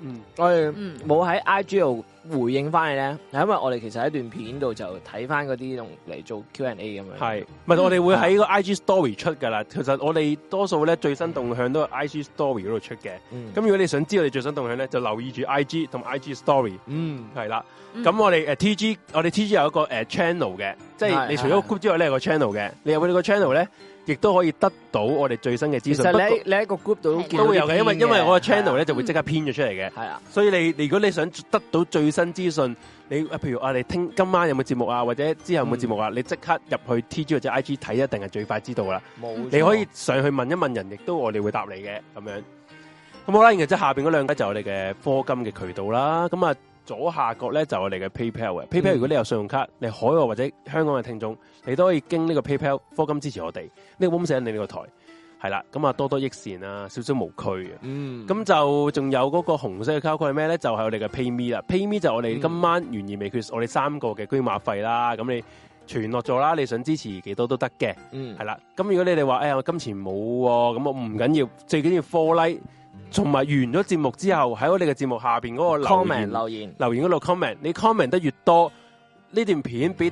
嗯，我哋冇喺 I G 度。回應翻嚟，咧係因為我哋其實喺段片度就睇翻嗰啲用嚟做 Q&A 咁樣。係，唔係我哋會喺個 IG Story 出噶啦。其實我哋多數咧最新動向都係 IG Story 嗰度出嘅。咁、嗯、如果你想知道我哋最新動向咧，就留意住 IG 同 IG Story 嗯。嗯。係啦，咁我哋誒 TG，我哋 TG 有一個誒 channel 嘅，即係你除咗 group 之外咧有個 channel 嘅，你入呢個 channel 咧。亦都可以得到我哋最新嘅資訊。其實你喺個 group 度都會有嘅，因為因為我嘅 channel 咧就會即刻編咗出嚟嘅。係啊，所以你，你如果你想得到最新資訊，你譬如啊，你聽今晚有冇節目啊，或者之後有冇節目啊，嗯、你即刻入去 T G 或者 I G 睇，一定係最快知道噶啦。冇，你可以上去問一問人，亦都我哋會答你嘅咁樣。咁好啦，然後即係下面嗰兩就我哋嘅課金嘅渠道啦。咁啊左下角咧就我哋嘅 PayPal 嘅、嗯、PayPal，如果你有信用卡，你海外或者香港嘅聽眾。你都可以經呢個 PayPal 課金支持我哋，呢、這個幫成你呢個台，係啦，咁啊多多益善啊，少少無拘啊。嗯，咁就仲有嗰個紅色嘅扣，佢係咩咧？就係、是、我哋嘅 PayMe 啦，PayMe 就我哋今晚懸而未決，我哋三個嘅居馬費啦，咁、嗯、你全落咗啦，你想支持幾多都得嘅，嗯，係啦，咁如果你哋話誒我金錢冇、啊，咁我唔緊要，最緊要 follow 同埋完咗節目之後喺我哋嘅節目下邊嗰個留 comment 留言，留言嗰度 comment，你 comment 得越多，呢段片俾。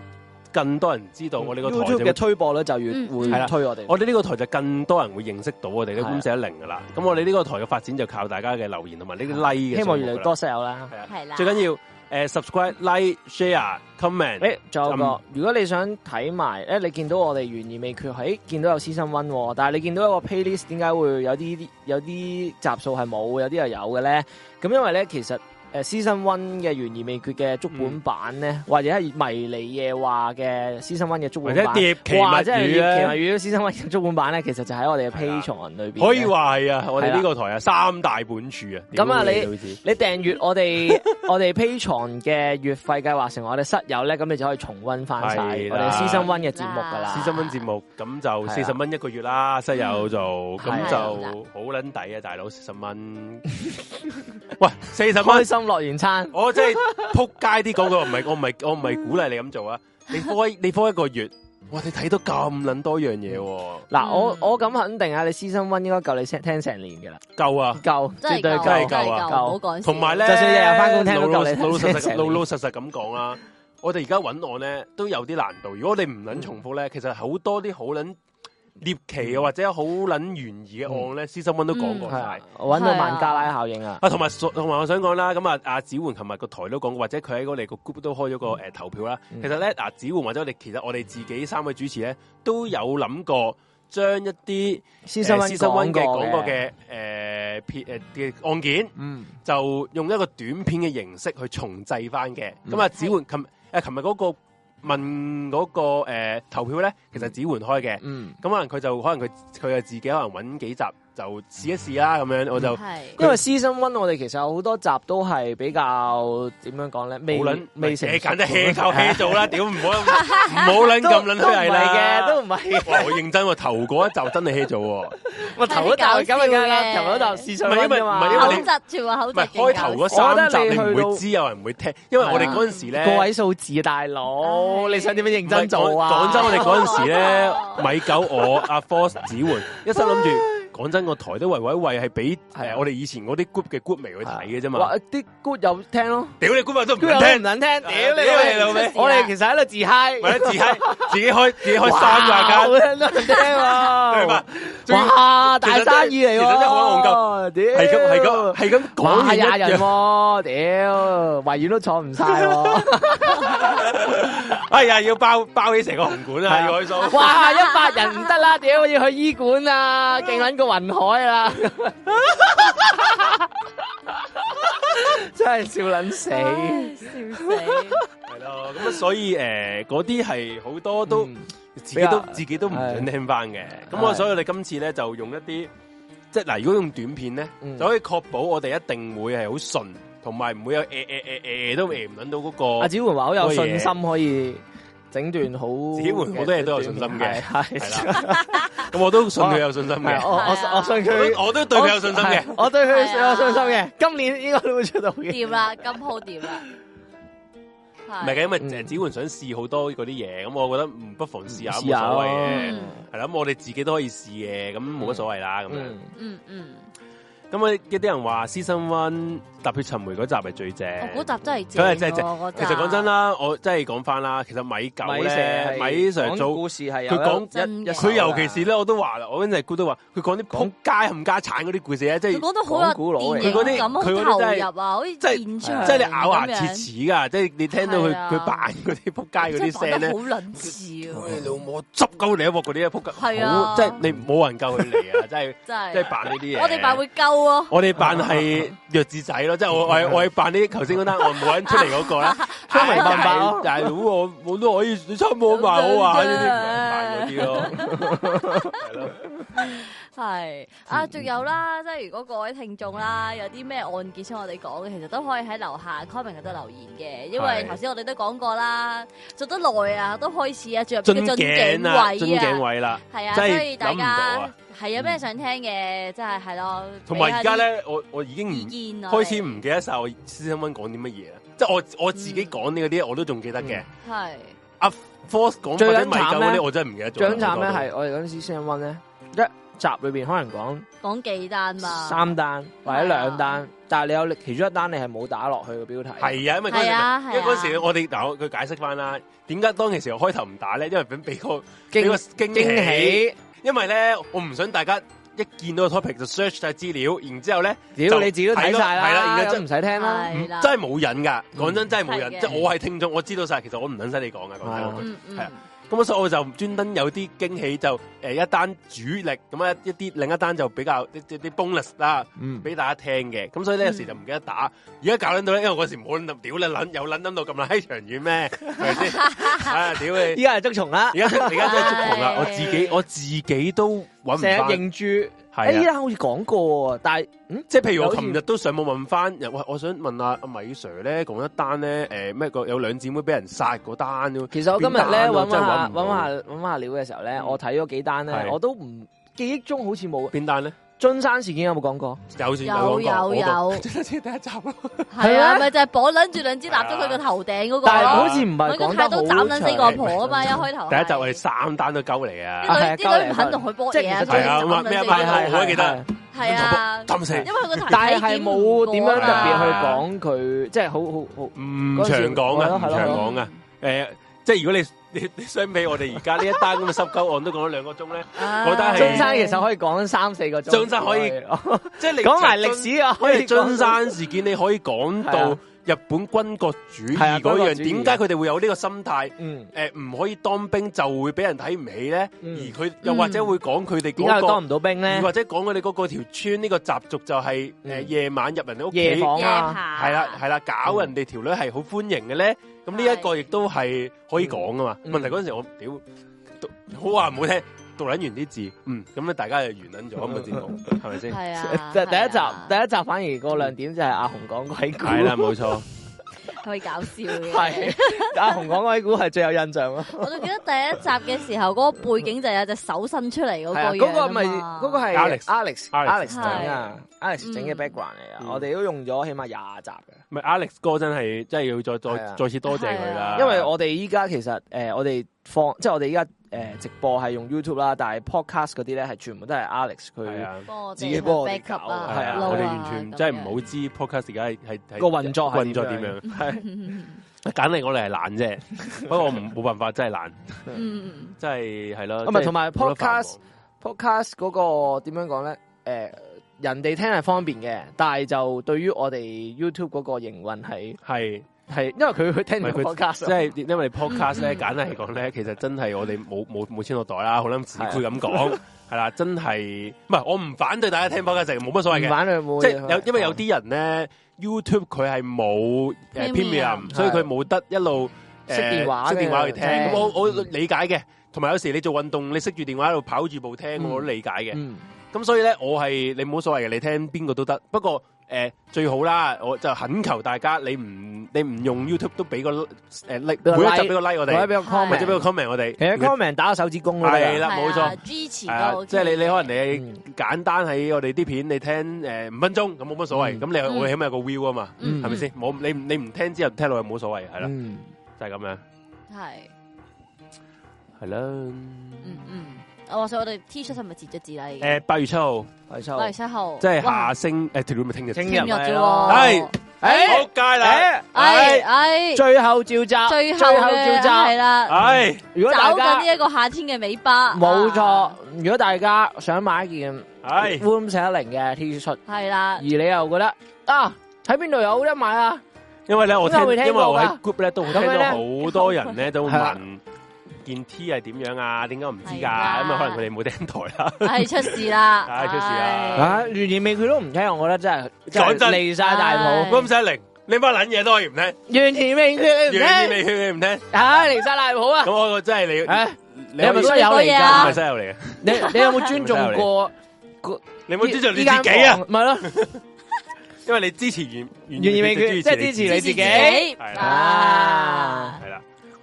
更多人知道我呢個台嘅推播咧、嗯，就越會推我哋。我哋呢個台就更多人會認識到我哋嘅公官一零噶啦。咁我哋呢個台嘅發展就靠大家嘅留言同埋呢個 like。希望越嚟越多 share 啦，係啦。最緊要誒、呃、subscribe like, share, comment、欸、like、share、comment。仲有個，如果你想睇埋，誒，你見到我哋懸而未決，喺見到有 season one，但係你見到一個 playlist，點解會有啲有啲集數係冇，有啲又有嘅咧？咁因為咧，其實。誒，私生瘟嘅懸而未決嘅竹本版咧、嗯，或者係迷你夜話嘅私生瘟嘅竹本版或者碟奇物魚咧，奇物魚嘅私生瘟嘅竹本版咧，其實就喺我哋嘅 pay 床裏邊。可以話係啊，我哋呢個台啊，三大本處啊。咁啊，你你訂閱我哋 我哋 pay 床嘅月費計劃成我哋室友咧，咁你就可以重温翻晒我哋私生瘟嘅節目噶啦、啊啊。私生瘟節目咁就四十蚊一個月啦，室友就咁就好捻抵啊，大佬四十蚊。 喂，四十蚊 完餐 我即街句 我，我真係撲街啲講句，唔係我唔係我唔係鼓勵你咁做啊！你開你科一個月，哇！你睇到咁捻多樣嘢、啊，嗱、嗯、我我咁肯定啊！你 season one 應該夠你聽成年嘅啦，夠啊，夠真係夠，對夠夠啊。夠，好同埋咧，就算日日翻工，聽都夠你老老實實、老老實實咁講啊！ 我哋而家揾我咧都有啲難度，如果你唔捻重複咧、嗯，其實好多啲好捻。獵奇的或者好撚懸疑嘅案咧，施心温都講過晒，揾到孟加拉效應、嗯、啊！啊，同埋同埋，我想講啦，咁啊，阿子煥琴日個台都講過，或者佢喺我哋個 group 都開咗個誒、嗯啊、投票啦。其實咧，嗱、啊，子煥或者我哋，其實我哋自己三位主持咧，都有諗過將一啲施心温嘅講過嘅誒誒嘅案件，嗯、就用一個短片嘅形式去重製翻嘅。咁、嗯、啊，啊，子煥琴誒，琴日嗰個。問嗰、那個、呃、投票咧，其實只換開嘅，咁、嗯、可能佢就可能佢佢就自己可能揾幾集。就試一試啦、啊，咁樣我就，因為私生溫我哋其實有好多集都係比較點樣講咧，未捻未成，簡單 hea 做啦，屌唔好，唔好捻咁捻虛你嘅，都唔係、 哦，我認真，頭嗰一集真係 hea 喎。做， 我頭一集咁啊， 頭一集私生，唔係因為唔係因為你唔係開頭嗰三集你唔會知有人會聽，因為我哋嗰陣時咧個位數字、啊、大佬，你想點樣認真做啊？講真，我哋嗰陣時咧，米狗我阿 Four 子煥，一心諗住。講真個台都維維維係俾係我哋以前嗰啲 g r o u p 嘅 g r o u p 未去睇嘅啫嘛，啲 g r o u p 有聽咯，屌你 group 咪都唔想聽唔想聽，屌你我哋其實喺度自嗨，咪咯自嗨 自己開，自己開自己開三廿間，我聽，聽咯聽嘛，哇大生意嚟、啊、喎，屌係咁係咁係咁講嘢嘅，吓、啊、人、啊，屌維園都坐唔晒，哎呀，要包包起成個紅館啊，哇一百人唔得啦，屌我要去醫館啊，勁撚！個雲海啊，真係笑捻死，笑死，係咯。咁啊，所以誒，嗰啲係好多都自己都自己都唔想聽翻嘅。咁我所以你今次咧就用一啲，即係嗱，如果用短片咧就可以確保我哋一定會係好順，同埋唔會有誒誒誒誒都誒唔捻到嗰個。阿子文話好有信心可以。整段好，子煥好多嘢都有信心嘅，係啦。咁 我都信佢有信心嘅，我、啊、我我，我信佢，我都對佢有信心嘅，我對佢有信心嘅、啊啊。今年應該都會出到嘅、啊，掂啦，金鋪掂啦。唔係嘅，因為子、嗯、煥想試好多嗰啲嘢，咁我覺得唔不，不妨試下，冇所謂嘅。係、嗯、啦、啊，咁我哋自己都可以試嘅，咁冇乜所謂啦，咁、嗯、樣。嗯嗯。咁啊，一啲人話私心温。搭配陳梅嗰集係最正，嗰集真係正、嗯、是正。其實講真啦、嗯，我真係講翻啦，其實米狗咧，米常做故事係有佢講佢尤其是咧，我都話啦、嗯嗯啊啊啊，我真係估到話，佢講啲撲街冚家產嗰啲故事咧，即係講得好古老。佢嗰啲佢嗰啲真係即係，即係你咬牙切齒㗎，即係你聽到佢佢扮嗰啲撲街嗰啲聲咧，好撚似啊！老母執鳩你一鑊嗰啲啊，撲街！即係你冇人救佢嚟啊！真係真係扮呢啲嘢，我哋扮會鳩喎，我哋扮係弱智仔。即係我 我我去辦啲，頭先嗰單案冇人出嚟嗰、那個啦。 出嚟辦 但大是佬 我我都可以出冇賣好啊呢啲賣嗰啲咯，係 對了 啊，仲有啦，即係如果各位聽眾啦，有啲咩案件想我哋講嘅，其實都可以喺樓下 comment 度留言嘅，因為頭先我哋都講過啦，做得耐啊，都開始啊進入啲樽頸位啊，樽、啊、啦，係 啊，所以大家、啊。係有咩想聽嘅，嗯、真係係咯。同埋而家咧，我一一呢我，我已經唔見啦，開始唔記得晒，我先一蚊講啲乜嘢啦。嗯、即係我我自己講呢嗰啲，我都仲記得嘅。係阿 Force 講嗰啲迷購嗰啲，我真係唔記得咗。最慘咧係我哋嗰陣時先一呢？咧、嗯、一集裏邊可能講講幾單嘛，三單或者兩單，嗯、但係你有其中一單你係冇打落去嘅標題的。係啊，因為嗰時因為嗰時我哋嗱佢解釋翻啦，點解當其時我開頭唔打咧？因為想俾個俾個驚喜。驚喜。因為咧，我唔想大家一見到個 topic 就 search 晒資料，然之後咧，屌你自己都睇晒啦，係啦，而家真係唔使聽啦，真係冇癮噶。講、嗯、真，真係冇癮，即係、就是、我係聽眾，我知道晒。其實我唔等使你講噶，講，係啊。咁所以我就專登有啲驚喜，就誒一單主力，咁一一啲另一單就比較啲啲 bonus 啦，嗯，俾大家聽嘅。咁所以咧有時就唔記得打，而家搞撚到咧，因為嗰時冇諗到屌你諗有諗到咁啦長遠咩？係咪先？啊，屌你！依家係捉蟲啦，依家依家真係捉蟲啦！我自己我自己都揾唔成日認豬。係啊、哎，好似講過，但係、嗯，即係譬如我琴日都上網問翻，又我想問阿阿米 Sir 咧，講一單咧，誒咩個有兩姊妹俾人殺嗰單咯。其實我今日咧揾下揾下揾下料嘅時候咧，嗯、我睇咗幾單咧，我都唔記憶中好似冇邊單咧。中山事件有冇講過？有，有，有，即係第一集咯。係啊，咪就係綁捻住兩枝插咗佢個頭頂嗰個。但係好似唔係講得好長。太多斬捻死個婆啊嘛，一開頭。第一集係三單都鳩嚟啊！啲女，啲女唔肯同佢波嘢啊。係啊，冇點樣特別去講佢，即係好好好唔長講啊，長講啊，誒。即係如果你你，你相比我哋而家呢一單咁嘅濕鳩案都講咗兩個鐘咧，啊、我覺得係張生其實可以講三四個鐘。張生可以即係你講埋歷史啊，可以，張、就是、生事件你可以講到日本軍國主義嗰、啊、樣，點解佢哋會有呢個心態？誒、嗯、唔、呃、可以當兵就會俾人睇唔起咧，嗯、而佢又或者會講佢哋點解當唔到兵咧？又或者講佢哋嗰個條村呢個習俗就係、是嗯呃、夜晚入人哋屋企夜房啊，啊，啊，係啦係啦，搞人哋條女係好歡迎嘅咧。咁呢一個亦都係可以講㗎嘛、嗯嗯？問題嗰陣時我屌，好話唔好聽，讀撚完啲字，嗯，咁咧大家就完撚咗咁嘅節目，係咪先？嗯、啊，即、啊、第一集、啊，第一集反而個亮點就係阿紅講鬼故，係、嗯、啦，冇、啊、錯。 好 搞笑嘅，係阿紅講鬼故係最有印象咯。 我仲記得第一集嘅時候，嗰、那個背景就是有隻手伸出嚟嗰個。嗰個唔係嗰個係 Alex，Alex，Alex 整啊，Alex 整嘅 background 嚟啊。我哋都用咗起碼廿集嘅。唔 係 Alex 哥真係真係要再再再次多謝佢啦、啊。因為我哋依家其實誒、呃，我哋。即係我哋而家誒直播係用 YouTube 啦，但係 Podcast 嗰啲咧係全部都係 Alex 佢自己幫我哋、啊啊、搞，係啊，我哋完全真係唔好知道 Podcast 而家係係個運作運作點樣 對，係簡歷我哋係懶啫，不過唔冇辦法，真係懶，即真係係咯。咁咪同埋、啊就是、Podcast，Podcast 嗰個點樣講咧？誒、呃，人哋聽係方便嘅，但係就對於我哋 YouTube 嗰個營運係係。係，因為佢佢聽唔到 podcast，即係因為 podcast 咧，簡單嚟講咧，其實真係我哋冇冇冇錢落袋啦，好撚自負咁講，係啦，真係唔係我唔反對大家聽 podcast，冇乜所謂嘅，即係有因為有啲人咧 YouTube 佢係冇誒 premium，所以佢冇得一路誒，接電話接電話去聽，咁我我理解嘅，同埋有時你做運動，你識住電話喺度跑住步聽，我都理解嘅，咁所以咧，我係你冇乜所謂嘅，你聽邊個都得，不過。誒，最好啦，我就懇求大家，你唔你唔用 YouTube 都俾個誒 like，每一集俾個 like 我哋，每一集俾個 comment，每一集俾個 comment 我哋，其實 comment 打個手指公咯，係啦，冇錯，支持到，即係你你可能你簡單喺我哋啲片，你聽誒五分鐘咁冇乜所謂，咁你會起碼有個 view，啊，嘛，係咪先？冇你你唔聽之後聽落去冇所謂，係啦，就係咁樣，係係啦。哦、我話我哋 T 恤係咪截咗字禮誒？八月七號，八月七號，八月七號，即係下星誒，聽日，聽日咪係，誒，好佳麗，誒、哎哎哎，最後召集，最後召集，係啦，誒，如果大家走緊呢一個夏天嘅尾巴，冇錯、啊，如果大家想買一件，誒 w m 一零嘅 T 恤，係啦，而你又覺得啊，喺邊度有得買啊？因為咧，因為我聽，因為我喺 group 咧都聽到好多人咧都問。 件 T 係點樣啊？點解唔知噶？咁啊，可能佢哋冇掟台啦。係出事啦！係出事啦！啊，願意未？佢都唔聽，我覺得真係講真，離晒大譜。咁失靈，你班撚嘢都可以唔聽。願意未？佢你唔聽。啊，離晒大譜啊！咁我真係離啊，你係咪犀牛嚟噶？唔係犀牛嚟嘅。你你有冇尊重過？你有冇尊重你自己啊？唔係咯，因為你支持願願意未決，即係支持你自己。係啦，係啦。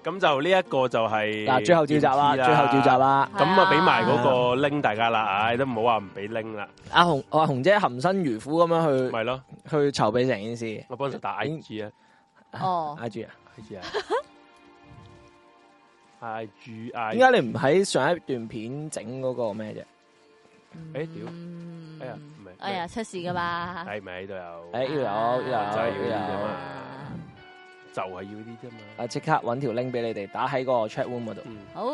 咁就呢一個就係嗱，最後召集啦，最後召集啦。咁啊，俾埋嗰個拎大家啦，唉，都唔好話唔俾拎啦。阿紅，阿紅姐含辛茹苦咁樣去，咪咯，去籌備成件事。我幫手打 I G 啊，哦，I G 啊，I G 啊，I G，點解你唔喺上一段片整嗰個咩啫？誒，屌，哎呀，唔係，哎呀，出事噶嘛？係咪喺度有？誒，要有，要有，要有。就係、是、要啲啫嘛！啊，即刻搵條 link 俾你哋，打喺個 chat room 度。好，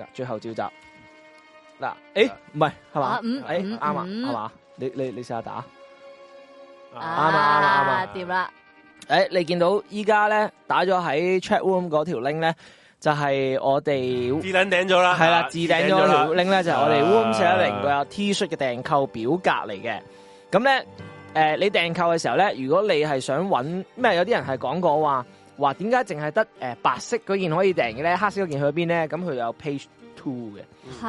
嗱，最後召集，嗱、嗯，誒、欸，唔係係嘛，啱啊，係、嗯、嘛？你你你試下打，啱啊啱啊啱啊，掂啦！誒、啊欸，你見到依家咧打咗喺 chat room 嗰條 link 咧，就係、是、我哋自頂頂咗啦，係啦，自頂咗條 link 咧就係、是、我哋 room 四一零嘅 T 恤嘅訂購表格嚟嘅，咁、啊、咧。誒、呃，你訂購嘅時候咧，如果你係想揾咩？有啲人係講過話話點解淨係得誒白色嗰件可以訂嘅咧？黑色嗰件去邊咧？咁佢有 page two 嘅，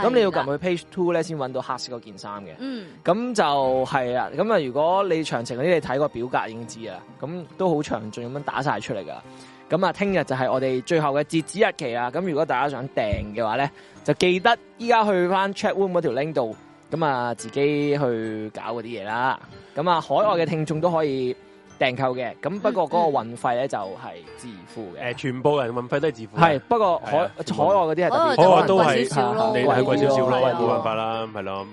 咁、嗯、你要撳去 page two 咧，先揾到黑色嗰件衫嘅。嗯，咁就係、是、啊。咁啊，如果你詳情嗰啲，你睇個表格已經知啦。咁都好詳盡咁樣打晒出嚟噶。咁啊，聽日就係我哋最後嘅截止日期啦。咁如果大家想訂嘅話咧，就記得依家去翻 chat room 嗰條 link 度，咁啊自己去搞嗰啲嘢啦。咁、嗯、啊，海外嘅聽眾都可以訂購嘅，咁不過嗰個運費咧就係自付嘅、嗯嗯。全部人運費都係自付。係，不過海海外嗰啲人，海外都係，你係貴少少咯，冇、啊、辦、啊啊、法啦，係咯。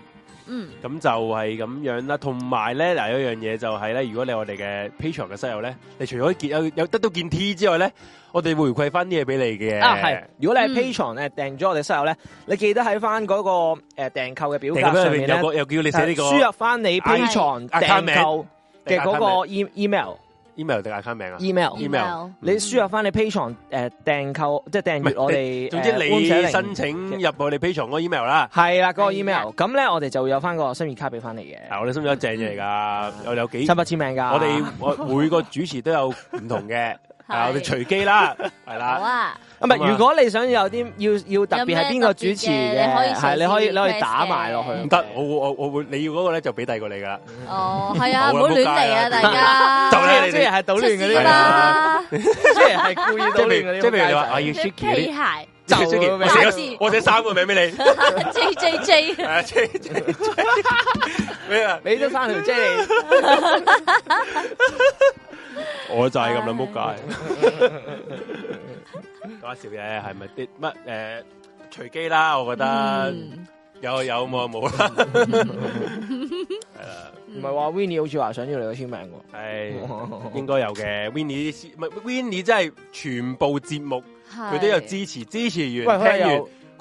嗯，咁就係咁樣啦，同埋咧，嗱有一樣嘢就係、是、咧，如果你我哋嘅 Patreon 嘅室友咧，你除咗見有有得到件 T 之外咧，我哋回饋翻啲嘢俾你嘅。啊，係，如果你係 Patreon 咧、嗯、訂咗我哋室友咧，你記得喺翻嗰個誒訂購嘅表格上面有個又叫你寫呢個輸入翻你 Patreon 訂、啊、購嘅嗰、那個 e email。email 定 account 名啊？email email，、e mm -hmm. 你輸入翻、呃、你 Patreon 誒訂購即係訂閱我哋。總之你申請入我哋 Patreon 嗰 email 啦、呃。係、那、啦、個 e，嗰 email，咁咧我哋就會有翻個心意卡俾翻你嘅、啊。我哋心擬有正嘢噶，有有幾七八千名噶、啊。我哋我每個主持都有唔同嘅、 啊，我哋隨機啦，係 啦。好啊。唔係，如果你想有啲要要特別係邊個主持嘅，係你可以你可以打埋落去，唔得，我我我會你要嗰個咧就俾第二個你噶啦。哦，係啊，唔好亂嚟啊，大家。就係，即係係搗亂嗰啲。即係係故意搗亂嗰啲。即係譬如你話，我要 chicky。就 chicky。我寫三個名俾你。J J J。誒，J J J。咩啊？你都三條 J 嚟。我就係咁啦，撲街。講笑嘢係咪啲乜，誒，隨機啦？我覺得有啊、嗯，有冇冇啦，係啦。唔係話 Winnie 好似話想要你個簽名喎，啊，係應該有嘅。Winnie 唔係 Winnie，真係全部節目佢都有支持支持完。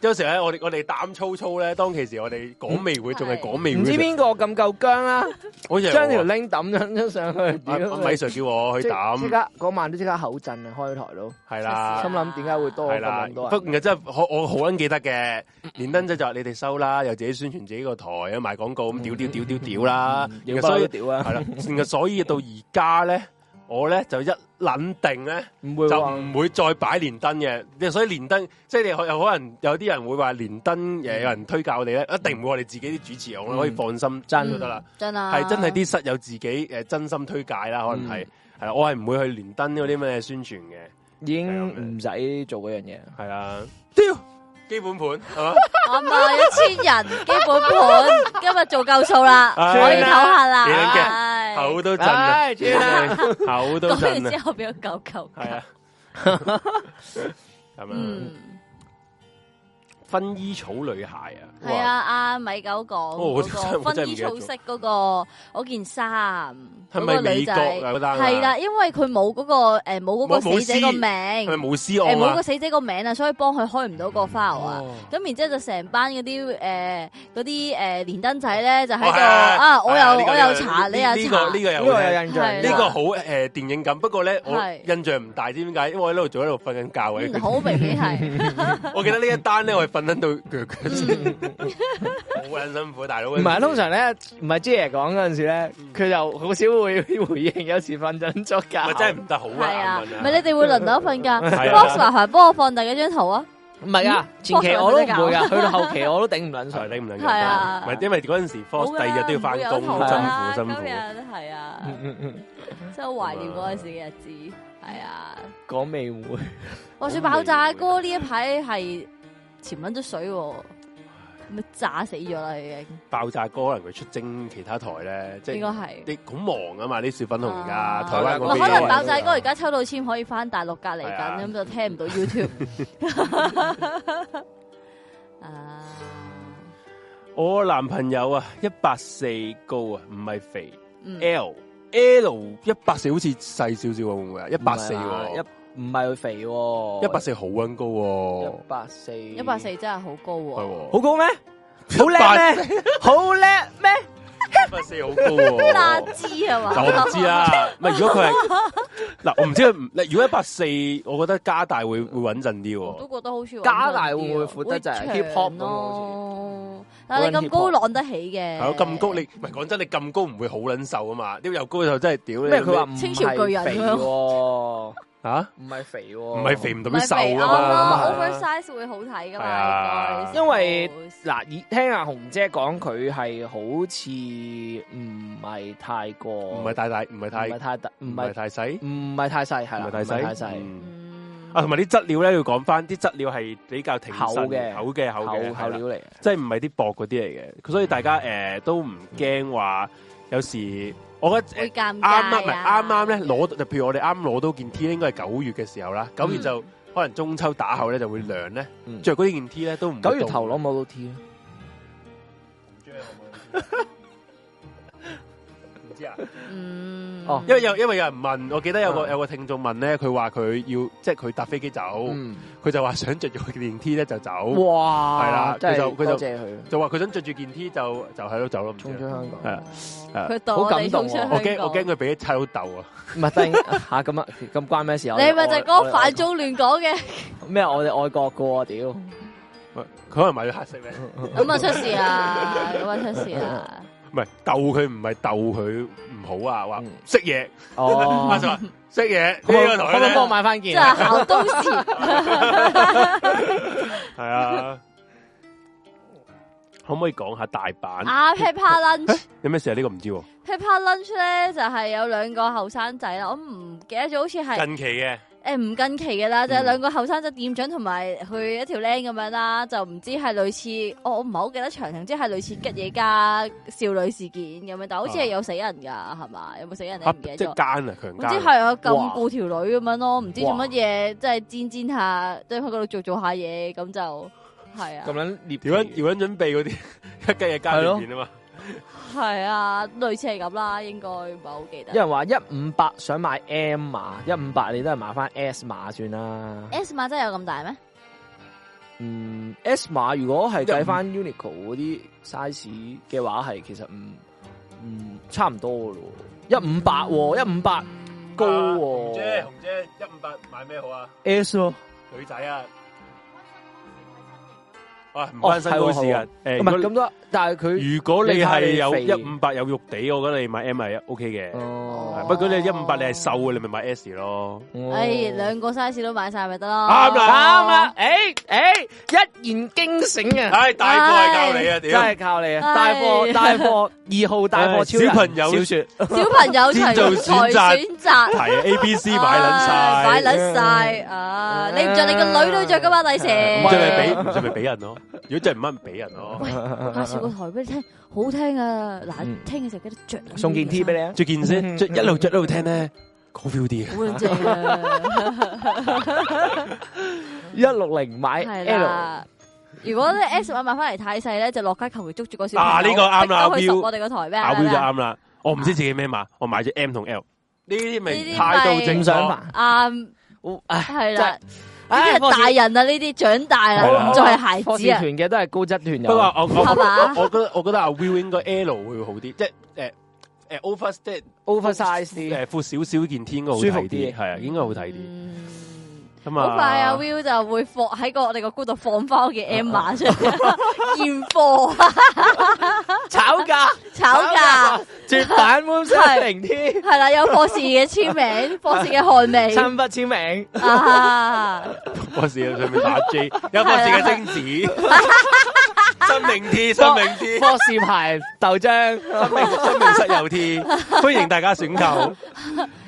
有時咧，我哋我哋膽粗粗咧，當其時我哋講味會仲係講味會，唔知邊個咁夠薑啦，將條 link 抌咗上去。阿米 Sir 叫我去抌，即刻嗰晚都即刻口震啊，開台咯。係啦，心諗點解會多咗咁多？不過真係我我好撚記得嘅，連登仔就話你哋收啦，又自己宣傳自己個台啊，賣廣告咁屌屌屌屌屌啦，然後收屌啊，係啦，然後所以到而家咧。我咧就一捻定咧，不會就唔會再擺連登嘅。所以連登，即係你有可能有啲人會話連登，誒，有人推介我哋咧，嗯、一定唔會我哋自己啲主持人，我可以放心真就得啦。真啊，係真係啲室友自己誒、呃，真心推介啦，可能係係、嗯，我係唔會去連登嗰啲咩宣傳嘅，已經唔使做嗰樣嘢、啊，係啦。基本盤係嘛，我 有一千人基本盤， 今日做夠數啦， 可以唞下啦，口、哎哎、都震啊，口、哎、都震啊，哎、震 完之後俾咗九球，係啊，係 咪嗯，薰衣草女孩啊，係啊，阿、啊、米九講嗰個薰、哦、衣草色嗰，那個嗰件衫。係咪美國啊？嗰單係啦，因為佢冇嗰個誒冇嗰個死者個名字，佢冇屍案啊，係、欸、冇個死者個名字啊，所以幫佢開唔到個 file 啊。咁、哦、然之後，後就成班嗰啲誒嗰啲誒連登仔咧就喺度、哦、啊，啊！我有，、啊這個、有我又查，這個、你又呢、這個呢、這個這個有印象，呢、這個好誒、呃、電影感。不過咧，我印象唔大，知點解？因為我喺度做喺度瞓緊覺嘅，好明顯係。我記得呢一單咧，我係瞓得到好 辛苦，大佬。唔係通常咧，唔係 Jie 講嗰陣時咧，佢就好少。會回應，有時瞓陣作假，真係唔得好啊！唔係、啊、你哋會輪到瞓覺，Fox 還幫我放第一張圖啊！唔係啊、嗯，前期我都唔會噶， 去到後期我都頂唔順床，頂唔順。係啊，唔係、啊啊、因為嗰陣時 Fox、啊、第二日都要翻工、啊，辛苦辛苦。今日，係啊， 真係好懷念嗰陣時嘅日子。係啊，講未，未會，話說爆炸哥呢一排係潛翻咗水、啊。炸死咗啦已經！爆炸哥可能佢出征其他台咧，即係應該係。你咁忙啊嘛，啲小粉紅而家、啊、台灣嗰邊可能爆炸哥而家抽到簽可以翻大陸隔籬緊，咁、啊、就聽唔到 YouTube 啊！我男朋友啊，嗯、L, L, 一百四高啊，唔係肥，L L 一百四好似細少少啊，會唔會啊？一百四。唔係佢肥，一百四好温高。一百四，一百四真係好高，係好高咩？好叻咩？好叻咩？一百四好高，我唔知係嘛，我唔知啦。唔係如果佢係嗱，我唔知如果一百四，我覺得加大會會穩陣啲。我都覺得好似加大會會 hop 咯。但係你咁高攞得起嘅，係咁高你？唔係講真，你咁高唔會好撚瘦啊嘛？啲又高又真係屌你咩？佢話清朝巨人啊，唔係肥，唔係肥唔同啲瘦咯，oversize 會好睇噶嘛，啊這個？因為嗱，聽阿紅姐講，佢係好似唔係太過，唔係太大，唔係太唔係太唔係太細，唔係太細，係啦，太係太細，嗯，啊，同埋啲質料咧要講翻，啲質料係比較挺身嘅，厚嘅厚嘅厚，厚，厚料嚟，即係唔係啲薄嗰啲嚟嘅，所以大家誒、嗯呃、都唔驚話，有時。我覺得啱啱唔係啱啱咧攞，就譬如我哋啱攞到件 T 應該係九月嘅時候啦，九月就、嗯、可能中秋打後咧就會涼咧，着、嗯、嗰件 T 咧都唔九月頭攞冇到 T 啊。唔知。哦、嗯，因為有因為有人問，我記得有個有個聽眾問咧，佢話佢要即係佢搭飛機走，佢、嗯、就話想着住件 T 咧就走，哇，係啦，佢就佢就就話佢想着住件 T 就就係走咯，唔知啊，係啊，好感動，我驚我驚佢俾啲臭豆啊，唔係，吓咁啊咁關咩事啊？啊啊啊啊啊事 你咪就講反中亂講嘅咩？我哋愛國噶、啊，屌、啊，佢可能買咗黑色咩？咁啊出事啊，咁啊出事啊！ 唔係逗佢，唔係逗佢唔好啊！話識嘢哦，乜錯？識嘢呢個我都幫我買翻件，即係校都市。係 啊，可唔可以講下大阪啊 Pepper Lunch、欸、你有咩事啊？呢、這個唔知喎。Pepper Lunch 咧就係有兩個後生仔啦，我唔記得咗好似係近期嘅。誒、欸，唔近期嘅啦，就、嗯、兩個後生仔店長同埋佢一條僆咁樣啦，就唔知係類似，我唔係好記得詳情即係、就是、類似吉野家少女事件咁樣，但好似係有死人噶，係、啊、嘛？有冇死人咧？唔、啊、記得咗、啊。即奸啊，強奸。總係啊，禁錮條女咁樣咯，唔知做乜嘢，即係煎煎下，即係喺嗰度做做下嘢，咁就係啊。咁樣獵，緊準備嗰啲 吉野家嘛。係啊，類似係咁啦，應該唔係好記得。有人話一五八想買 M 碼，一五八你都係買翻 S 碼算啦。S 碼真係有咁大咩？嗯，S 碼如果係計翻 Uniqlo 嗰啲 size 嘅話，係其實唔唔差唔多嘅咯。一五八，一五八高、哦。紅、嗯啊、姐，紅姐，一五八買咩好啊？S 喎、哦，女仔啊。唔關心嗰啲事啊！誒，唔係咁多，但係佢如果你係有一五八有肉地，我覺得你買 M 係 OK 嘅。哦，不過你一五八你係瘦嘅，你咪買 S 咯。哎，兩個 size 都買晒咪得咯？啱啦，啱啦。誒誒，一言驚醒啊！係大貨靠你啊，點真係靠你啊！大貨大貨，二號大貨，超小朋友小說，小朋友做選擇題 ABC 買捻晒，買捻晒啊！你唔着，你個女女着噶嘛？第時唔着咪俾，唔着咪俾人咯。如果真係唔啱，俾人咯。喂，介紹個台俾你聽，好聽啊！嗱，聽嘅時候記得着。送件 T 俾你，着件先，着一路着一路聽咧，高 feel 啲。好正啦，一六零買係 L。如果咧 S 碼買翻嚟太細咧，就落街求其捉住個小。啊，呢個啱啦，標我哋個台咩？標就啱啦。我唔知自己咩碼，我買咗 M 同 L。呢啲咪態度正常嘛？啱，係啦。啲大人啊，呢、哎、啲長大啦，唔再係孩子啊。團嘅都係高質團，不過我我，我覺得我覺得阿 Will 應該 L 會好啲，即係誒誒 over size，over size 啲，誒闊少少件天會好啲，係啊，應該好睇啲。嗯。好快啊，啊！Will 就會放喺、那個，個放我哋個罐度放翻我嘅 m m a、啊、出嚟驗貨、啊、 炒價炒價、啊、絕版 m o n s n 天係啦，有博士嘅簽名， 博士嘅汗味，親筆簽名。名啊、 博士上面打 J，有博士嘅精子，新明 T，新明 T，博士牌豆漿，新 明，新名室友 T。歡迎大家選購。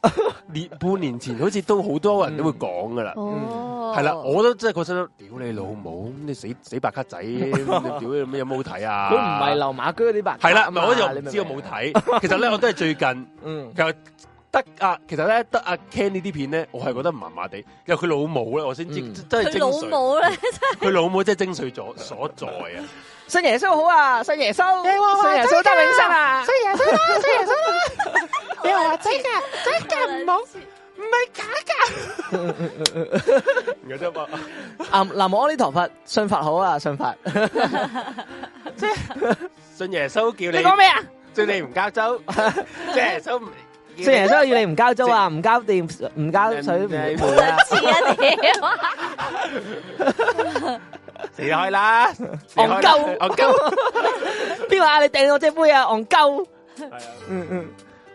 年 半年前好似都好多人都會講噶啦，係、嗯、啦、哦，我都真係覺得屌你老母，你死死白卡仔，屌你，你有冇睇啊？佢唔係《劉馬居》嗰啲白，係、嗯、啦，咪我就唔知道冇睇。其實咧，我都係最近， 嗯、其實得阿、啊、其實咧得阿、啊、Ken 呢啲片咧，我係覺得麻麻地，因為佢老母咧，我先知、嗯、真係。佢老母咧，佢 老母真係精髓咗，所在啊！ 信耶穌好啊，信耶穌，信耶穌得永生啊，信耶穌啦，信耶穌啦，你話真噶，真噶，唔好，唔係假噶，唔得嘛，啊，南無阿彌陀佛，信佛好啊，信佛，信耶穌叫你，你講咩啊？信你唔交租，信耶穌唔，信耶穌要你唔交租啊，唔交電，唔交水，唔交錢啊你。死開啦！戇鳩，戇鳩，邊話你掟我隻杯啊？戇鳩，係啊，嗯嗯。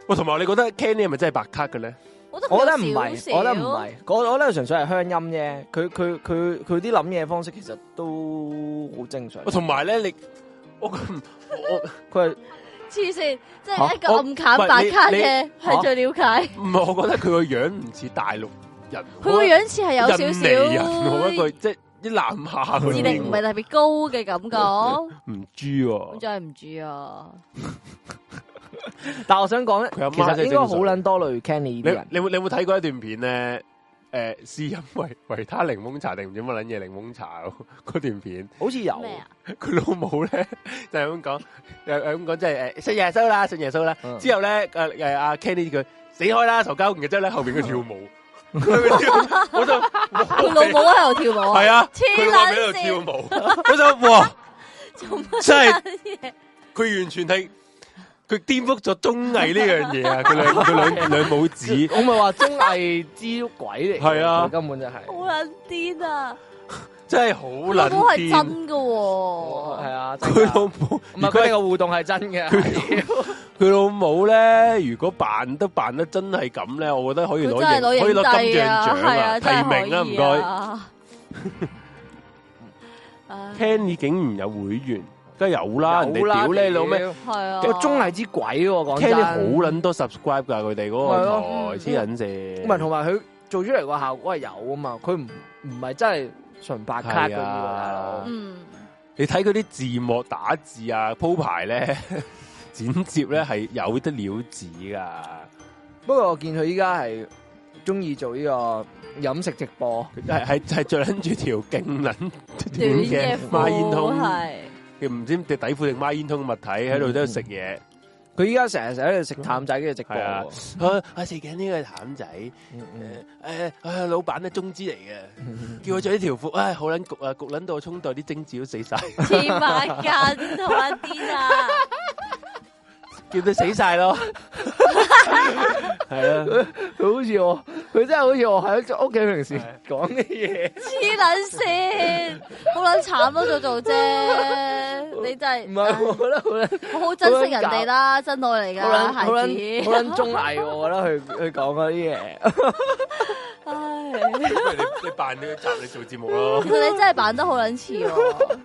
喂，同埋你覺得 Kenny 係咪真係白卡嘅咧？我覺得唔係，我覺得唔係，我我覺得純粹係鄉音啫。佢佢佢佢啲諗嘢方式其實都好正常。我同埋咧，你我我佢係黐線，即係一個暗砍白卡嘅，係最了解。唔係，我覺得佢個樣唔似大陸人，佢個樣似係有少少。人，我一句即。啲男下佢，智力唔係特別高嘅感覺，唔 知，啊、真係唔知啊 ！ 但係我想講咧，其實應該好捻多類 Kenny 啲，你有你有睇過一段片咧？誒、呃，試飲維他檸檬茶定唔知乜捻嘢檸檬茶嗰 段片好似有，佢老母咧就係咁講，又咁講，即係誒信耶穌啦，信耶穌啦！嗯、之後咧誒阿 Kenny 佢死開啦，嘈交！」然之後咧後邊佢跳舞。佢 跳 就，佢老母喺度跳舞啊！係啊，黐捻佢喺度跳舞。嗰陣、啊、 哇，真係佢完全係佢顛覆咗綜藝呢樣嘢啊！佢兩佢兩兩母子， 我咪話綜藝之鬼嚟，係啊，根本就係好捻癲啊！真係好撚，老母係真嘅喎。係啊，佢老母而家嘅互動係真嘅。佢老母咧，如果扮都扮得真係咁咧，我覺得可以攞嘢、啊！可以攞金像獎啊！啊提名啦、啊，唔該、啊。啊、 Kenny 竟然有會員，梗係有，有啦，人哋屌你老咩？個綜藝之鬼喎，講、啊啊、真，好撚多 subscribe 㗎，佢哋嗰個台黐撚線。唔係同埋佢做出嚟個效果係有啊嘛，佢唔唔係真係。純白卡都、啊、嗯，你睇佢啲字幕打字啊，鋪排咧，剪接咧係有得了止噶。不過我見佢依家係中意做呢個飲食直播是，係係係着緊住條勁捻短嘅孖煙筒，係佢唔知隻底褲定孖煙筒嘅物體喺度都度食嘢。嗯佢依家成日成日喺度食淡仔嘅直播、嗯啊，啊！我食緊呢個淡仔，誒、啊、誒、啊啊，老闆都中資嚟嘅，叫我着呢條褲，唉、哎，好撚焗啊，焗撚到我充袋啲精子都死晒，黐八筋，我 癲啊！Dina. 叫佢死晒咯， 係 對啊！佢 好似我，佢真係好似我喺屋企平時講嘅嘢。黐捻線，好捻慘咯，做做啫。你真係唔係，我覺得好捻，我好珍惜人哋啦，真愛嚟噶，好捻好捻好捻綜藝，我，我，中我覺得佢佢講啲嘢。唉， 你你扮啲雜，你做節目咯 你真係扮得好捻似哦。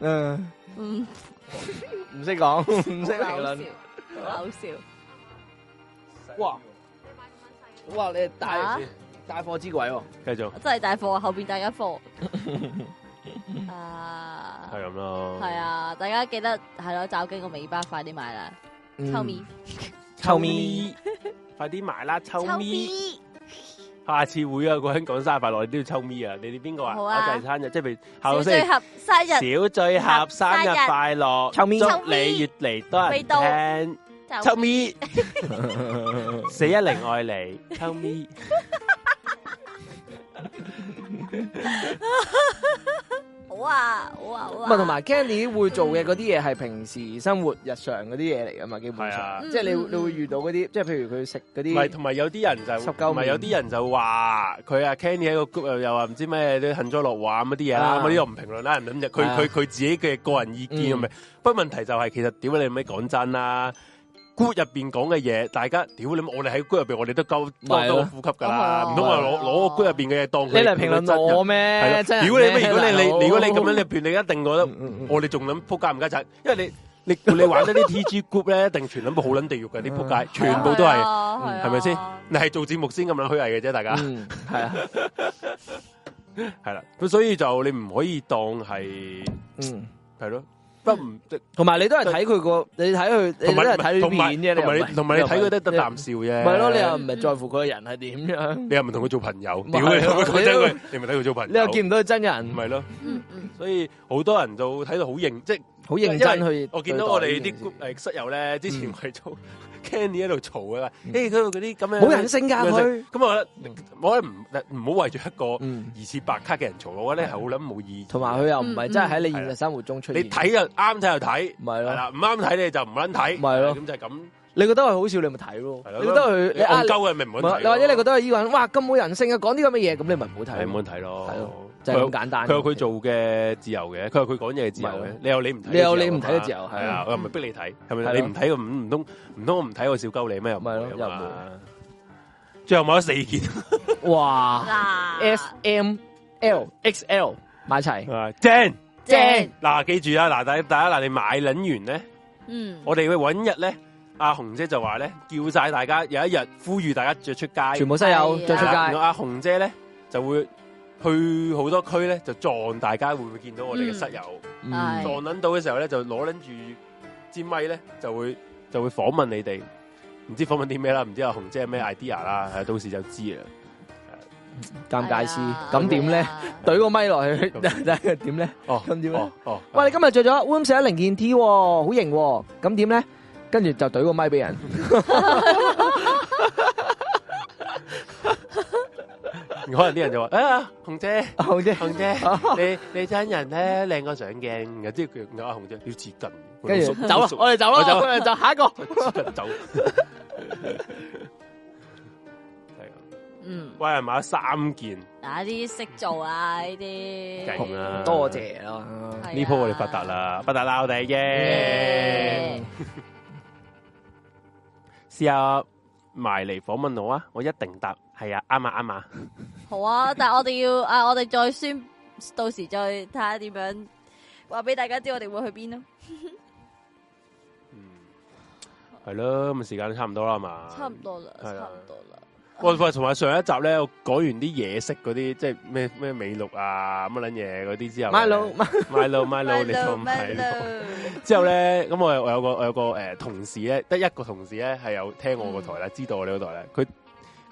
嗯嗯。唔識講，唔識評論，好笑有趣。哇、 嗯！哇！你係大大貨之鬼喎，繼續。真係大貨，後邊大一貨。啊，係咁咯。係、 uh, 啊，大家記得係咯，找幾個尾巴，快啲買啦！臭、嗯、咪，臭咪， 抽米 快啲買啦！臭咪。 下次會啊！個香港生日快樂你都要抽咪啊！你哋邊個啊？好啊，我就係生日，即係譬如後生少最合生日快樂，抽咪，祝你越嚟越嚟多人聽，抽咪，四一零愛你，抽咪。哇！哇！唔係同埋 Candy 會做嘅嗰啲嘢係平時生活、嗯、日常嗰啲嘢嚟㗎嘛，基本上、啊、即係你你會遇到嗰啲即係譬如佢食嗰啲，唔係同埋有啲人就唔係有啲人就話佢、那個、啊 Candy 喺個 group 又又話唔知咩啲幸災樂禍咁啲嘢啦，嗰啲我唔評論啦，唔諗嘅，佢佢佢自己嘅個人意見係咪、嗯？不過問題就係、是、其實點解你唔可以講真啦。group 入邊講嘅嘢，大家屌你，我哋喺 group 入邊，我哋都夠多到呼吸噶啦，唔通我攞攞 group 入邊嘅嘢當你嚟評論我咩？係咯，屌你！如果你你如果你咁樣，你判你一定，覺得我我哋仲諗扑街唔家陣，因為你你你玩得啲 TG group 咧，一定全諗部好撚地獄嘅啲扑街，全部都係，係咪先？你係做節目先咁樣虛偽嘅啫，大家係啊，係啦，咁所以就你唔可以當係，嗯，係咯。不唔，同、就、埋、是、你都係睇佢個，你睇佢，你都係睇面啫。同埋，同埋，你睇佢得得啖笑啫。唔係咯，你又唔係在乎佢個人係點樣？你又唔同佢做朋友，屌佢，啊，你唔睇佢做朋友。你又見唔到佢真人？唔係咯，所以好、嗯、多人就睇到好認，即係好認真去。我見到我哋啲誒室友咧，之前係做。嗯 Candy 喺度嘈啊！誒，佢嗰啲咁樣冇人性㗎佢。咁我覺得，我咧唔唔好為咗一個疑似白卡嘅人嘈，我咧係好撚冇意義。同埋佢又唔係真係喺你現實生活中出現、嗯嗯。你睇就啱睇就睇，係啦，唔啱睇你就唔撚睇，咪咯。咁就係咁。你覺得佢好笑，你咪睇咯。你覺得佢戇鳩嘅，咪唔好睇。或者你覺得依個人哇咁冇人性啊，講啲咁嘅嘢，咁你咪唔好睇。係唔好睇咯，係咯，就係咁簡單。佢有佢做嘅自由嘅，佢有佢講嘢自由嘅。你有你唔睇，你有你唔睇嘅自由係啊，我又唔係逼你睇，係咪？你唔睇，我唔唔通唔通我唔睇我笑鳩你咩？咪咯，又唔係。最後買咗四件，哇！S M L X L 買齊。正正嗱，記住啦，嗱大大家嗱，你買撚完咧，嗯，我哋會揾日咧。阿紅姐就話咧，叫晒大家有一日呼籲大家着出街，全部室友着出街。阿紅姐咧就會去好多區咧，就撞大家會唔會見到我哋嘅室友？嗯嗯撞捻到嘅時候咧，就攞捻住支咪咧，就會就會訪問你哋，唔知訪問啲咩啦，唔知阿紅姐係咩 idea 啦，到時就知啦。尷尬師，咁點咧？懟、哎、個咪落去，點咧？哦，咁點咧？哦，喂，哦、你今日着咗 wooms 零件 T，、哦、好型、哦，咁點咧？跟住就懟個麥俾人，可能啲人就話：啊，紅姐，紅姐，紅姐，你你真人咧靚過上鏡，有啲叫阿紅姐要接近，跟住走啦，我哋走啦，走啦，走下一個，走，係啊，嗯，喂係買咗三件，啊啲識做啊呢啲，多謝咯，呢鋪我哋發達啦，發達啦我哋嘅。試下埋嚟訪問我啊，我一定答。係啊，啱啊，啱啊。好啊，但係我哋要啊，我哋再宣，到時再睇下點樣，話俾大家知我哋會去邊咯。嗯，係咯，咁時間都差唔多啦嘛，差唔多啦，差唔多啦。喂喂，同埋上一集咧，我講完啲嘢食嗰啲，即係咩咩美祿啊，乜捻嘢嗰啲之後，my 你都唔之後咧，咁我我有個我有個誒同事咧，得一個同事咧係有聽我個台啦，知道我呢個台啦。佢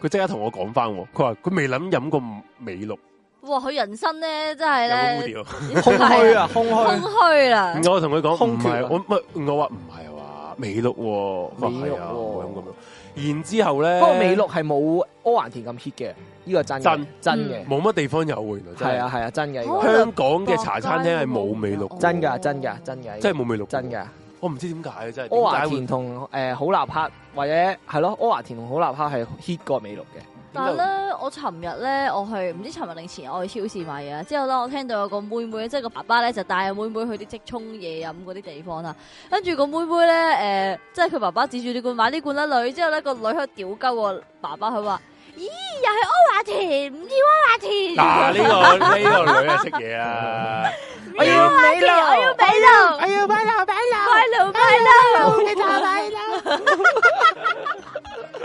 佢即刻同我講翻，佢話佢未諗飲過美祿。哇，佢人生咧真係咧，空虛啊， 空虛啦，嗯。我同佢講空係，我我話唔係話美祿、哦，喎、哦。係啊，咁咁、哦。然之後咧，嗰、這個美祿係冇阿華田咁 hit 嘅，呢個真真真嘅，冇、嗯、乜地方有喎，原來真係啊係啊，是啊是真嘅，哦這個。香港嘅茶餐廳係冇美祿、哦，真㗎真㗎真嘅，真係冇美祿，真㗎。我唔知點解啊，真係阿華田同誒、呃、好立克或者係咯，阿華田同好立克係 hit 過美祿嘅。但係咧，我尋日咧，我去唔知尋日定前我去超市買嘢，之後咧，我聽到有個妹妹，即係個爸爸咧就帶妹妹飲飲個妹妹去啲即沖嘢飲嗰啲地方啦。跟住個妹妹咧，誒，即係佢爸爸指住呢罐買呢罐拉女，之後咧個女去屌鳩個爸爸，佢話：咦，又係歐華田，唔知歐華田，嗱，呢個呢個女食嘢啊 我要！我要俾樓，我要俾樓，我要俾樓，俾樓，俾樓，俾樓，俾樓，啊！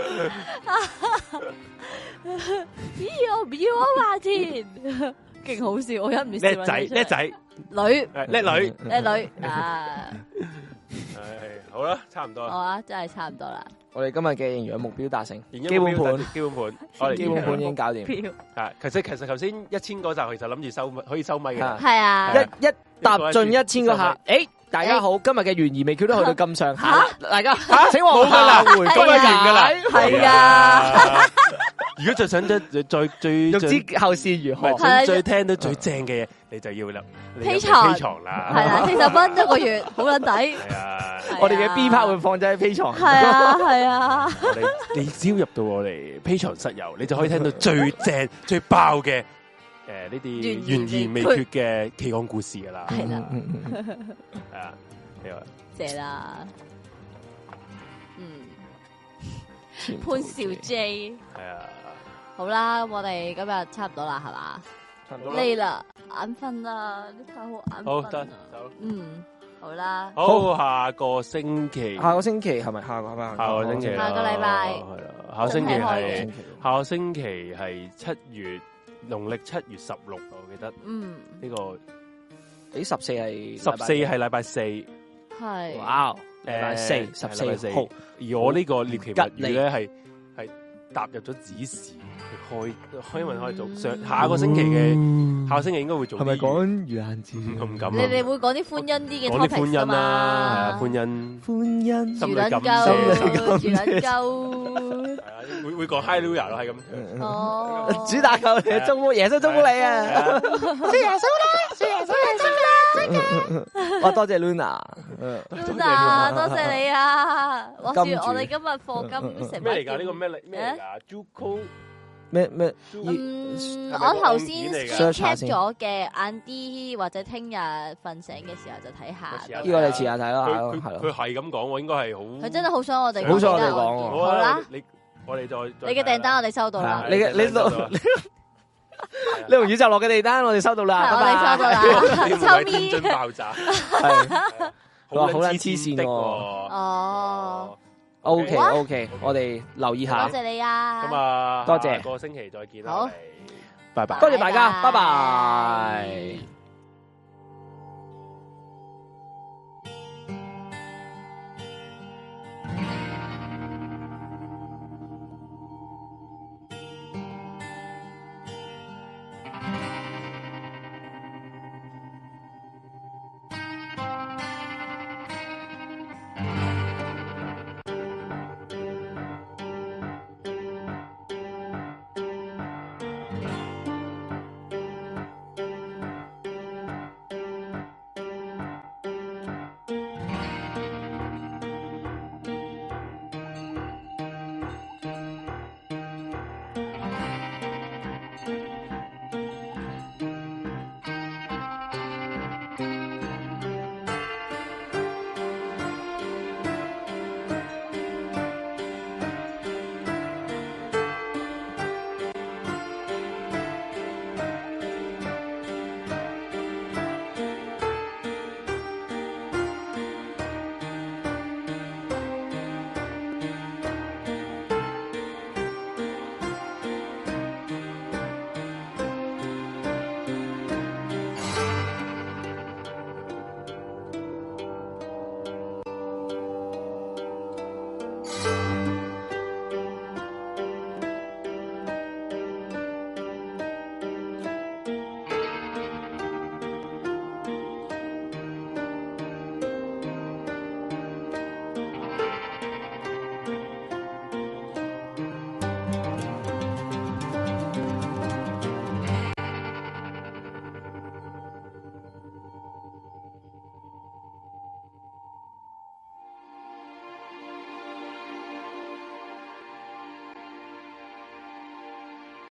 要唔要啊？話錢，啊，勁好笑，我一唔識。叻仔，叻仔，女，叻女，叻 女，啊！唉、 哎，好啦，差唔多啦。我啊，真係差唔多啦。我哋今日嘅營養目標達成，成，基本盤，基本盤，我哋基本盤已經搞掂。係 其實其實頭先一千個就其實諗住收米可以收米嘅，係啊，啊，啊，一一踏進一千個客。誒。欸大家好，hey. 今日嘅懸疑未決都去到咁上下，大家，請我好台。冇難回咁完噶啦，係 啊。啊啊啊 如果就想咗再最欲知後事如何，啊、最聽到最正嘅嘢， 你就要啦。Patreon，Patreon 啦，係啦，四十蚊一個月，好撚抵。係 啊，啊 我哋嘅 B part 會放咗喺 Patreon。係啊，係啊，啊 你。你只要入到我哋 Patreon 室友，你就可以聽到最正 最爆嘅。誒、呃，呢啲懸而未決嘅奇案故事噶啦，係啦，係啊， 謝啦，嗯， 潘兆 J，係啊，好啦，我哋今日差唔多啦，係嘛，差唔多啦，累啦，眼瞓啦，啲眼好眼瞓，嗯，好啦，好，下個星期，下個星期係咪下個係咪下個星期，下個禮拜，係啦，下個星期，下個星期係、哦哦、七月。農曆七月十六，我記得，嗯，呢個，誒、十四係十四係禮拜四，係，哇、wow,，禮、哎、拜四十四四，而我個呢個獵奇物語咧係係踏入咗子時。開開文可以做上下個星期嘅，下個星期應該會做係咪講魚眼字同感？你哋會講啲歡欣啲嘅 topic 啊？係啊，歡欣歡欣，住緊夠，住緊夠，係啊，會會講 Hi Luna 咯，係咁。哦，主打救，祝福耶穌祝福你啊！謝耶穌啦，謝耶穌，真嘅，真嘅。哇，多謝 Luna，Luna，多謝你啊！我我哋今日課金成咩嚟？噶呢個咩嚟？咩嚟？啊，Joo Co。咩、嗯、咩？我頭先 search 咗嘅，晏啲或者聽日瞓醒嘅時候就睇下。呢個你遲下睇咯，係佢係咁講，應該係好。佢真係好想我哋、嗯。好講。好啦，你我哋就你嘅訂單我哋收到啦。你你落你同宇宙落嘅訂單我哋收到啦。 我哋收到啦。 天津爆炸。好 啦對，黐線我。哦。O K O K，我哋留意下。多謝你啊！咁啊，多謝，下個星期再見啦，拜拜。多謝大家，拜拜。